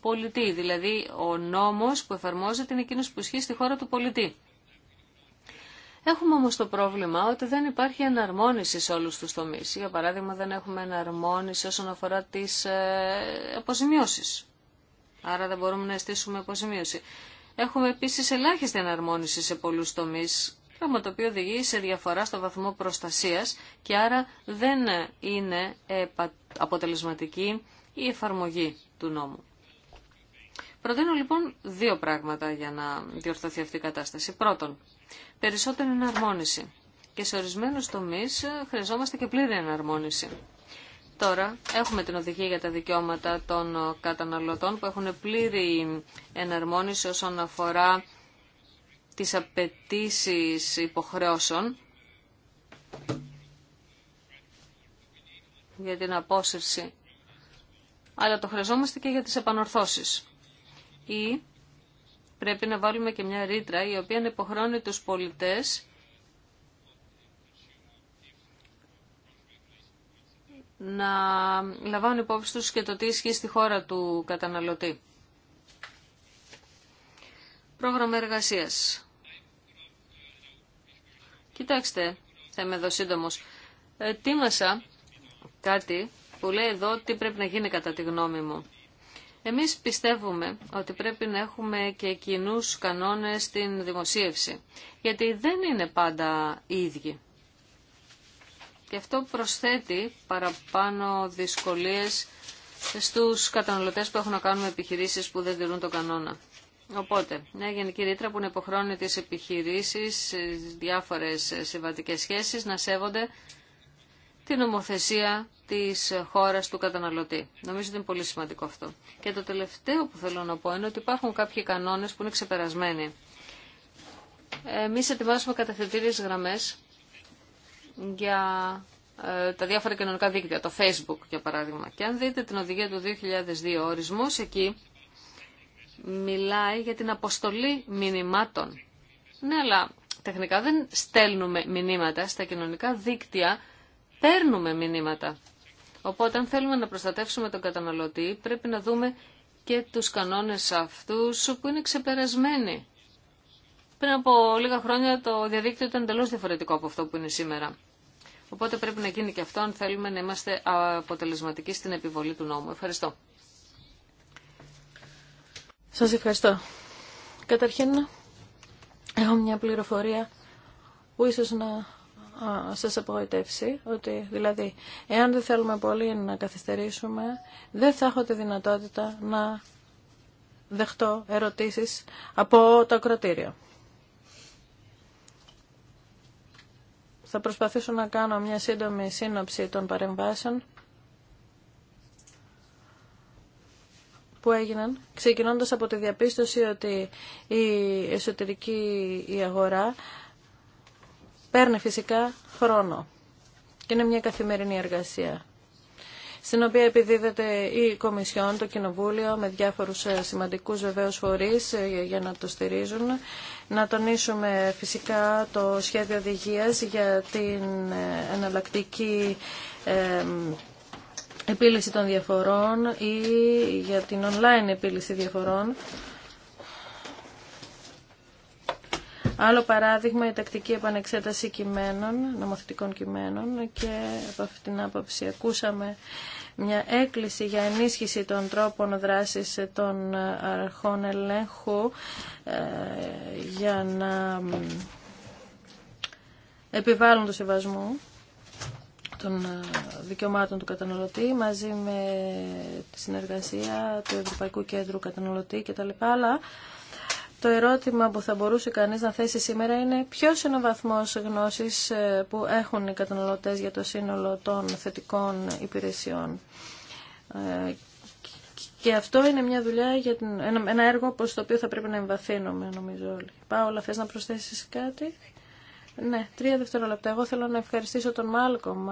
πολιτή. Δηλαδή ο νόμος που εφαρμόζεται είναι εκείνος που ισχύει στη χώρα του πολιτή. Έχουμε όμως το πρόβλημα ότι δεν υπάρχει εναρμόνιση σε όλους τους τομείς. Για παράδειγμα δεν έχουμε εναρμόνιση όσον αφορά τις ε, αποζημιώσεις. Άρα δεν μπορούμε να αισθήσουμε αποζημίωση. Έχουμε επίσης ελάχιστη εναρμόνιση σε πολλούς τομείς πράγμα το οποίο οδηγεί σε διαφορά στο βαθμό προστασίας και άρα δεν είναι αποτελεσματική η εφαρμογή του νόμου. Προτείνω λοιπόν δύο πράγματα για να διορθωθεί αυτή η κατάσταση. Πρώτον, περισσότερη εναρμόνιση. Και σε ορισμένους τομείς χρειαζόμαστε και πλήρη εναρμόνιση. Τώρα έχουμε την οδηγία για τα δικαιώματα των καταναλωτών που έχουν πλήρη εναρμόνιση όσον αφορά τις απαιτήσει υποχρεώσεων για την απόσυρση, αλλά το χρειαζόμαστε και για τις επανορθώσεις. Ή πρέπει να βάλουμε και μια ρήτρα η οποία υποχρεώνει τους πολιτές να λαμβάνουν υπόψη τους και το τι ισχύει στη χώρα του καταναλωτή. Πρόγραμμα εργασίας. Κοιτάξτε, θα είμαι εδώ σύντομο. Ε, τίμασα κάτι που λέει εδώ τι πρέπει να γίνει κατά τη γνώμη μου. Εμείς πιστεύουμε ότι πρέπει να έχουμε και κοινού κανόνες στην δημοσίευση, γιατί δεν είναι πάντα οι ίδιοι. Και αυτό προσθέτει παραπάνω δυσκολίες στους καταναλωτές που έχουν να κάνουν επιχειρήσεις που δεν τηρούν το κανόνα. Οπότε, μια γενική ρήτρα που είναι υποχρώνει τις επιχειρήσεις, τις διάφορες συμβατικές σχέσεις, να σέβονται την νομοθεσία της χώρας του καταναλωτή. Νομίζω ότι είναι πολύ σημαντικό αυτό. Και το τελευταίο που θέλω να πω είναι ότι υπάρχουν κάποιοι κανόνες που είναι ξεπερασμένοι. Εμείς ετοιμάζουμε καταθετήριες γραμμές για ε, τα διάφορα κοινωνικά δίκτυα, το Facebook για παράδειγμα. Και αν δείτε την οδηγία του 2002 ο ορισμός εκεί μιλάει για την αποστολή μηνυμάτων. Ναι, αλλά τεχνικά δεν στέλνουμε μηνύματα στα κοινωνικά δίκτυα, παίρνουμε μηνύματα. Οπότε αν θέλουμε να προστατεύσουμε τον καταναλωτή πρέπει να δούμε και τους κανόνες αυτούς που είναι ξεπερασμένοι. Πριν από λίγα χρόνια το διαδίκτυο ήταν εντελώ διαφορετικό από αυτό που είναι σήμερα. Οπότε πρέπει να γίνει και αυτό αν θέλουμε να είμαστε αποτελεσματικοί στην επιβολή του νόμου. Ευχαριστώ. Σας ευχαριστώ. Καταρχήν, έχω μια πληροφορία που ίσως να σας απογοητεύσει, ότι δηλαδή, εάν δεν θέλουμε πολύ να καθυστερήσουμε, δεν θα έχω τη δυνατότητα να δεχτώ ερωτήσεις από το ακροτήριο. Θα προσπαθήσω να κάνω μια σύντομη σύνοψη των παρεμβάσεων που έγιναν, ξεκινώντας από τη διαπίστωση ότι η εσωτερική η αγορά παίρνει φυσικά χρόνο και είναι μια καθημερινή εργασία στην οποία επιδίδεται η Κομισιόν, το Κοινοβούλιο με διάφορους ε, σημαντικούς βεβαίως φορείς ε, για να το στηρίζουν. Να τονίσουμε φυσικά το σχέδιο οδηγία για την ε, εναλλακτική επίλυση των διαφορών ή για την online επίλυση διαφορών. Άλλο παράδειγμα, η τακτική επανεξέταση κειμένων, νομοθετικών κειμένων και από αυτήν την άποψη ακούσαμε μια έκκληση για ενίσχυση των τρόπων δράσης των αρχών ελέγχου ε, για να επιβάλλουν το σεβασμό των ε, δικαιωμάτων του καταναλωτή μαζί με τη συνεργασία του Ευρωπαϊκού Κέντρου Καταναλωτή κτλ. Αλλά το ερώτημα που θα μπορούσε κανείς να θέσει σήμερα είναι ποιος είναι ο βαθμός γνώσης ε, που έχουν οι καταναλωτές για το σύνολο των θετικών υπηρεσιών. Ε, και αυτό είναι μια δουλειά, για την, ένα έργο προς το οποίο θα πρέπει να εμβαθύνουμε νομίζω όλοι. Πάολα, θες να προσθέσεις κάτι? Ναι, τρία δευτερόλεπτα. Εγώ θέλω να ευχαριστήσω τον Μάλκομ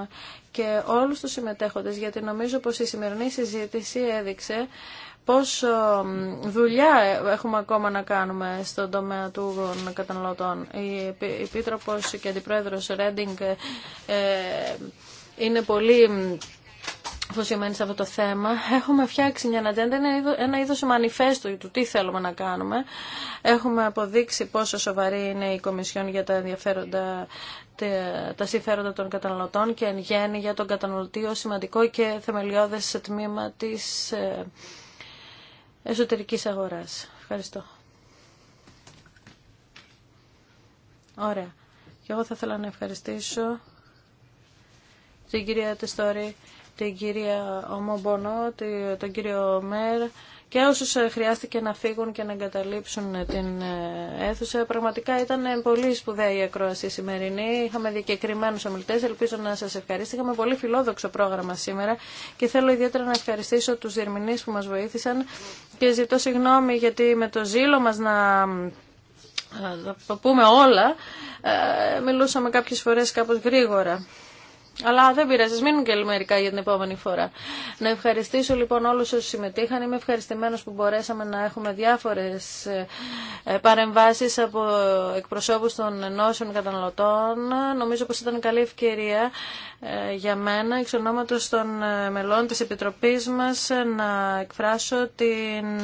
και όλους τους συμμετέχοντες γιατί νομίζω πως η σημερινή συζήτηση έδειξε πόσο δουλειά έχουμε ακόμα να κάνουμε στον τομέα του καταναλωτών. Η Επίτροπος και Αντιπρόεδρος Ρέντινγκ ε, είναι πολύ σημαίνει σε αυτό το θέμα. Έχουμε φτιάξει μια ατζέντα, ένα είδο μανιφέστου του τι θέλουμε να κάνουμε. Έχουμε αποδείξει πόσο σοβαρή είναι η Κομισιόν για τα ενδιαφέροντα τα συμφέροντα των καταναλωτών και εν γέννη για τον καταναλωτή ως σημαντικό και θεμελιώδες τμήμα της ε, εσωτερικής αγοράς. Ευχαριστώ. Ωραία. Και εγώ θα ήθελα να ευχαριστήσω την κυρία Τεστόρη την κυρία Ομομπονό, τον κύριο Μέρ και όσους ε, χρειάστηκε να φύγουν και να εγκαταλείψουν ε, την ε, αίθουσα. Πραγματικά ήταν πολύ σπουδαία η ακρόαση σημερινή. Είχαμε διακεκριμένους ομιλητές. Ελπίζω να σας ευχαριστήσω. Είχαμε πολύ φιλόδοξο πρόγραμμα σήμερα και θέλω ιδιαίτερα να ευχαριστήσω τους διερμηνείς που μας βοήθησαν και ζητώ συγγνώμη γιατί με το ζήλο μας να πούμε όλα μιλούσαμε κάποιες φορές κάπως γρήγορα. Αλλά δεν πειράζει, μείνουν και λιμερικά για την επόμενη φορά. Να ευχαριστήσω λοιπόν όλου όσου συμμετείχαν. Είμαι ευχαριστημένο που μπορέσαμε να έχουμε διάφορε παρεμβάσει από εκπροσώπου των ενώσεων καταναλωτών. Νομίζω πω ήταν καλή ευκαιρία ε, για μένα, εξ ονόματο των ε, μελών τη Επιτροπή μα, να εκφράσω την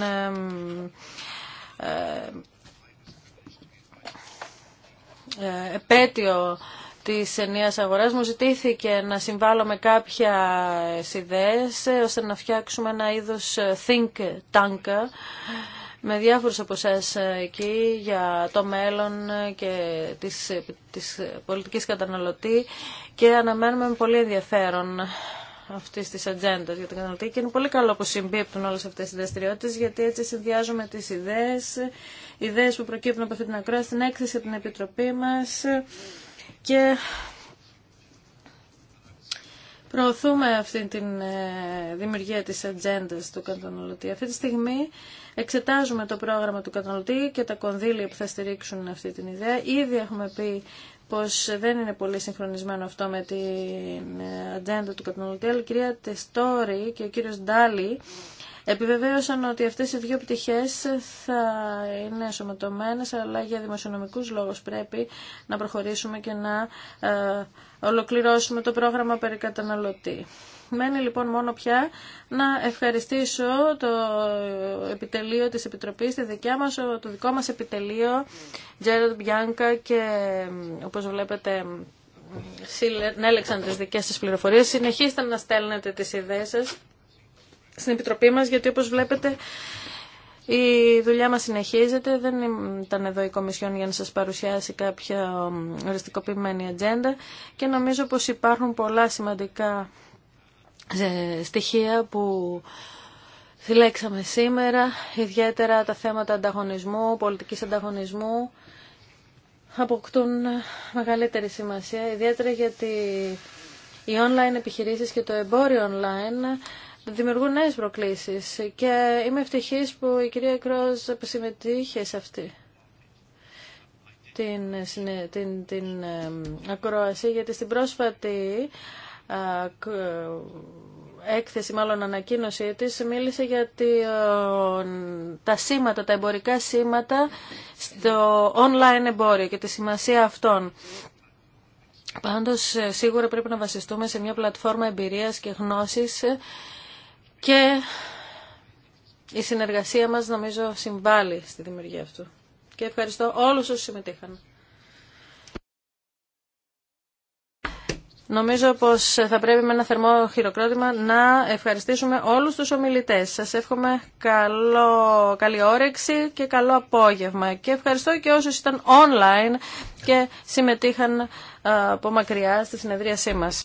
ε, επέτειο τη ενίας αγορά μου ζητήθηκε να συμβάλλω με κάποια ιδέες ώστε να φτιάξουμε ένα είδος think tank με διάφορους από εσά εκεί για το μέλλον και της, της πολιτικής καταναλωτή και αναμένουμε με πολύ ενδιαφέρον αυτή τη ατζέντα για την καταναλωτή και είναι πολύ καλό που συμπίπτουν όλε αυτέ οι δραστηριότητε γιατί έτσι συνδυάζουμε τι ιδέε, ιδέε που προκύπτουν από αυτή την ακρόαση, στην έκθεση την Επιτροπή μα και προωθούμε αυτή τη ε, δημιουργία της ατζέντα του καταναλωτή. Αυτή τη στιγμή εξετάζουμε το πρόγραμμα του καταναλωτή και τα κονδύλια που θα στηρίξουν αυτή την ιδέα. Ήδη έχουμε πει πως δεν είναι πολύ συγχρονισμένο αυτό με την ε, ατζέντα του καταναλωτή, αλλά η κυρία Τεστόρη και ο κύριος Ντάλι επιβεβαίωσαν ότι αυτές οι δύο πτυχές θα είναι σωματωμένες, αλλά για δημοσιονομικούς λόγους πρέπει να προχωρήσουμε και να ε, ολοκληρώσουμε το πρόγραμμα περί καταναλωτή. Μένει λοιπόν μόνο πια να ευχαριστήσω το επιτελείο της Επιτροπής, τη δικιά μας, το δικό μας επιτελείο, Τζέρετ Μπιάνκα και όπως βλέπετε συνέλεξαν τις δικές σας πληροφορίες. Συνεχίστε να στέλνετε τις ιδέες σας στην Επιτροπή μας, γιατί όπως βλέπετε η δουλειά μας συνεχίζεται. Δεν ήταν εδώ η Κομισιόν για να σας παρουσιάσει κάποια οριστικοποιημένη ατζέντα και νομίζω πως υπάρχουν πολλά σημαντικά ε, στοιχεία που θυλέξαμε σήμερα, ιδιαίτερα τα θέματα ανταγωνισμού, πολιτικής ανταγωνισμού αποκτούν ε, μεγαλύτερη σημασία, ιδιαίτερα γιατί οι online επιχειρήσεις και το εμπόριο online δημιουργούν νέε προκλήσει. Και είμαι ευτυχή που η κυρία Κρόζ συμμετείχε σε αυτή την, την, την ακρόαση, γιατί στην πρόσφατη έκθεση, μάλλον ανακοίνωσή της, μίλησε για τα σήματα, τα εμπορικά σήματα στο online εμπόριο και τη σημασία αυτών. Πάντως, σίγουρα πρέπει να βασιστούμε σε μια πλατφόρμα εμπειρίας και γνώσης και η συνεργασία μας νομίζω συμβάλλει στη δημιουργία αυτού. Και ευχαριστώ όλους όσους συμμετείχαν. Νομίζω πως θα πρέπει με ένα θερμό χειροκρότημα να ευχαριστήσουμε όλους τους ομιλητές. Σας εύχομαι καλό, καλή όρεξη και καλό απόγευμα. Και ευχαριστώ και όσους ήταν online και συμμετείχαν ε, από μακριά στη συνεδρίασή μας.